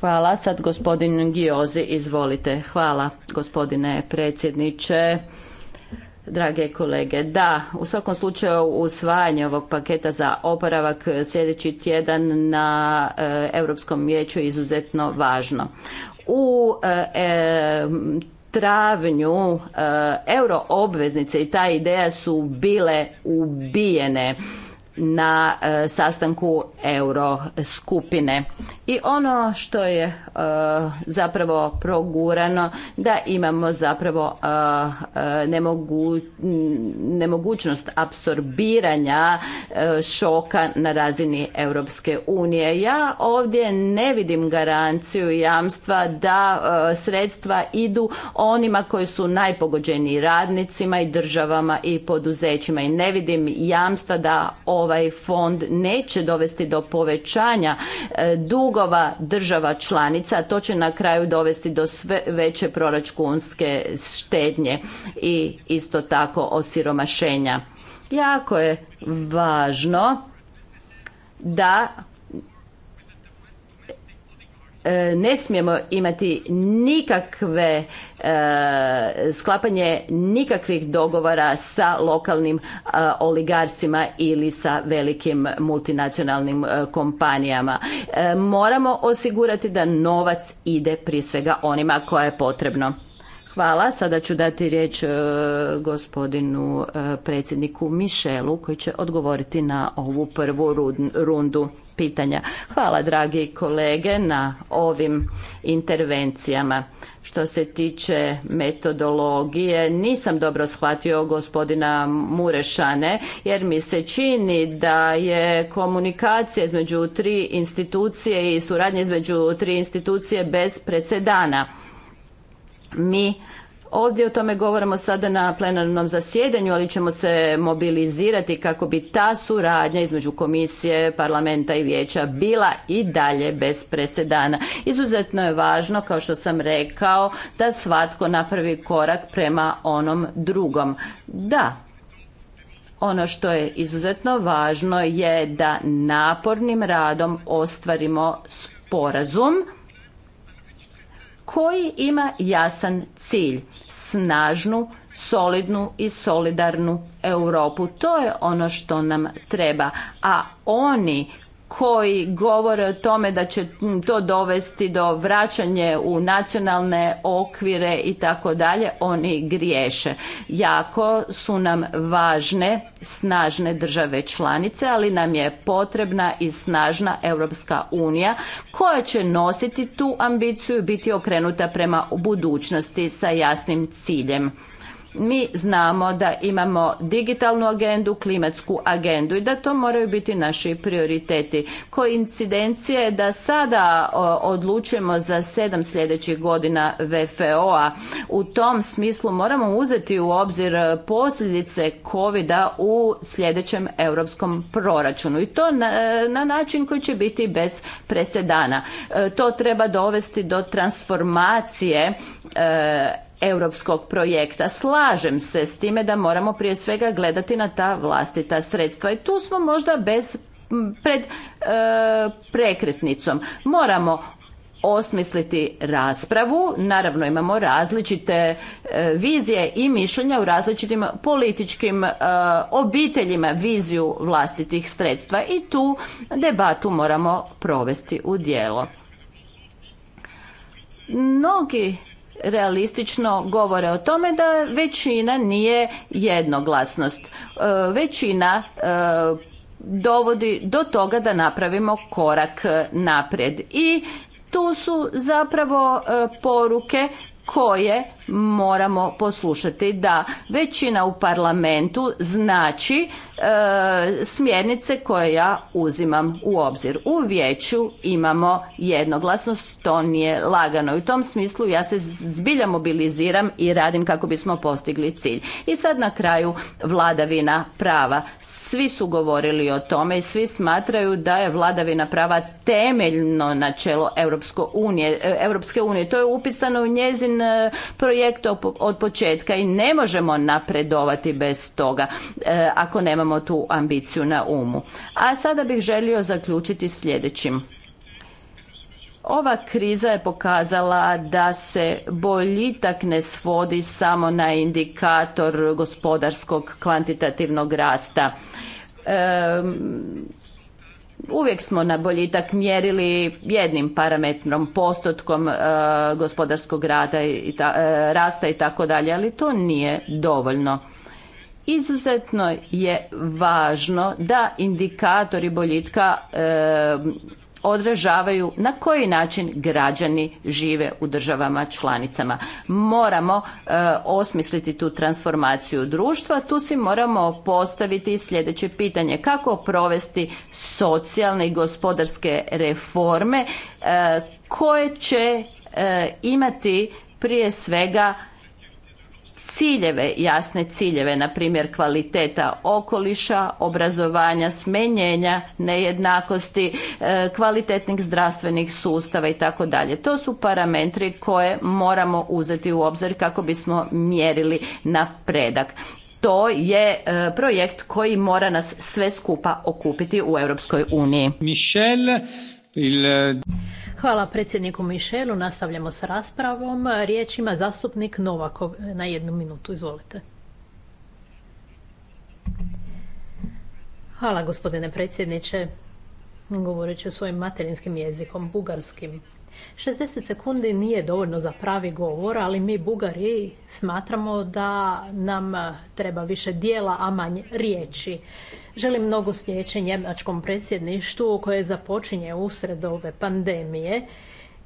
Hvala. Sad gospodin Giozi, izvolite. Hvala gospodine predsjedniče. Drage kolege, da, u svakom slučaju usvajanje ovog paketa za oporavak sljedeći tjedan na eh, Europskom vijeću je izuzetno važno. U eh, travnju eh, euroobveznice i ta ideja su bile ubijene na e, sastanku euro skupine i ono što je e, zapravo progurano da imamo zapravo e, nemogućnost apsorbiranja šoka na razini Europske unije. Ja ovdje ne vidim garanciju jamstva da sredstva idu onima koji su najpogođeniji radnicima i državama i poduzećima i ne vidim jamstva da o ovaj fond neće dovesti do povećanja e, dugova država članica, a to će na kraju dovesti do sve veće proračunske štednje i isto tako osiromašenja. Jako je važno da E, ne smijemo imati nikakve e, sklapanje nikakvih dogovora sa lokalnim e, oligarcima ili sa velikim multinacionalnim kompanijama. Moramo osigurati da novac ide prije svega onima koja je potrebno. Hvala. Sada ću dati riječ gospodinu predsjedniku Mišelu koji će odgovoriti na ovu prvu rundu pitanja. Hvala dragi kolege na ovim intervencijama. Što se tiče metodologije, nisam dobro shvatio gospodina Murešane, jer mi se čini da je komunikacija između tri institucije i suradnja između tri institucije bez presedana. Mi Ovdje o tome govorimo sada na plenarnom zasjedanju, ali ćemo se mobilizirati kako bi ta suradnja između komisije, parlamenta i vijeća bila i dalje bez presedana. Izuzetno je važno, kao što sam rekao, da svatko napravi korak prema onom drugom. Da, ono što je izuzetno važno je da napornim radom ostvarimo sporazum koji ima jasan cilj, snažnu, solidnu i solidarnu Europu. To je ono što nam treba. A oni koji govore o tome da će to dovesti do vraćanje u nacionalne okvire i tako dalje, oni griješe. Jako su nam važne snažne države članice, ali nam je potrebna i snažna Europska unija koja će nositi tu ambiciju i biti okrenuta prema budućnosti sa jasnim ciljem mi znamo da imamo digitalnu agendu, klimatsku agendu i da to moraju biti naši prioriteti. Koincidencija je da sada odlučujemo za sedam sljedećih godina VFO-a. U tom smislu moramo uzeti u obzir posljedice covid u sljedećem europskom proračunu i to na, način koji će biti bez presedana. E, to treba dovesti do transformacije e, europskog projekta. Slažem se s time da moramo prije svega gledati na ta vlastita sredstva i tu smo možda bez pred e, prekretnicom. Moramo osmisliti raspravu. Naravno imamo različite e, vizije i mišljenja u različitim političkim e, obiteljima viziju vlastitih sredstva i tu debatu moramo provesti u djelo. Mnogi realistično govore o tome da većina nije jednoglasnost. E, većina e, dovodi do toga da napravimo korak naprijed. I tu su zapravo e, poruke koje moramo poslušati da većina u parlamentu znači e, smjernice koje ja uzimam u obzir. U vijeću imamo jednoglasnost, to nije lagano. I u tom smislu ja se zbilja mobiliziram i radim kako bismo postigli cilj. I sad na kraju vladavina prava. Svi su govorili o tome i svi smatraju da je vladavina prava temeljno načelo e, Europske unije. To je upisano u njezin e, projekt od početka i ne možemo napredovati bez toga e, ako nemamo tu ambiciju na umu. A sada bih želio zaključiti sljedećim. Ova kriza je pokazala da se boljitak ne svodi samo na indikator gospodarskog kvantitativnog rasta. E, Uvijek smo na boljitak mjerili jednim parametrom, postotkom e, gospodarskog rada i e, rasta i tako dalje, ali to nije dovoljno. Izuzetno je važno da indikatori boljitka e, odražavaju na koji način građani žive u državama članicama. Moramo e, osmisliti tu transformaciju društva, tu si moramo postaviti sljedeće pitanje kako provesti socijalne i gospodarske reforme e, koje će e, imati prije svega ciljeve, jasne ciljeve, na primjer kvaliteta okoliša, obrazovanja, smenjenja, nejednakosti, e, kvalitetnih zdravstvenih sustava i tako dalje. To su parametri koje moramo uzeti u obzir kako bismo mjerili napredak. To je e, projekt koji mora nas sve skupa okupiti u Europskoj uniji. Hvala predsjedniku Mišelu. Nastavljamo s raspravom. Riječ ima zastupnik Novakov na jednu minutu. Izvolite. Hvala gospodine predsjedniče. Govorit ću svojim materinskim jezikom, bugarskim. 60 sekundi nije dovoljno za pravi govor, ali mi Bugari smatramo da nam treba više dijela, a manje riječi. Želim mnogo slijeće njemačkom predsjedništvu koje započinje usred ove pandemije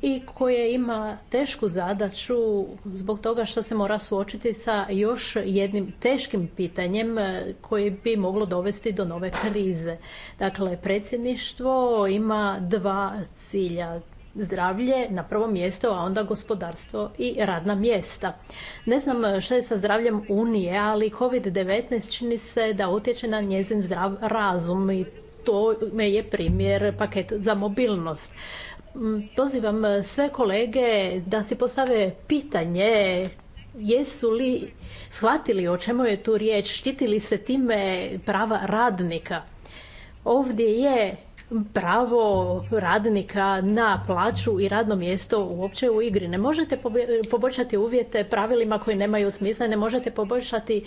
i koje ima tešku zadaću zbog toga što se mora suočiti sa još jednim teškim pitanjem e, koje bi moglo dovesti do nove krize. Dakle, predsjedništvo ima dva cilja zdravlje na prvo mjesto, a onda gospodarstvo i radna mjesta. Ne znam eh, što je sa zdravljem Unije, ali COVID-19 čini se da utječe na njezin zdrav razum i to me je primjer paket za mobilnost. Mm, pozivam eh, sve kolege da si postave pitanje jesu li shvatili o čemu je tu riječ, štitili se time prava radnika. Ovdje je pravo radnika na plaću i radno mjesto uopće u igri. Ne možete poboljšati uvjete pravilima koji nemaju smisla, ne možete poboljšati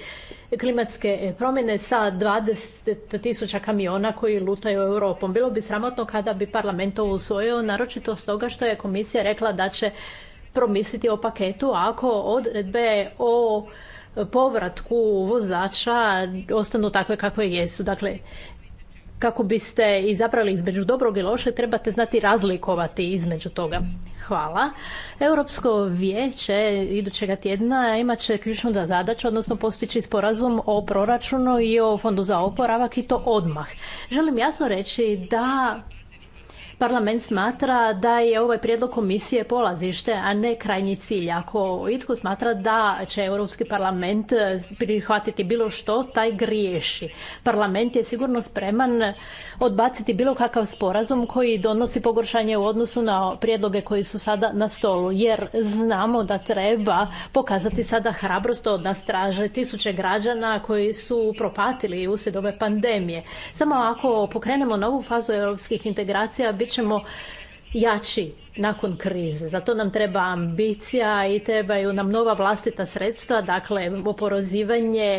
klimatske promjene sa 20.000 tisuća kamiona koji lutaju Europom. Bilo bi sramotno kada bi parlament to usvojio, naročito stoga što je komisija rekla da će promisliti o paketu ako odredbe o povratku vozača ostanu takve kakve jesu. Dakle, kako biste izabrali između dobrog i loše, trebate znati razlikovati između toga. Hvala. Europsko vijeće idućega tjedna imat će ključnu da zadaću, odnosno postići sporazum o proračunu i o fondu za oporavak i to odmah. Želim jasno reći da parlament smatra da je ovaj prijedlog komisije polazište, a ne krajnji cilj. Ako itko smatra da će Europski parlament prihvatiti bilo što, taj griješi. Parlament je sigurno spreman odbaciti bilo kakav sporazum koji donosi pogoršanje u odnosu na prijedloge koji su sada na stolu, jer znamo da treba pokazati sada hrabrost od nas traže tisuće građana koji su propatili uslijed ove pandemije. Samo ako pokrenemo novu fazu europskih integracija, bit ćemo jači nakon krize. Zato nam treba ambicija i trebaju nam nova vlastita sredstva, dakle oporozivanje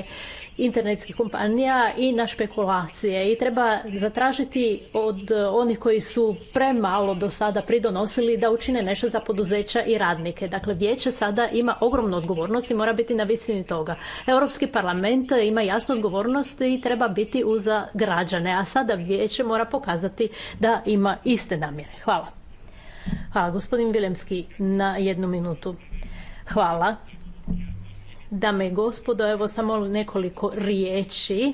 internetskih kompanija i na špekulacije i treba zatražiti od onih koji su premalo do sada pridonosili da učine nešto za poduzeća i radnike. Dakle, vijeće sada ima ogromnu odgovornost i mora biti na visini toga. Europski parlament ima jasnu odgovornost i treba biti uza građane, a sada vijeće mora pokazati da ima iste namjere. Hvala. Hvala, gospodin Vilemski, na jednu minutu. Hvala. Dame i gospodo, evo samo nekoliko riječi.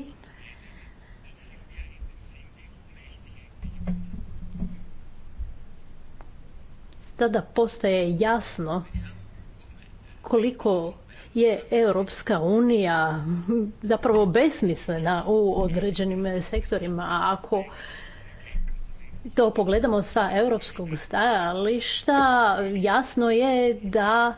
Sada postaje jasno koliko je Europska unija zapravo besmislena u određenim sektorima. ako to pogledamo sa europskog stajališta, jasno je da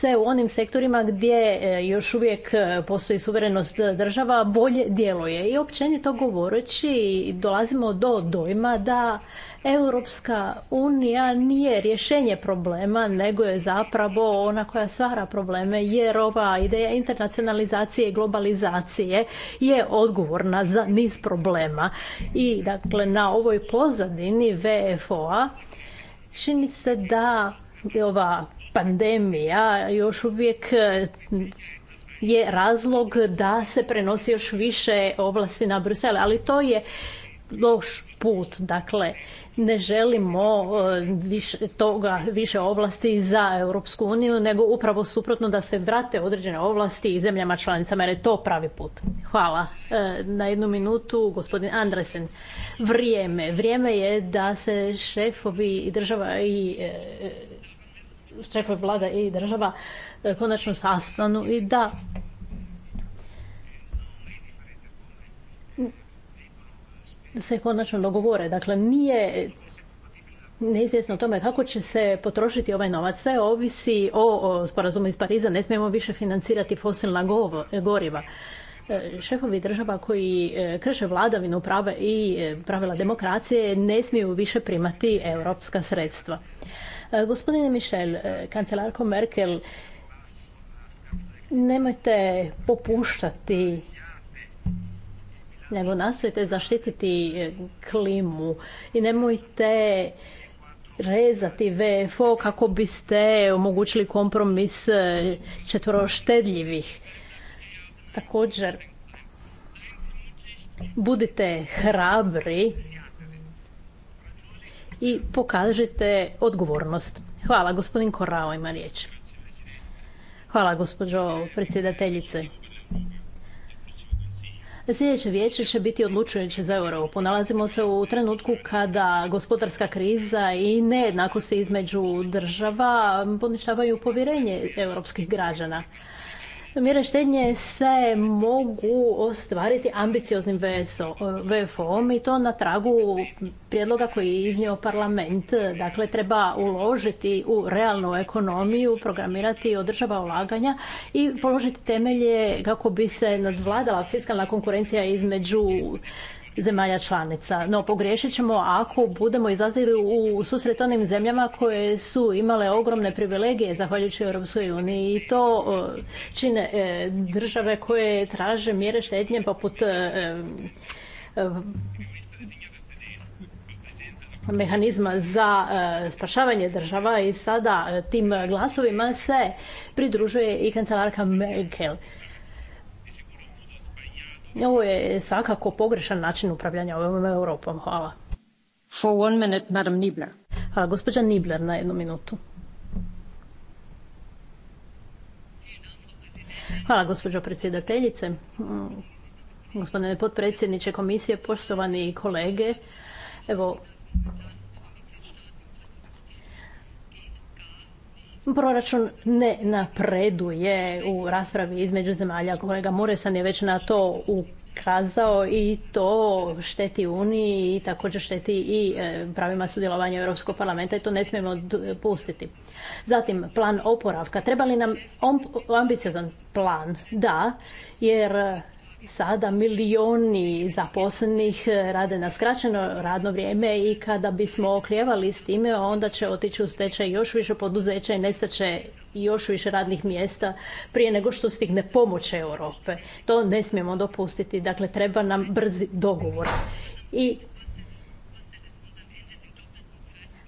se u onim sektorima gdje e, još uvijek e, postoji suverenost država bolje djeluje. I općenito govoreći dolazimo do dojma da Europska unija nije rješenje problema, nego je zapravo ona koja stvara probleme, jer ova ideja internacionalizacije i globalizacije je odgovorna za niz problema. I dakle, na ovoj pozadini VFO-a čini se da ova pandemija još uvijek e, je razlog da se prenosi još više ovlasti na Bruxelles, ali to je loš put. Dakle, ne želimo e, više toga, više ovlasti za Europsku uniju, nego upravo suprotno da se vrate određene ovlasti i zemljama članicama, jer je to pravi put. Hvala. E, na jednu minutu, gospodin Andresen. Vrijeme. Vrijeme je da se šefovi država i šefe vlada i država e, konačno sastanu i da se konačno dogovore. Dakle, nije neizvjesno o tome kako će se potrošiti ovaj novac. Sve ovisi o, sporazumu iz Pariza. Ne smijemo više financirati fosilna goriva. E, šefovi država koji e, krše vladavinu prava i pravila demokracije ne smiju više primati europska sredstva. E, gospodine Michel, e, kancelarko Merkel, nemojte popuštati nego nastojite zaštititi e, klimu i nemojte rezati VFO kako biste omogućili kompromis četvoroštedljivih. Također, budite hrabri i pokažite odgovornost. Hvala, gospodin Korao ima riječ. Hvala, gospođo predsjedateljice. Sljedeće vijeće će biti odlučujuće za Europu. Nalazimo se u trenutku kada gospodarska kriza i nejednakosti između država poništavaju povjerenje europskih građana. Mjere štednje se mogu ostvariti ambicioznim VFO-om eh, i to na tragu prijedloga koji je iznio parlament. Dakle, treba uložiti u realnu ekonomiju, programirati održava ulaganja i položiti temelje kako bi se nadvladala fiskalna konkurencija između zemalja članica. No pogriješit ćemo ako budemo izazili u susret onim zemljama koje su imale ogromne privilegije zahvaljujući Europskoj uniji i to e, čine e, države koje traže mjere štednje poput e, mehanizma za spašavanje država i sada tim glasovima se pridružuje i kancelarka Merkel. Ovo je svakako pogrešan način upravljanja ovom Europom. Hvala. For one minute, Madam Nibler. Hvala, gospođa Nibler na jednu minutu. Hvala, gospođo predsjedateljice. Mm, gospodine potpredsjedniče komisije, poštovani kolege. Evo, proračun ne napreduje u raspravi između zemalja. Kolega Muresan je već na to ukazao i to šteti Uniji i također šteti i e, pravima sudjelovanja Europskog parlamenta i to ne smijemo pustiti. Zatim, plan oporavka. Treba li nam ambiciozan plan? Da, jer sada milioni zaposlenih eh, rade na skraćeno radno vrijeme i kada bismo oklijevali s time onda će otići u stečaj još više poduzeća i nestaće još više radnih mjesta prije nego što stigne pomoć Europe. To ne smijemo dopustiti. Dakle, treba nam brzi dogovor. I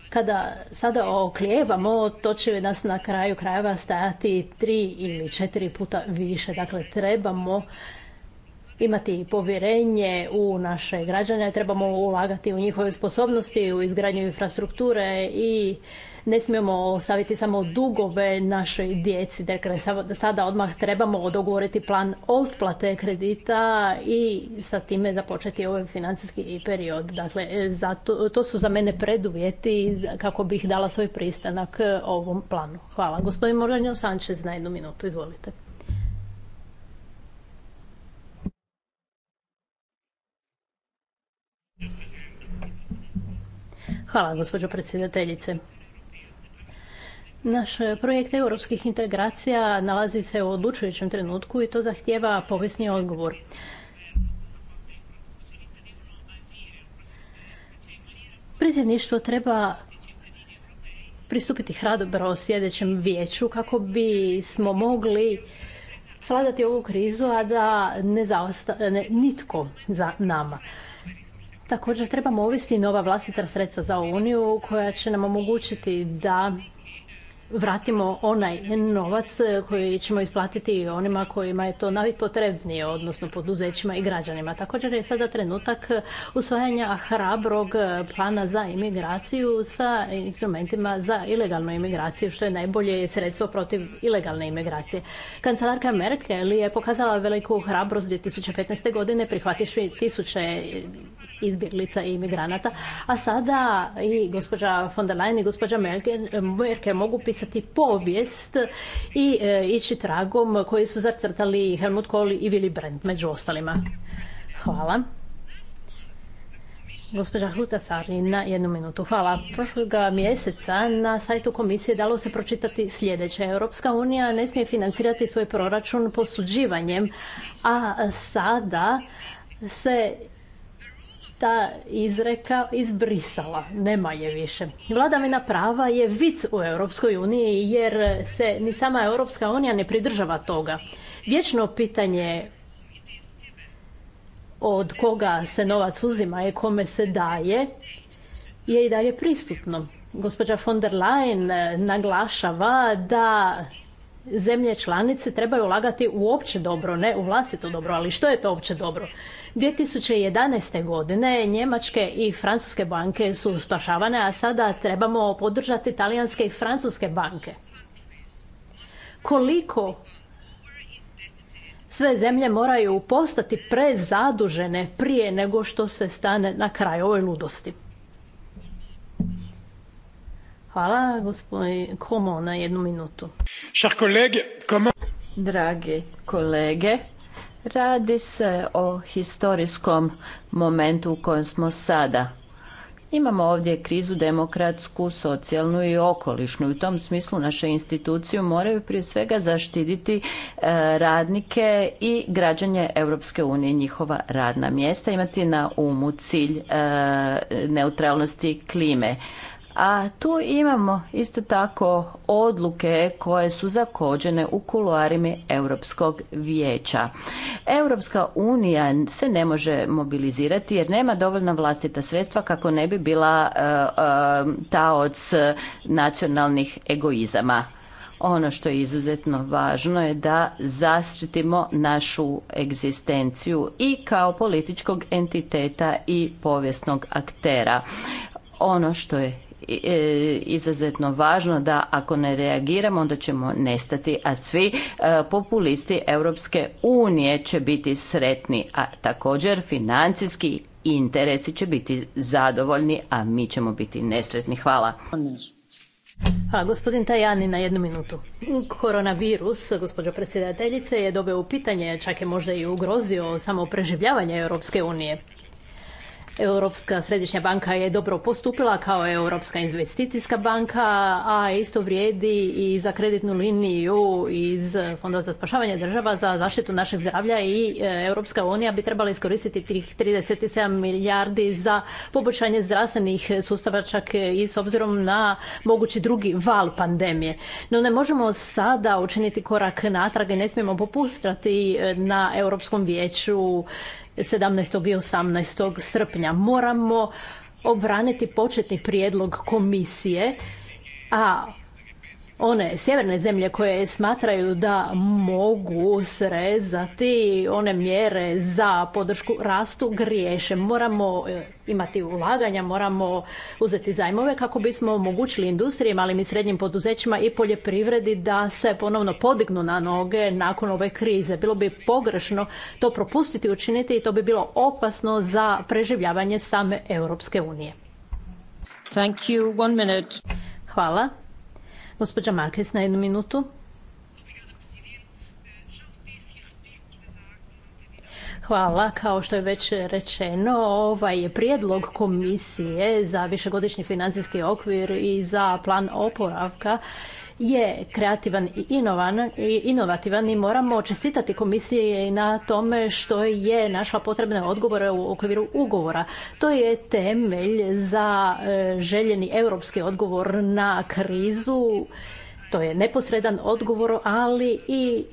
kada sada oklijevamo, to će nas na kraju krajeva stajati tri ili četiri puta više. Dakle, trebamo imati povjerenje u naše građane, trebamo ulagati u njihove sposobnosti, u izgradnju infrastrukture i ne smijemo ostaviti samo dugove našoj djeci. Dakle, sada odmah trebamo dogovoriti plan otplate kredita i sa time započeti ovaj financijski period. Dakle, e, zato, to su za mene preduvjeti kako bih dala svoj pristanak e, ovom planu. Hvala. Gospodin Morganjo Sanchez na jednu minutu, izvolite. Hvala, gospođo predsjedateljice. Naš projekt europskih integracija nalazi se u odlučujućem trenutku i to zahtjeva povijesni odgovor. Predsjedništvo treba pristupiti hrabro sljedećem vijeću kako bi smo mogli svladati ovu krizu, a da ne zaostane nitko za nama. Također trebamo uvesti nova vlastita sredstva za Uniju koja će nam omogućiti da vratimo onaj novac koji ćemo isplatiti onima kojima je to najpotrebnije, odnosno poduzećima i građanima. Također je sada trenutak usvajanja hrabrog plana za imigraciju sa instrumentima za ilegalnu imigraciju, što je najbolje sredstvo protiv ilegalne imigracije. Kancelarka Merkel je pokazala veliku hrabrost 2015. godine prihvativši tisuće izbjeglica i imigranata. A sada i gospođa von der Leyen i gospođa Merkel mogu pisati povijest i eh, ići tragom koji su zacrtali Helmut Kohl i Willy Brandt među ostalima. Hvala. Gospođa Huta na jednu minutu. Hvala. Prošloga mjeseca na sajtu komisije dalo se pročitati sljedeće. Europska unija ne smije financirati svoj proračun posuđivanjem, a sada se ta izreka izbrisala, nema je više. Vladavina prava je vic u Europskoj uniji jer se ni sama Europska unija ne pridržava toga. Vječno pitanje od koga se novac uzima i kome se daje je i dalje pristupno. Gospođa von der Leyen naglašava da zemlje članice trebaju ulagati u opće dobro, ne u vlastito dobro, ali što je to opće dobro? 2011. godine njemačke i francuske banke su spašavane, a sada trebamo podržati talijanske i francuske banke. Koliko sve zemlje moraju postati prezadužene prije nego što se stane na kraj ovoj ludosti. Hvala, gospodin Komo, na jednu minutu. Dragi kolege, Radi se o historijskom momentu u kojem smo sada. Imamo ovdje krizu demokratsku, socijalnu i okolišnu. U tom smislu naše institucije moraju prije svega zaštititi e, radnike i građanje Europske unije njihova radna mjesta, imati na umu cilj e, neutralnosti klime. A tu imamo isto tako odluke koje su zakođene u kuluarimi Europskog vijeća. Europska unija se ne može mobilizirati jer nema dovoljna vlastita sredstva kako ne bi bila uh, uh, taoc nacionalnih egoizama. Ono što je izuzetno važno je da zaštitimo našu egzistenciju i kao političkog entiteta i povijesnog aktera. Ono što je E, izuzetno važno da ako ne reagiramo onda ćemo nestati, a svi e, populisti Europske unije će biti sretni, a također financijski interesi će biti zadovoljni, a mi ćemo biti nesretni. Hvala. Hvala, gospodin Tajani, na jednu minutu. Koronavirus, gospođo predsjedateljice, je dobeo u pitanje, čak je možda i ugrozio samo preživljavanje Europske unije. Europska središnja banka je dobro postupila kao Europska investicijska banka, a isto vrijedi i za kreditnu liniju iz Fonda za spašavanje država za zaštitu našeg zdravlja i e, Europska unija bi trebala iskoristiti tih 37 milijardi za poboljšanje zdravstvenih sustava čak i s obzirom na mogući drugi val pandemije. No ne možemo sada učiniti korak natrag i ne smijemo popustrati e, na Europskom vijeću 17. i 18. srpnja. Moramo obraniti početni prijedlog komisije, a one sjeverne zemlje koje smatraju da mogu srezati one mjere za podršku rastu griješe. Moramo e, imati ulaganja, moramo uzeti zajmove kako bismo omogućili industriji, malim i srednjim poduzećima i poljoprivredi da se ponovno podignu na noge nakon ove krize. Bilo bi pogrešno to propustiti učiniti i to bi bilo opasno za preživljavanje same Europske unije. Thank you. One minute. Hvala. Gospođa Markes na jednu minutu. Hvala. Kao što je već rečeno, ovaj je prijedlog komisije za višegodišnji financijski okvir i za plan oporavka je kreativan i inovativan i moramo čestitati komisiji na tome što je našla potrebne odgovore u okviru ugovora. To je temelj za e, željeni europski odgovor na krizu. To je neposredan odgovor, ali i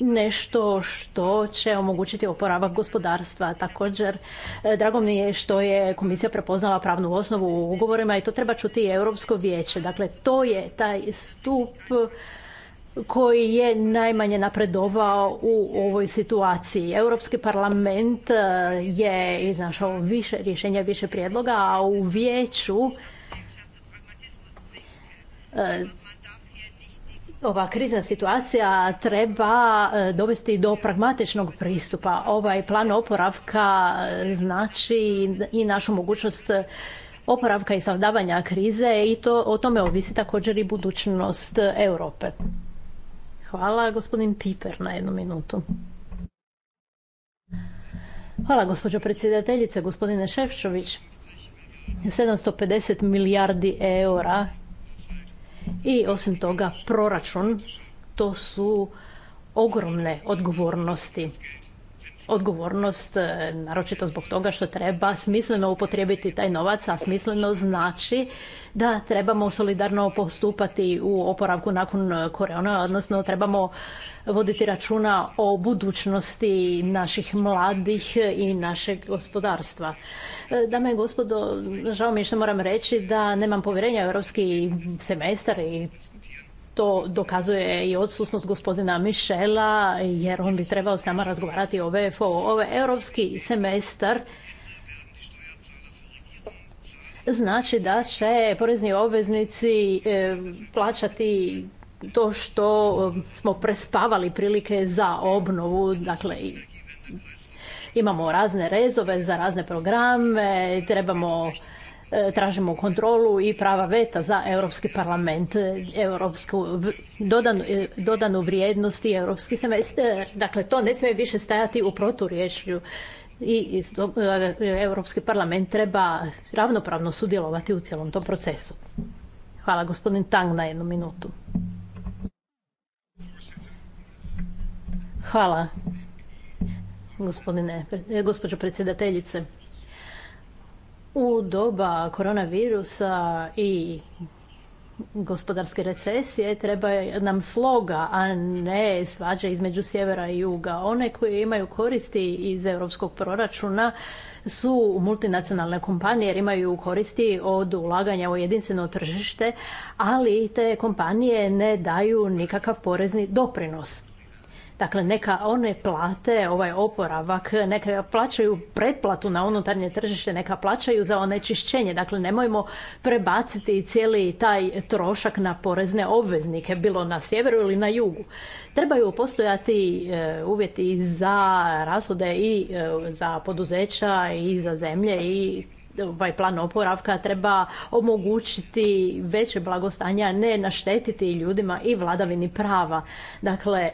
nešto što će omogućiti oporavak gospodarstva. Također, e, drago mi je što je komisija prepoznala pravnu osnovu u ugovorima i to treba čuti i Europsko vijeće. Dakle, to je taj stup koji je najmanje napredovao u ovoj situaciji. Europski parlament e, je iznašao više rješenja, više prijedloga, a u vijeću e, ova krizna situacija treba e, dovesti do pragmatičnog pristupa. Ovaj plan oporavka e, znači i našu mogućnost oporavka i savdavanja krize i to o tome ovisi također i budućnost Europe. Hvala gospodin Piper na jednu minutu. Hvala gospođo predsjedateljice, gospodine Šefčović. 750 milijardi eura i osim toga proračun, to su ogromne odgovornosti odgovornost, e, naročito zbog toga što treba smisleno upotrijebiti taj novac, a smisleno znači da trebamo solidarno postupati u oporavku nakon e, korona, odnosno trebamo voditi računa o budućnosti naših mladih i našeg gospodarstva. E, dame i gospodo, žao mi je što moram reći da nemam povjerenja u europski semestar i to dokazuje i odsutnost gospodina Mišela, jer on bi trebao s nama razgovarati o VFO. Ovo europski semestar znači da će porezni obveznici e, plaćati to što e, smo prespavali prilike za obnovu, dakle imamo razne rezove za razne programe, trebamo E, tražimo kontrolu i prava veta za Europski parlament, e, europsku dodanu, e, dodanu vrijednost i europski Dakle, to ne smije više stajati u proturječju i Europski parlament treba ravnopravno sudjelovati u cijelom tom procesu. Hvala gospodin Tang na jednu minutu. Hvala gospodine, gospođo predsjedateljice. U doba koronavirusa i gospodarske recesije treba nam sloga, a ne svađa između sjevera i juga. One koje imaju koristi iz europskog proračuna su multinacionalne kompanije jer imaju koristi od ulaganja u jedinstveno tržište, ali te kompanije ne daju nikakav porezni doprinos. Dakle, neka one plate ovaj oporavak, neka plaćaju pretplatu na unutarnje tržište, neka plaćaju za onečišćenje. Dakle, nemojmo prebaciti cijeli taj trošak na porezne obveznike, bilo na sjeveru ili na jugu. Trebaju postojati e, uvjeti za rasude i e, za poduzeća i za zemlje i ovaj plan oporavka treba omogućiti veće blagostanje, ne naštetiti ljudima i vladavini prava. Dakle,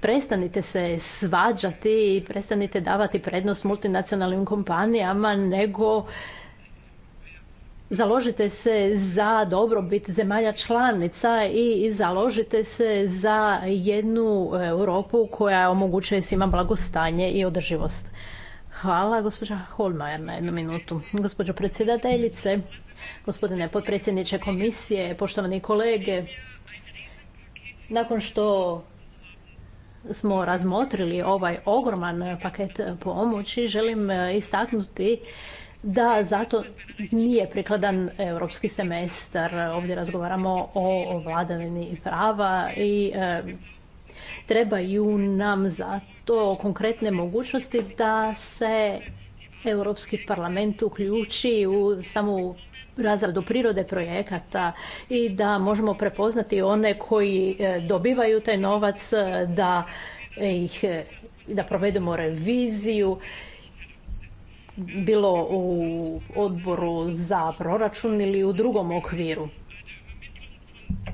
prestanite se svađati i prestanite davati prednost multinacionalnim kompanijama, nego založite se za dobrobit zemalja članica i založite se za jednu Europu koja omogućuje svima blagostanje i održivost. Hvala, gospođa Holmajer, na jednu minutu. Gospođo predsjedateljice, gospodine potpredsjedniče komisije, poštovani kolege, nakon što smo razmotrili ovaj ogroman paket pomoći, želim e, istaknuti da zato nije prikladan europski semestar. Ovdje razgovaramo o vladavini prava i e, trebaju nam zato konkretne mogućnosti da se Europski parlament uključi u samu razradu prirode projekata i da možemo prepoznati one koji e, dobivaju taj novac, e, da ih e, da provedemo reviziju bilo u odboru za proračun ili u drugom okviru.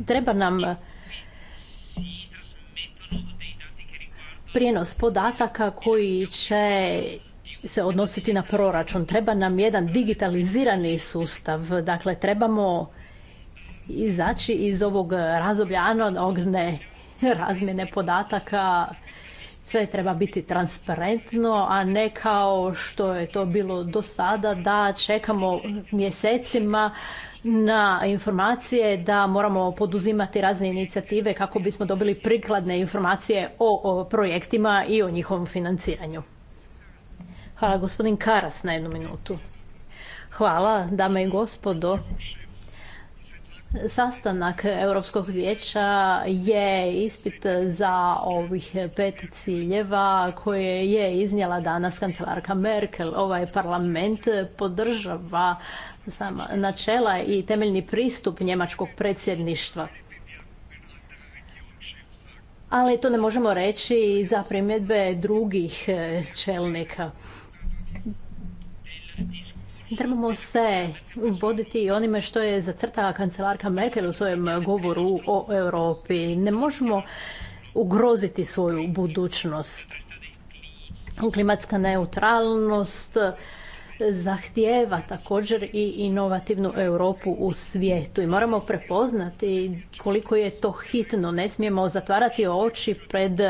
Treba nam prijenos podataka koji će se odnositi na proračun. Treba nam jedan digitalizirani sustav. Dakle, trebamo izaći iz ovog razdoblja analogne *laughs* razmjene podataka. Sve treba biti transparentno, a ne kao što je to bilo do sada da čekamo mjesecima na informacije da moramo poduzimati razne inicijative kako bismo dobili prikladne informacije o, o projektima i o njihovom financiranju. Hvala gospodin Karas na jednu minutu. Hvala dame i gospodo. Sastanak Europskog vijeća je ispit za ovih pet ciljeva koje je iznijela danas kancelarka Merkel. Ovaj parlament podržava načela i temeljni pristup njemačkog predsjedništva. Ali to ne možemo reći za primjedbe drugih čelnika. Trebamo se voditi i onime što je zacrtala kancelarka Merkel u svojem govoru o Europi. Ne možemo ugroziti svoju budućnost. Klimatska neutralnost, zahtijeva također i inovativnu Europu u svijetu i moramo prepoznati koliko je to hitno. Ne smijemo zatvarati oči pred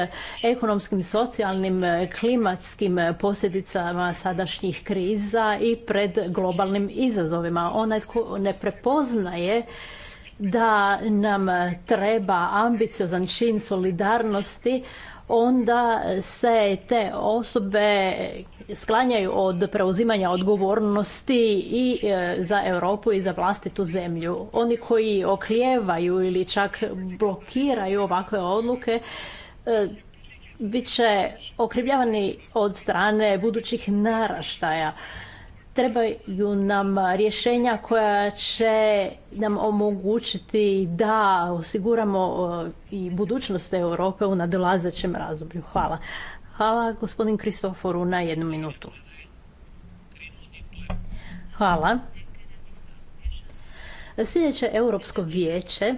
ekonomskim, socijalnim, klimatskim posljedicama sadašnjih kriza i pred globalnim izazovima. Onaj tko ne prepoznaje da nam treba ambiciozan čin solidarnosti, onda se te osobe sklanjaju od preuzimanja odgovornosti i e, za Europu i za vlastitu zemlju. Oni koji oklijevaju ili čak blokiraju ovakve odluke e, bit će okrivljavani od strane budućih naraštaja. Trebaju nam rješenja koja će nam omogućiti da osiguramo i budućnost Europe u nadolazećem razdoblju. Hvala. Hvala gospodin Kristoforu na jednu minutu. Hvala. Sljedeće Europsko vijeće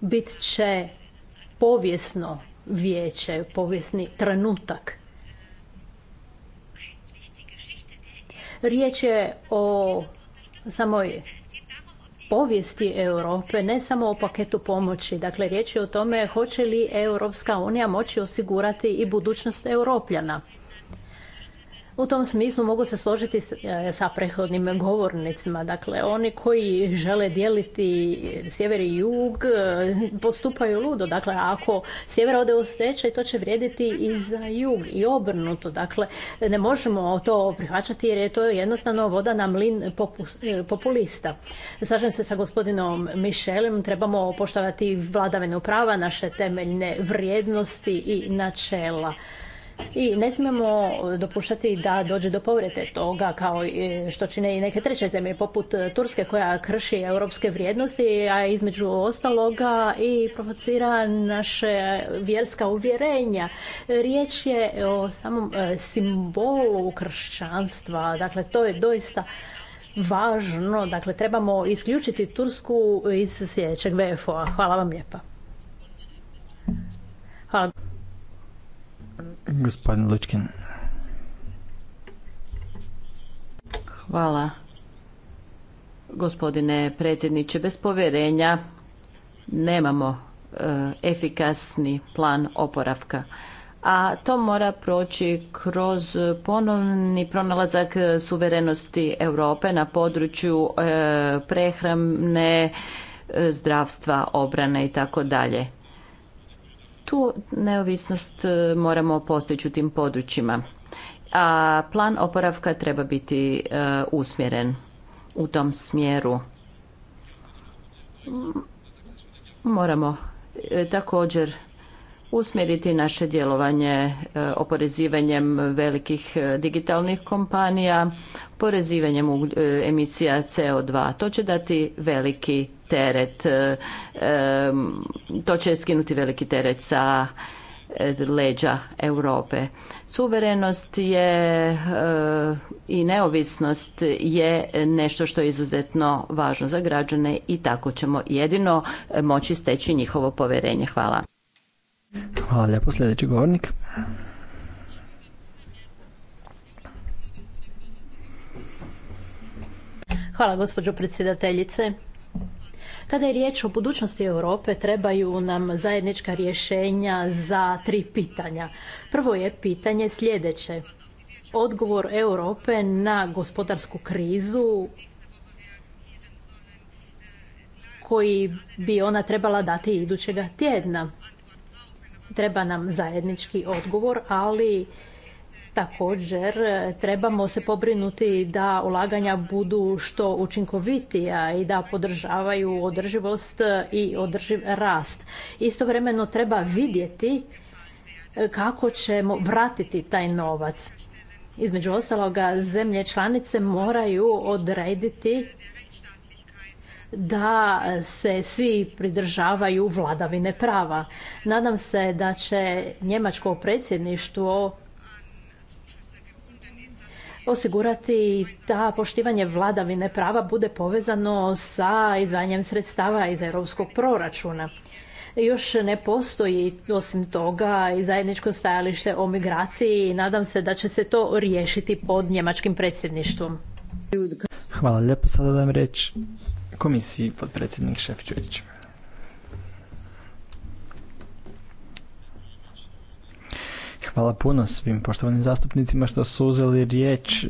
bit će povijesno vijeće, povijesni trenutak. Riječ je o samoj povijesti Europe, ne samo o paketu pomoći. Dakle, riječ je o tome hoće li Europska unija moći osigurati i budućnost europljana. U tom smislu mogu se složiti e, sa prethodnim govornicima. Dakle, oni koji žele dijeliti sjever i jug e, postupaju ludo. Dakle, ako sjever ode u stečaj, to će vrijediti i za jug i obrnuto. Dakle, ne možemo to prihvaćati jer je to jednostavno voda na mlin e, populista. Slažem se sa gospodinom Mišelim. trebamo poštovati vladavinu prava, naše temeljne vrijednosti i načela. I ne smijemo dopuštati da dođe do povrede toga kao što čine i neke treće zemlje poput e, Turske koja krši europske vrijednosti, a između ostaloga i provocira naše vjerska uvjerenja. Riječ je o samom e, simbolu kršćanstva, dakle to je doista važno, dakle trebamo isključiti Tursku iz sljedećeg VFO-a. Hvala vam lijepa. Gospodin Hvala. Gospodine predsjedniče, bez povjerenja nemamo e, efikasni plan oporavka. A to mora proći kroz ponovni pronalazak suverenosti Europe na području e, prehramne e, zdravstva, obrane i tako dalje. Tu neovisnost e, moramo postići u tim područjima. A plan oporavka treba biti e, usmjeren u tom smjeru. Moramo e, također usmjeriti naše djelovanje e, oporezivanjem velikih e, digitalnih kompanija, porezivanjem e, emisija CO2. To će dati veliki teret, to će skinuti veliki teret sa leđa Europe. Suverenost je i neovisnost je nešto što je izuzetno važno za građane i tako ćemo jedino moći steći njihovo povjerenje. Hvala. Hvala lijepo, sljedeći govornik. Hvala gospođo predsjedateljice. Kada je riječ o budućnosti Europe, trebaju nam zajednička rješenja za tri pitanja. Prvo je pitanje sljedeće. Odgovor Europe na gospodarsku krizu koji bi ona trebala dati idućega tjedna treba nam zajednički odgovor, ali također e, trebamo se pobrinuti da ulaganja budu što učinkovitija i da podržavaju održivost i održiv rast. Istovremeno treba vidjeti e, kako ćemo vratiti taj novac. Između ostaloga, zemlje članice moraju odrediti da se svi pridržavaju vladavine prava. Nadam se da će njemačko predsjedništvo osigurati da poštivanje vladavine prava bude povezano sa izdanjem sredstava iz europskog proračuna. Još ne postoji osim toga i zajedničko stajalište o migraciji i nadam se da će se to riješiti pod njemačkim predsjedništvom. Hvala lijepo, sada dajem reći komisiji podpredsjednik Šefčević. Hvala puno svim poštovanim zastupnicima što su uzeli riječ.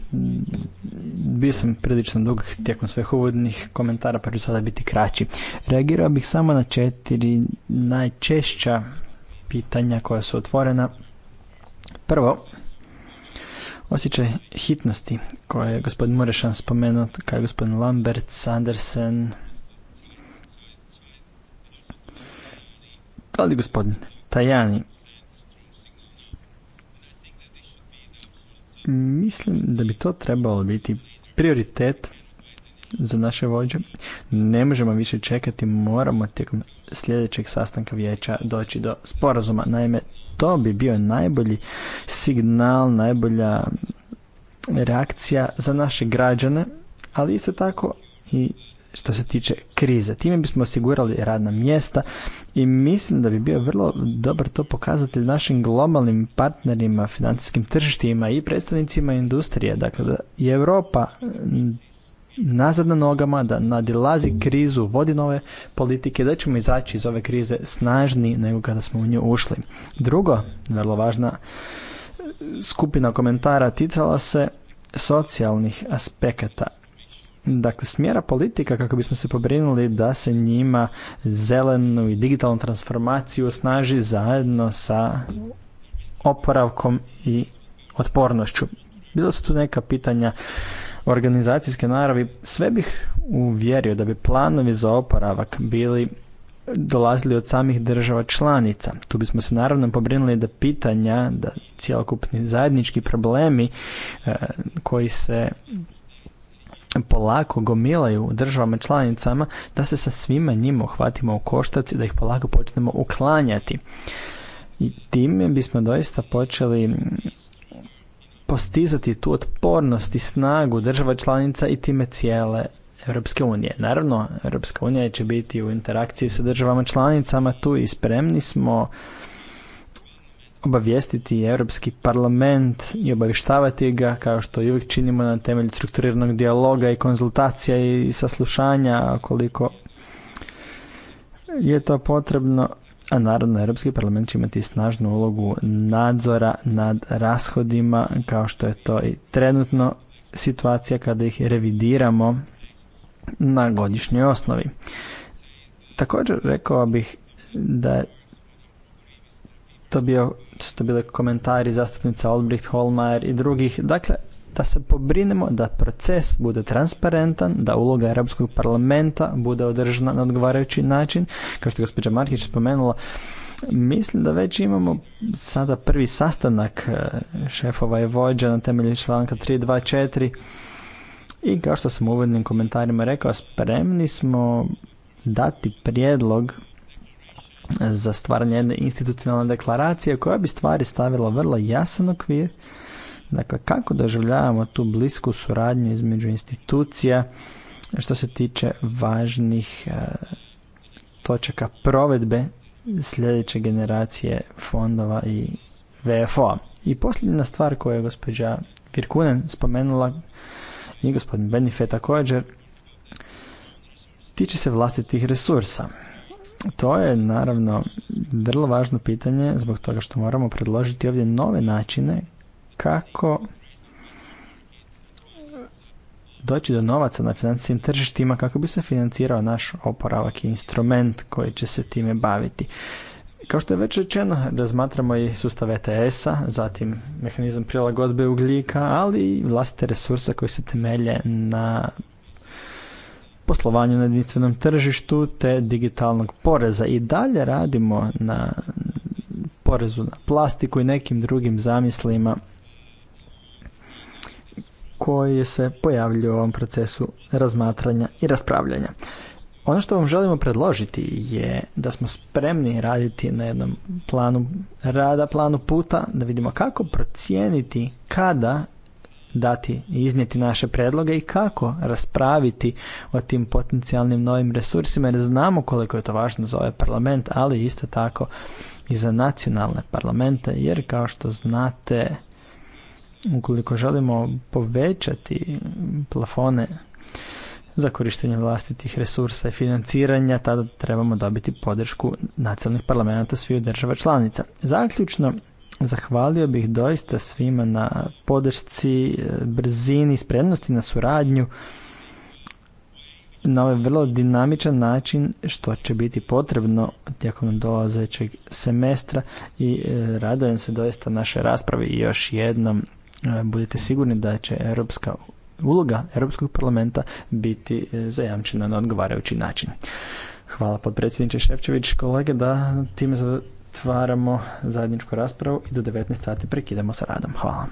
Bio sam prilično dug tijekom svojih uvodnih komentara, pa ću sada biti kraći. Reagirao bih samo na četiri najčešća pitanja koja su otvorena. Prvo, osjećaj hitnosti koje je gospodin Murešan spomenuo, kao je gospodin Lambert, Sanderson. ali gospodin Tajani. Mislim da bi to trebalo biti prioritet za naše vođe. Ne možemo više čekati, moramo tijekom sljedećeg sastanka vijeća doći do sporazuma. Naime, to bi bio najbolji signal, najbolja reakcija za naše građane, ali isto tako i što se tiče krize. Time bismo osigurali radna mjesta i mislim da bi bio vrlo dobar to pokazatelj našim globalnim partnerima, financijskim tržištima i predstavnicima industrije. Dakle, da i Europa nazad na nogama, da nadilazi krizu, vodi nove politike, da ćemo izaći iz ove krize snažniji nego kada smo u nju ušli. Drugo, vrlo važna skupina komentara ticala se socijalnih aspekata dakle smjera politika kako bismo se pobrinuli da se njima zelenu i digitalnu transformaciju osnaži zajedno sa oporavkom i otpornošću. Bilo su tu neka pitanja organizacijske naravi, sve bih uvjerio da bi planovi za oporavak bili dolazili od samih država članica. Tu bismo se naravno pobrinuli da pitanja, da cjelokupni zajednički problemi e, koji se polako gomilaju u državama članicama, da se sa svima njima uhvatimo u koštac i da ih polako počnemo uklanjati. I time bismo doista počeli postizati tu otpornost i snagu država članica i time cijele Europske unije. Naravno, Europska unija će biti u interakciji sa državama članicama tu i spremni smo obavijestiti Europski parlament i obavještavati ga kao što i uvijek činimo na temelju strukturiranog dijaloga i konzultacija i saslušanja koliko je to potrebno a naravno Europski parlament će imati snažnu ulogu nadzora nad rashodima kao što je to i trenutno situacija kada ih revidiramo na godišnjoj osnovi. Također rekao bih da to su to bile komentari zastupnica Olbricht, Holmajer i drugih. Dakle, da se pobrinemo da proces bude transparentan, da uloga Europskog parlamenta bude održana na odgovarajući način. Kao što je gospođa Markić spomenula, Mislim da već imamo sada prvi sastanak e, šefova i vođa na temelju članka 324 i kao što sam u uvodnim komentarima rekao, spremni smo dati prijedlog za stvaranje jedne institucionalne deklaracije koja bi stvari stavila vrlo jasan okvir Dakle, kako doživljavamo tu blisku suradnju između institucija što se tiče važnih e, točaka provedbe sljedeće generacije fondova i VFO-a. I posljednja stvar koju je gospođa Virkunen spomenula i gospodin Benife također tiče se vlastitih resursa. To je naravno vrlo važno pitanje zbog toga što moramo predložiti ovdje nove načine kako doći do novaca na financijskim tržištima kako bi se financirao naš oporavak i instrument koji će se time baviti. Kao što je već rečeno, razmatramo i sustav ETS-a, zatim mehanizam prilagodbe ugljika, ali i vlastite resurse koji se temelje na poslovanju na jedinstvenom tržištu te digitalnog poreza. I dalje radimo na porezu na plastiku i nekim drugim zamislima koji se pojavljuju u ovom procesu razmatranja i raspravljanja. Ono što vam želimo predložiti je da smo spremni raditi na jednom planu rada, planu puta, da vidimo kako procijeniti kada dati i iznijeti naše predloge i kako raspraviti o tim potencijalnim novim resursima jer znamo koliko je to važno za ovaj parlament, ali isto tako i za nacionalne parlamente jer kao što znate Ukoliko želimo povećati plafone za korištenje vlastitih resursa i financiranja, tada trebamo dobiti podršku nacionalnih parlamenta svih država članica. Zaključno, zahvalio bih doista svima na podršci, brzini, spremnosti na suradnju na ovaj vrlo dinamičan način što će biti potrebno tijekom dolazećeg semestra i e, radujem se doista naše raspravi i još jednom E, budite sigurni da će europska uloga Europskog parlamenta biti e, zajamčena na odgovarajući način. Hvala potpredsjedniče Ševčević, kolege, da time zatvaramo zajedničku raspravu i do 19 sati prekidamo sa radom. Hvala.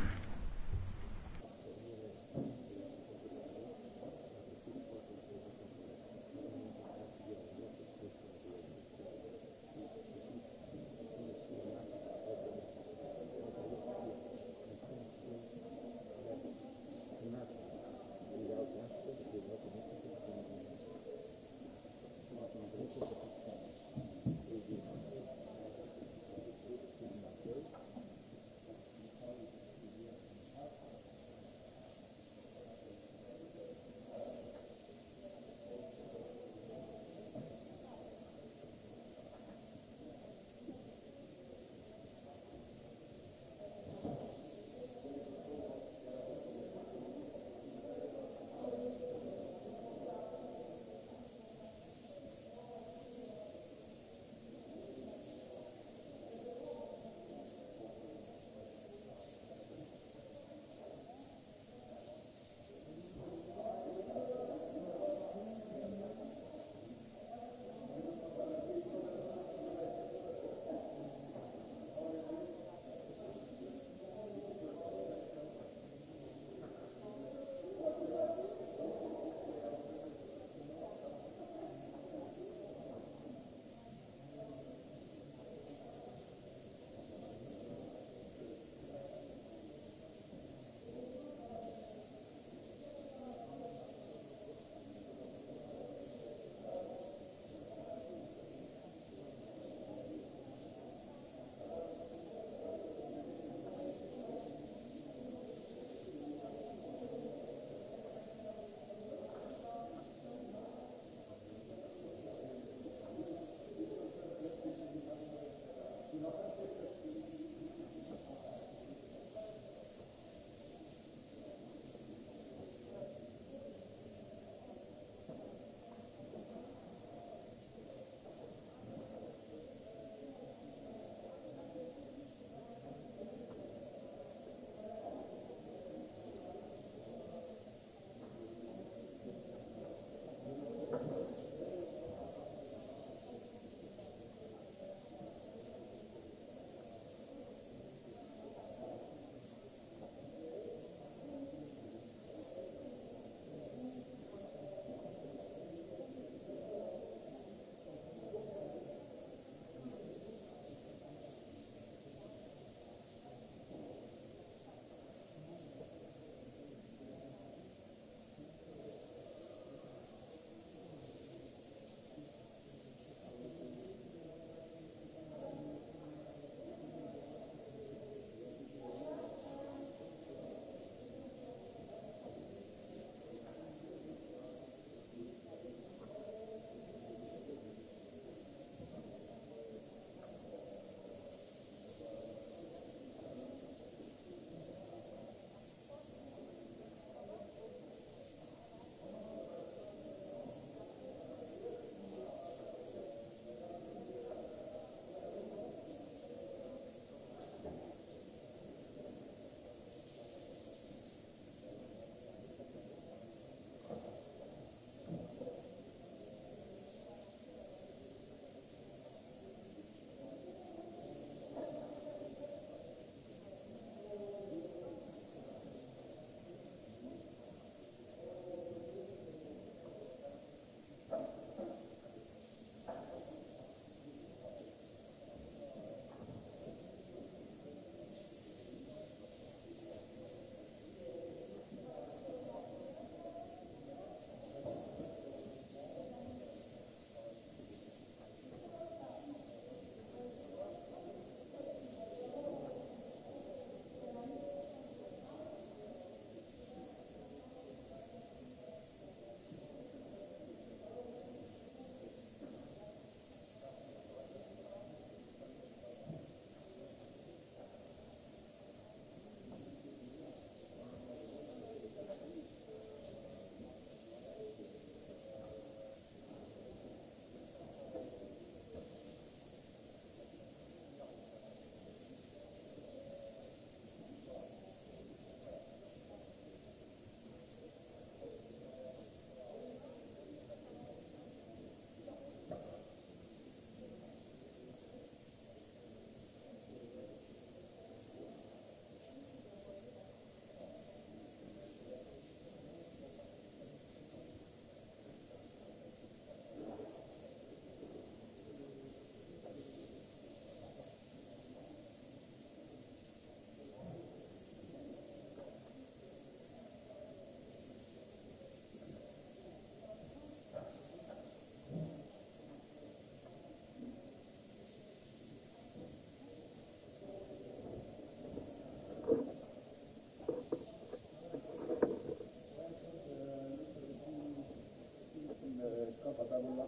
Hvala.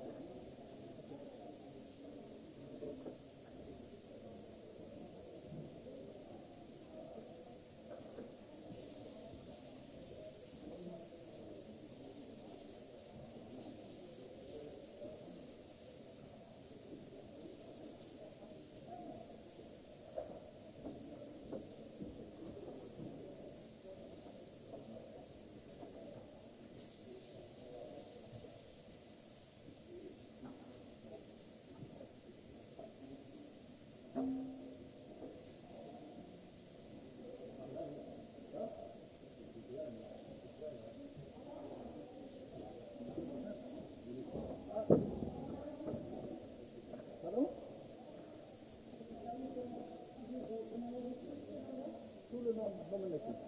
Hvala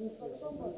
i potom pa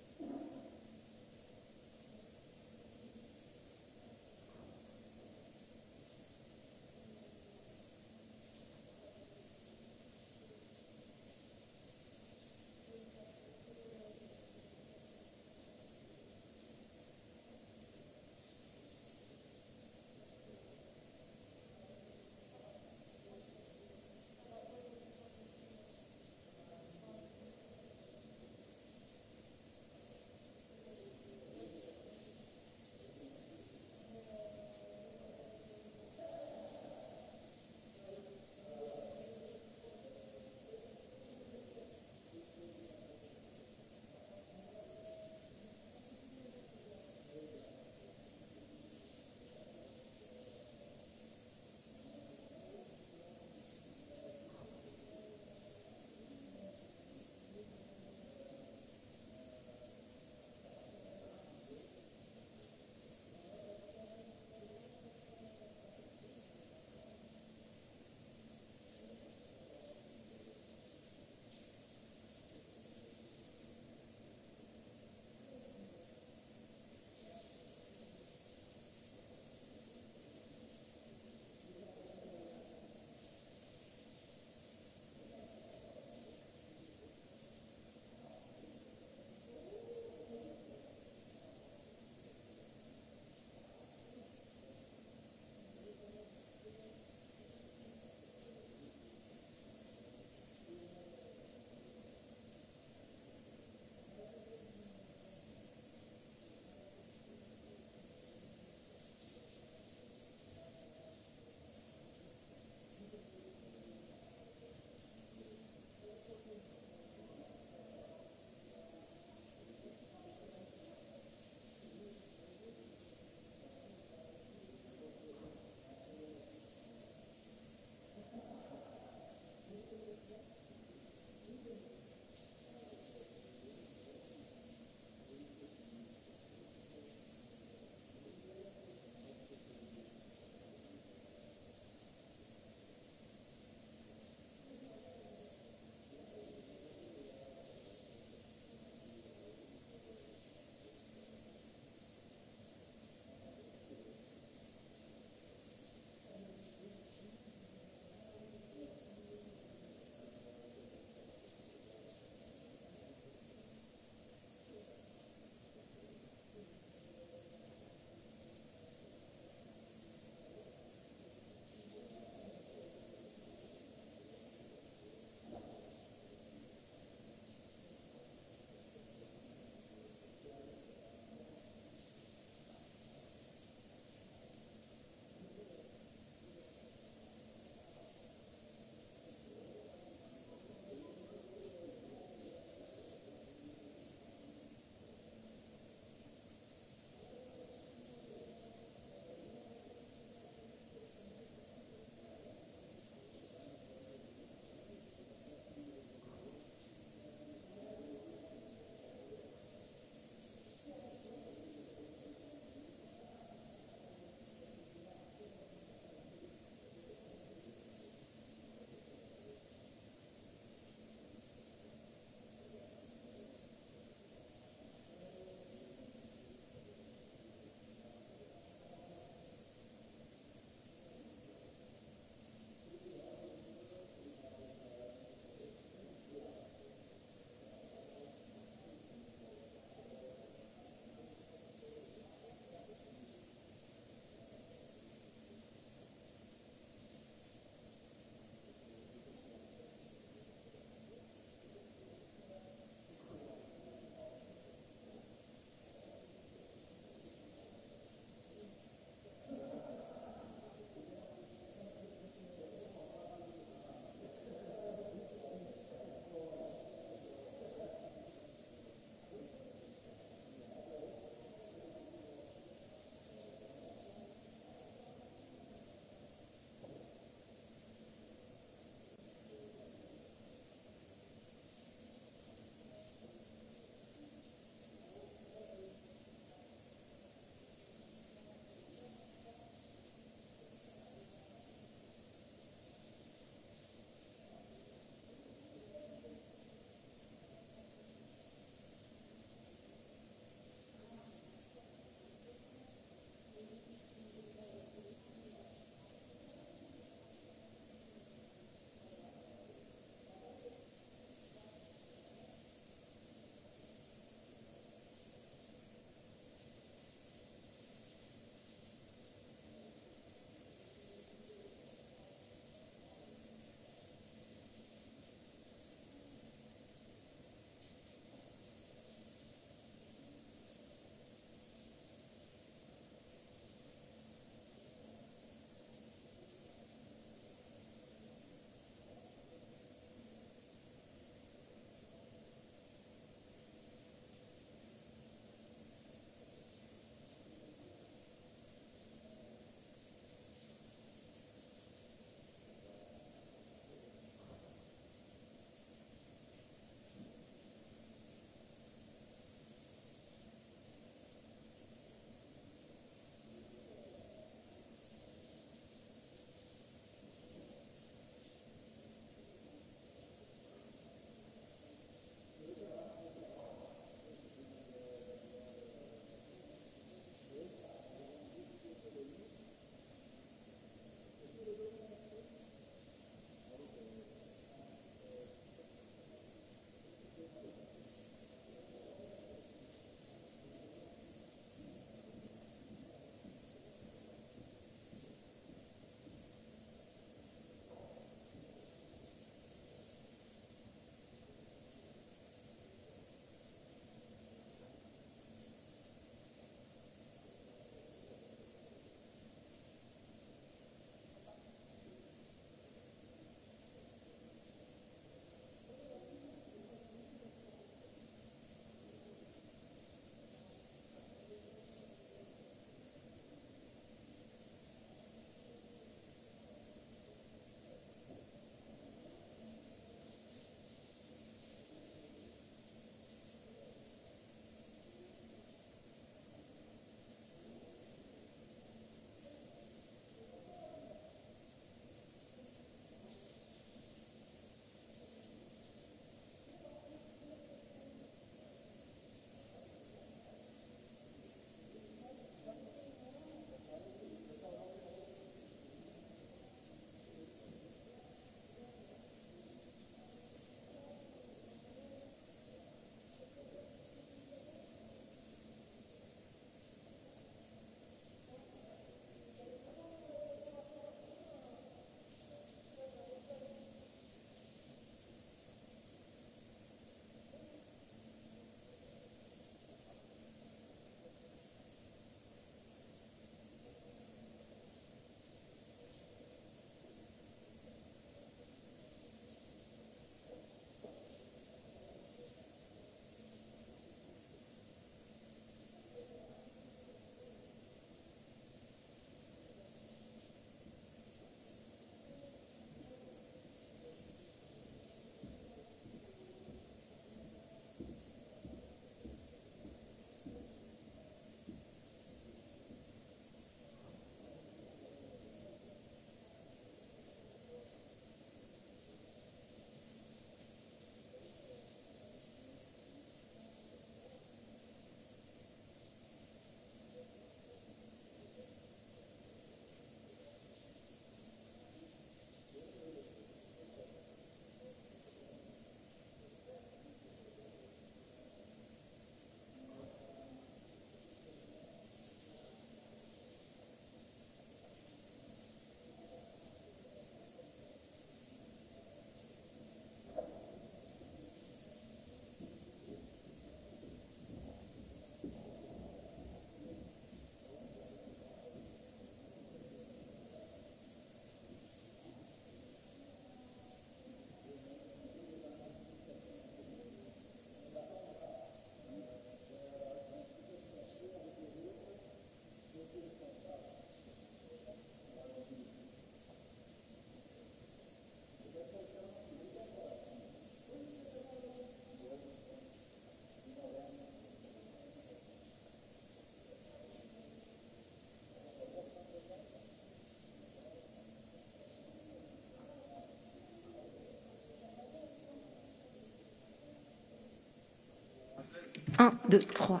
1, 2, 3.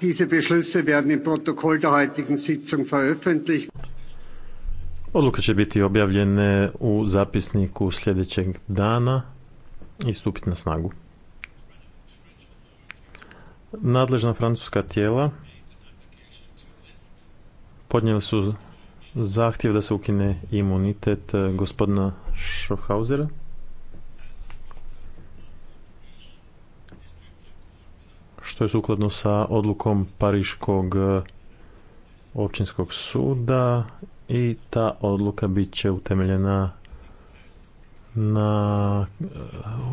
Diese Beschlüsse werden im Protokoll der heutigen Sitzung veröffentlicht. Odluke će biti objavljene u zapisniku sljedećeg dana i stupiti na snagu. Nadležna francuska tijela podnijeli su zahtjev da se ukine imunitet eh, gospodina Schaffhausera. je sukladno sa odlukom Pariškog e, općinskog suda i ta odluka bit će utemeljena na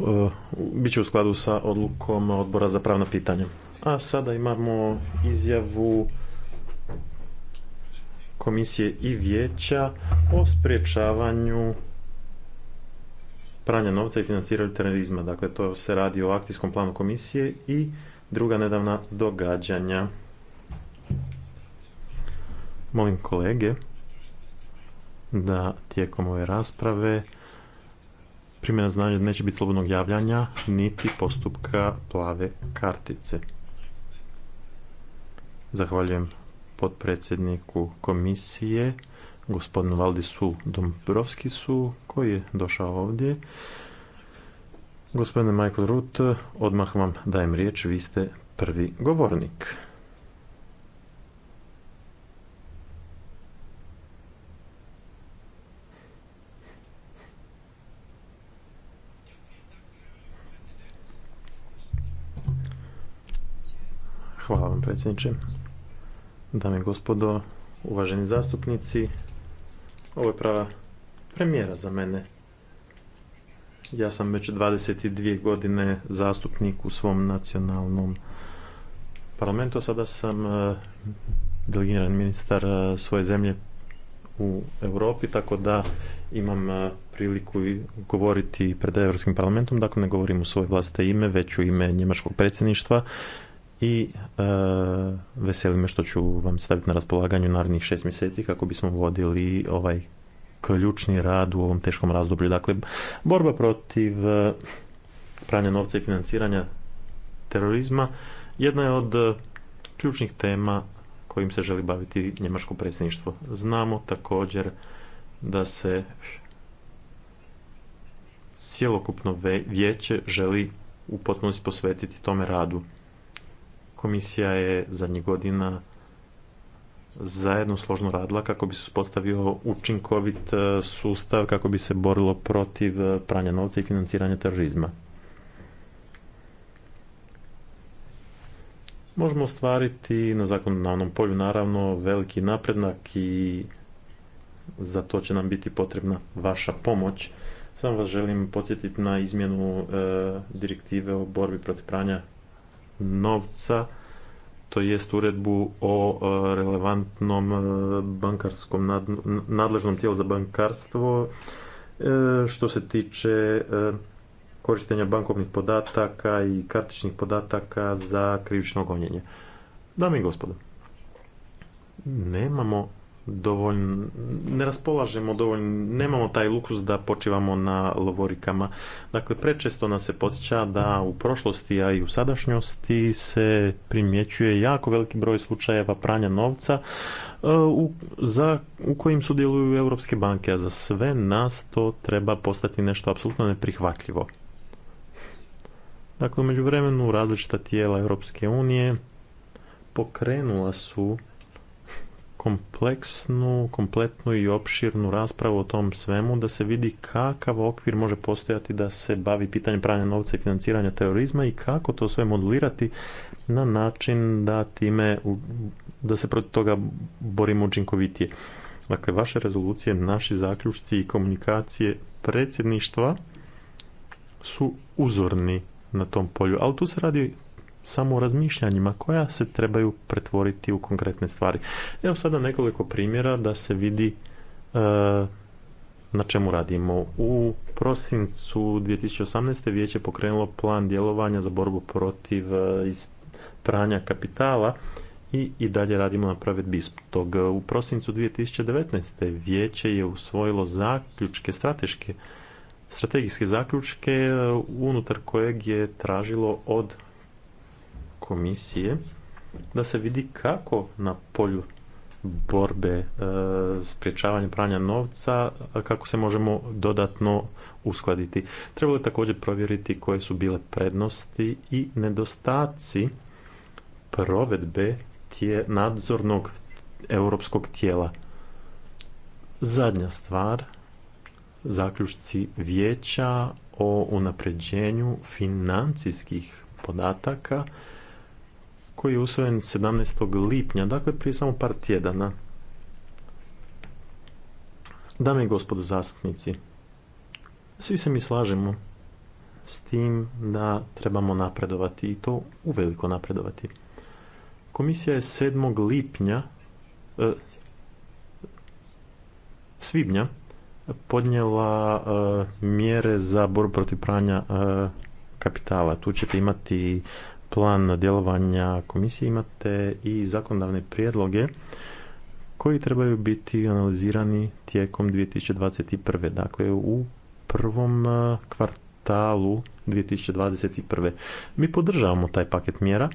e, bit će u skladu sa odlukom odbora za pravna pitanja. A sada imamo izjavu komisije i vijeća o spriječavanju pranja novca i financiranju terorizma. Dakle, to se radi o akcijskom planu komisije i druga nedavna događanja. Molim kolege da tijekom ove rasprave primjena znanja da neće biti slobodnog javljanja niti postupka plave kartice. Zahvaljujem potpredsjedniku komisije, gospodinu Valdisu Dombrovskisu, koji je došao ovdje. Gospodine Michael Root, odmah vam dajem riječ, vi ste prvi govornik. Hvala vam predsjedniče. Dame i gospodo, uvaženi zastupnici, ovo je prava premijera za mene ja sam već 22 godine zastupnik u svom nacionalnom parlamentu, a sada sam e, delegiran ministar e, svoje zemlje u Europi, tako da imam e, priliku govoriti pred Europskim parlamentom, dakle ne govorim u svoje vlastite ime, već u ime njemačkog predsjedništva i veselim veseli me što ću vam staviti na raspolaganju narednih šest mjeseci kako bismo vodili ovaj ključni rad u ovom teškom razdoblju. Dakle, borba protiv e, pranja novca i financiranja terorizma jedna je od e, ključnih tema kojim se želi baviti njemačko predsjedništvo. Znamo također da se cjelokupno vijeće želi u potpunosti posvetiti tome radu. Komisija je zadnjih godina zajedno složno radila kako bi se uspostavio učinkovit e, sustav kako bi se borilo protiv e, pranja novca i financiranja terorizma. Možemo ostvariti na zakonodavnom polju naravno veliki napredak i za to će nam biti potrebna vaša pomoć. Samo vas želim podsjetiti na izmjenu e, direktive o borbi protiv pranja novca to jest uredbu o e, relevantnom e, bankarskom nadležnom tijelu za bankarstvo e, što se tiče korištenja bankovnih podataka i kartičnih podataka za krivično gonjenje. Dame i gospodo, nemamo dovoljno, ne raspolažemo dovoljno, nemamo taj lukus da počivamo na lovorikama. Dakle, prečesto nas se podsjeća da u prošlosti, a i u sadašnjosti se primjećuje jako veliki broj slučajeva pranja novca e, u, za, kojim sudjeluju europske banke, a za sve nas to treba postati nešto apsolutno neprihvatljivo. Dakle, u vremenu različita tijela Europske unije pokrenula su kompleksnu, kompletnu i opširnu raspravu o tom svemu, da se vidi kakav okvir može postojati da se bavi pitanjem pranja novca i financiranja terorizma i kako to sve modulirati na način da time, da se protiv toga borimo učinkovitije. Dakle, vaše rezolucije, naši zaključci i komunikacije predsjedništva su uzorni na tom polju, ali tu se radi samo razmišljanjima koja se trebaju pretvoriti u konkretne stvari. Evo sada nekoliko primjera da se vidi e, na čemu radimo. U prosincu 2018. vijeće pokrenulo plan djelovanja za borbu protiv e, pranja kapitala i, i dalje radimo na provedbi istog. U prosincu 2019. vijeće je usvojilo zaključke strateške strategijske zaključke e, unutar kojeg je tražilo od komisije da se vidi kako na polju borbe e, pranja novca kako se možemo dodatno uskladiti. Trebalo je također provjeriti koje su bile prednosti i nedostaci provedbe nadzornog europskog tijela. Zadnja stvar, zaključci vijeća o unapređenju financijskih podataka koji je usvojen 17. lipnja, dakle prije samo par tjedana. Dame i gospodo zastupnici, svi se mi slažemo s tim da trebamo napredovati i to uveliko napredovati. Komisija je 7. lipnja, e, svibnja, podnijela e, mjere za borbu protiv pranja e, kapitala. Tu ćete imati plan djelovanja komisije imate i zakonodavne prijedloge koji trebaju biti analizirani tijekom 2021. Dakle, u prvom e, kvartalu 2021. Mi podržavamo taj paket mjera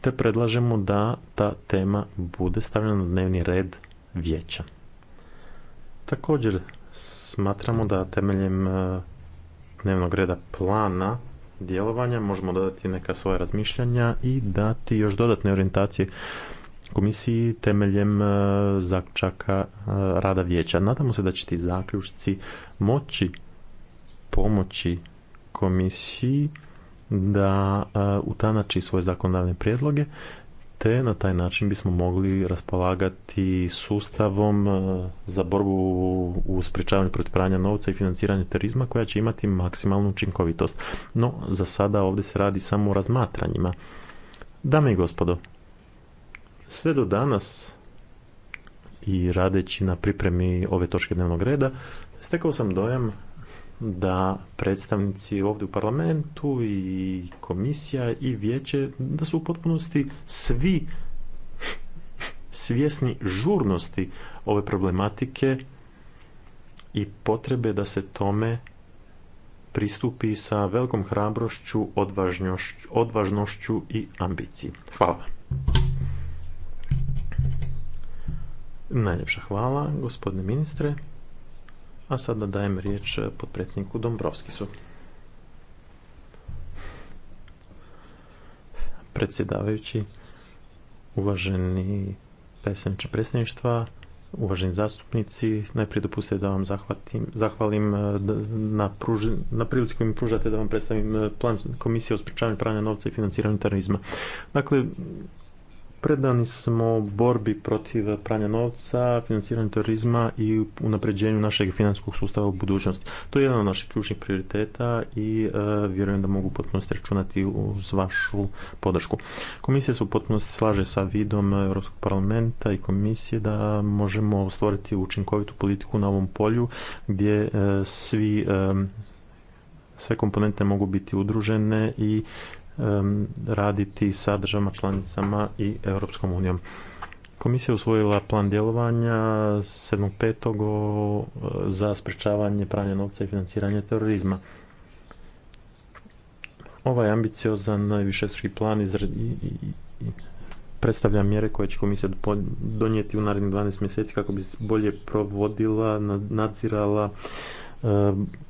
te predlažemo da ta tema bude stavljena na dnevni red vijeća. Također smatramo da temeljem e, dnevnog reda plana djelovanja, možemo dodati neka svoja razmišljanja i dati još dodatne orijentacije komisiji temeljem e, zaključaka e, rada vijeća. Nadamo se da će ti zaključci moći pomoći komisiji da e, utanači svoje zakonodavne prijedloge te na taj način bismo mogli raspolagati sustavom e, za borbu u sprečavanju protiv pranja novca i financiranja terorizma koja će imati maksimalnu učinkovitost. No, za sada ovdje se radi samo o razmatranjima. Dame i gospodo, sve do danas i radeći na pripremi ove točke dnevnog reda, stekao sam dojam da predstavnici ovdje u parlamentu i komisija i vijeće da su u potpunosti svi svjesni žurnosti ove problematike i potrebe da se tome pristupi sa velikom hrabrošću, odvažnošću i ambiciji. Hvala. Najljepša hvala, gospodine ministre. A sada dajem riječ eh, potpredsjedniku Dombrovskisu. Predsjedavajući, uvaženi predsjedniče predsjedništva, uvaženi zastupnici, najprije dopustite da vam zahvalim eh, na, pruž, na prilici koju mi pružate da vam predstavim eh, plan Komisije o sprečavanju pranja novca i financiranju terorizma. Dakle, Predani smo borbi protiv pranja novca, financiranja terorizma i unapređenju našeg financijskog sustava u budućnosti. To je jedan od naših ključnih prioriteta i e, vjerujem da mogu potpunosti računati uz vašu podršku. Komisija se u potpunosti slaže sa vidom Europskog parlamenta i komisije da možemo stvoriti učinkovitu politiku na ovom polju gdje e, svi e, sve komponente mogu biti udružene i raditi sa državama članicama i Europskom unijom. Komisija je usvojila plan djelovanja 7.5. za sprečavanje pranja novca i financiranje terorizma. Ovaj ambiciozan višestruški plan predstavlja mjere koje će komisija donijeti u narednih 12 mjeseci kako bi bolje provodila, nadzirala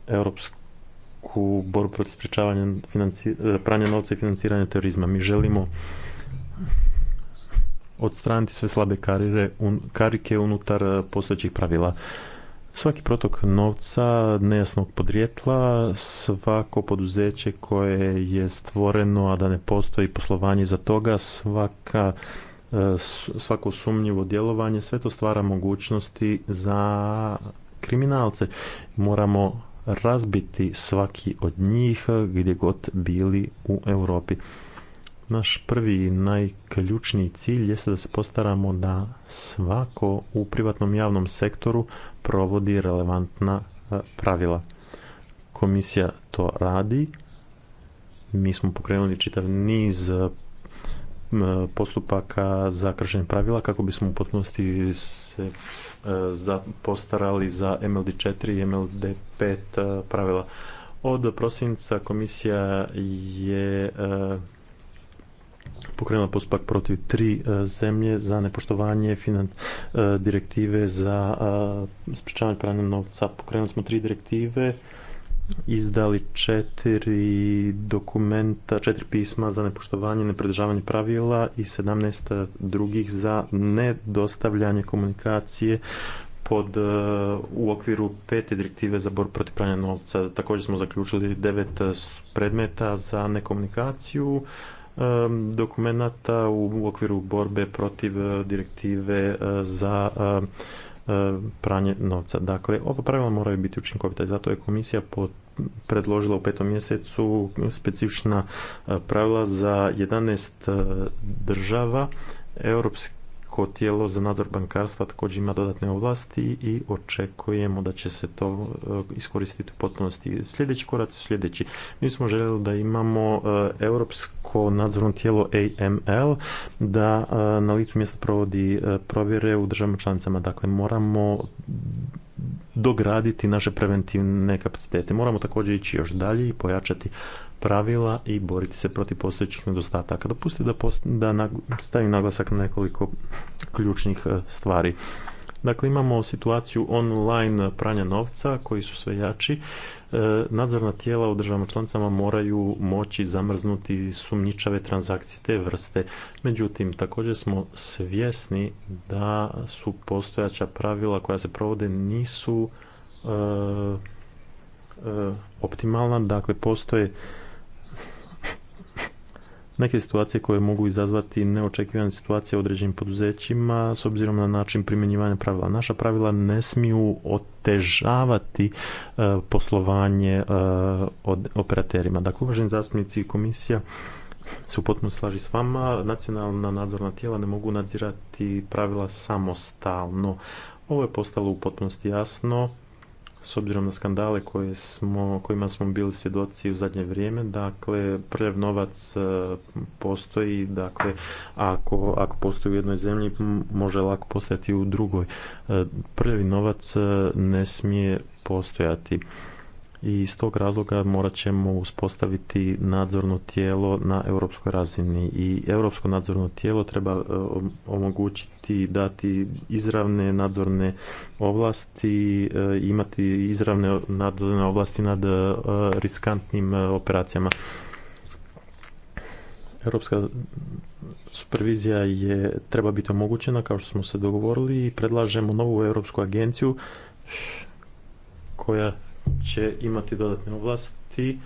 europsku u borbu protiv sprečavanja e, pranja novca i financiranja terorizma. Mi želimo odstraniti sve slabe karire, un, karike unutar e, postojećih pravila. Svaki protok novca nejasnog podrijetla, svako poduzeće koje je stvoreno, a da ne postoji poslovanje za toga, svaka, e, svako sumnjivo djelovanje, sve to stvara mogućnosti za kriminalce. Moramo razbiti svaki od njih gdje god bili u Europi. Naš prvi i najključniji cilj jeste da se postaramo da svako u privatnom javnom sektoru provodi relevantna e, pravila. Komisija to radi. Mi smo pokrenuli čitav niz e, postupaka za kršenje pravila kako bismo u potpunosti se E, za postarali za MLD4 i MLD5 e, pravila. Od prosinca komisija je e, pokrenula postupak protiv tri zemlje za nepoštovanje direktive za sprečavanje pranja novca. Pokrenuli smo tri direktive izdali četiri dokumenta, četiri pisma za nepoštovanje, nepridržavanje pravila i 17 drugih za nedostavljanje komunikacije pod, e, u okviru pete direktive za borbu protiv pranja novca. Također smo zaključili devet predmeta za nekomunikaciju e, dokumenata u okviru borbe protiv e, direktive za E, pranje novca. Dakle, ova pravila moraju biti učinkovita i zato je komisija predložila u petom mjesecu specifična e, pravila za 11 e, država europske Ko tijelo za nadzor bankarstva također ima dodatne ovlasti i očekujemo da će se to e, iskoristiti u potpunosti. Sljedeći korac je sljedeći. Mi smo željeli da imamo e, Europsko nadzorno tijelo AML da e, na licu mjesta provodi provjere u državama članicama. Dakle, moramo dograditi naše preventivne kapacitete. Moramo također ići još dalje i pojačati pravila i boriti se protiv postojećih nedostataka. Dopustite da, da stavim naglasak na nekoliko ključnih e, stvari. Dakle, imamo situaciju online pranja novca koji su sve jači. E, nadzorna tijela u državama članicama moraju moći zamrznuti sumnjičave transakcije te vrste. Međutim, također smo svjesni da su postojaća pravila koja se provode nisu e, optimalna. Dakle, postoje neke situacije koje mogu izazvati neočekivane situacije u određenim poduzećima s obzirom na način primjenjivanja pravila. Naša pravila ne smiju otežavati e, poslovanje e, od operaterima. Dakle, uvaženi zastupnici komisija se u potpuno slaži s vama. Nacionalna nadzorna tijela ne mogu nadzirati pravila samostalno. Ovo je postalo u potpunosti jasno s obzirom na skandale koje smo, kojima smo bili svjedoci u zadnje vrijeme, dakle, prljav novac e, postoji, dakle, ako, ako postoji u jednoj zemlji, može lako postojati u drugoj. E, prljavi novac e, ne smije postojati i iz tog razloga morat ćemo uspostaviti nadzorno tijelo na europskoj razini i europsko nadzorno tijelo treba e, omogućiti dati izravne nadzorne ovlasti e, imati izravne nadzorne ovlasti nad e, riskantnim operacijama Europska supervizija je treba biti omogućena kao što smo se dogovorili i predlažemo novu europsku agenciju koja će imati dodatne ovlasti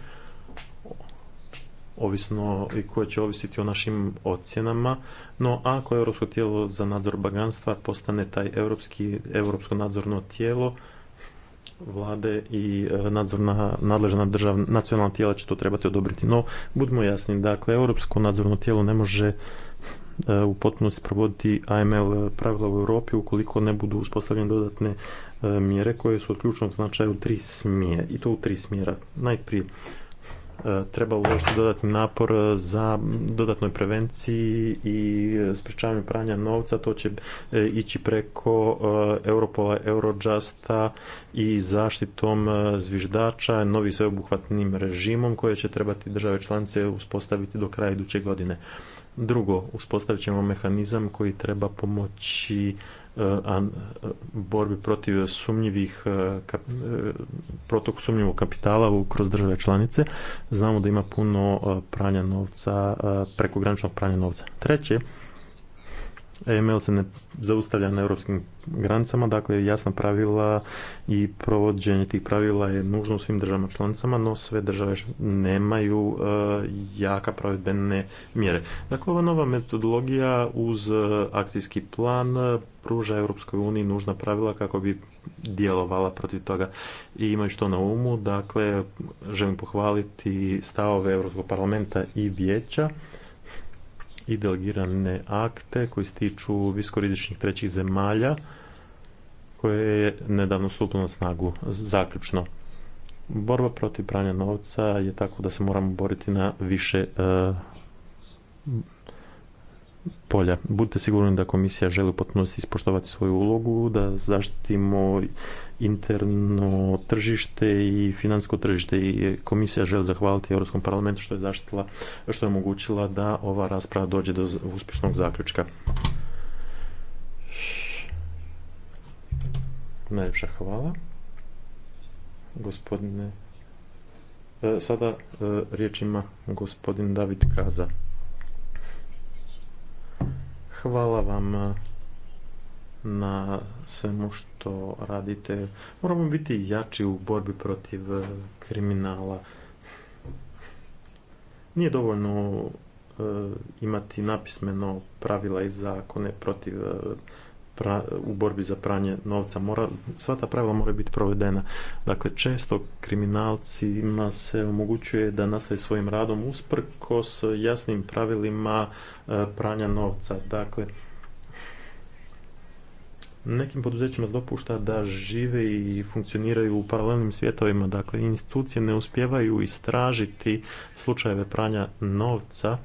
ovisno i koje će ovisiti o našim ocjenama, no ako Europsko tijelo za nadzor baganstva postane taj europski, europsko nadzorno tijelo, vlade i e, nadzorna, nadležna država nacionalna tijela će to trebati odobriti. No, budimo jasni, dakle, europsko nadzorno tijelo ne može e, u potpunosti provoditi AML pravila u Europi ukoliko ne budu uspostavljene dodatne E, mjere koje su od ključnog značaja u tri smjera, i to u tri smjera. Najprije e, treba uložiti dodatni napor za dodatnoj prevenciji i sprečavanju pranja novca, to će e, ići preko Europola, Eurojusta i zaštitom zviždača, novi sveobuhvatnim režimom koje će trebati države članice uspostaviti do kraja iduće godine. Drugo, uspostavit ćemo mehanizam koji treba pomoći borbi protiv sumnjivih e, protoku sumnjivog kapitala kroz države članice. Znamo da ima puno pranja novca, prekograničnog pranja novca. Treće, EML se ne zaustavlja na europskim granicama, dakle jasna pravila i provođenje tih pravila je nužno u svim državama članicama, no sve države nemaju e, jaka provedbene mjere. Dakle, ova nova metodologija uz e, akcijski plan e, pruža Europskoj uniji nužna pravila kako bi djelovala protiv toga. I imaju što na umu, dakle, želim pohvaliti stavove Europskog parlamenta i vijeća i delegirane akte koji se tiču viskorizičnih trećih zemalja koje je nedavno stupilo na snagu zaključno. Borba protiv pranja novca je tako da se moramo boriti na više e, polja. Budite sigurni da komisija želi u potpunosti ispoštovati svoju ulogu, da zaštitimo interno tržište i finansko tržište i komisija želi zahvaliti Europskom parlamentu što je zaštitila, što je omogućila da ova rasprava dođe do uspješnog zaključka. Najljepša hvala. Gospodine e, Sada e, riječ ima gospodin David Kaza. Hvala vam eh, na svemu što radite. Moramo biti jači u borbi protiv eh, kriminala. Nije dovoljno eh, imati napismeno pravila i zakone protiv u borbi za pranje novca. Mora, sva ta pravila mora biti provedena. Dakle, često kriminalcima se omogućuje da nastaje svojim radom usprkos jasnim pravilima e, pranja novca. Dakle, nekim poduzećima se dopušta da žive i funkcioniraju u paralelnim svjetovima. Dakle, institucije ne uspijevaju istražiti slučajeve pranja novca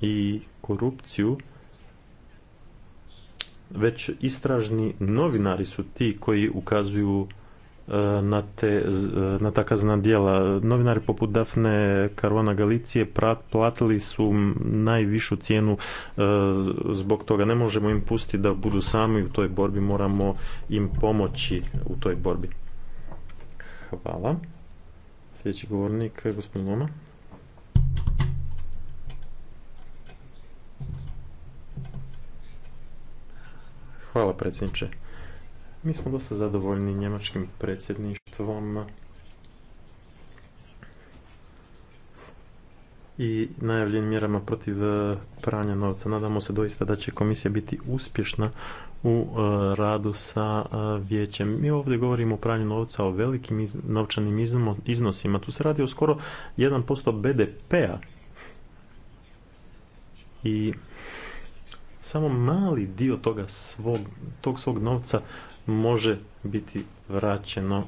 i korupciju već istražni novinari su ti koji ukazuju e, na, te, e, na ta kazna djela. Novinari poput Dafne Karona Galicije platili su najvišu cijenu e, zbog toga. Ne možemo im pustiti da budu sami u toj borbi, moramo im pomoći u toj borbi. Hvala. Sljedeći govornik je gospodin Loma. Hvala predsjedniče. Mi smo dosta zadovoljni njemačkim predsjedništvom i najavljenim mjerama protiv e, pranja novca. Nadamo se doista da će komisija biti uspješna u e, radu sa e, vijećem. Mi ovdje govorimo o pranju novca, o velikim novčanim iznosima. Tu se radi o skoro 1% BDP-a. I samo mali dio toga svog, tog svog novca može biti vraćeno.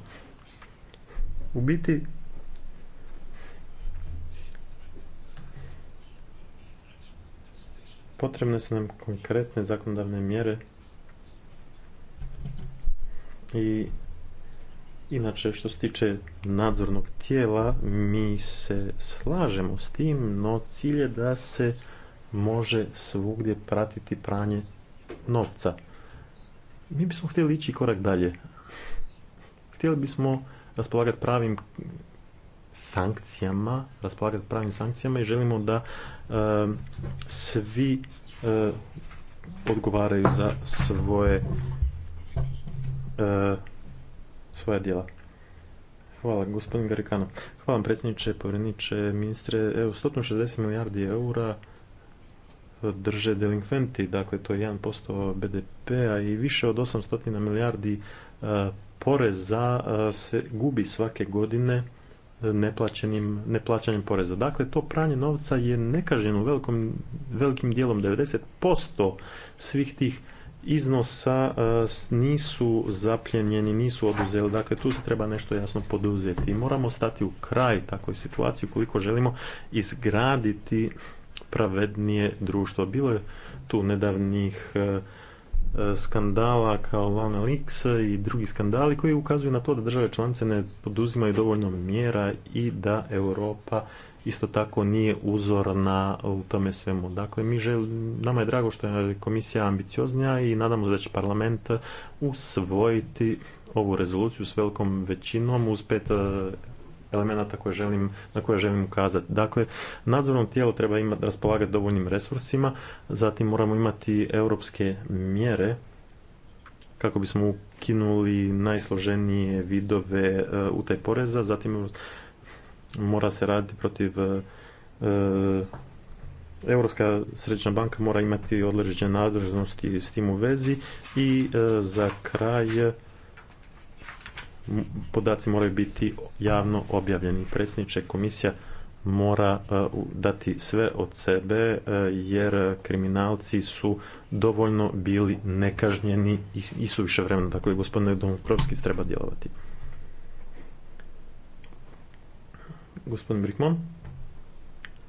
U biti potrebne su nam konkretne zakonodavne mjere i inače što se tiče nadzornog tijela mi se slažemo s tim, no cilj je da se može svugdje pratiti pranje novca. Mi bismo htjeli ići korak dalje. Htjeli bismo raspolagati pravim sankcijama, raspolagati pravim sankcijama i želimo da svi odgovaraju za svoje e, svoja djela. Hvala, gospodin Garikano. Hvala vam predsjedniče, povjereniče, ministre. Evo, 160 milijardi eura drže delinkventi, dakle to je 1% BDP-a i više od 800 milijardi e, poreza e, se gubi svake godine neplaćanjem poreza. Dakle, to pranje novca je nekaženo velikim dijelom, 90% svih tih iznosa e, nisu zapljenjeni, nisu oduzeli. Dakle, tu se treba nešto jasno poduzeti. Moramo stati u kraj takvoj situaciji koliko želimo izgraditi pravednije društvo. Bilo je tu nedavnih e, e, skandala kao Lana i drugi skandali koji ukazuju na to da države članice ne poduzimaju dovoljno mjera i da Europa isto tako nije uzor na u tome svemu. Dakle, mi žel, nama je drago što je komisija ambicioznija i nadamo se da će parlament usvojiti ovu rezoluciju s velikom većinom uz pet e, elemenata koje želim, na koje želim ukazati. Dakle, nadzorno tijelo treba imati, raspolagati dovoljnim resursima, zatim moramo imati europske mjere kako bismo ukinuli najsloženije vidove e, utaj poreza, zatim mora se raditi protiv e, Europska središnja banka mora imati određene nadležnosti s tim u vezi i e, za kraj podaci moraju biti javno objavljeni. Predsjedniče komisija mora e, dati sve od sebe e, jer kriminalci su dovoljno bili nekažnjeni i su više vremena. Dakle, gospodine Domokrovski treba djelovati. Gospodin Brikmon,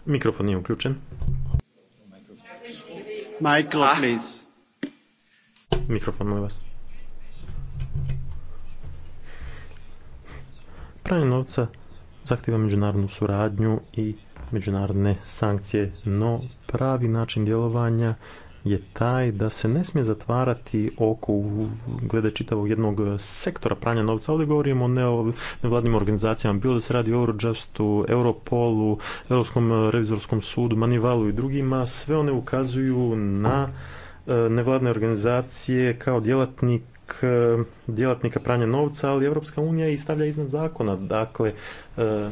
Mikrofon nije uključen. please. Mikrofon, molim vas. Pranje novca zahtjeva međunarodnu suradnju i međunarodne sankcije, no pravi način djelovanja je taj da se ne smije zatvarati oko glede čitavog jednog sektora pranja novca. Ovdje govorimo o nevladnim organizacijama, bilo da se radi o Eurojustu, Europolu, Europskom revizorskom sudu, Manivalu i drugima, sve one ukazuju na e, nevladne organizacije kao djelatnik E, djelatnika pranja novca, ali Europska unija i stavlja iznad zakona. Dakle, e,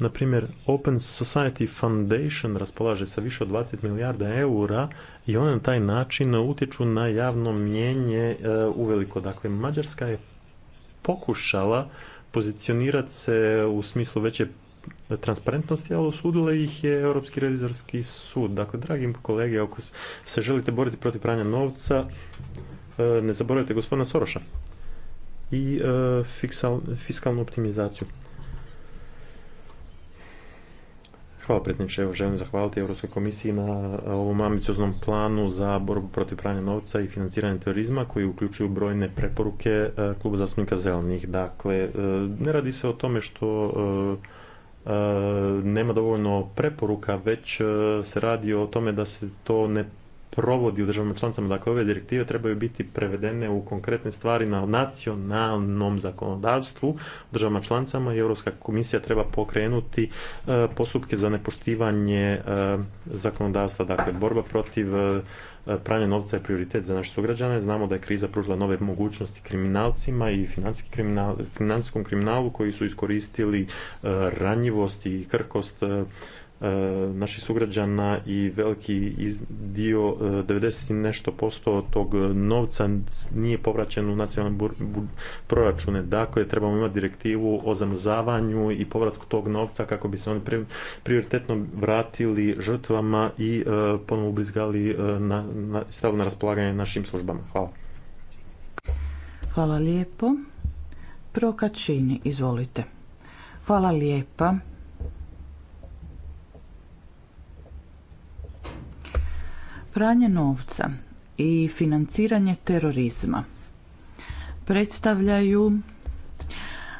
na primjer, Open Society Foundation raspolaže sa više od 20 milijarda eura i one na taj način utječu na javno mjenje u e, uveliko. Dakle, Mađarska je pokušala pozicionirati se u smislu veće transparentnosti, ali osudila ih je Europski revizorski sud. Dakle, dragi kolege, ako se želite boriti protiv pranja novca, e, ne zaboravite gospodina Soroša i e, fiskalnu optimizaciju. Hvala predsjedniče, evo želim zahvaliti Europskoj komisiji na e, ovom ambicioznom planu za borbu protiv pranja novca i financiranja terorizma koji uključuju brojne preporuke kluba zastupnika zelenih. Dakle, ne radi se o tome što E, nema dovoljno preporuka, već e, se radi o tome da se to ne provodi u državama članicama. Dakle, ove direktive trebaju biti prevedene u konkretne stvari na nacionalnom zakonodavstvu u državama članicama i Europska komisija treba pokrenuti e, postupke za nepoštivanje zakonodavstva. Dakle, borba protiv E, pranje novca je prioritet za naše sugrađane. Znamo da je kriza pružila nove mogućnosti kriminalcima i financijskom kriminalu koji su iskoristili e, ranjivost i krhkost e, E, naših sugrađana i veliki dio 90 e, nešto posto tog novca nije povraćen u nacionalne proračune. Dakle, trebamo imati direktivu o zamrzavanju i povratku tog novca kako bi se oni prioritetno vratili žrtvama i e, ponovno ubrizgali na, na, stavu na raspolaganje našim službama. Hvala. Hvala lijepo. Prokačini, izvolite. Hvala lijepa. Pranje novca i financiranje terorizma predstavljaju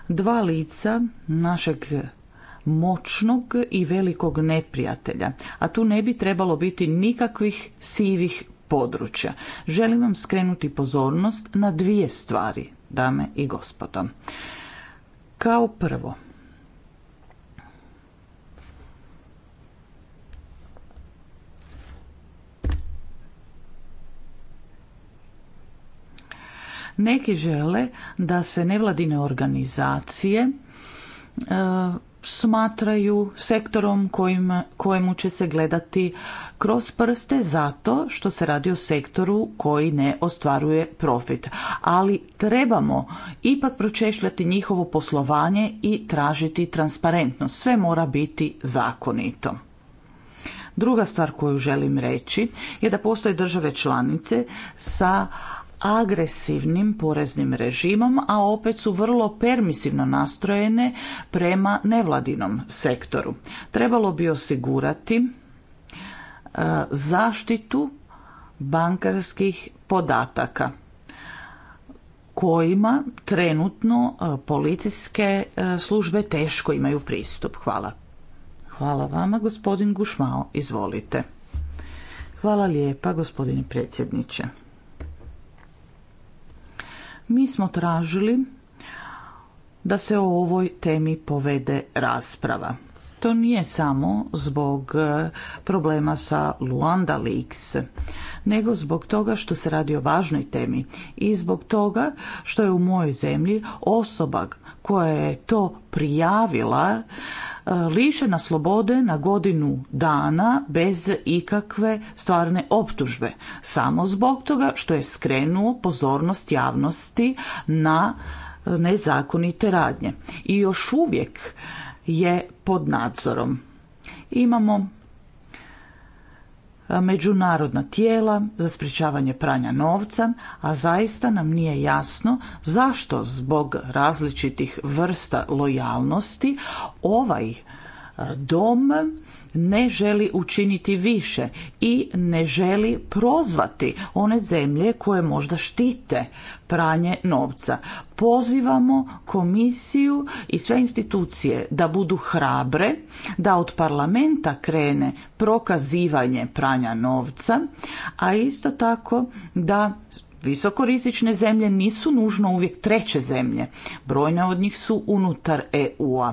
dva lica našeg moćnog i velikog neprijatelja, a tu ne bi trebalo biti nikakvih sivih područja. Želim vam skrenuti pozornost na dvije stvari, dame i gospodo. Kao prvo, Neki žele da se nevladine organizacije e, smatraju sektorom kojim, kojemu će se gledati kroz prste zato što se radi o sektoru koji ne ostvaruje profit. Ali trebamo ipak pročešljati njihovo poslovanje i tražiti transparentnost. Sve mora biti zakonito. Druga stvar koju želim reći je da postoje države članice sa agresivnim poreznim režimom, a opet su vrlo permisivno nastrojene prema nevladinom sektoru. Trebalo bi osigurati e, zaštitu bankarskih podataka kojima trenutno e, policijske e, službe teško imaju pristup. Hvala. Hvala vama, gospodin Gušmao. Izvolite. Hvala lijepa, gospodine predsjedniče. Mi smo tražili da se o ovoj temi povede rasprava. To nije samo zbog e, problema sa Luanda Leaks, nego zbog toga što se radi o važnoj temi i zbog toga što je u mojoj zemlji osoba koja je to prijavila E, lišena slobode na godinu dana bez ikakve stvarne optužbe samo zbog toga što je skrenuo pozornost javnosti na nezakonite radnje i još uvijek je pod nadzorom. Imamo međunarodna tijela za sprječavanje pranja novca, a zaista nam nije jasno zašto zbog različitih vrsta lojalnosti ovaj dom ne želi učiniti više i ne želi prozvati one zemlje koje možda štite pranje novca. Pozivamo komisiju i sve institucije da budu hrabre, da od parlamenta krene prokazivanje pranja novca, a isto tako da Visokorizične zemlje nisu nužno uvijek treće zemlje. Brojne od njih su unutar EU-a.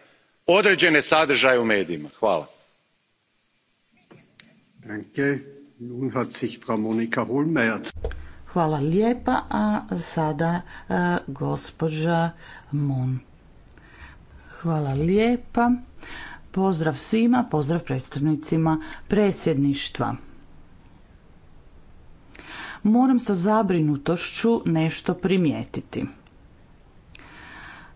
određene sadržaje u medijima. hvala. lijepa, a sada e, gospođa Mun. Hvala lijepa. Pozdrav svima, pozdrav predstavnicima predsjedništva. Moram sa zabrinutošću nešto primijetiti.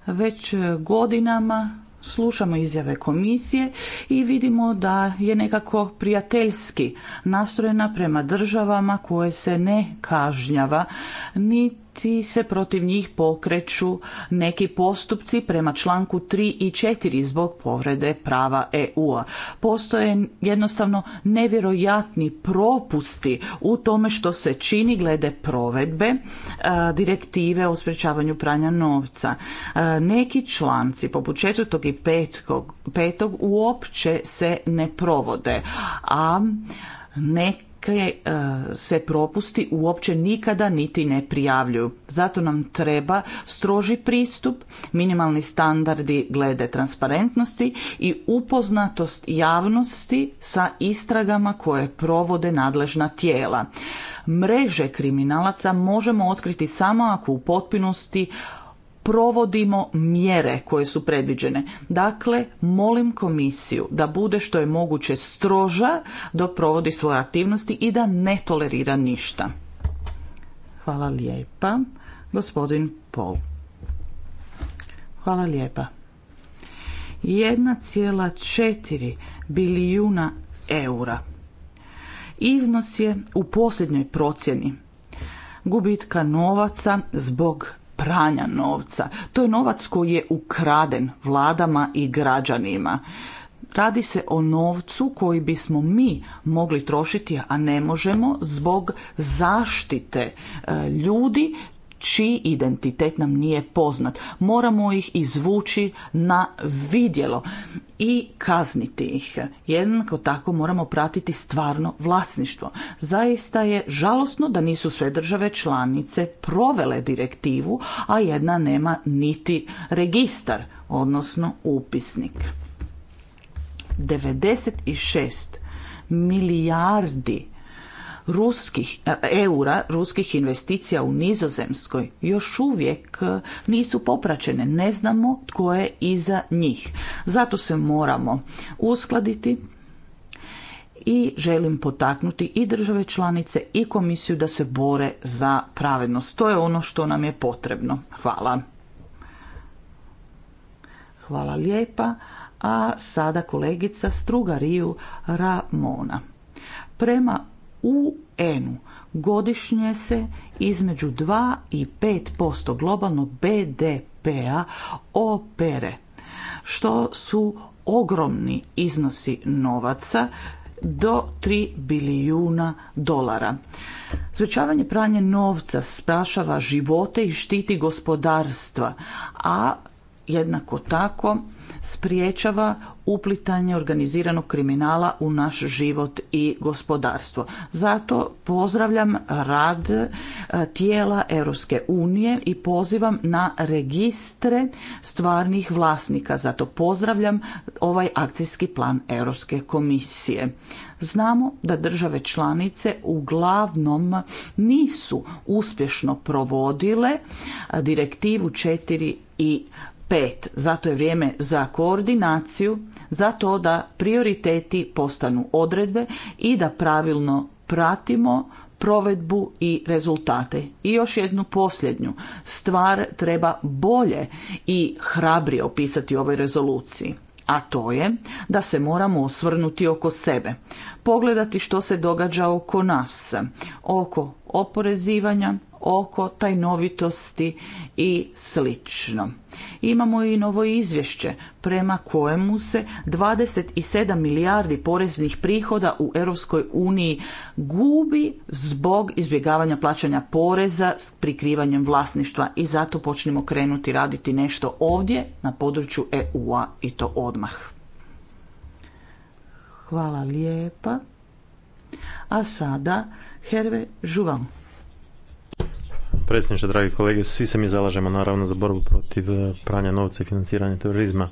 Već godinama slušamo izjave komisije i vidimo da je nekako prijateljski nastrojena prema državama koje se ne kažnjava niti se protiv njih pokreću neki postupci prema članku 3 i 4 zbog povrede prava EU-a. Postoje jednostavno nevjerojatni propusti u tome što se čini glede provedbe e, direktive o sprečavanju pranja novca. E, neki članci poput četvrtog i petog uopće se ne provode, a ne Dakle, e, se propusti uopće nikada niti ne prijavljuju. Zato nam treba stroži pristup, minimalni standardi glede transparentnosti i upoznatost javnosti sa istragama koje provode nadležna tijela. Mreže kriminalaca možemo otkriti samo ako u potpunosti provodimo mjere koje su predviđene. Dakle, molim komisiju da bude što je moguće stroža dok provodi svoje aktivnosti i da ne tolerira ništa. Hvala lijepa. Gospodin Pol. Hvala lijepa. 1,4 bilijuna eura. Iznos je u posljednjoj procjeni gubitka novaca zbog pranja novca. To je novac koji je ukraden vladama i građanima. Radi se o novcu koji bismo mi mogli trošiti, a ne možemo zbog zaštite e, ljudi čiji identitet nam nije poznat. Moramo ih izvući na vidjelo i kazniti ih. Jednako tako moramo pratiti stvarno vlasništvo. Zaista je žalosno da nisu sve države članice provele direktivu, a jedna nema niti registar, odnosno upisnik. 96 milijardi ruskih e, eura, ruskih investicija u Nizozemskoj još uvijek e, nisu popraćene. Ne znamo tko je iza njih. Zato se moramo uskladiti i želim potaknuti i države članice i komisiju da se bore za pravednost. To je ono što nam je potrebno. Hvala. Hvala lijepa. A sada kolegica Strugariju Ramona. Prema u ENU godišnje se između 2 i 5% globalnog BDP-a opere, što su ogromni iznosi novaca do 3 bilijuna dolara. Sprečavanje pranje novca sprašava živote i štiti gospodarstva, a jednako tako spriječava uplitanje organiziranog kriminala u naš život i gospodarstvo. Zato pozdravljam rad e, tijela Europske unije i pozivam na registre stvarnih vlasnika. Zato pozdravljam ovaj akcijski plan Europske komisije. Znamo da države članice uglavnom nisu uspješno provodile direktivu 4 i pet. Zato je vrijeme za koordinaciju, za to da prioriteti postanu odredbe i da pravilno pratimo provedbu i rezultate. I još jednu posljednju. Stvar treba bolje i hrabrije opisati u ovoj rezoluciji. A to je da se moramo osvrnuti oko sebe. Pogledati što se događa oko nas. Oko oporezivanja, oko tajnovitosti i slično. Imamo i novo izvješće prema kojemu se 27 milijardi poreznih prihoda u Europskoj uniji gubi zbog izbjegavanja plaćanja poreza s prikrivanjem vlasništva i zato počnemo krenuti raditi nešto ovdje na području EU-a i to odmah. Hvala lijepa. A sada Herve Žuvan predsjedniče, dragi kolege. Svi se mi zalažemo naravno za borbu protiv eh, pranja novca i financiranja terorizma.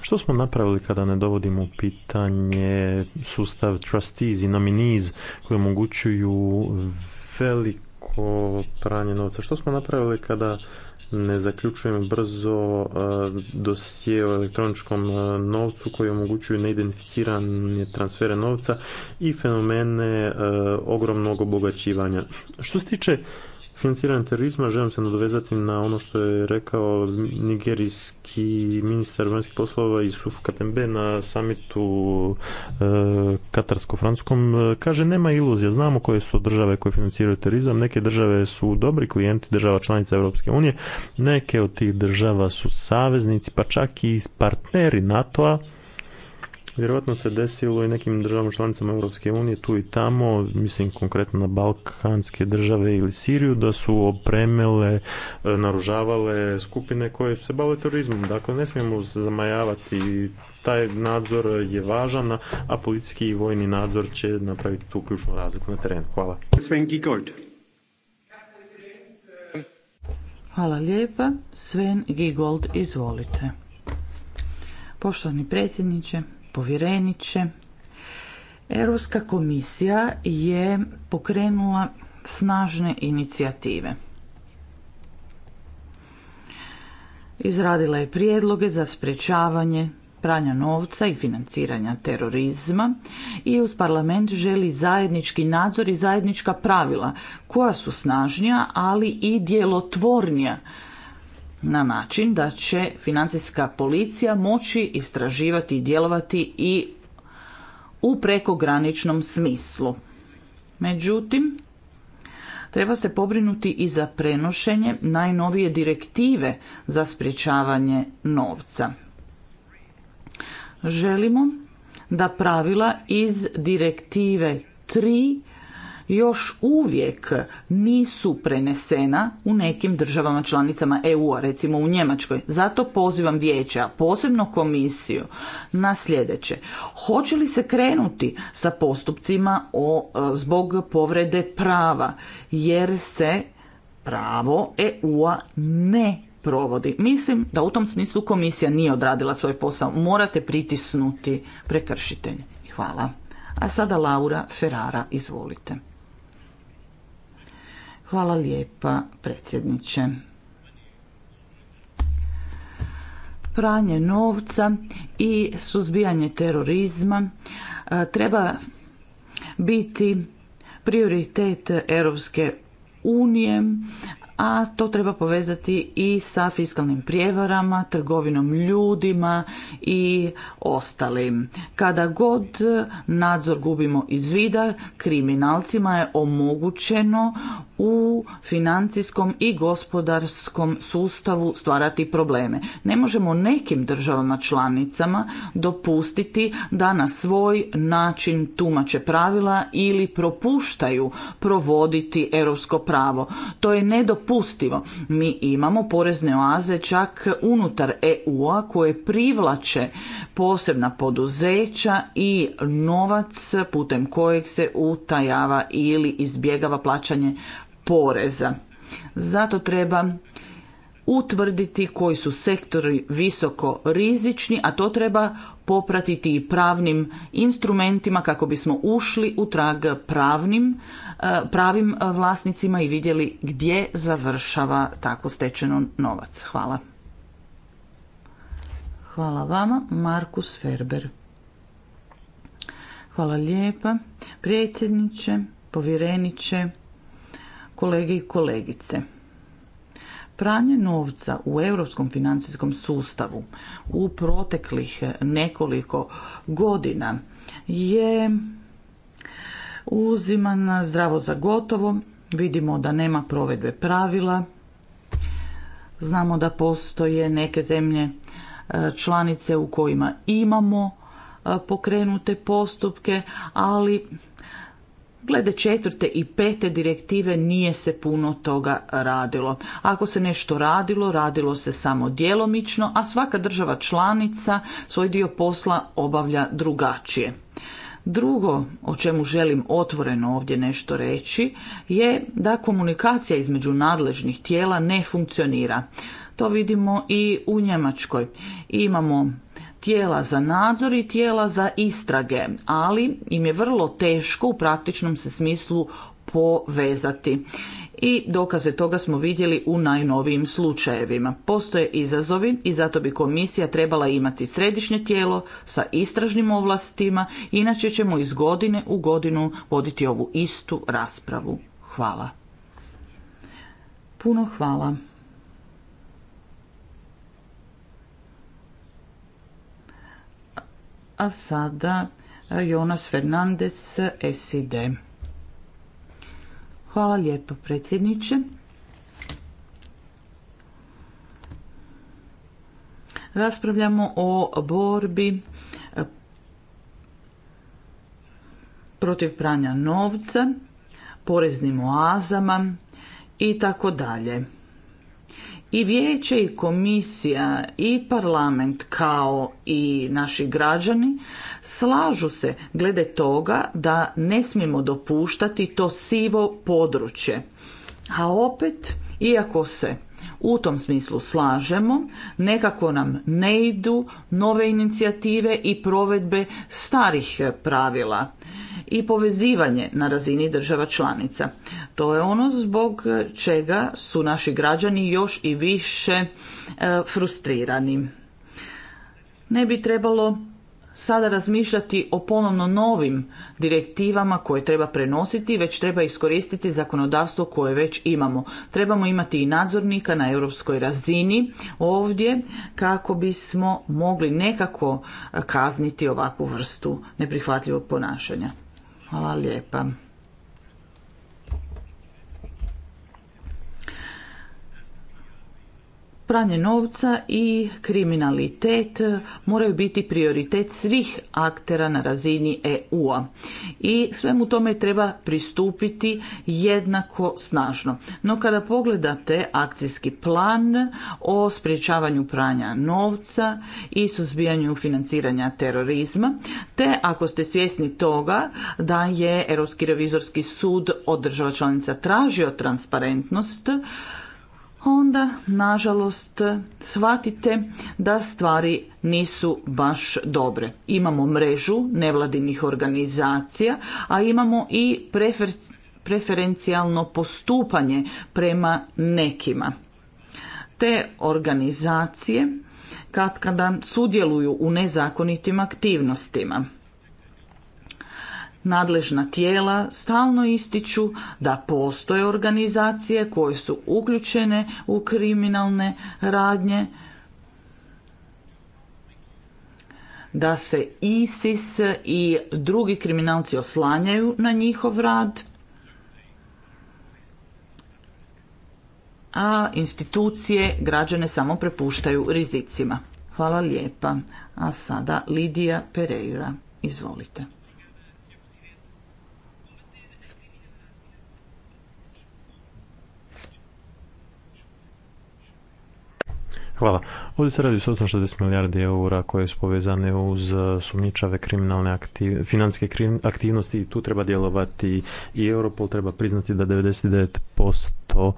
Što smo napravili kada ne dovodimo u pitanje sustav trustees i nominees koji omogućuju veliko pranje novca? Što smo napravili kada ne zaključujem brzo e, dosije o elektroničkom e, novcu koji omogućuju neidentificirane transfere novca i fenomene e, ogromnog obogaćivanja. Što se tiče financiranje terorizma želim se nadovezati na ono što je rekao nigerijski ministar vanjskih poslova Isuf Katembe na samitu e, katarsko-francuskom. Kaže, nema iluzija, znamo koje su države koje financiraju terorizam, neke države su dobri klijenti država članica Europske unije, neke od tih država su saveznici, pa čak i partneri NATO-a, Vjerojatno se desilo i nekim državama članicama Europske unije tu i tamo, mislim konkretno na balkanske države ili Siriju, da su opremele, naružavale skupine koje su se bavile turizmom. Dakle, ne smijemo zamajavati taj nadzor je važan, a politički i vojni nadzor će napraviti tu ključnu razliku na terenu. Hvala. Sven Gigold. Hvala lijepa. Sven Gigold, izvolite. Poštovani predsjedniče, povjereniče. Europska komisija je pokrenula snažne inicijative. Izradila je prijedloge za sprječavanje pranja novca i financiranja terorizma i uz parlament želi zajednički nadzor i zajednička pravila koja su snažnija, ali i djelotvornija na način da će financijska policija moći istraživati i djelovati i u prekograničnom smislu. Međutim, treba se pobrinuti i za prenošenje najnovije direktive za sprječavanje novca. Želimo da pravila iz direktive 3 još uvijek nisu prenesena u nekim državama članicama EU-a, recimo u Njemačkoj. Zato pozivam vijeća, posebno komisiju na sljedeće. Hoće li se krenuti sa postupcima o, e, zbog povrede prava, jer se pravo EU-a ne provodi. Mislim da u tom smislu komisija nije odradila svoj posao. Morate pritisnuti prekršitelj. Hvala. A sada Laura Ferrara, izvolite. Hvala lijepa predsjedniče. Pranje novca i suzbijanje terorizma e, treba biti prioritet Europske unije, a to treba povezati i sa fiskalnim prijevarama, trgovinom ljudima i ostalim. Kada god nadzor gubimo iz vida, kriminalcima je omogućeno u financijskom i gospodarskom sustavu stvarati probleme. Ne možemo nekim državama članicama dopustiti da na svoj način tumače pravila ili propuštaju provoditi europsko pravo. To je nedopustivo. Mi imamo porezne oaze čak unutar EU-a koje privlače posebna poduzeća i novac putem kojeg se utajava ili izbjegava plaćanje poreza. Zato treba utvrditi koji su sektori visoko rizični, a to treba popratiti i pravnim instrumentima kako bismo ušli u trag pravnim, eh, pravim vlasnicima i vidjeli gdje završava tako stečeno novac. Hvala. Hvala vama, Markus Ferber. Hvala lijepa, predsjedniče, povjereniče, kolege i kolegice. Pranje novca u europskom financijskom sustavu u proteklih nekoliko godina je uzimana zdravo za gotovo, vidimo da nema provedbe pravila, znamo da postoje neke zemlje e, članice u kojima imamo e, pokrenute postupke, ali Glede četvrte i pete direktive nije se puno toga radilo. Ako se nešto radilo, radilo se samo djelomično, a svaka država članica svoj dio posla obavlja drugačije. Drugo o čemu želim otvoreno ovdje nešto reći je da komunikacija između nadležnih tijela ne funkcionira. To vidimo i u Njemačkoj. Imamo tijela za nadzor i tijela za istrage, ali im je vrlo teško u praktičnom se smislu povezati. I dokaze toga smo vidjeli u najnovijim slučajevima. Postoje izazovi i zato bi komisija trebala imati središnje tijelo sa istražnim ovlastima, inače ćemo iz godine u godinu voditi ovu istu raspravu. Hvala. Puno hvala. A sada e, Jonas Fernandez, SID. Hvala lijepo predsjedniče. Raspravljamo o borbi e, protiv pranja novca, poreznim oazama i tako dalje i vijeće i komisija i parlament kao i naši građani slažu se glede toga da ne smijemo dopuštati to sivo područje. A opet, iako se u tom smislu slažemo, nekako nam ne idu nove inicijative i provedbe starih pravila i povezivanje na razini država članica. To je ono zbog čega su naši građani još i više e, frustrirani. Ne bi trebalo sada razmišljati o ponovno novim direktivama koje treba prenositi, već treba iskoristiti zakonodavstvo koje već imamo. Trebamo imati i nadzornika na europskoj razini ovdje kako bismo mogli nekako kazniti ovakvu vrstu neprihvatljivog ponašanja. Hvala lijepa. pranje novca i kriminalitet moraju biti prioritet svih aktera na razini EU-a. I svemu tome treba pristupiti jednako snažno. No kada pogledate akcijski plan o sprječavanju pranja novca i suzbijanju financiranja terorizma, te ako ste svjesni toga da je Europski revizorski sud od država članica tražio transparentnost, onda nažalost shvatite da stvari nisu baš dobre. Imamo mrežu nevladinih organizacija, a imamo i preferencijalno postupanje prema nekima. Te organizacije katkada sudjeluju u nezakonitim aktivnostima nadležna tijela stalno ističu da postoje organizacije koje su uključene u kriminalne radnje, da se ISIS i drugi kriminalci oslanjaju na njihov rad, a institucije građane samo prepuštaju rizicima. Hvala lijepa. A sada Lidija Pereira. Izvolite. Hvala. Ovdje se radi o 160 milijardi eura koje su povezane uz e, sumničave kriminalne aktiv, financijske aktivnosti i tu treba djelovati i Europol treba priznati da 99%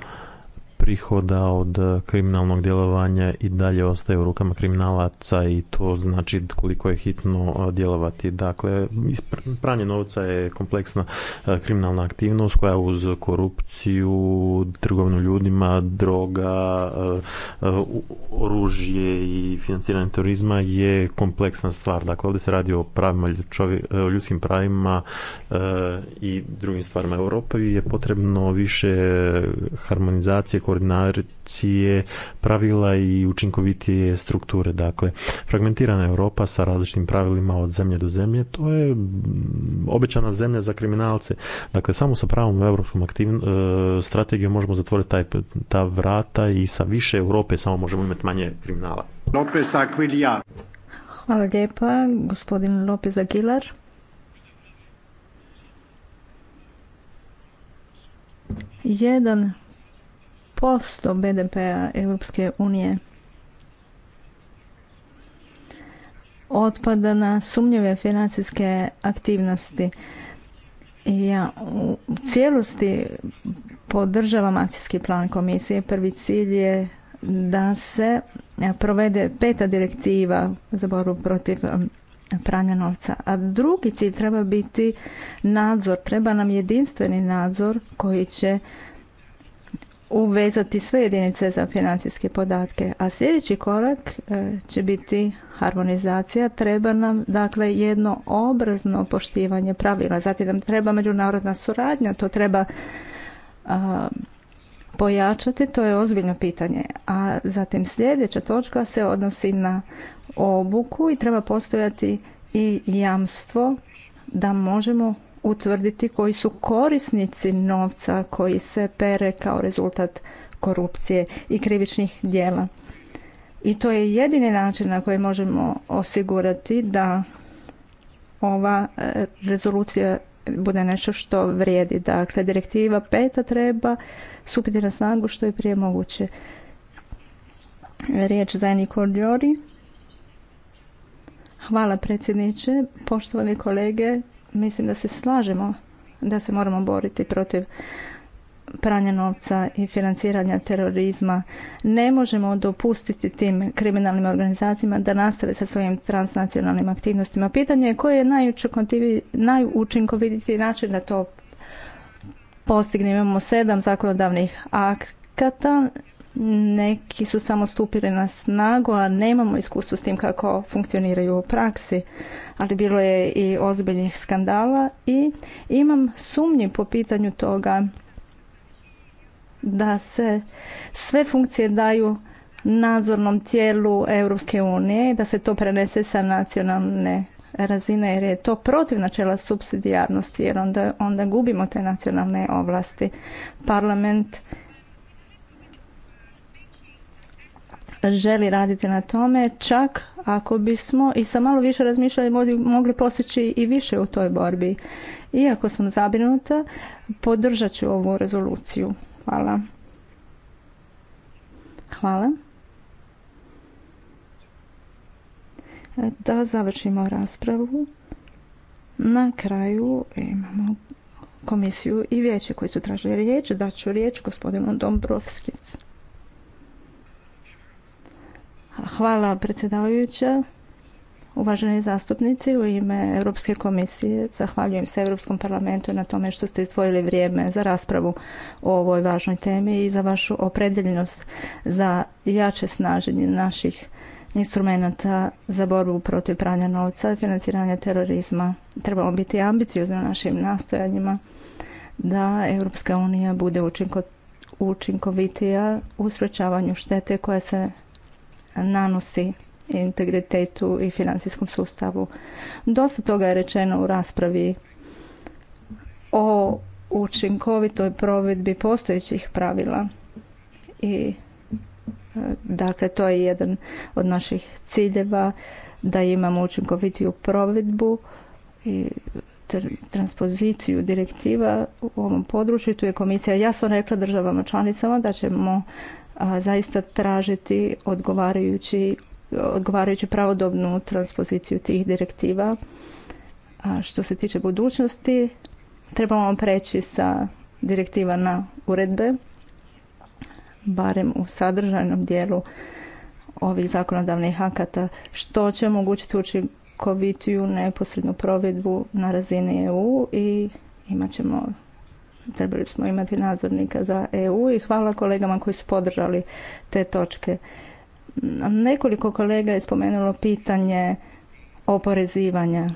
prihoda od e, kriminalnog djelovanja i dalje ostaje u rukama kriminalaca i to znači koliko je hitno e, djelovati. Dakle, pranje novca je kompleksna e, kriminalna aktivnost koja uz korupciju, trgovinu ljudima, droga, oružje i financiranje turizma je kompleksna stvar. Dakle, ovdje se radi o pravima o ljudskim pravima i drugim stvarima. Europi je potrebno više harmonizacije, koordinacije pravila i učinkovitije strukture. Dakle, fragmentirana Europa sa različitim pravilima od zemlje do zemlje, to je obećana zemlja za kriminalce. Dakle, samo sa pravom evropskom e, strategijom možemo zatvoriti taj, ta vrata i sa više Europe samo možemo imati manje kriminala. Lopez Aguilar. Hvala lijepa, gospodin Lopez Aguilar. Jedan posto BDP-a Europske unije otpada na sumnjive financijske aktivnosti. Ja u cijelosti podržavam akcijski plan komisije. Prvi cilj je da se e, provede peta direktiva za borbu protiv e, pranja novca. A drugi cilj treba biti nadzor. Treba nam jedinstveni nadzor koji će uvezati sve jedinice za financijske podatke. A sljedeći korak e, će biti harmonizacija. Treba nam dakle jedno obrazno poštivanje pravila. Zatim nam treba međunarodna suradnja. To treba pojačati. To je ozbiljno pitanje. A zatim sljedeća točka se odnosi na obuku i treba postojati i jamstvo da možemo utvrditi koji su korisnici novca koji se pere kao rezultat korupcije i krivičnih djela. I to je jedini način na koji možemo osigurati da ova e, rezolucija bude nešto što vrijedi. Dakle, direktiva peta treba stupiti na snagu što je prije moguće. Riječ za Nikol Hvala predsjedniče, poštovani kolege, mislim da se slažemo da se moramo boriti protiv pranja novca i financiranja terorizma. Ne možemo dopustiti tim kriminalnim organizacijama da nastave sa svojim transnacionalnim aktivnostima. Pitanje je koji je najučinkovitiji način da to postigne. Imamo sedam zakonodavnih akata, neki su samo stupili na snagu, a nemamo iskustvo s tim kako funkcioniraju u praksi ali bilo je i ozbiljnih skandala i imam sumnji po pitanju toga da se sve funkcije daju nadzornom tijelu Europske unije i da se to prenese sa nacionalne razine jer je to protiv načela subsidijarnosti jer onda, onda gubimo te nacionalne ovlasti. Parlament želi raditi na tome, čak ako bismo i sa malo više razmišljali mogli postići i više u toj borbi. Iako sam zabrinuta, podržat ću ovu rezoluciju. Hvala. Hvala. Da završimo raspravu. Na kraju imamo komisiju i vijeće koji su tražili riječ. Daću riječ gospodinu Dombrovskicu. Hvala predsjedavajuća. Uvaženi zastupnici, u ime Europske komisije zahvaljujem se Europskom parlamentu na tome što ste izdvojili vrijeme za raspravu o ovoj važnoj temi i za vašu opredjeljenost za jače snaženje naših instrumenata za borbu protiv pranja novca i financiranja terorizma. Trebamo biti ambiciozni u našim nastojanjima da Europska unija bude učinkovitija u sprečavanju štete koja se nanosi integritetu i financijskom sustavu. Dosta toga je rečeno u raspravi o učinkovitoj provedbi postojećih pravila i e, dakle to je jedan od naših ciljeva da imamo učinkovitiju provedbu i transpoziciju direktiva u ovom području. Tu je komisija jasno rekla državama članicama da ćemo zaista tražiti odgovarajući, odgovarajuću pravodobnu transpoziciju tih direktiva. A što se tiče budućnosti, trebamo preći sa direktiva na uredbe, barem u sadržajnom dijelu ovih zakonodavnih akata, što će omogućiti učinkovitiju neposrednu provedbu na razini EU i imat ćemo trebali smo imati nadzornika za EU i hvala kolegama koji su podržali te točke. Nekoliko kolega je spomenulo pitanje oporezivanja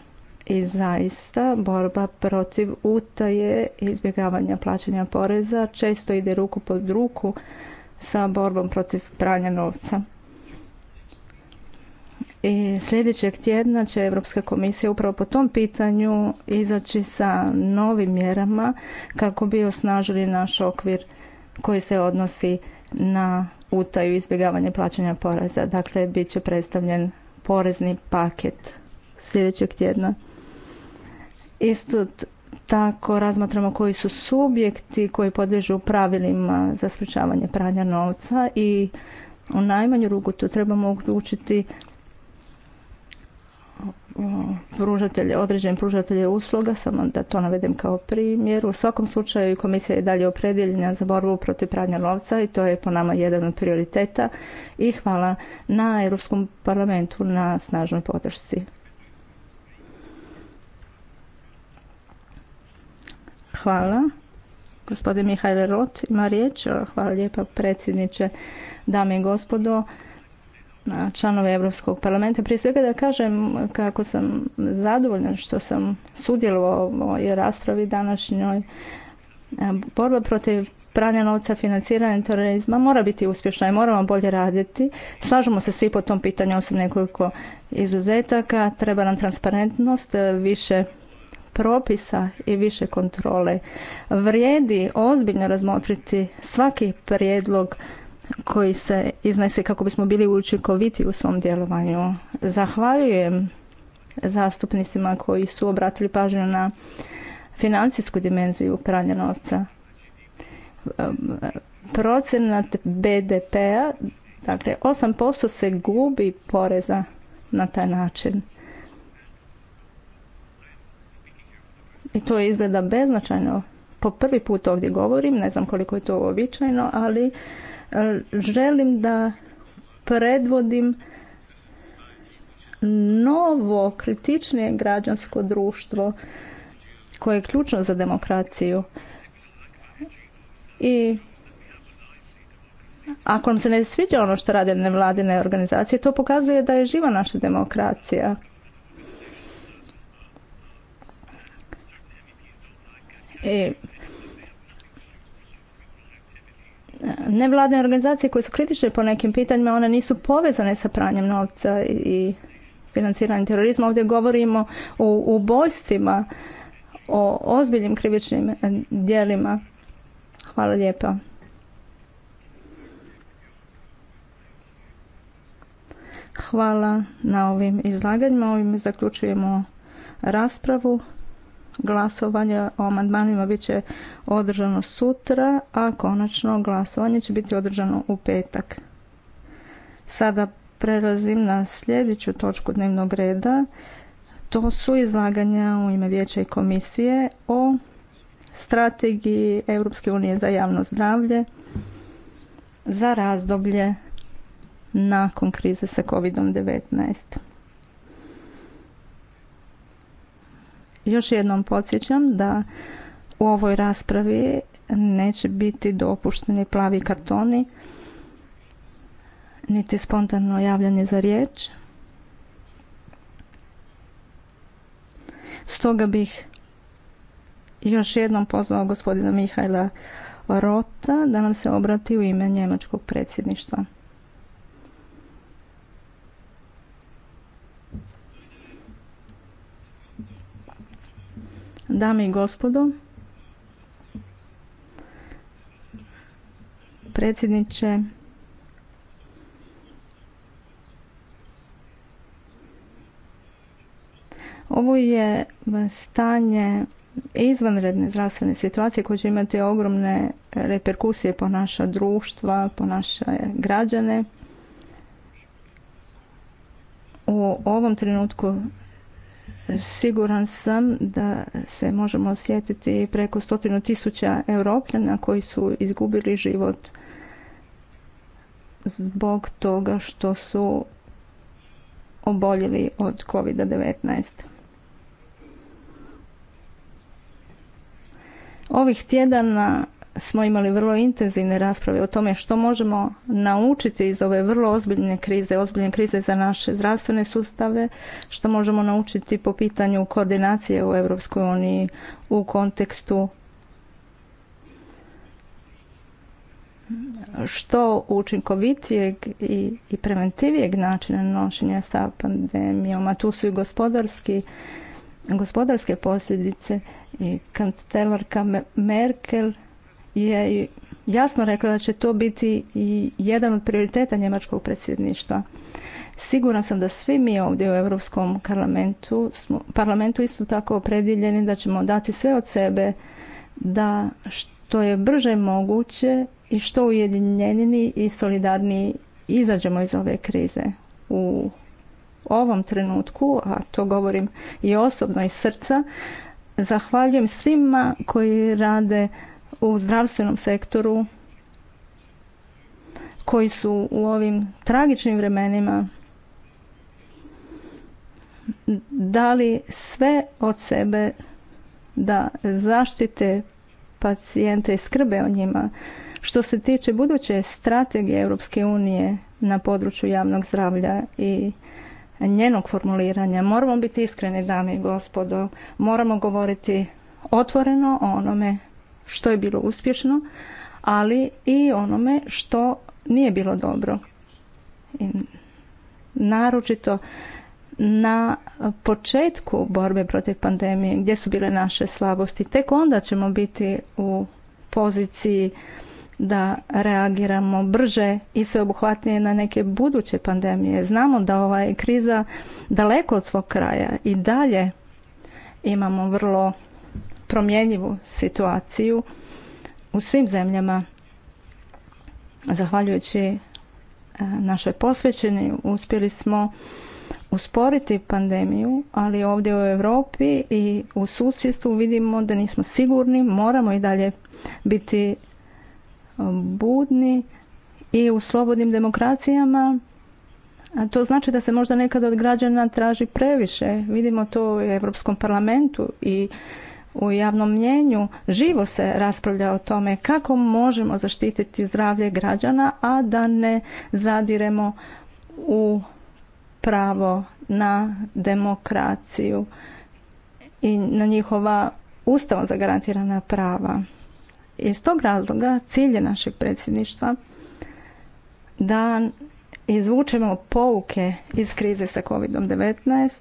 i zaista borba protiv utaje i izbjegavanja plaćanja poreza često ide ruku pod ruku sa borbom protiv pranja novca i sljedećeg tjedna će Europska komisija upravo po tom pitanju izaći sa novim mjerama kako bi osnažili naš okvir koji se odnosi na utaju izbjegavanje plaćanja poreza. Dakle, bit će predstavljen porezni paket sljedećeg tjedna. Isto tako razmatramo koji su subjekti koji podliježu pravilima za sprječavanje pranja novca i u najmanju ruku tu trebamo uključiti pružatelje, određen pružatelje usluga, samo da to navedem kao primjer. U svakom slučaju komisija je dalje opredjeljena za borbu protiv pranja novca i to je po nama jedan od prioriteta i hvala na Europskom parlamentu na snažnoj podršci. Hvala. Gospodin Mihajle Rot ima riječ. Hvala lijepa predsjedniče, dame i gospodo članove Europskog parlamenta. Prije svega da kažem kako sam zadovoljna što sam sudjelovao u ovoj raspravi današnjoj. Borba protiv pranja novca, financiranja terorizma mora biti uspješna i moramo bolje raditi. Slažemo se svi po tom pitanju, osim nekoliko izuzetaka. Treba nam transparentnost, više propisa i više kontrole. Vrijedi ozbiljno razmotriti svaki prijedlog koji se iznese kako bismo bili učinkoviti u svom djelovanju. Zahvaljujem zastupnicima koji su obratili pažnju na financijsku dimenziju pranja novca. Procenat BDP-a, dakle 8% se gubi poreza na taj način. I to izgleda beznačajno. Po prvi put ovdje govorim, ne znam koliko je to uobičajeno, ali želim da predvodim novo, kritičnije građansko društvo koje je ključno za demokraciju. I ako nam se ne sviđa ono što rade nevladine organizacije, to pokazuje da je živa naša demokracija. I nevladne organizacije koje su kritične po nekim pitanjima, one nisu povezane sa pranjem novca i financiranjem terorizma. Ovdje govorimo o ubojstvima, o ozbiljnim krivičnim e, dijelima. Hvala lijepa. Hvala na ovim izlaganjima. Ovim zaključujemo raspravu. Glasovanje o amandmanima bit će održano sutra, a konačno glasovanje će biti održano u petak. Sada prelazim na sljedeću točku dnevnog reda. To su izlaganja u ime Vijeća i Komisije o strategiji Europske unije za javno zdravlje za razdoblje nakon krize sa COVID-19. Još jednom podsjećam da u ovoj raspravi neće biti dopušteni plavi kartoni niti spontano javljanje za riječ. Stoga bih još jednom pozvao gospodina Mihajla Rota da nam se obrati u ime njemačkog predsjedništva. Dame i gospodo, predsjedniče, ovo je stanje izvanredne zdravstvene situacije koje će imati ogromne reperkusije po naša društva, po naše građane. U ovom trenutku Siguran sam da se možemo osjetiti preko stotinu tisuća europljana koji su izgubili život zbog toga što su oboljeli od COVID-19. Ovih tjedana smo imali vrlo intenzivne rasprave o tome što možemo naučiti iz ove vrlo ozbiljne krize, ozbiljne krize za naše zdravstvene sustave, što možemo naučiti po pitanju koordinacije u Europskoj uniji u kontekstu što učinkovitijeg i, i preventivijeg načina nošenja sa pandemijom, a tu su i gospodarski gospodarske posljedice i kancelarka Merkel je jasno rekla da će to biti i jedan od prioriteta njemačkog predsjedništva. Siguran sam da svi mi ovdje u Europskom parlamentu, parlamentu isto tako opredjeljeni da ćemo dati sve od sebe da što je brže moguće i što ujedinjeniji i solidarni izađemo iz ove krize u ovom trenutku, a to govorim i osobno iz srca, zahvaljujem svima koji rade u zdravstvenom sektoru koji su u ovim tragičnim vremenima dali sve od sebe da zaštite pacijente i skrbe o njima. Što se tiče buduće strategije Europske unije na području javnog zdravlja i njenog formuliranja, moramo biti iskreni, dame i gospodo, moramo govoriti otvoreno o onome što je bilo uspješno, ali i onome što nije bilo dobro. I naročito na početku borbe protiv pandemije, gdje su bile naše slabosti, tek onda ćemo biti u poziciji da reagiramo brže i sveobuhvatnije na neke buduće pandemije. Znamo da ova je kriza daleko od svog kraja i dalje imamo vrlo promjenjivu situaciju u svim zemljama zahvaljujući e, našoj posvećeni uspjeli smo usporiti pandemiju, ali ovdje u Europi i u susjedstvu vidimo da nismo sigurni, moramo i dalje biti e, budni i u slobodnim demokracijama. A to znači da se možda nekad od građana traži previše. Vidimo to u Europskom parlamentu i u javnom mjenju živo se raspravlja o tome kako možemo zaštititi zdravlje građana, a da ne zadiremo u pravo na demokraciju i na njihova ustavom zagarantirana prava. Iz tog razloga cilj je našeg predsjedništva da izvučemo pouke iz krize sa COVID-19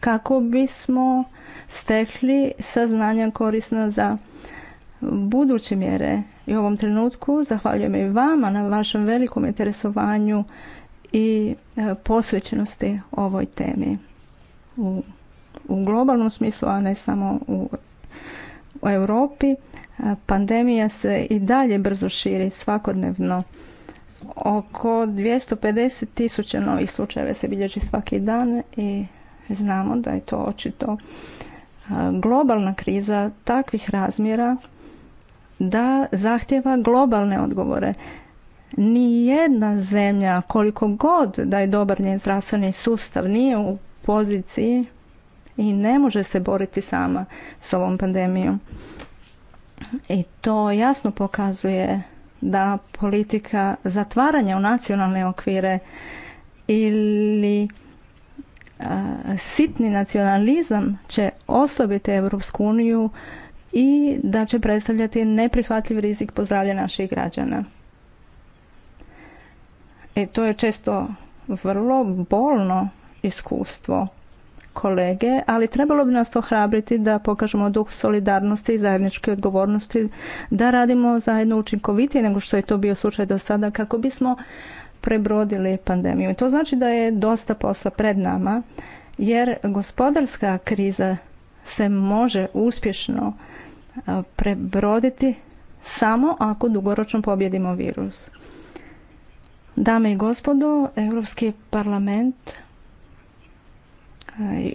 kako bismo stekli saznanja korisna za buduće mjere. I u ovom trenutku zahvaljujem i vama na vašem velikom interesovanju i e, posvećenosti ovoj temi u, u globalnom smislu, a ne samo u, Europi. Pandemija se i dalje brzo širi svakodnevno. Oko 250 tisuća novih slučajeva se bilježi svaki dan i znamo da je to očito globalna kriza takvih razmjera da zahtjeva globalne odgovore. Nijedna zemlja, koliko god da je dobar njen zdravstveni sustav, nije u poziciji i ne može se boriti sama s ovom pandemijom. I to jasno pokazuje da politika zatvaranja u nacionalne okvire ili sitni nacionalizam će oslabiti Europsku uniju i da će predstavljati neprihvatljiv rizik pozdravlja naših građana. E, to je često vrlo bolno iskustvo kolege, ali trebalo bi nas to hrabriti da pokažemo duh solidarnosti i zajedničke odgovornosti, da radimo zajedno učinkovitije nego što je to bio slučaj do sada, kako bismo prebrodili pandemiju. to znači da je dosta posla pred nama jer gospodarska kriza se može uspješno prebroditi samo ako dugoročno pobjedimo virus. Dame i gospodo, Europski parlament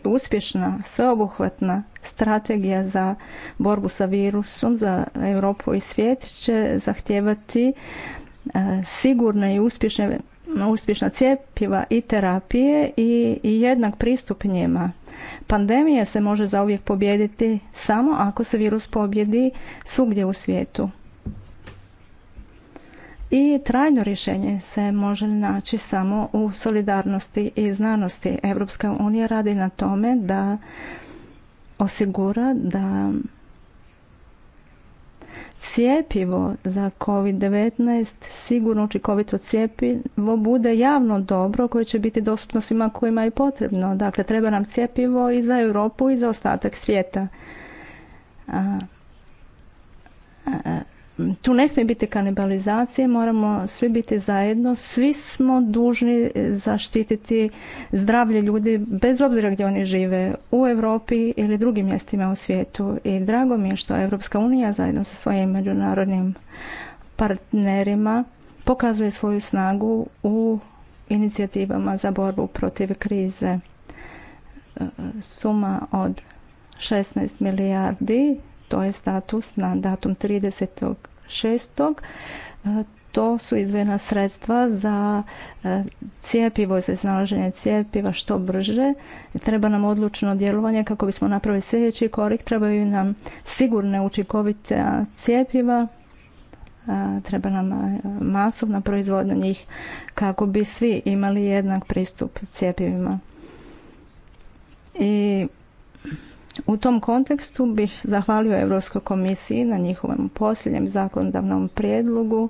uspješna, sveobuhvatna strategija za borbu sa virusom za Europu i svijet će zahtijevati E, sigurne i uspješne, uspješna cijepiva i terapije i, jednak pristup njima. Pandemija se može zauvijek pobijediti samo ako se virus pobjedi svugdje u svijetu. I trajno rješenje se može naći samo u solidarnosti i znanosti. Europska unija radi na tome da osigura da cijepivo za COVID-19, sigurno učinkovito cijepivo, bude javno dobro koje će biti dostupno svima kojima je potrebno. Dakle, treba nam cijepivo i za Europu i za ostatak svijeta tu ne smije biti kanibalizacije, moramo svi biti zajedno, svi smo dužni zaštititi zdravlje ljudi bez obzira gdje oni žive u Europi ili drugim mjestima u svijetu. I drago mi je što Europska unija zajedno sa svojim međunarodnim partnerima pokazuje svoju snagu u inicijativama za borbu protiv krize. E, suma od 16 milijardi to je status na datum 36. E, to su izvojena sredstva za e, cijepivo za iznalaženje cijepiva što brže. Treba nam odlučno djelovanje kako bismo napravili sljedeći korik. Trebaju nam sigurne učinkovite cijepiva. E, treba nam masovna proizvodnja njih kako bi svi imali jednak pristup cijepivima. I u tom kontekstu bih zahvalio Europskoj komisiji na njihovom posljednjem zakonodavnom prijedlogu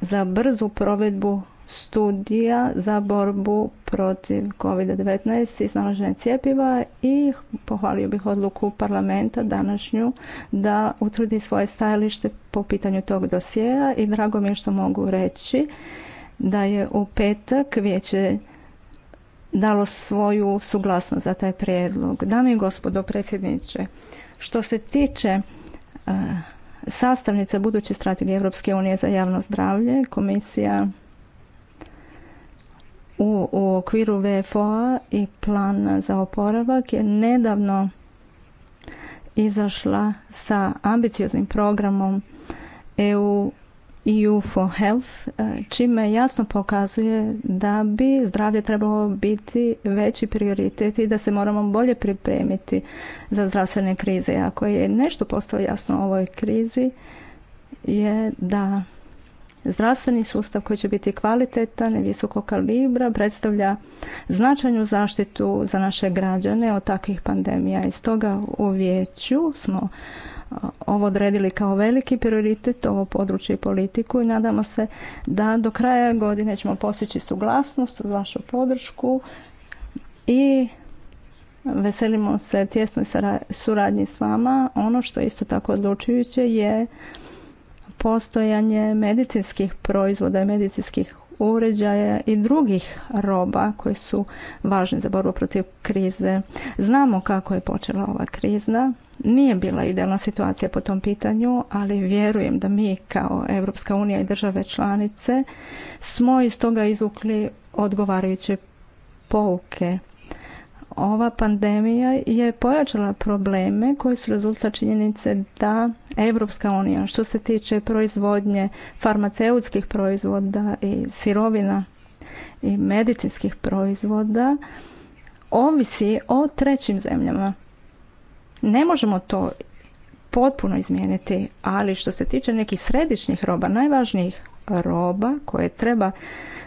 za brzu provedbu studija za borbu protiv COVID-19 i snalaženje cijepiva i pohvalio bih odluku parlamenta današnju da utvrdi svoje stajalište po pitanju tog dosjeja i drago mi je što mogu reći da je u petak vijeće dalo svoju suglasnost za taj prijedlog. Dame i gospodo predsjedniče, što se tiče e, sastavnica buduće strategije Europske unije za javno zdravlje, komisija u, u okviru VFO-a i plan za oporavak je nedavno izašla sa ambicioznim programom EU EU for Health, e, čime jasno pokazuje da bi zdravlje trebalo biti veći prioritet i da se moramo bolje pripremiti za zdravstvene krize. Ako je nešto postao jasno u ovoj krizi, je da zdravstveni sustav koji će biti kvalitetan i visokog kalibra predstavlja značajnu zaštitu za naše građane od takvih pandemija. I stoga u vijeću smo ovo odredili kao veliki prioritet, ovo područje i politiku i nadamo se da do kraja godine ćemo postići suglasnost uz vašu podršku i veselimo se tjesnoj suradnji s vama. Ono što je isto tako odlučujuće je postojanje medicinskih proizvoda i medicinskih uređaja i drugih roba koji su važni za borbu protiv krize. Znamo kako je počela ova krizna. Nije bila idealna situacija po tom pitanju, ali vjerujem da mi kao Europska unija i države članice smo iz toga izvukli odgovarajuće pouke ova pandemija je pojačala probleme koji su rezultat činjenice da Evropska unija što se tiče proizvodnje farmaceutskih proizvoda i sirovina i medicinskih proizvoda ovisi o trećim zemljama. Ne možemo to potpuno izmijeniti, ali što se tiče nekih središnjih roba, najvažnijih roba koje treba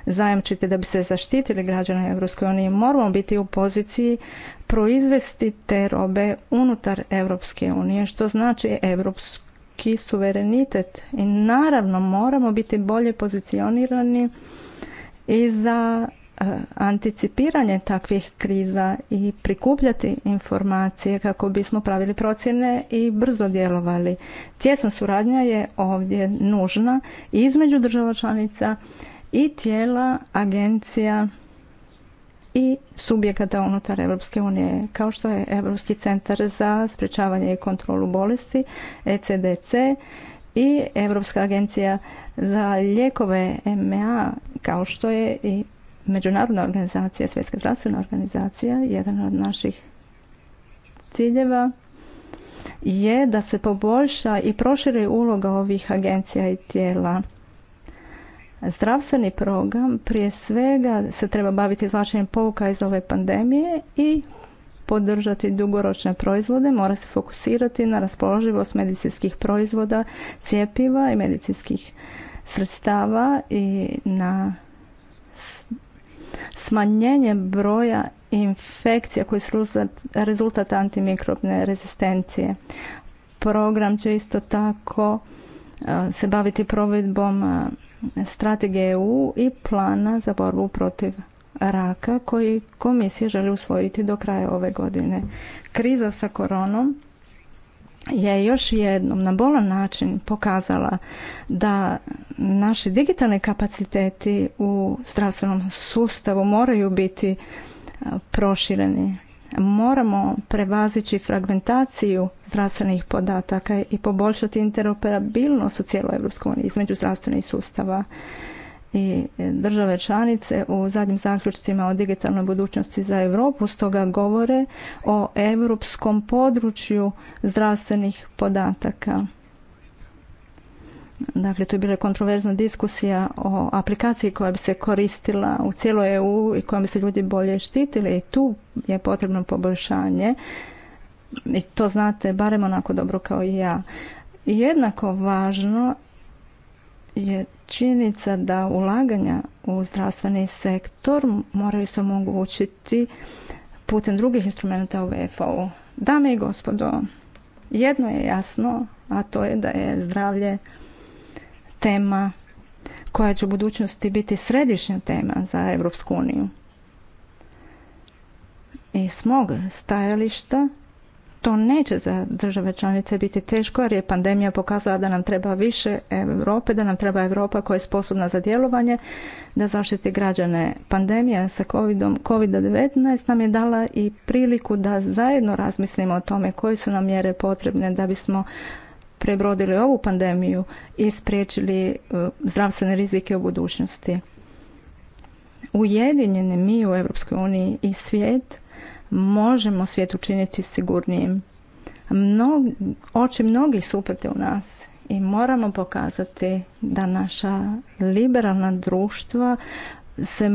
zajamčiti da bi se zaštitili građani Europske unije, moramo biti u poziciji proizvesti te robe unutar Europske unije, što znači europski suverenitet. I naravno moramo biti bolje pozicionirani i za e, anticipiranje takvih kriza i prikupljati informacije kako bismo pravili procjene i brzo djelovali. Tjesna suradnja je ovdje nužna između država članica i tijela, agencija i subjekata unutar Europske unije, kao što je Europski centar za sprječavanje i kontrolu bolesti, ECDC i Europska agencija za lijekove MA, kao što je i Međunarodna organizacija, Svjetska zdravstvena organizacija, jedan od naših ciljeva je da se poboljša i proširi uloga ovih agencija i tijela Zdravstveni program prije svega se treba baviti izvlačenjem pouka iz ove pandemije i podržati dugoročne proizvode, mora se fokusirati na raspoloživost medicinskih proizvoda, cijepiva i medicinskih sredstava i na smanjenje broja infekcija koji su rezultat antimikrobne rezistencije. Program će isto tako se baviti provedbom strategije EU i plana za borbu protiv raka koji komisija želi usvojiti do kraja ove godine. Kriza sa koronom je još jednom na bolan način pokazala da naši digitalni kapaciteti u zdravstvenom sustavu moraju biti prošireni moramo prevazići fragmentaciju zdravstvenih podataka i poboljšati interoperabilnost u cijeloj EU između zdravstvenih sustava i e, države članice u zadnjim zaključcima o digitalnoj budućnosti za Europu stoga govore o europskom području zdravstvenih podataka Dakle, tu je bila kontroverzna diskusija o aplikaciji koja bi se koristila u cijeloj EU i kojom bi se ljudi bolje štitili i tu je potrebno poboljšanje. I to znate barem onako dobro kao i ja. jednako važno je činjenica da ulaganja u zdravstveni sektor moraju se omogućiti putem drugih instrumenta u VFO-u. E Dame i gospodo, jedno je jasno, a to je da je zdravlje tema koja će u budućnosti biti središnja tema za Europsku uniju. I s mog stajališta to neće za države članice biti teško jer je pandemija pokazala da nam treba više Europe, da nam treba Europa koja je sposobna za djelovanje, da zaštiti građane. Pandemija sa COVID-19 nam je dala i priliku da zajedno razmislimo o tome koje su nam mjere potrebne da bismo prebrodili ovu pandemiju i spriječili e, zdravstvene rizike u budućnosti. Ujedinjeni mi u EU i svijet možemo svijet učiniti sigurnijim. Mnog, oči mnogih su u nas i moramo pokazati da naša liberalna društva se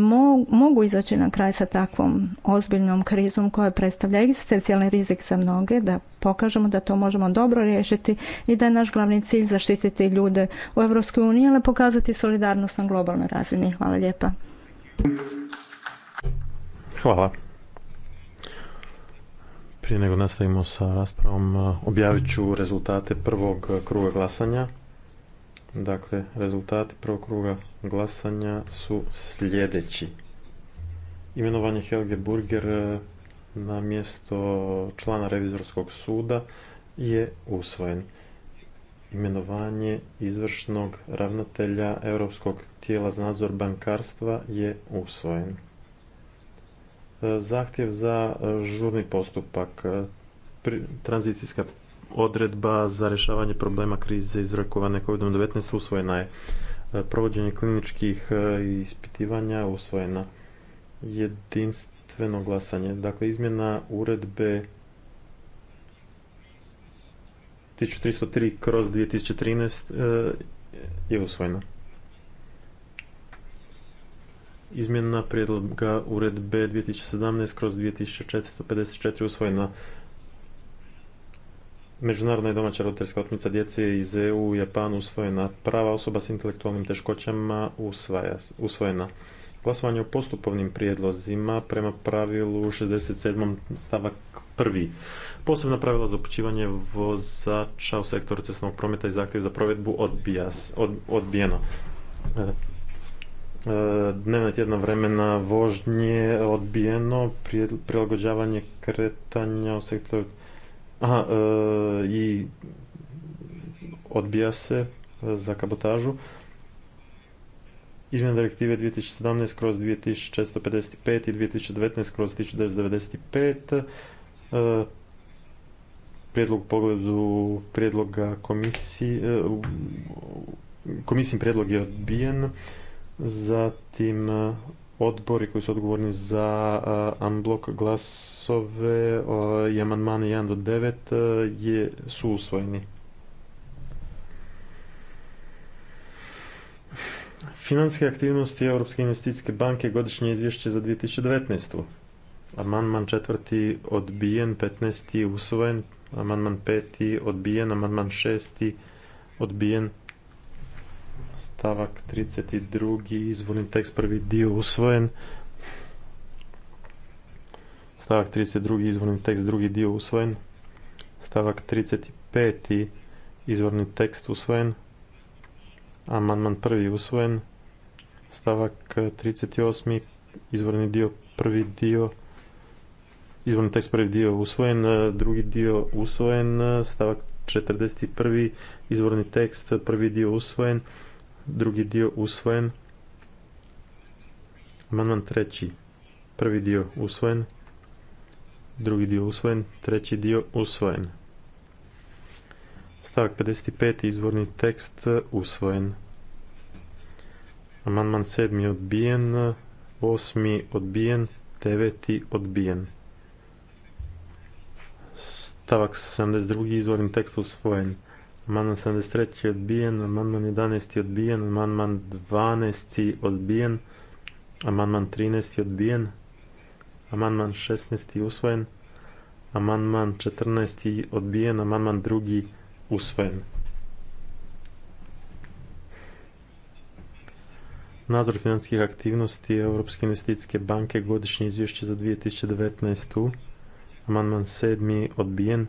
mogu izaći na kraj sa takvom ozbiljnom krizom koja predstavlja egzistencijalni rizik za mnoge, da pokažemo da to možemo dobro riješiti i da je naš glavni cilj zaštititi ljude u EU, ali pokazati solidarnost na globalnoj razini. Hvala lijepa. Hvala. Prije nego nastavimo sa raspravom, objavit ću rezultate prvog kruga glasanja. Dakle, rezultati prvog kruga glasanja su sljedeći. Imenovanje Helge Burger e, na mjesto člana revizorskog suda je usvojen. Imenovanje izvršnog ravnatelja Europskog tijela za nadzor bankarstva je usvojen. E, zahtjev za e, žurni postupak, tranzicijska odredba za rješavanje problema krize izrakovane COVID-19 usvojena je. E, provođenje kliničkih e, ispitivanja usvojena. Jedinstveno glasanje. Dakle, izmjena uredbe 1303 kroz 2013 e, je usvojena. Izmjena prijedloga uredbe 2017 kroz 2454 usvojena međunarodna i domaća roditeljska otmica djece iz EU u Japanu usvojena. Prava osoba s intelektualnim teškoćama usvojena. Glasovanje o postupovnim prijedlozima prema pravilu 67. stavak 1. Posebna pravila za upućivanje vozača u sektoru cestovnog prometa i zahtjev za provedbu odbijeno. E, e, Dnevna tjedna vremena vožnje odbijeno, prilagođavanje kretanja u sektoru Aha, e, i odbija se e, za kabotažu. Izmjena direktive 2017 kroz 2455 i 2019 kroz 1995. E, prijedlog u pogledu prijedloga komisije, komisijin prijedlog je odbijen, zatim e, odbori koji su odgovorni za unblock glasove i amandmane 1 do 9 su usvojeni. Financijske aktivnosti Europske investicijske banke godišnje izvješće za 2019. Amandman četvrti odbijen, 15. usvojen, amandman peti odbijen, amandman šesti odbijen, stavak 32. izvorni tekst prvi dio usvojen stavak 32. izvorni tekst drugi dio usvojen stavak 35. izvorni tekst usvojen amandman prvi usvojen stavak 38. izvorni dio prvi dio izvorni tekst prvi dio usvojen drugi dio usvojen stavak 41. izvorni tekst prvi dio usvojen drugi dio usvojen. Amandman treći, prvi dio usvojen, drugi dio usvojen, treći dio usvojen. Stavak 55. izvorni tekst usvojen. Amandman sedmi odbijen, osmi odbijen, deveti odbijen. Stavak 72. izvorni tekst usvojen. Amandman 73. je odbijen, amandman 11. je odbijen, amandman 12. odbijen, amandman 13. odbijen, amandman 16. usvojen, amandman 14. odbijen, amandman 2. usvojen. Nadzor financijskih aktivnosti Europske investicijske banke godišnje izvješće za 2019. Amandman 7. odbijen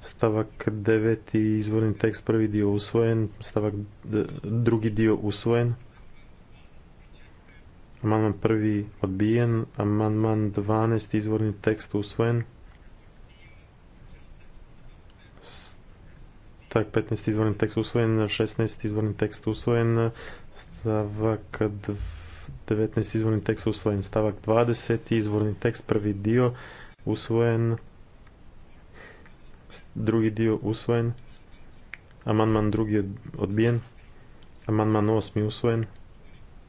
stavak 9. izvorni tekst prvi dio usvojen, stavak drugi dio usvojen. Amandman prvi odbijen, amandman 12. izvorni tekst usvojen. Tak 15. izvorni tekst usvojen, 16. izvorni tekst usvojen, stavak 19. izvorni tekst usvojen, stavak 20. izvorni tekst prvi dio usvojen drugi dio usvojen, amandman drugi odbijen, amandman osmi usvojen,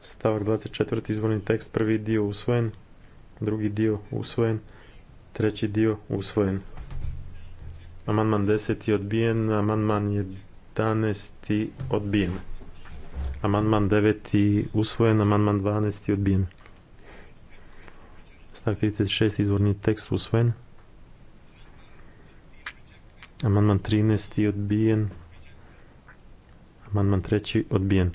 stavak 24. izvorni tekst, prvi dio usvojen, drugi dio usvojen, treći dio usvojen. Amandman 10. odbijen, amandman 11. odbijen. Amandman 9. usvojen, amandman 12. odbijen. Stavak 36. izvorni tekst usvojen. Amandman 13. je odbijen. Amandman 3. odbijen.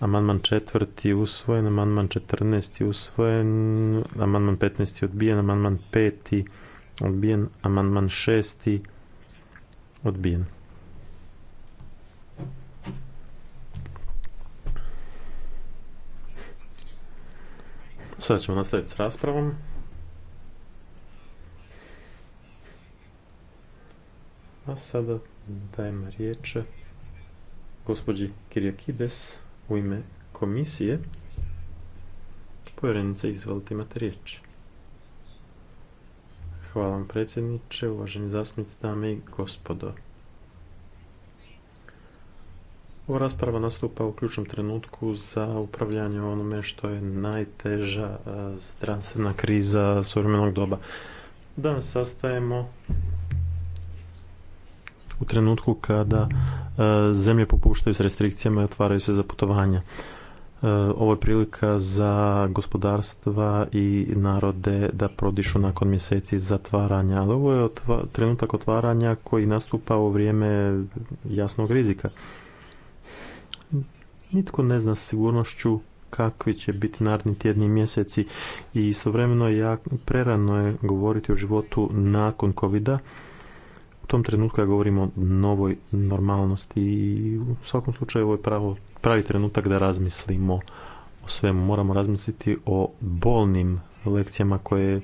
Amandman 4. je usvojen. Amandman 14. je usvojen. Amandman 15. je odbijen. Amandman 5. odbijen. Amandman 6. odbijen. Sada ćemo nastaviti s raspravom. A sada dajem riječ gospođi Kirjakides u ime komisije. Povjerenice, izvolite, imate riječ. Hvala vam predsjedniče, uvaženi zastupnici, dame i gospodo. Ova rasprava nastupa u ključnom trenutku za upravljanje onome što je najteža eh, zdravstvena kriza suvremenog doba. Danas sastajemo u trenutku kada e, zemlje popuštaju s restrikcijama i otvaraju se za putovanja. E, ovo je prilika za gospodarstva i narode da prodišu nakon mjeseci zatvaranja, ali ovo je trenutak otvaranja koji nastupa u vrijeme jasnog rizika. Nitko ne zna s sigurnošću kakvi će biti naredni tjedni mjeseci i istovremeno je prerano je govoriti o životu nakon covid -a u tom trenutku ja govorim o novoj normalnosti i u svakom slučaju ovo je pravo, pravi trenutak da razmislimo o svemu. Moramo razmisliti o bolnim lekcijama koje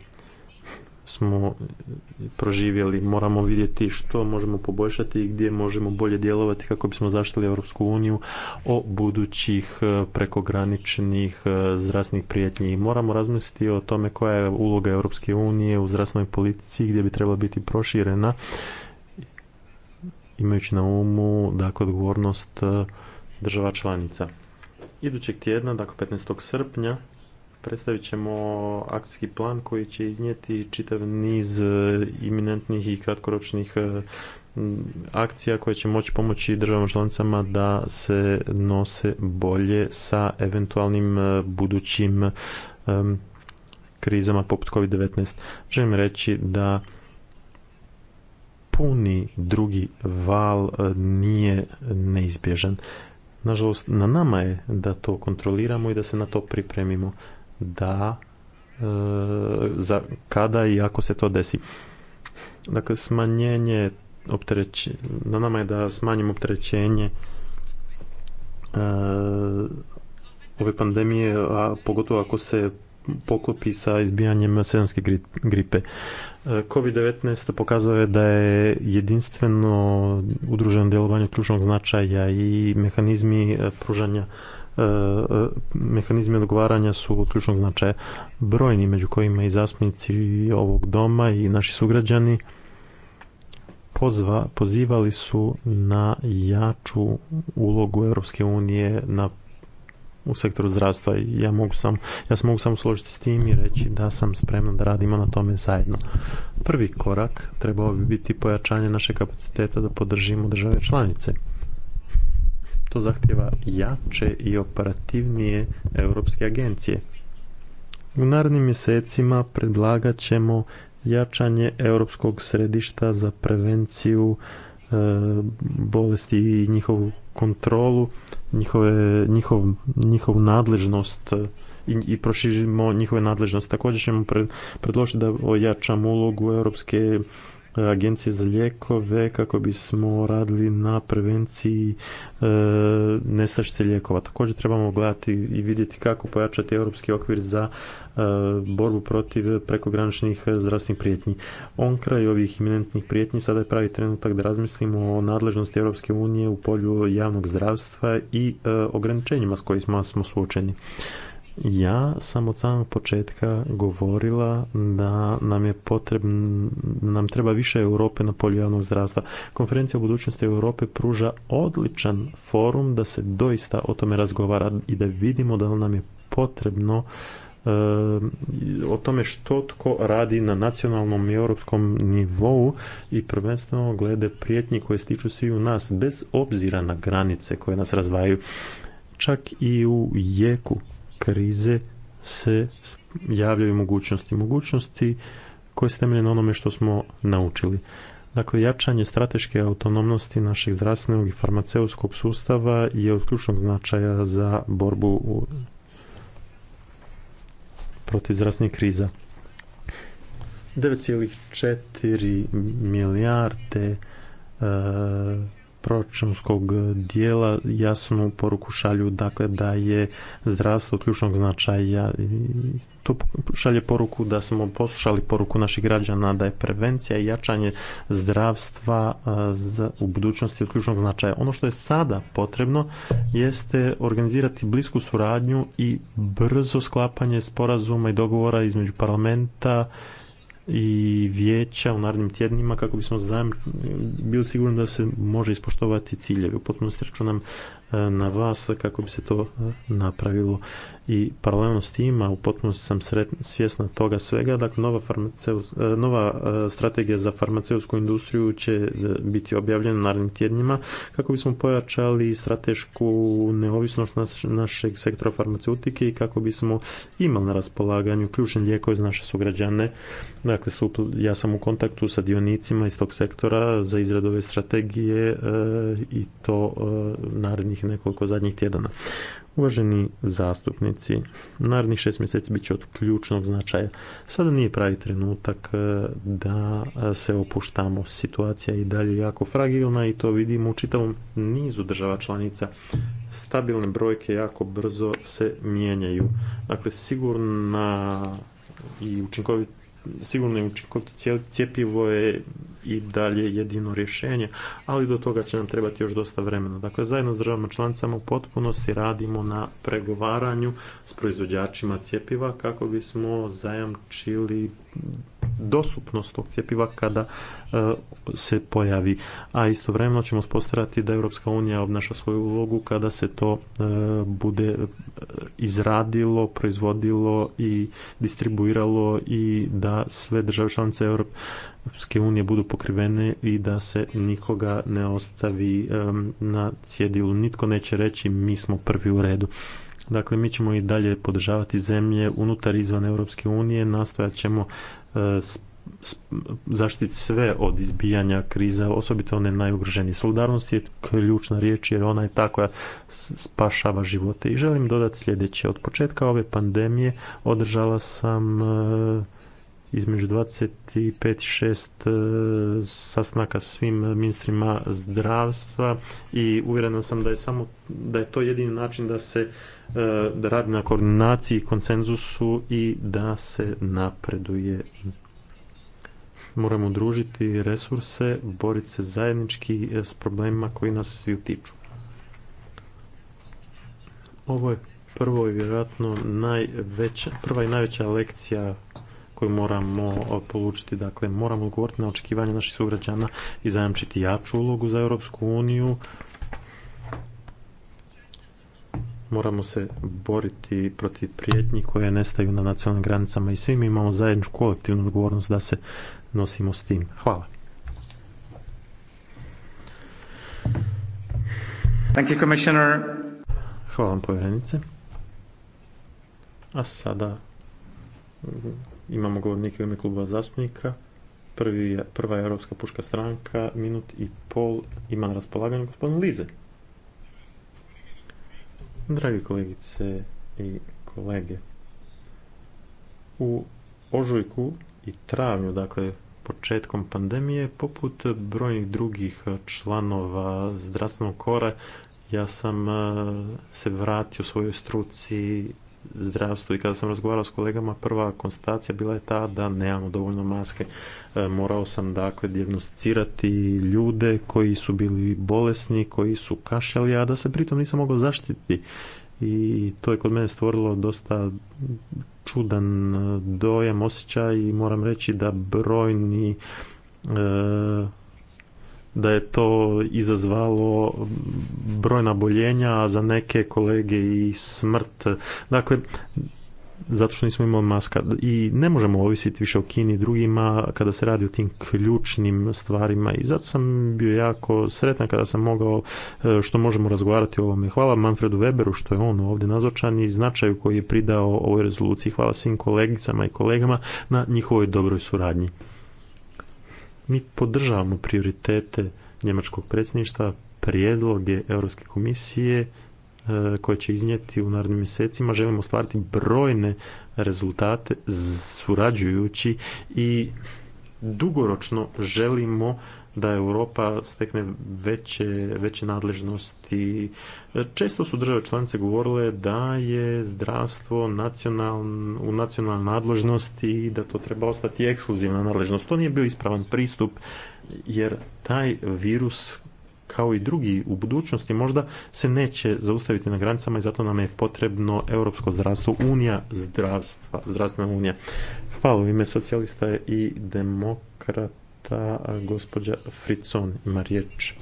smo proživjeli. Moramo vidjeti što možemo poboljšati i gdje možemo bolje djelovati kako bismo zaštili Europsku uniju o budućih e, prekograničnih e, zdravstvenih prijetnji. Moramo razmisliti o tome koja je uloga Europske unije u zdravstvenoj politici gdje bi trebala biti proširena imajući na umu dakle odgovornost e, država članica. Idućeg tjedna, dakle 15. srpnja, predstavit ćemo akcijski plan koji će iznijeti čitav niz e, iminentnih i kratkoročnih e, akcija koje će moći pomoći državama članicama da se nose bolje sa eventualnim budućim krizama poput COVID-19. Želim reći da puni drugi val e, nije neizbježan. Nažalost, na nama je da to kontroliramo i da se na to pripremimo. Da, e, za kada i ako se to desi. Dakle, smanjenje na nama je da smanjimo opterećenje e, ove pandemije, a pogotovo ako se poklopi sa izbijanjem sezonske gripe. E, COVID-19 pokazao je da je jedinstveno udruženo djelovanje ključnog značaja i mehanizmi e, pružanja e, mehanizmi odgovaranja su od ključnog značaja brojni, među kojima i zastupnici ovog doma i naši sugrađani pozva, pozivali su na jaču ulogu Europske unije na u sektoru zdravstva i ja mogu sam, ja se mogu samo složiti s tim i reći da sam spreman da radimo na tome zajedno. Prvi korak trebao bi biti pojačanje naše kapaciteta da podržimo države članice. To zahtjeva jače i operativnije europske agencije. U narednim mjesecima predlagat ćemo jačanje Europskog središta za prevenciju e, bolesti i njihovu kontrolu njihove, njihov, njihovu nadležnost e, i, i proširimo njihove nadležnosti. Također ćemo predložiti da ojačamo ulogu Europske agencije za lijekove kako bismo radili na prevenciji e, nestašice lijekova. Također trebamo gledati i vidjeti kako pojačati europski okvir za e, borbu protiv prekograničnih zdravstvenih prijetnji. On kraj ovih iminentnih prijetnji sada je pravi trenutak da razmislimo o nadležnosti Europske unije u polju javnog zdravstva i e, ograničenjima s kojima smo suočeni. Ja sam od samog početka govorila da nam je potrebno, nam treba više Europe na polju javnog zdravstva. Konferencija o budućnosti Europe pruža odličan forum da se doista o tome razgovara i da vidimo da nam je potrebno eh, o tome što tko radi na nacionalnom i europskom nivou i prvenstveno glede prijetnji koje stiču svi u nas bez obzira na granice koje nas razdvajaju čak i u jeku krize se javljaju mogućnosti. Mogućnosti koje se na onome što smo naučili. Dakle, jačanje strateške autonomnosti našeg zdravstvenog i farmaceutskog sustava je od ključnog značaja za borbu u... protiv zdravstvenih kriza. 9,4 milijarde e, proračunskog dijela jasnu poruku šalju dakle da je zdravstvo ključnog značaja to šalje poruku da smo poslušali poruku naših građana da je prevencija i jačanje zdravstva u budućnosti od ključnog značaja. Ono što je sada potrebno jeste organizirati blisku suradnju i brzo sklapanje sporazuma i dogovora između parlamenta i vijeća u narednim tjednima kako bismo zajem bili sigurni da se može ispoštovati ciljevi. U potpunosti računam e, na vas kako bi se to e, napravilo i paralelno s a u potpunosti sam svjesna toga svega. Dakle, nova, e, nova e, strategija za farmaceutsku industriju će e, biti objavljena narednim tjednima kako bismo pojačali stratešku neovisnost našeg sektora farmaceutike i kako bismo imali na raspolaganju ključne lijekove za naše sugrađane. Dakle, ja sam u kontaktu sa dionicima iz tog sektora za izradu ove strategije i to narednih nekoliko zadnjih tjedana. Uvaženi zastupnici, narednih šest mjeseci bit će od ključnog značaja. Sada nije pravi trenutak e, da e, se opuštamo. Situacija je i dalje jako fragilna i to vidimo u čitavom nizu država članica. Stabilne brojke jako brzo se mijenjaju. Dakle, sigurna i učinkovit sigurno je učinkovito cjepivo je i dalje jedino rješenje, ali do toga će nam trebati još dosta vremena. Dakle, zajedno s državama članicama u potpunosti radimo na pregovaranju s proizvođačima cjepiva kako bismo zajamčili dostupnost tog cjepiva kada e, se pojavi. A istovremeno ćemo spostarati da Europska unija obnaša svoju ulogu kada se to e, bude e, izradilo, proizvodilo i distribuiralo i da sve države članice Europske unije budu pokrivene i da se nikoga ne ostavi na cjedilu. Nitko neće reći mi smo prvi u redu. Dakle, mi ćemo i dalje podržavati zemlje unutar i izvan Europske unije, nastojat ćemo E, zaštiti sve od izbijanja kriza, osobito one najugroženije. Solidarnost je ključna riječ jer ona je ta koja spašava živote. I želim dodati sljedeće. Od početka ove pandemije održala sam e, između 25 i 6 e, sastanaka svim ministrima zdravstva i uvjerena sam da je samo da je to jedini način da se E, da radi na koordinaciji konsenzusu i da se napreduje. Moramo družiti resurse, boriti se zajednički e, s problemima koji nas svi utiču. Ovo je prvo i vjerojatno najveća, prva i najveća lekcija koju moramo e, polučiti. Dakle, moramo odgovoriti na očekivanje naših sugrađana i zajamčiti jaču ulogu za Europsku uniju moramo se boriti protiv prijetnji koje nestaju na nacionalnim granicama i svi mi imamo zajedničku kolektivnu odgovornost da se nosimo s tim. Hvala. Thank you, Commissioner. Hvala vam, povjerenice. A sada mm, imamo govornike u ime kluba zastupnika. Prvi, prva je Europska puška stranka, minut i pol ima na raspolaganju gospodin Lize. Dragi kolegice i kolege, u ožujku i travnju, dakle početkom pandemije, poput brojnih drugih članova zdravstvenog kora, ja sam eh, se vratio svojoj struci zdravstvu i kada sam razgovarao s kolegama, prva konstatacija bila je ta da nemamo dovoljno maske. E, morao sam dakle dijagnosticirati ljude koji su bili bolesni, koji su kašljali, a da se pritom nisam mogao zaštititi. I to je kod mene stvorilo dosta čudan e, dojam, osjećaj i moram reći da brojni e, da je to izazvalo brojna boljenja, za neke kolege i smrt. Dakle, zato što nismo imali maska i ne možemo ovisiti više o Kini drugima kada se radi o tim ključnim stvarima i zato sam bio jako sretan kada sam mogao e, što možemo razgovarati o ovome. Hvala Manfredu Weberu što je on ovdje nazočan i značaju koji je pridao ovoj rezoluciji. Hvala svim kolegicama i kolegama na njihovoj dobroj suradnji. Mi podržavamo prioritete njemačkog predsjedništva, prijedloge Europske komisije e, koje će iznijeti u narednim mjesecima. Želimo ostvariti brojne rezultate surađujući i dugoročno želimo da Europa stekne veće, veće nadležnosti. Često su države članice govorile da je zdravstvo u nacionalnoj nadležnosti i da to treba ostati ekskluzivna nadležnost. To nije bio ispravan pristup jer taj virus kao i drugi u budućnosti možda se neće zaustaviti na granicama i zato nam je potrebno europsko zdravstvo, unija zdravstva, zdravstvena unija. Hvala u ime socijalista i demokrata ta gospođa Fricon ima riječ.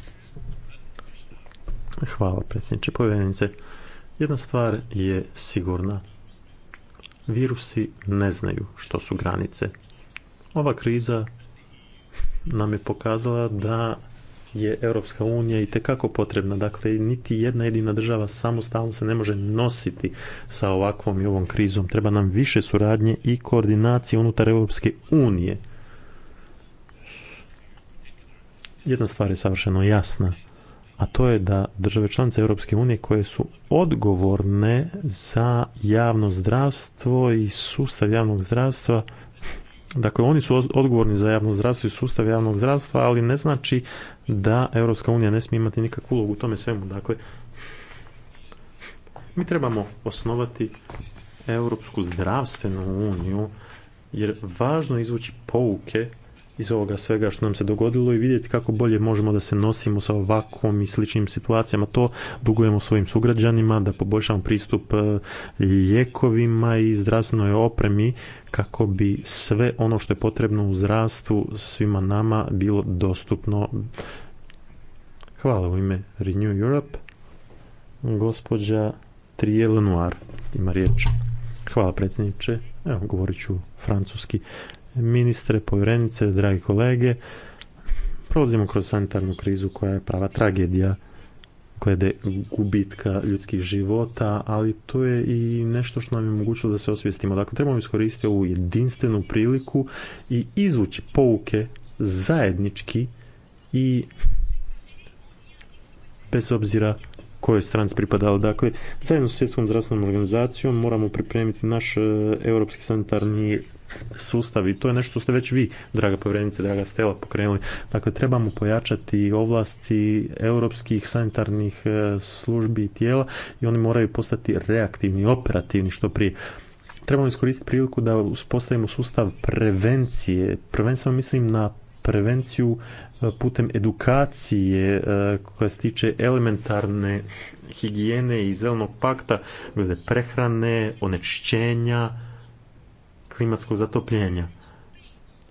Hvala, predsjedniče povjerenice. Jedna stvar je sigurna. Virusi ne znaju što su granice. Ova kriza nam je pokazala da je Europska unija i tekako potrebna. Dakle, niti jedna jedina država samostalno se ne može nositi sa ovakvom i ovom krizom. Treba nam više suradnje i koordinacije unutar Europske unije. jedna stvar je savršeno jasna, a to je da države članice Europske unije koje su odgovorne za javno zdravstvo i sustav javnog zdravstva Dakle, oni su odgovorni za javno zdravstvo i sustav javnog zdravstva, ali ne znači da Europska unija ne smije imati nikakvu ulogu u tome svemu. Dakle, mi trebamo osnovati Europsku zdravstvenu uniju, jer važno je izvući pouke iz ovoga svega što nam se dogodilo i vidjeti kako bolje možemo da se nosimo sa ovakvom i sličnim situacijama. To dugujemo svojim sugrađanima, da poboljšamo pristup e, lijekovima i zdravstvenoj opremi kako bi sve ono što je potrebno u zdravstvu svima nama bilo dostupno. Hvala u ime Renew Europe. Gospođa Trije ima riječ. Hvala predsjedniče. Evo, govorit ću francuski ministre, povjerenice, dragi kolege. Prolazimo kroz sanitarnu krizu koja je prava tragedija glede gubitka ljudskih života, ali to je i nešto što nam je omogućilo da se osvijestimo. Dakle, trebamo iskoristiti ovu jedinstvenu priliku i izvući pouke zajednički i bez obzira kojoj stranci pripadali. Dakle, zajedno s Svjetskom zdravstvenom organizacijom moramo pripremiti naš e, europski sanitarni sustav i to je nešto što ste već vi, draga povrednice, draga Stela, pokrenuli. Dakle, trebamo pojačati ovlasti europskih sanitarnih e, službi i tijela i oni moraju postati reaktivni, operativni što prije trebamo iskoristiti priliku da uspostavimo sustav prevencije. Prvenstveno mislim na prevenciju e, putem edukacije e, koja se tiče elementarne higijene i zelenog pakta glede prehrane, onečišćenja, klimatskog zatopljenja.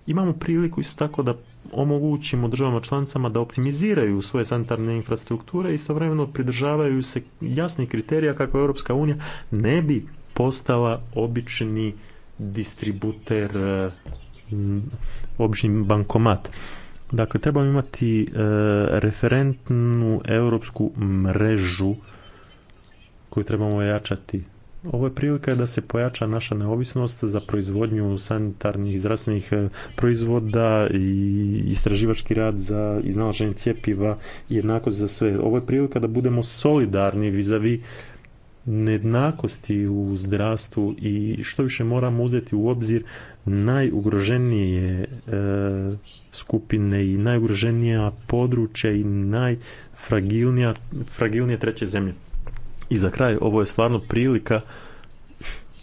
Imamo priliku isto tako da omogućimo državama članicama da optimiziraju svoje sanitarne infrastrukture i istovremeno pridržavaju se jasnih kriterija kako Europska unija ne bi postala obični distributer, e, obični bankomat. Dakle, trebamo imati e, referentnu europsku mrežu koju trebamo ojačati ovo je prilika da se pojača naša neovisnost za proizvodnju sanitarnih i zdravstvenih e, proizvoda i istraživački rad za iznalaženje cjepiva i jednakost za sve. Ovo je prilika da budemo solidarni vizavi nejednakosti u zdravstvu i što više moramo uzeti u obzir najugroženije e, skupine i najugroženija područja i najfragilnije treće zemlje. I za kraj, ovo je stvarno prilika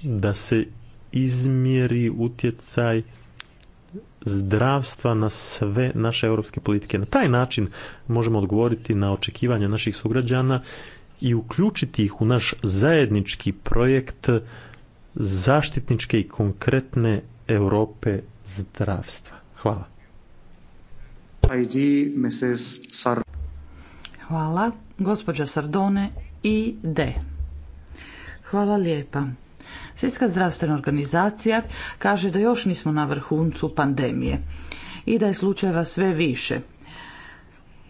da se izmjeri utjecaj zdravstva na sve naše europske politike. Na taj način možemo odgovoriti na očekivanja naših sugrađana i uključiti ih u naš zajednički projekt zaštitničke i konkretne Europe zdravstva. Hvala. Hvala. Gospođa Sardone i D. Hvala lijepa. Svjetska zdravstvena organizacija kaže da još nismo na vrhuncu pandemije i da je slučajeva sve više.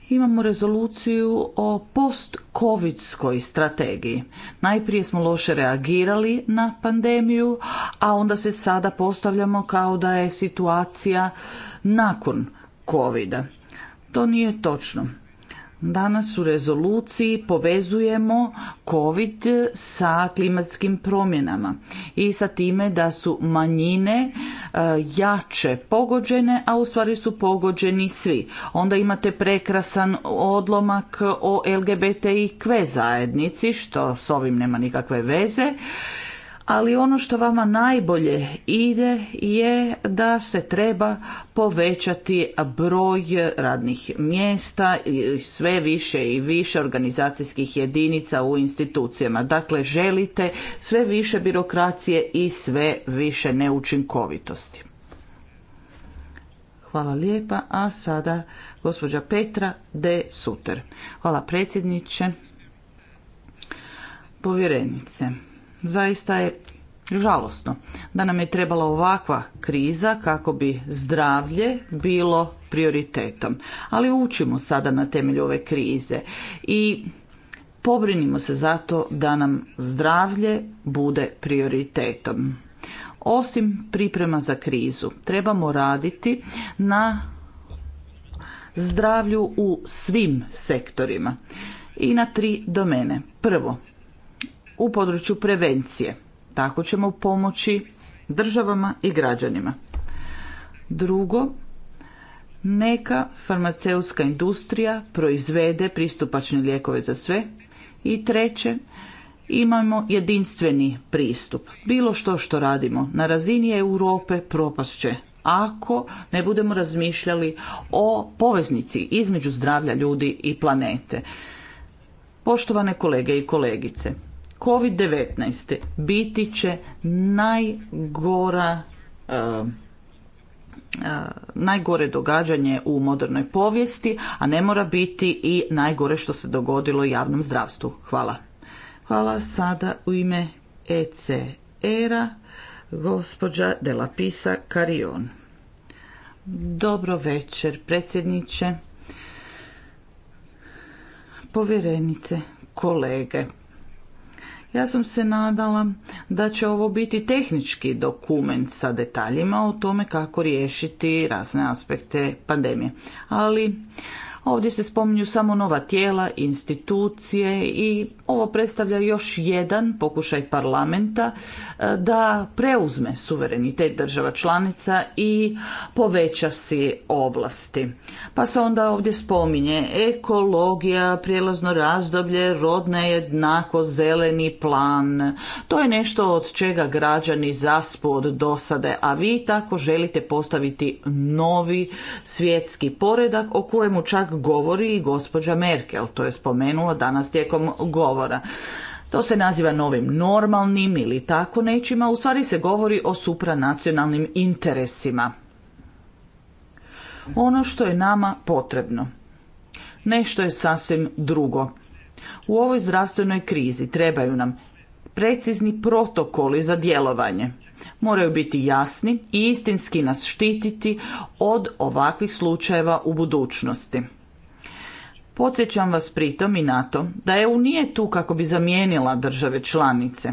Imamo rezoluciju o post-covidskoj strategiji. Najprije smo loše reagirali na pandemiju, a onda se sada postavljamo kao da je situacija nakon covida. To nije točno. Danas u rezoluciji povezujemo COVID sa klimatskim promjenama i sa time da su manjine e, jače pogođene, a u stvari su pogođeni svi. Onda imate prekrasan odlomak o LGBTIQ zajednici, što s ovim nema nikakve veze ali ono što vama najbolje ide je da se treba povećati broj radnih mjesta i sve više i više organizacijskih jedinica u institucijama. Dakle, želite sve više birokracije i sve više neučinkovitosti. Hvala lijepa, a sada gospođa Petra de Suter. Hvala predsjedniče, povjerenice. Zaista je žalosno da nam je trebala ovakva kriza kako bi zdravlje bilo prioritetom. Ali učimo sada na temelju ove krize i pobrinimo se zato da nam zdravlje bude prioritetom. Osim priprema za krizu, trebamo raditi na zdravlju u svim sektorima i na tri domene. Prvo, u području prevencije. Tako ćemo pomoći državama i građanima. Drugo, neka farmaceutska industrija proizvede pristupačne lijekove za sve. I treće, imamo jedinstveni pristup. Bilo što što radimo na razini Europe propast će ako ne budemo razmišljali o poveznici između zdravlja ljudi i planete. Poštovane kolege i kolegice, COVID-19 biti će najgora e, e, najgore događanje u modernoj povijesti, a ne mora biti i najgore što se dogodilo javnom zdravstvu. Hvala. Hvala sada u ime ECR-a e gospođa Pisa Karion. Dobro večer, predsjedniče, povjerenice, kolege. Ja sam se nadala da će ovo biti tehnički dokument sa detaljima o tome kako riješiti razne aspekte pandemije. Ali ovdje se spominju samo nova tijela, institucije i ovo predstavlja još jedan pokušaj parlamenta e, da preuzme suverenitet država članica i poveća si ovlasti. Pa se onda ovdje spominje ekologija, prijelazno razdoblje, rodna jednako, zeleni plan. To je nešto od čega građani zaspu od dosade, a vi tako želite postaviti novi svjetski poredak o kojemu čak govori i gospođa Merkel. To je spomenula danas tijekom govora govora. To se naziva novim normalnim ili tako nečima, u stvari se govori o supranacionalnim interesima. Ono što je nama potrebno. Nešto je sasvim drugo. U ovoj zdravstvenoj krizi trebaju nam precizni protokoli za djelovanje. Moraju biti jasni i istinski nas štititi od ovakvih slučajeva u budućnosti. Podsjećam vas pritom i na to da EU nije tu kako bi zamijenila države članice,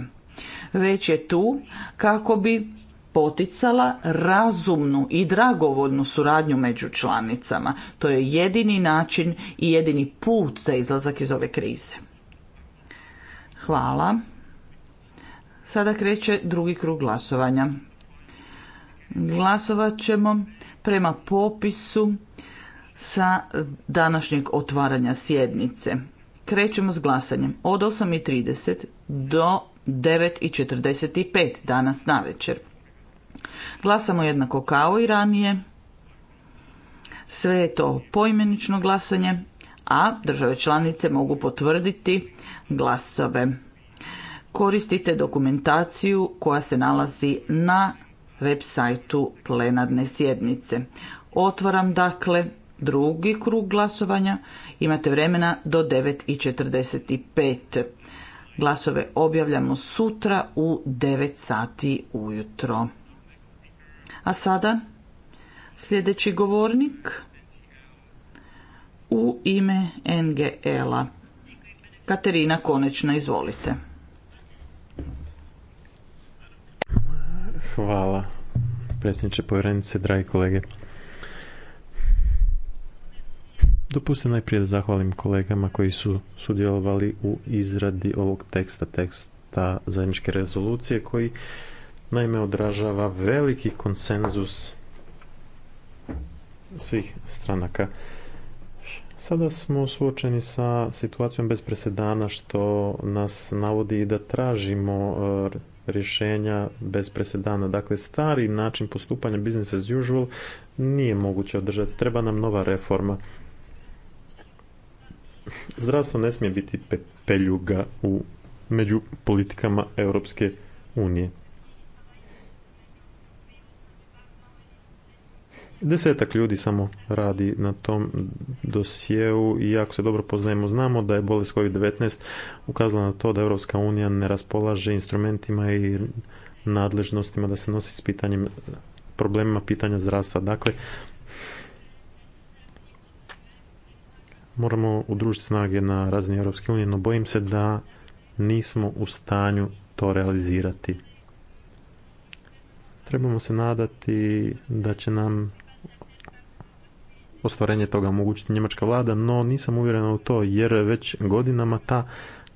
već je tu kako bi poticala razumnu i dragovodnu suradnju među članicama. To je jedini način i jedini put za izlazak iz ove krize. Hvala. Sada kreće drugi krug glasovanja. Glasovat ćemo prema popisu sa današnjeg otvaranja sjednice. Krećemo s glasanjem od 8.30 do 9.45 danas na večer. Glasamo jednako kao i ranije. Sve je to poimenično glasanje, a države članice mogu potvrditi glasove. Koristite dokumentaciju koja se nalazi na web sajtu plenarne sjednice. Otvaram dakle drugi krug glasovanja. Imate vremena do 9.45. Glasove objavljamo sutra u 9 sati ujutro. A sada sljedeći govornik u ime NGL-a. Katerina Konečna, izvolite. Hvala, predsjedniče povjerenice, dragi kolege. Dopustite najprije da zahvalim kolegama koji su sudjelovali u izradi ovog teksta, teksta zajedničke rezolucije koji naime odražava veliki konsenzus svih stranaka. Sada smo suočeni sa situacijom bez presedana što nas navodi da tražimo e, rješenja bez presedana. Dakle, stari način postupanja business as usual nije moguće održati. Treba nam nova reforma zdravstvo ne smije biti peljuga u, među politikama Europske unije. Desetak ljudi samo radi na tom dosjeu i ako se dobro poznajemo znamo da je bolest COVID-19 ukazala na to da Europska unija ne raspolaže instrumentima i nadležnostima da se nosi s pitanjem problemima pitanja zdravstva. Dakle, moramo udružiti snage na razini Europske unije, no bojim se da nismo u stanju to realizirati. Trebamo se nadati da će nam ostvarenje toga omogućiti njemačka vlada, no nisam uvjeren u to jer već godinama ta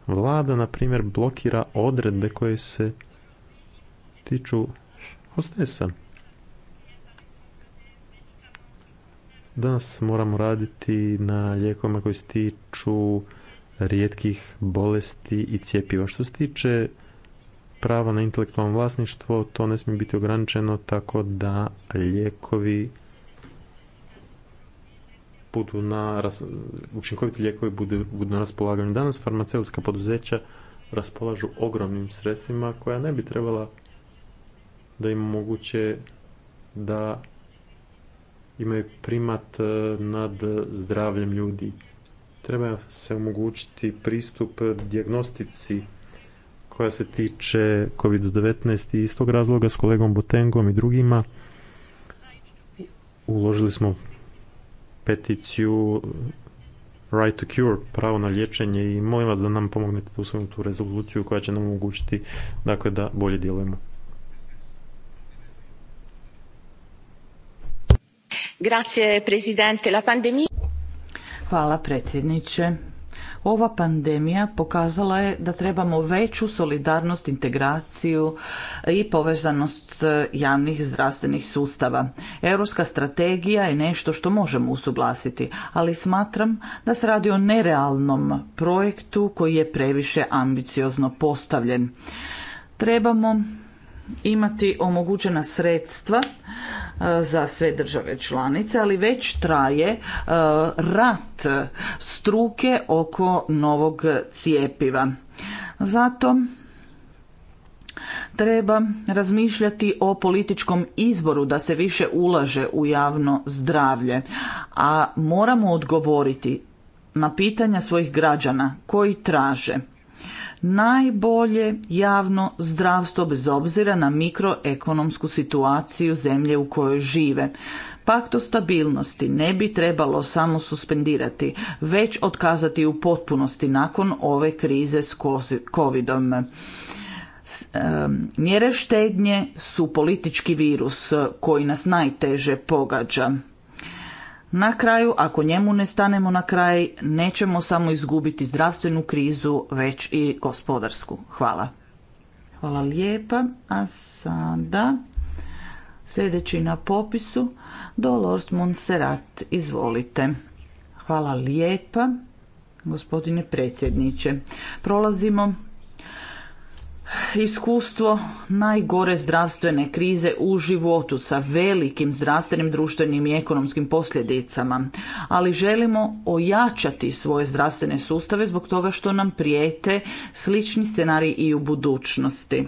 vlada, na primjer, blokira odredbe koje se tiču hostesa. Danas moramo raditi na lijekovima koji se tiču rijetkih bolesti i cijepiva. Što se tiče prava na intelektualno vlasništvo, to ne smije biti ograničeno tako da lijekovi budu na učinkoviti lijekovi budu, na raspolaganju. Danas farmaceutska poduzeća raspolažu ogromnim sredstvima koja ne bi trebala da im moguće da imaju primat e, nad zdravljem ljudi. Treba se omogućiti pristup dijagnostici koja se tiče COVID-19 i iz tog razloga s kolegom Botengom i drugima uložili smo peticiju Right to Cure, pravo na liječenje i molim vas da nam pomognete da tu rezoluciju koja će nam omogućiti dakle, da bolje djelujemo. Grazie, presidente. Hvala predsjedniče. Ova pandemija pokazala je da trebamo veću solidarnost, integraciju i povezanost e, javnih zdravstvenih sustava. Europska strategija je nešto što možemo usuglasiti, ali smatram da se radi o nerealnom projektu koji je previše ambiciozno postavljen. Trebamo imati omogućena sredstva za sve države članice, ali već traje e, rat struke oko novog cijepiva. Zato treba razmišljati o političkom izboru da se više ulaže u javno zdravlje, a moramo odgovoriti na pitanja svojih građana koji traže najbolje javno zdravstvo bez obzira na mikroekonomsku situaciju zemlje u kojoj žive. Pakt o stabilnosti ne bi trebalo samo suspendirati, već otkazati u potpunosti nakon ove krize s covidom. Mjere štednje su politički virus koji nas najteže pogađa. Na kraju, ako njemu ne stanemo na kraj, nećemo samo izgubiti zdravstvenu krizu, već i gospodarsku. Hvala. Hvala lijepa. A sada, sljedeći na popisu, Dolors Monserrat, izvolite. Hvala lijepa, gospodine predsjedniče. Prolazimo iskustvo najgore zdravstvene krize u životu sa velikim zdravstvenim, društvenim i ekonomskim posljedicama, ali želimo ojačati svoje zdravstvene sustave zbog toga što nam prijete slični scenarij i u budućnosti.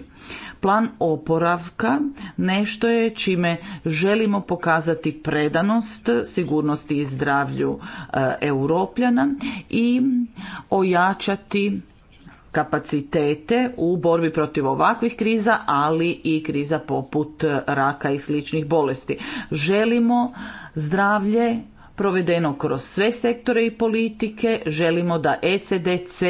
Plan oporavka nešto je čime želimo pokazati predanost sigurnosti i zdravlju e, europljana i ojačati kapacitete u borbi protiv ovakvih kriza, ali i kriza poput raka i sličnih bolesti. Želimo zdravlje provedeno kroz sve sektore i politike, želimo da ECDC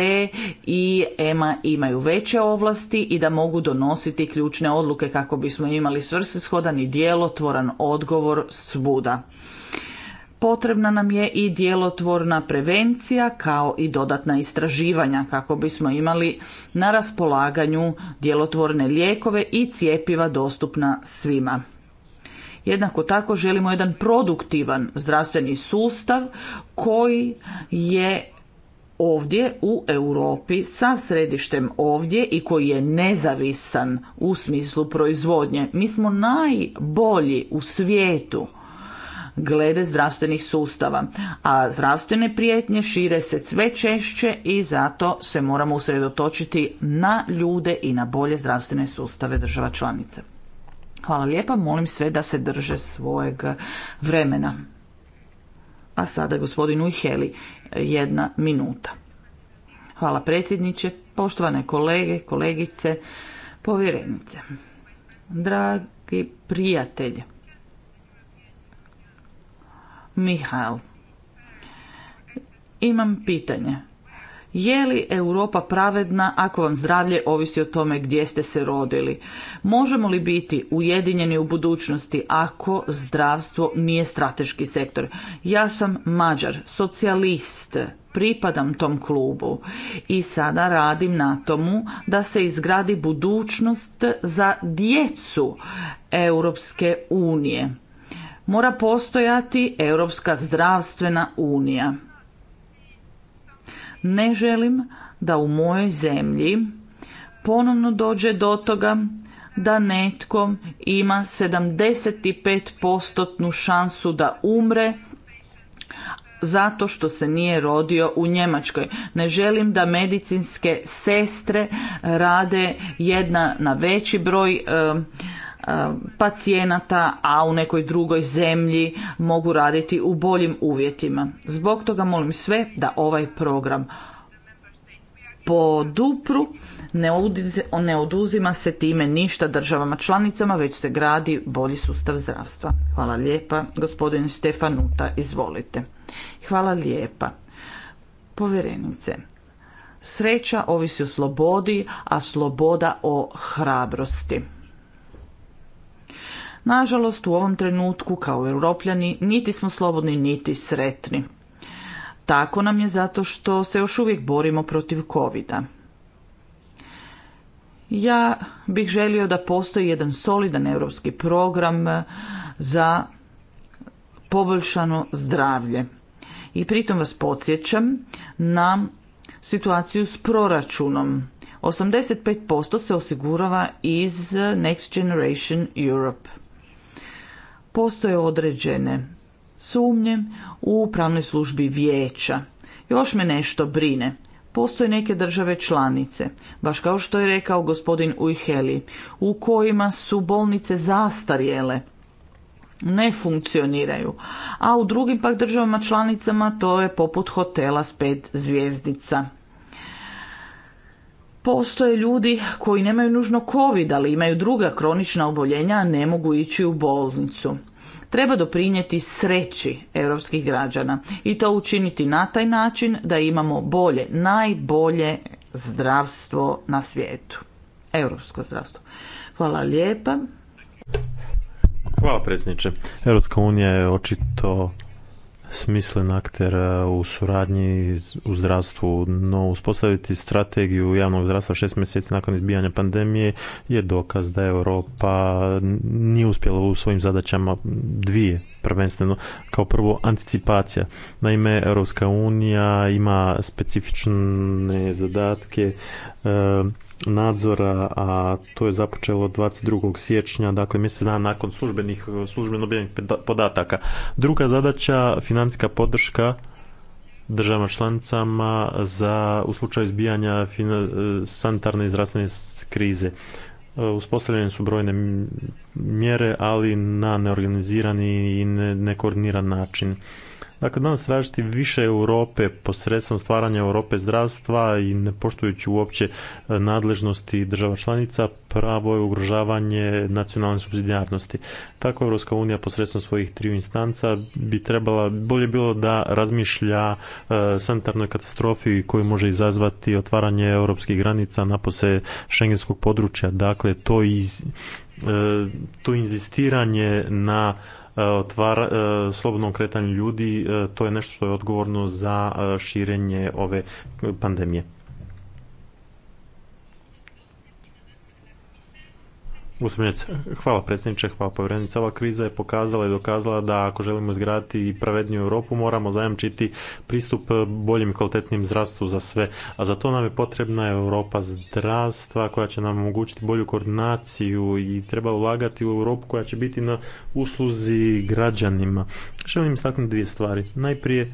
i EMA imaju veće ovlasti i da mogu donositi ključne odluke kako bismo imali svrsishodan i djelotvoran odgovor svuda. Potrebna nam je i djelotvorna prevencija kao i dodatna istraživanja kako bismo imali na raspolaganju djelotvorne lijekove i cijepiva dostupna svima. Jednako tako želimo jedan produktivan zdravstveni sustav koji je ovdje u Europi sa središtem ovdje i koji je nezavisan u smislu proizvodnje. Mi smo najbolji u svijetu glede zdravstvenih sustava. A zdravstvene prijetnje šire se sve češće i zato se moramo usredotočiti na ljude i na bolje zdravstvene sustave država članica. Hvala lijepa, molim sve da se drže svojeg vremena. A sada gospodin Iheli jedna minuta. Hvala predsjedniče, poštovane kolege, kolegice, povjerenice. Dragi prijatelji, Mihael. Imam pitanje. Je li Europa pravedna ako vam zdravlje ovisi o tome gdje ste se rodili? Možemo li biti ujedinjeni u budućnosti ako zdravstvo nije strateški sektor? Ja sam mađar, socijalist, pripadam tom klubu i sada radim na tomu da se izgradi budućnost za djecu Europske unije mora postojati Europska zdravstvena unija. Ne želim da u mojoj zemlji ponovno dođe do toga da netko ima 75% šansu da umre zato što se nije rodio u Njemačkoj. Ne želim da medicinske sestre rade jedna na veći broj eh, E, pacijenata, a u nekoj drugoj zemlji mogu raditi u boljim uvjetima. Zbog toga molim sve da ovaj program podupru, ne oduzima se time ništa državama članicama, već se gradi bolji sustav zdravstva. Hvala lijepa. Gospodin Stefanuta, izvolite. Hvala lijepa. Povjerenice, sreća ovisi o slobodi, a sloboda o hrabrosti. Nažalost, u ovom trenutku kao europljani niti smo slobodni, niti sretni. Tako nam je zato što se još uvijek borimo protiv covid -a. Ja bih želio da postoji jedan solidan europski program eh, za poboljšano zdravlje. I pritom vas podsjećam na situaciju s proračunom. 85% se osigurava iz Next Generation Europe postoje određene sumnje u pravnoj službi vijeća. Još me nešto brine. Postoje neke države članice, baš kao što je rekao gospodin Ujheli, u kojima su bolnice zastarjele, ne funkcioniraju, a u drugim pak državama članicama to je poput hotela s pet zvijezdica. Postoje ljudi koji nemaju nužno COVID, ali imaju druga kronična oboljenja, a ne mogu ići u bolnicu. Treba doprinijeti sreći europskih građana i to učiniti na taj način da imamo bolje, najbolje zdravstvo na svijetu. Europsko zdravstvo. Hvala lijepa. Hvala predsjedniče. Europska unija je očito smislen akter uh, u suradnji u zdravstvu, no uspostaviti strategiju javnog zdravstva šest mjeseci nakon izbijanja pandemije je dokaz da Europa nije uspjela u svojim zadaćama dvije prvenstveno. Kao prvo, anticipacija. Naime, Europska unija ima specifične zadatke uh, nadzora, a to je započelo 22. siječnja, dakle mjesec dana nakon službenih, službeno objavljenih podataka. Druga zadaća, financijska podrška državama članicama za, u slučaju izbijanja sanitarne i zdravstvene krize. Uspostavljene su brojne mjere, ali na neorganizirani i nekoordiniran način. Dakle, danas tražiti više Europe posredstvom stvaranja Europe zdravstva i ne poštujući uopće e, nadležnosti država članica, pravo je ugrožavanje nacionalne subsidijarnosti. Tako Europska unija posredstvom svojih triju instanca bi trebala, bolje bilo da razmišlja e, sanitarnoj katastrofi koju može izazvati otvaranje europskih granica na pose šengenskog područja. Dakle, to iz, e, to inzistiranje na E, otvara, e, slobodnom kretanju ljudi, e, to je nešto što je odgovorno za širenje ove pandemije. Usmjec, hvala predsjedniče, hvala povjerenica. Ova kriza je pokazala i dokazala da ako želimo izgraditi pravedniju Europu moramo zajamčiti pristup boljim i kvalitetnim zdravstvu za sve. A za to nam je potrebna Europa zdravstva koja će nam omogućiti bolju koordinaciju i treba ulagati u Europu koja će biti na usluzi građanima. Želim istaknuti dvije stvari. Najprije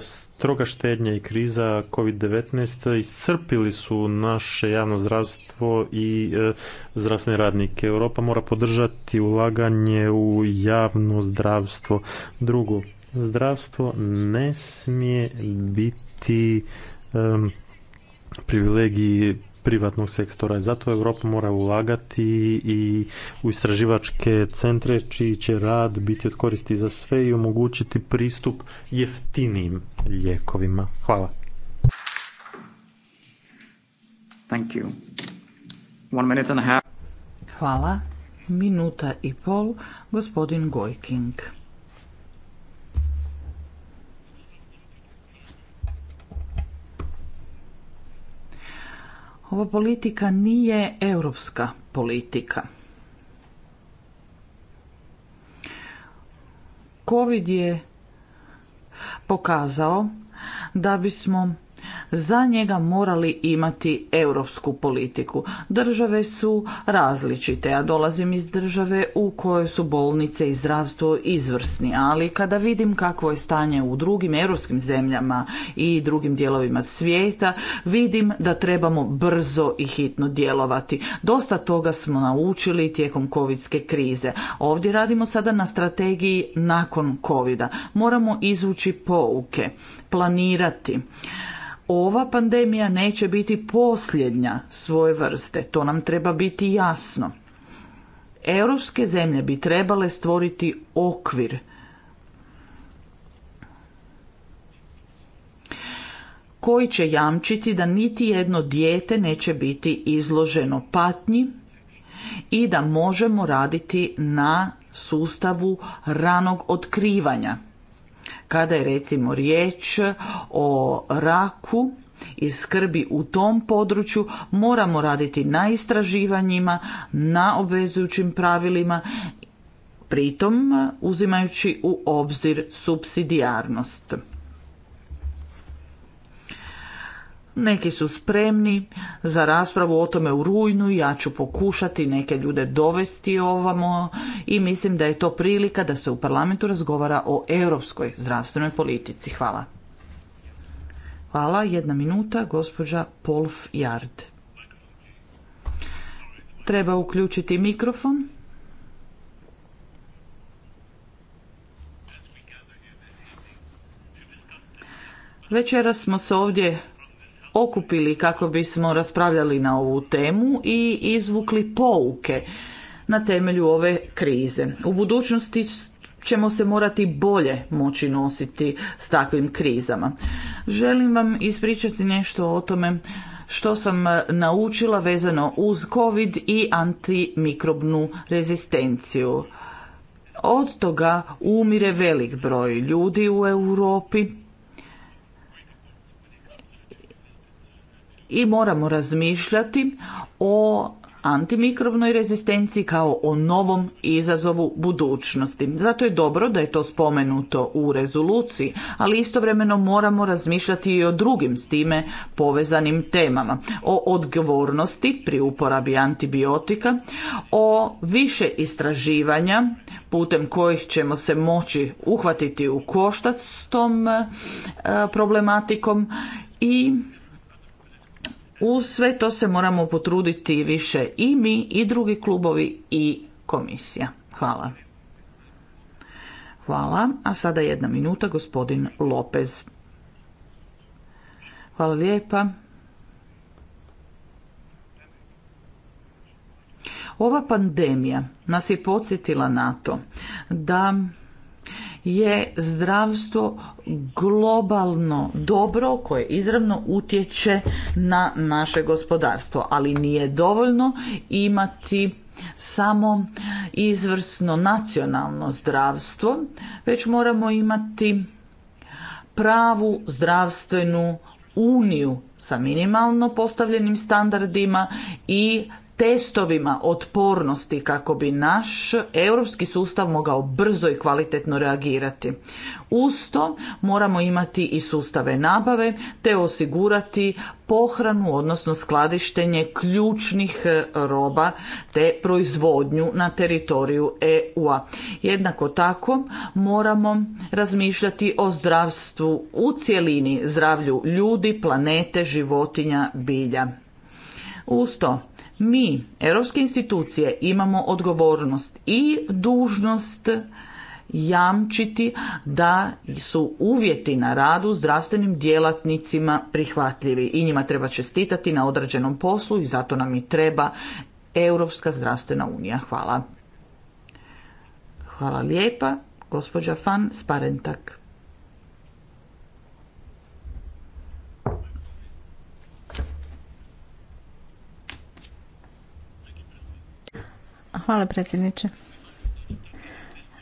stroga štednja i kriza COVID-19 iscrpili su naše javno zdravstvo i e, zdravstvene radnike. Europa mora podržati ulaganje u javno zdravstvo. Drugo, zdravstvo ne smije biti privilegiji privatnog sektora. Zato Evropa mora ulagati i u istraživačke centre čiji će rad biti od koristi za sve i omogućiti pristup jeftinijim lijekovima. Hvala. Thank you. minute and a half. Hvala. Minuta i pol. Gospodin Gojking. Ova politika nije europska politika. Covid je pokazao da bismo za njega morali imati europsku politiku. Države su različite. Ja dolazim iz države u kojoj su bolnice i zdravstvo izvrsni, ali kada vidim kakvo je stanje u drugim europskim zemljama i drugim dijelovima svijeta, vidim da trebamo brzo i hitno djelovati. Dosta toga smo naučili tijekom kovidske krize. Ovdje radimo sada na strategiji nakon covida. Moramo izvući pouke, planirati ova pandemija neće biti posljednja svoje vrste, to nam treba biti jasno. Europske zemlje bi trebale stvoriti okvir koji će jamčiti da niti jedno dijete neće biti izloženo patnji i da možemo raditi na sustavu ranog otkrivanja kada je recimo riječ o raku i skrbi u tom području moramo raditi na istraživanjima, na obvezujućim pravilima, pritom uzimajući u obzir subsidijarnost. Neki su spremni za raspravu o tome u rujnu, ja ću pokušati neke ljude dovesti ovamo i mislim da je to prilika da se u parlamentu razgovara o europskoj zdravstvenoj politici. Hvala. Hvala, jedna minuta, gospođa Polf Jard. Treba uključiti mikrofon. Večeras smo se ovdje okupili kako bismo raspravljali na ovu temu i izvukli pouke na temelju ove krize. U budućnosti ćemo se morati bolje moći nositi s takvim krizama. Želim vam ispričati nešto o tome što sam naučila vezano uz COVID i antimikrobnu rezistenciju. Od toga umire velik broj ljudi u Europi i moramo razmišljati o antimikrobnoj rezistenciji kao o novom izazovu budućnosti. Zato je dobro da je to spomenuto u rezoluciji, ali istovremeno moramo razmišljati i o drugim s time povezanim temama. O odgovornosti pri uporabi antibiotika, o više istraživanja putem kojih ćemo se moći uhvatiti u koštac s tom e, problematikom i u sve to se moramo potruditi više i mi i drugi klubovi i komisija. Hvala. Hvala. A sada jedna minuta, gospodin Lopez. Hvala lijepa. Ova pandemija nas je podsjetila na to da je zdravstvo globalno dobro koje izravno utječe na naše gospodarstvo, ali nije dovoljno imati samo izvrsno nacionalno zdravstvo, već moramo imati pravu zdravstvenu uniju sa minimalno postavljenim standardima i testovima otpornosti kako bi naš europski sustav mogao brzo i kvalitetno reagirati. Uz to moramo imati i sustave nabave te osigurati pohranu, odnosno skladištenje ključnih e, roba te proizvodnju na teritoriju EU-a. Jednako tako moramo razmišljati o zdravstvu u cjelini, zdravlju ljudi, planete, životinja, bilja. Uz to mi, europske institucije, imamo odgovornost i dužnost jamčiti da su uvjeti na radu zdravstvenim djelatnicima prihvatljivi i njima treba čestitati na odrađenom poslu i zato nam i treba Europska zdravstvena unija. Hvala. Hvala lijepa, gospođa Fan Sparentak. Hvala predsjedniče.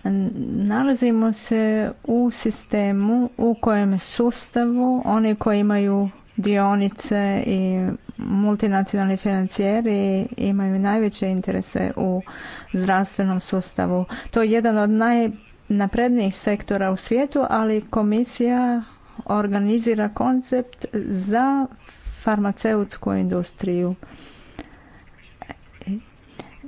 Nalazimo se u sistemu u kojem sustavu oni koji imaju dionice i multinacionalni financijeri imaju najveće interese u zdravstvenom sustavu. To je jedan od najnaprednijih sektora u svijetu, ali komisija organizira koncept za farmaceutsku industriju.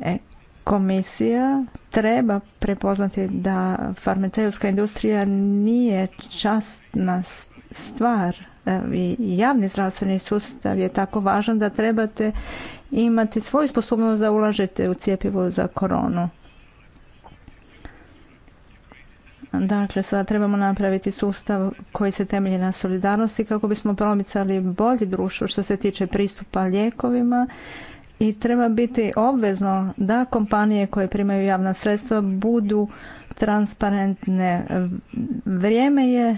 E, Komisija treba prepoznati da farmaceutska industrija nije častna stvar e, i javni zdravstveni sustav je tako važan da trebate imati svoju sposobnost da ulažete u cijepivo za koronu. Dakle, sada trebamo napraviti sustav koji se temelji na solidarnosti kako bismo promicali bolje društvo što se tiče pristupa lijekovima i treba biti obvezno da kompanije koje primaju javna sredstva budu transparentne. Vrijeme je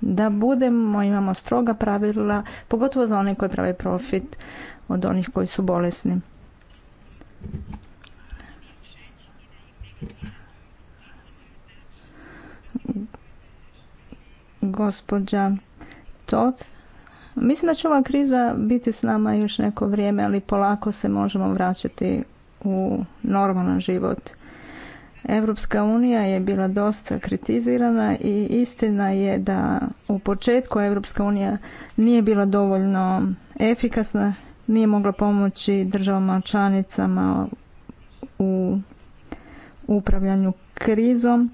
da budemo, imamo stroga pravila, pogotovo za one koji prave profit od onih koji su bolesni. Gospođa Todd Mislim da će ova kriza biti s nama još neko vrijeme, ali polako se možemo vraćati u normalan život. Europska unija je bila dosta kritizirana i istina je da u početku Europska unija nije bila dovoljno efikasna, nije mogla pomoći državama članicama u upravljanju krizom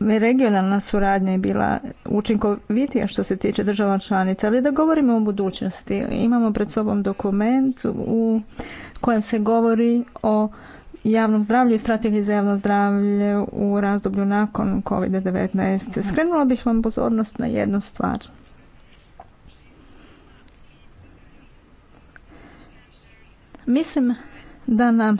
regionalna suradnja je bila učinkovitija što se tiče država članica, ali da govorimo o budućnosti. Imamo pred sobom dokument u kojem se govori o javnom zdravlju i strategiji za javno zdravlje u razdoblju nakon COVID-19. Skrenula bih vam pozornost na jednu stvar. Mislim da nam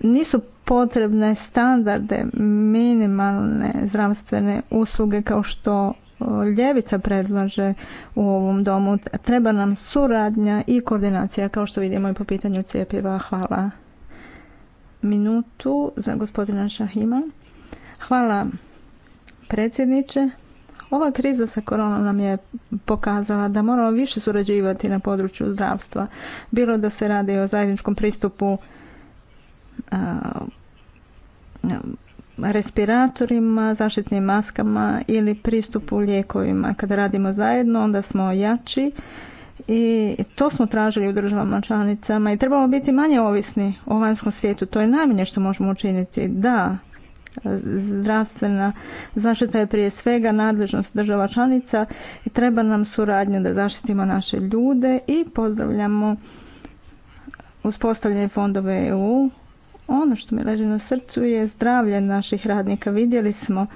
nisu potrebne standarde minimalne zdravstvene usluge kao što e, ljevica predlaže u ovom domu. Treba nam suradnja i koordinacija kao što vidimo i po pitanju cijepiva. Hvala. Minutu za gospodina Šahima. Hvala predsjedniče. Ova kriza sa koronom nam je pokazala da moramo više surađivati na području zdravstva. Bilo da se radi o zajedničkom pristupu respiratorima, zaštitnim maskama ili pristupu lijekovima. Kada radimo zajedno, onda smo jači i to smo tražili u državama članicama i trebamo biti manje ovisni o vanjskom svijetu. To je najmanje što možemo učiniti. Da, zdravstvena zaštita je prije svega nadležnost država članica i treba nam suradnja da zaštitimo naše ljude i pozdravljamo uspostavljanje fondove EU ono što mi leži na srcu je zdravlje naših radnika. Vidjeli smo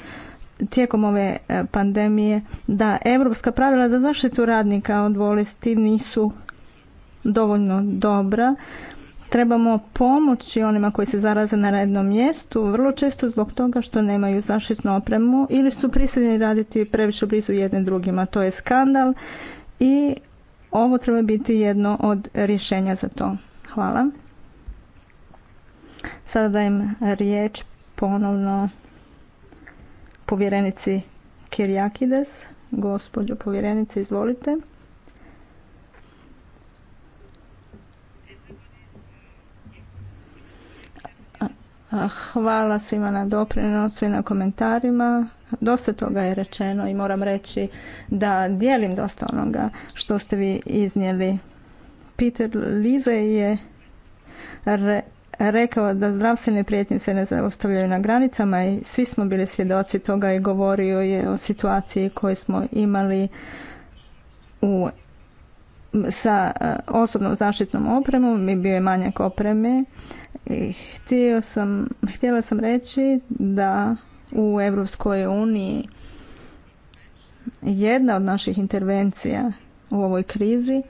tijekom ove e, pandemije da europska pravila za zaštitu radnika od bolesti nisu dovoljno dobra. Trebamo pomoći onima koji se zaraze na radnom mjestu, vrlo često zbog toga što nemaju zaštitnu opremu ili su prisiljeni raditi previše blizu jedne drugima. To je skandal i ovo treba biti jedno od rješenja za to. Hvala. Sada dajem riječ ponovno povjerenici Kirijakides. Gospodju povjerenice, izvolite. Hvala svima na doprinosu i na komentarima. Dosta toga je rečeno i moram reći da dijelim dosta onoga što ste vi iznijeli. Peter Lize je re rekao da zdravstvene prijetnje se ne zaustavljaju na granicama i svi smo bili svjedoci toga i govorio je o situaciji koju smo imali u, sa e, osobnom zaštitnom opremom i bio je manjak opreme i htio sam, htjela sam reći da u Europskoj uniji jedna od naših intervencija u ovoj krizi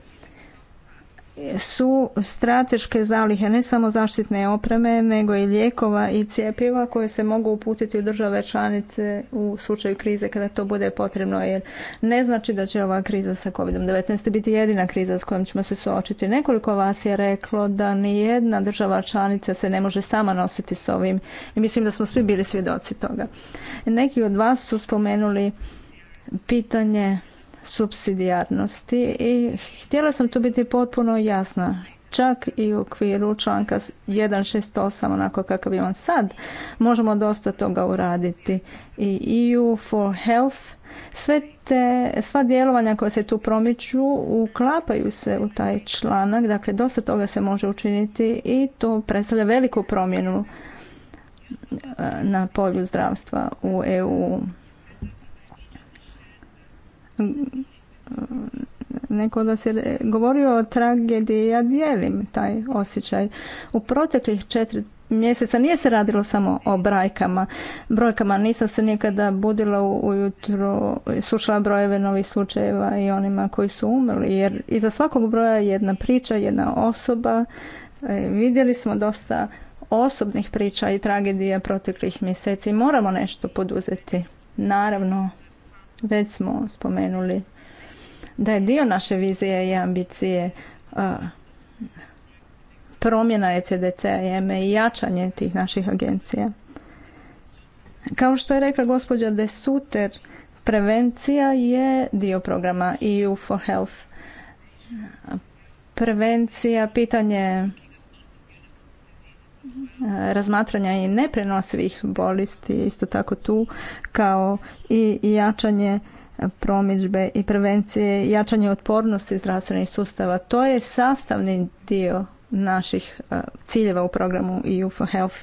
su strateške zalihe ne samo zaštitne opreme nego i lijekova i cijepiva koje se mogu uputiti u države članice u slučaju krize kada to bude potrebno jer ne znači da će ova kriza sa COVID-19 biti jedina kriza s kojom ćemo se suočiti. Nekoliko vas je reklo da ni jedna država članica se ne može sama nositi s ovim i mislim da smo svi bili svjedoci toga. Neki od vas su spomenuli pitanje subsidijarnosti i htjela sam tu biti potpuno jasna čak i u okviru članka 168 onako kakav on sad možemo dosta toga uraditi i EU for health sve sva djelovanja koja se tu promiču uklapaju se u taj članak dakle dosta toga se može učiniti i to predstavlja veliku promjenu e, na polju zdravstva u EU neko da se govorio o tragediji, ja dijelim taj osjećaj. U proteklih četiri mjeseca nije se radilo samo o brajkama, brojkama, nisam se nikada budila ujutro, slušala brojeve novih slučajeva i onima koji su umrli, jer iza svakog broja je jedna priča, jedna osoba, e, vidjeli smo dosta osobnih priča i tragedija proteklih mjeseci, moramo nešto poduzeti. Naravno, već smo spomenuli da je dio naše vizije i ambicije promjena ECDC i EME i jačanje tih naših agencija. Kao što je rekla gospođa De Suter, prevencija je dio programa EU for Health. Prevencija, pitanje E, razmatranja i neprenosivih bolesti isto tako tu kao i jačanje promidžbe i prevencije, jačanje otpornosti zdravstvenih sustava. To je sastavni dio naših e, ciljeva u programu EU for Health.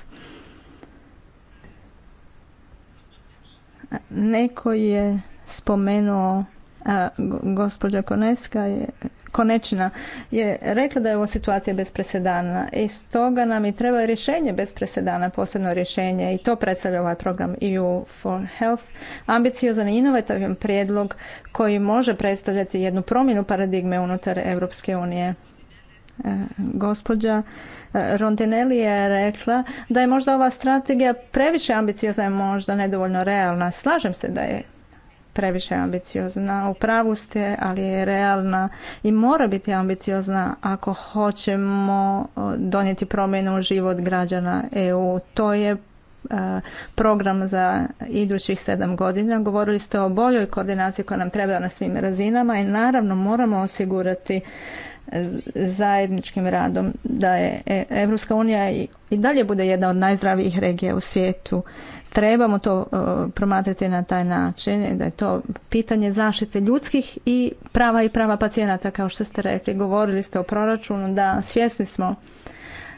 Neko je spomenuo a gospođa Koneska je Konečna je rekla da je ovo situacija bez presedana i stoga nam i treba rješenje bez presedana, posebno rješenje i to predstavlja ovaj program EU for Health, ambiciozan i inovativan prijedlog koji može predstavljati jednu promjenu paradigme unutar Europske unije. gospođa Rontinelli je rekla da je možda ova strategija previše ambiciozna i možda nedovoljno realna. Slažem se da je previše ambiciozna. U pravu ste, ali je realna i mora biti ambiciozna ako hoćemo donijeti promjenu u život građana EU. To je e, program za idućih sedam godina. Govorili ste o boljoj koordinaciji koja nam treba na svim razinama i naravno moramo osigurati zajedničkim radom da je Europska unija i dalje bude jedna od najzdravijih regija u svijetu trebamo to e, promatrati na taj način, da je to pitanje zaštite ljudskih i prava i prava pacijenata, kao što ste rekli. Govorili ste o proračunu, da svjesni smo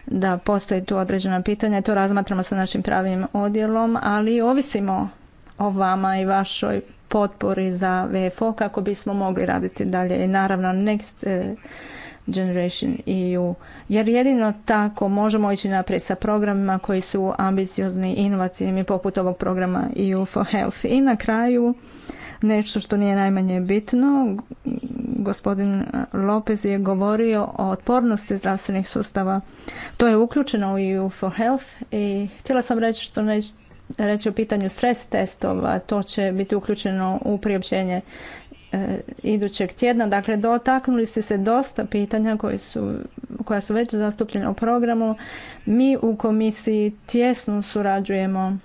da postoji tu određena pitanja, to razmatramo sa našim pravnim odjelom, ali ovisimo o vama i vašoj potpori za VFO kako bismo mogli raditi dalje. I naravno, next, e, Generation EU. Jer jedino tako možemo ići naprijed sa programima koji su ambiciozni, inovativni, poput ovog programa EU for Health. I na kraju, nešto što nije najmanje bitno, gospodin Lopez je govorio o otpornosti zdravstvenih sustava. To je uključeno u EU for Health i htjela sam reći što neće reći o pitanju stres testova, to će biti uključeno u priopćenje E, idućeg tjedna. Dakle, dotaknuli ste se dosta pitanja koja su već zastupljena u programu. Mi u komisiji tjesno surađujemo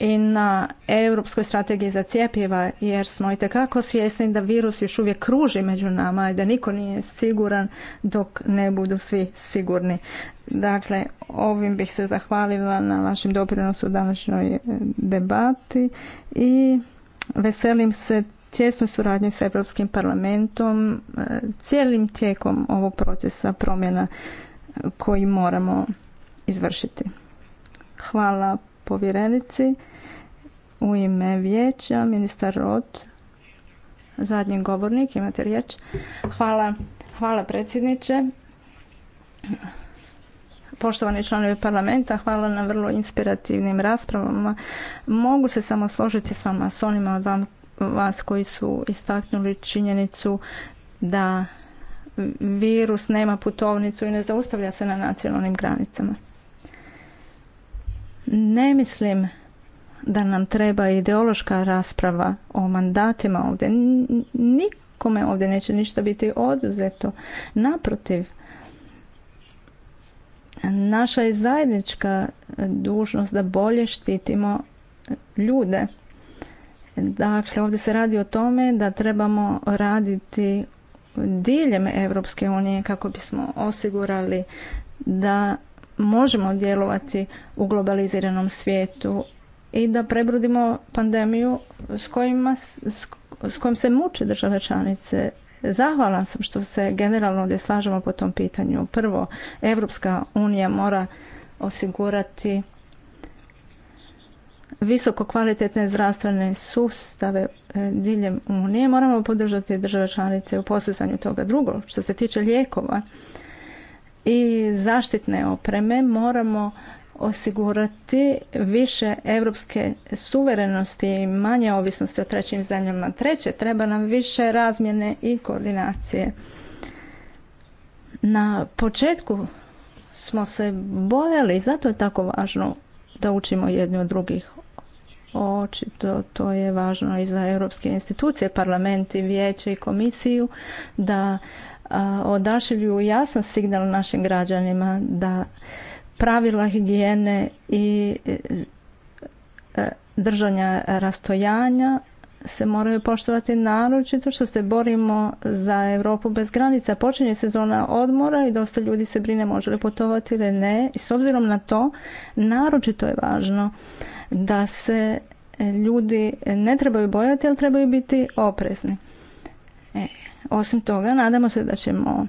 i na europskoj strategiji za cjepiva jer smo i tekako svjesni da virus još uvijek kruži među nama i da niko nije siguran dok ne budu svi sigurni. Dakle, ovim bih se zahvalila na vašem doprinosu u današnjoj e, debati i veselim se tjesnoj suradnji sa Europskim parlamentom e, cijelim tijekom ovog procesa promjena koji moramo izvršiti. Hvala povjerenici. U ime vijeća, ministar Rod, zadnji govornik, imate riječ. Hvala, hvala predsjedniče. Poštovani članovi parlamenta, hvala na vrlo inspirativnim raspravama. Mogu se samo složiti s vama, s onima od vas koji su istaknuli činjenicu da virus nema putovnicu i ne zaustavlja se na nacionalnim granicama. Ne mislim da nam treba ideološka rasprava o mandatima ovdje. Nikome ovdje neće ništa biti oduzeto. Naprotiv, naša je zajednička dužnost da bolje štitimo ljude. Dakle, ovdje se radi o tome da trebamo raditi diljem Europske unije kako bismo osigurali da možemo djelovati u globaliziranom svijetu i da prebrudimo pandemiju s, kojima, s, s kojom se muče države članice. Zahvalan sam što se generalno ovdje slažemo po tom pitanju. Prvo, Evropska unija mora osigurati visoko kvalitetne zdravstvene sustave e, diljem Unije. Moramo podržati države članice u postizanju toga. Drugo, što se tiče lijekova, i zaštitne opreme moramo osigurati više europske suverenosti i manje ovisnosti o trećim zemljama. Treće, treba nam više razmjene i koordinacije. Na početku smo se bojali, zato je tako važno da učimo jedni od drugih. Očito to je važno i za europske institucije, parlament i vijeće i komisiju, da odašilju jasan signal našim građanima da pravila higijene i e, e, držanja rastojanja se moraju poštovati naročito što se borimo za Europu bez granica. Počinje sezona odmora i dosta ljudi se brine može li putovati ili ne. I s obzirom na to, naročito je važno da se e, ljudi ne trebaju bojati, ali trebaju biti oprezni. E, osim toga, nadamo se da ćemo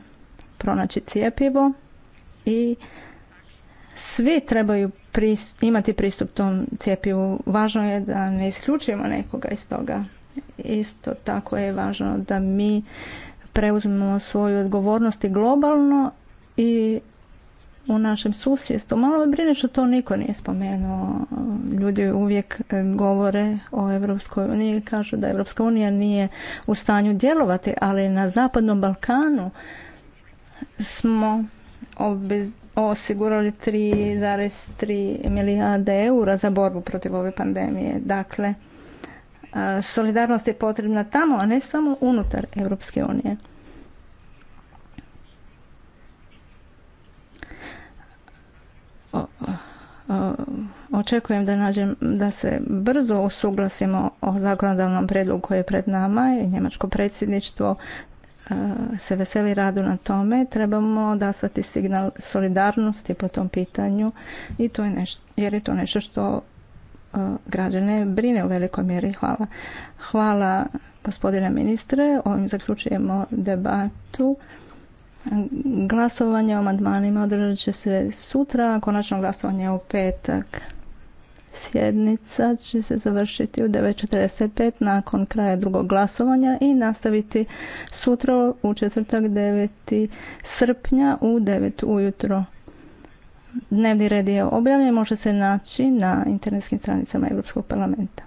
pronaći cijepivo i svi trebaju imati pristup tom cijepivu. Važno je da ne isključimo nekoga iz toga. Isto tako je važno da mi preuzmemo svoju odgovornost i globalno i u našem susjedstvu. Malo me brine što to niko nije spomenuo. Ljudi uvijek e, govore o Evropskoj uniji, kažu da Evropska unija nije u stanju djelovati, ali na Zapadnom Balkanu smo osigurali 3,3 milijarde eura za borbu protiv ove pandemije. Dakle, e, solidarnost je potrebna tamo, a ne samo unutar Evropske unije. očekujem da nađem da se brzo usuglasimo o zakonodavnom predlogu koji je pred nama i njemačko predsjedništvo e, se veseli radu na tome. Trebamo dati signal solidarnosti po tom pitanju i to je nešto, jer je to nešto što e, građane brine u velikoj mjeri. Hvala. Hvala gospodine ministre. Ovim zaključujemo debatu. Glasovanje o amandmanima održat će se sutra, konačno glasovanje u petak. Sjednica će se završiti u 9.45 nakon kraja drugog glasovanja i nastaviti sutra u četvrtak 9. srpnja u 9 ujutro. Dnevni red je objavljen, može se naći na internetskim stranicama Europskog parlamenta.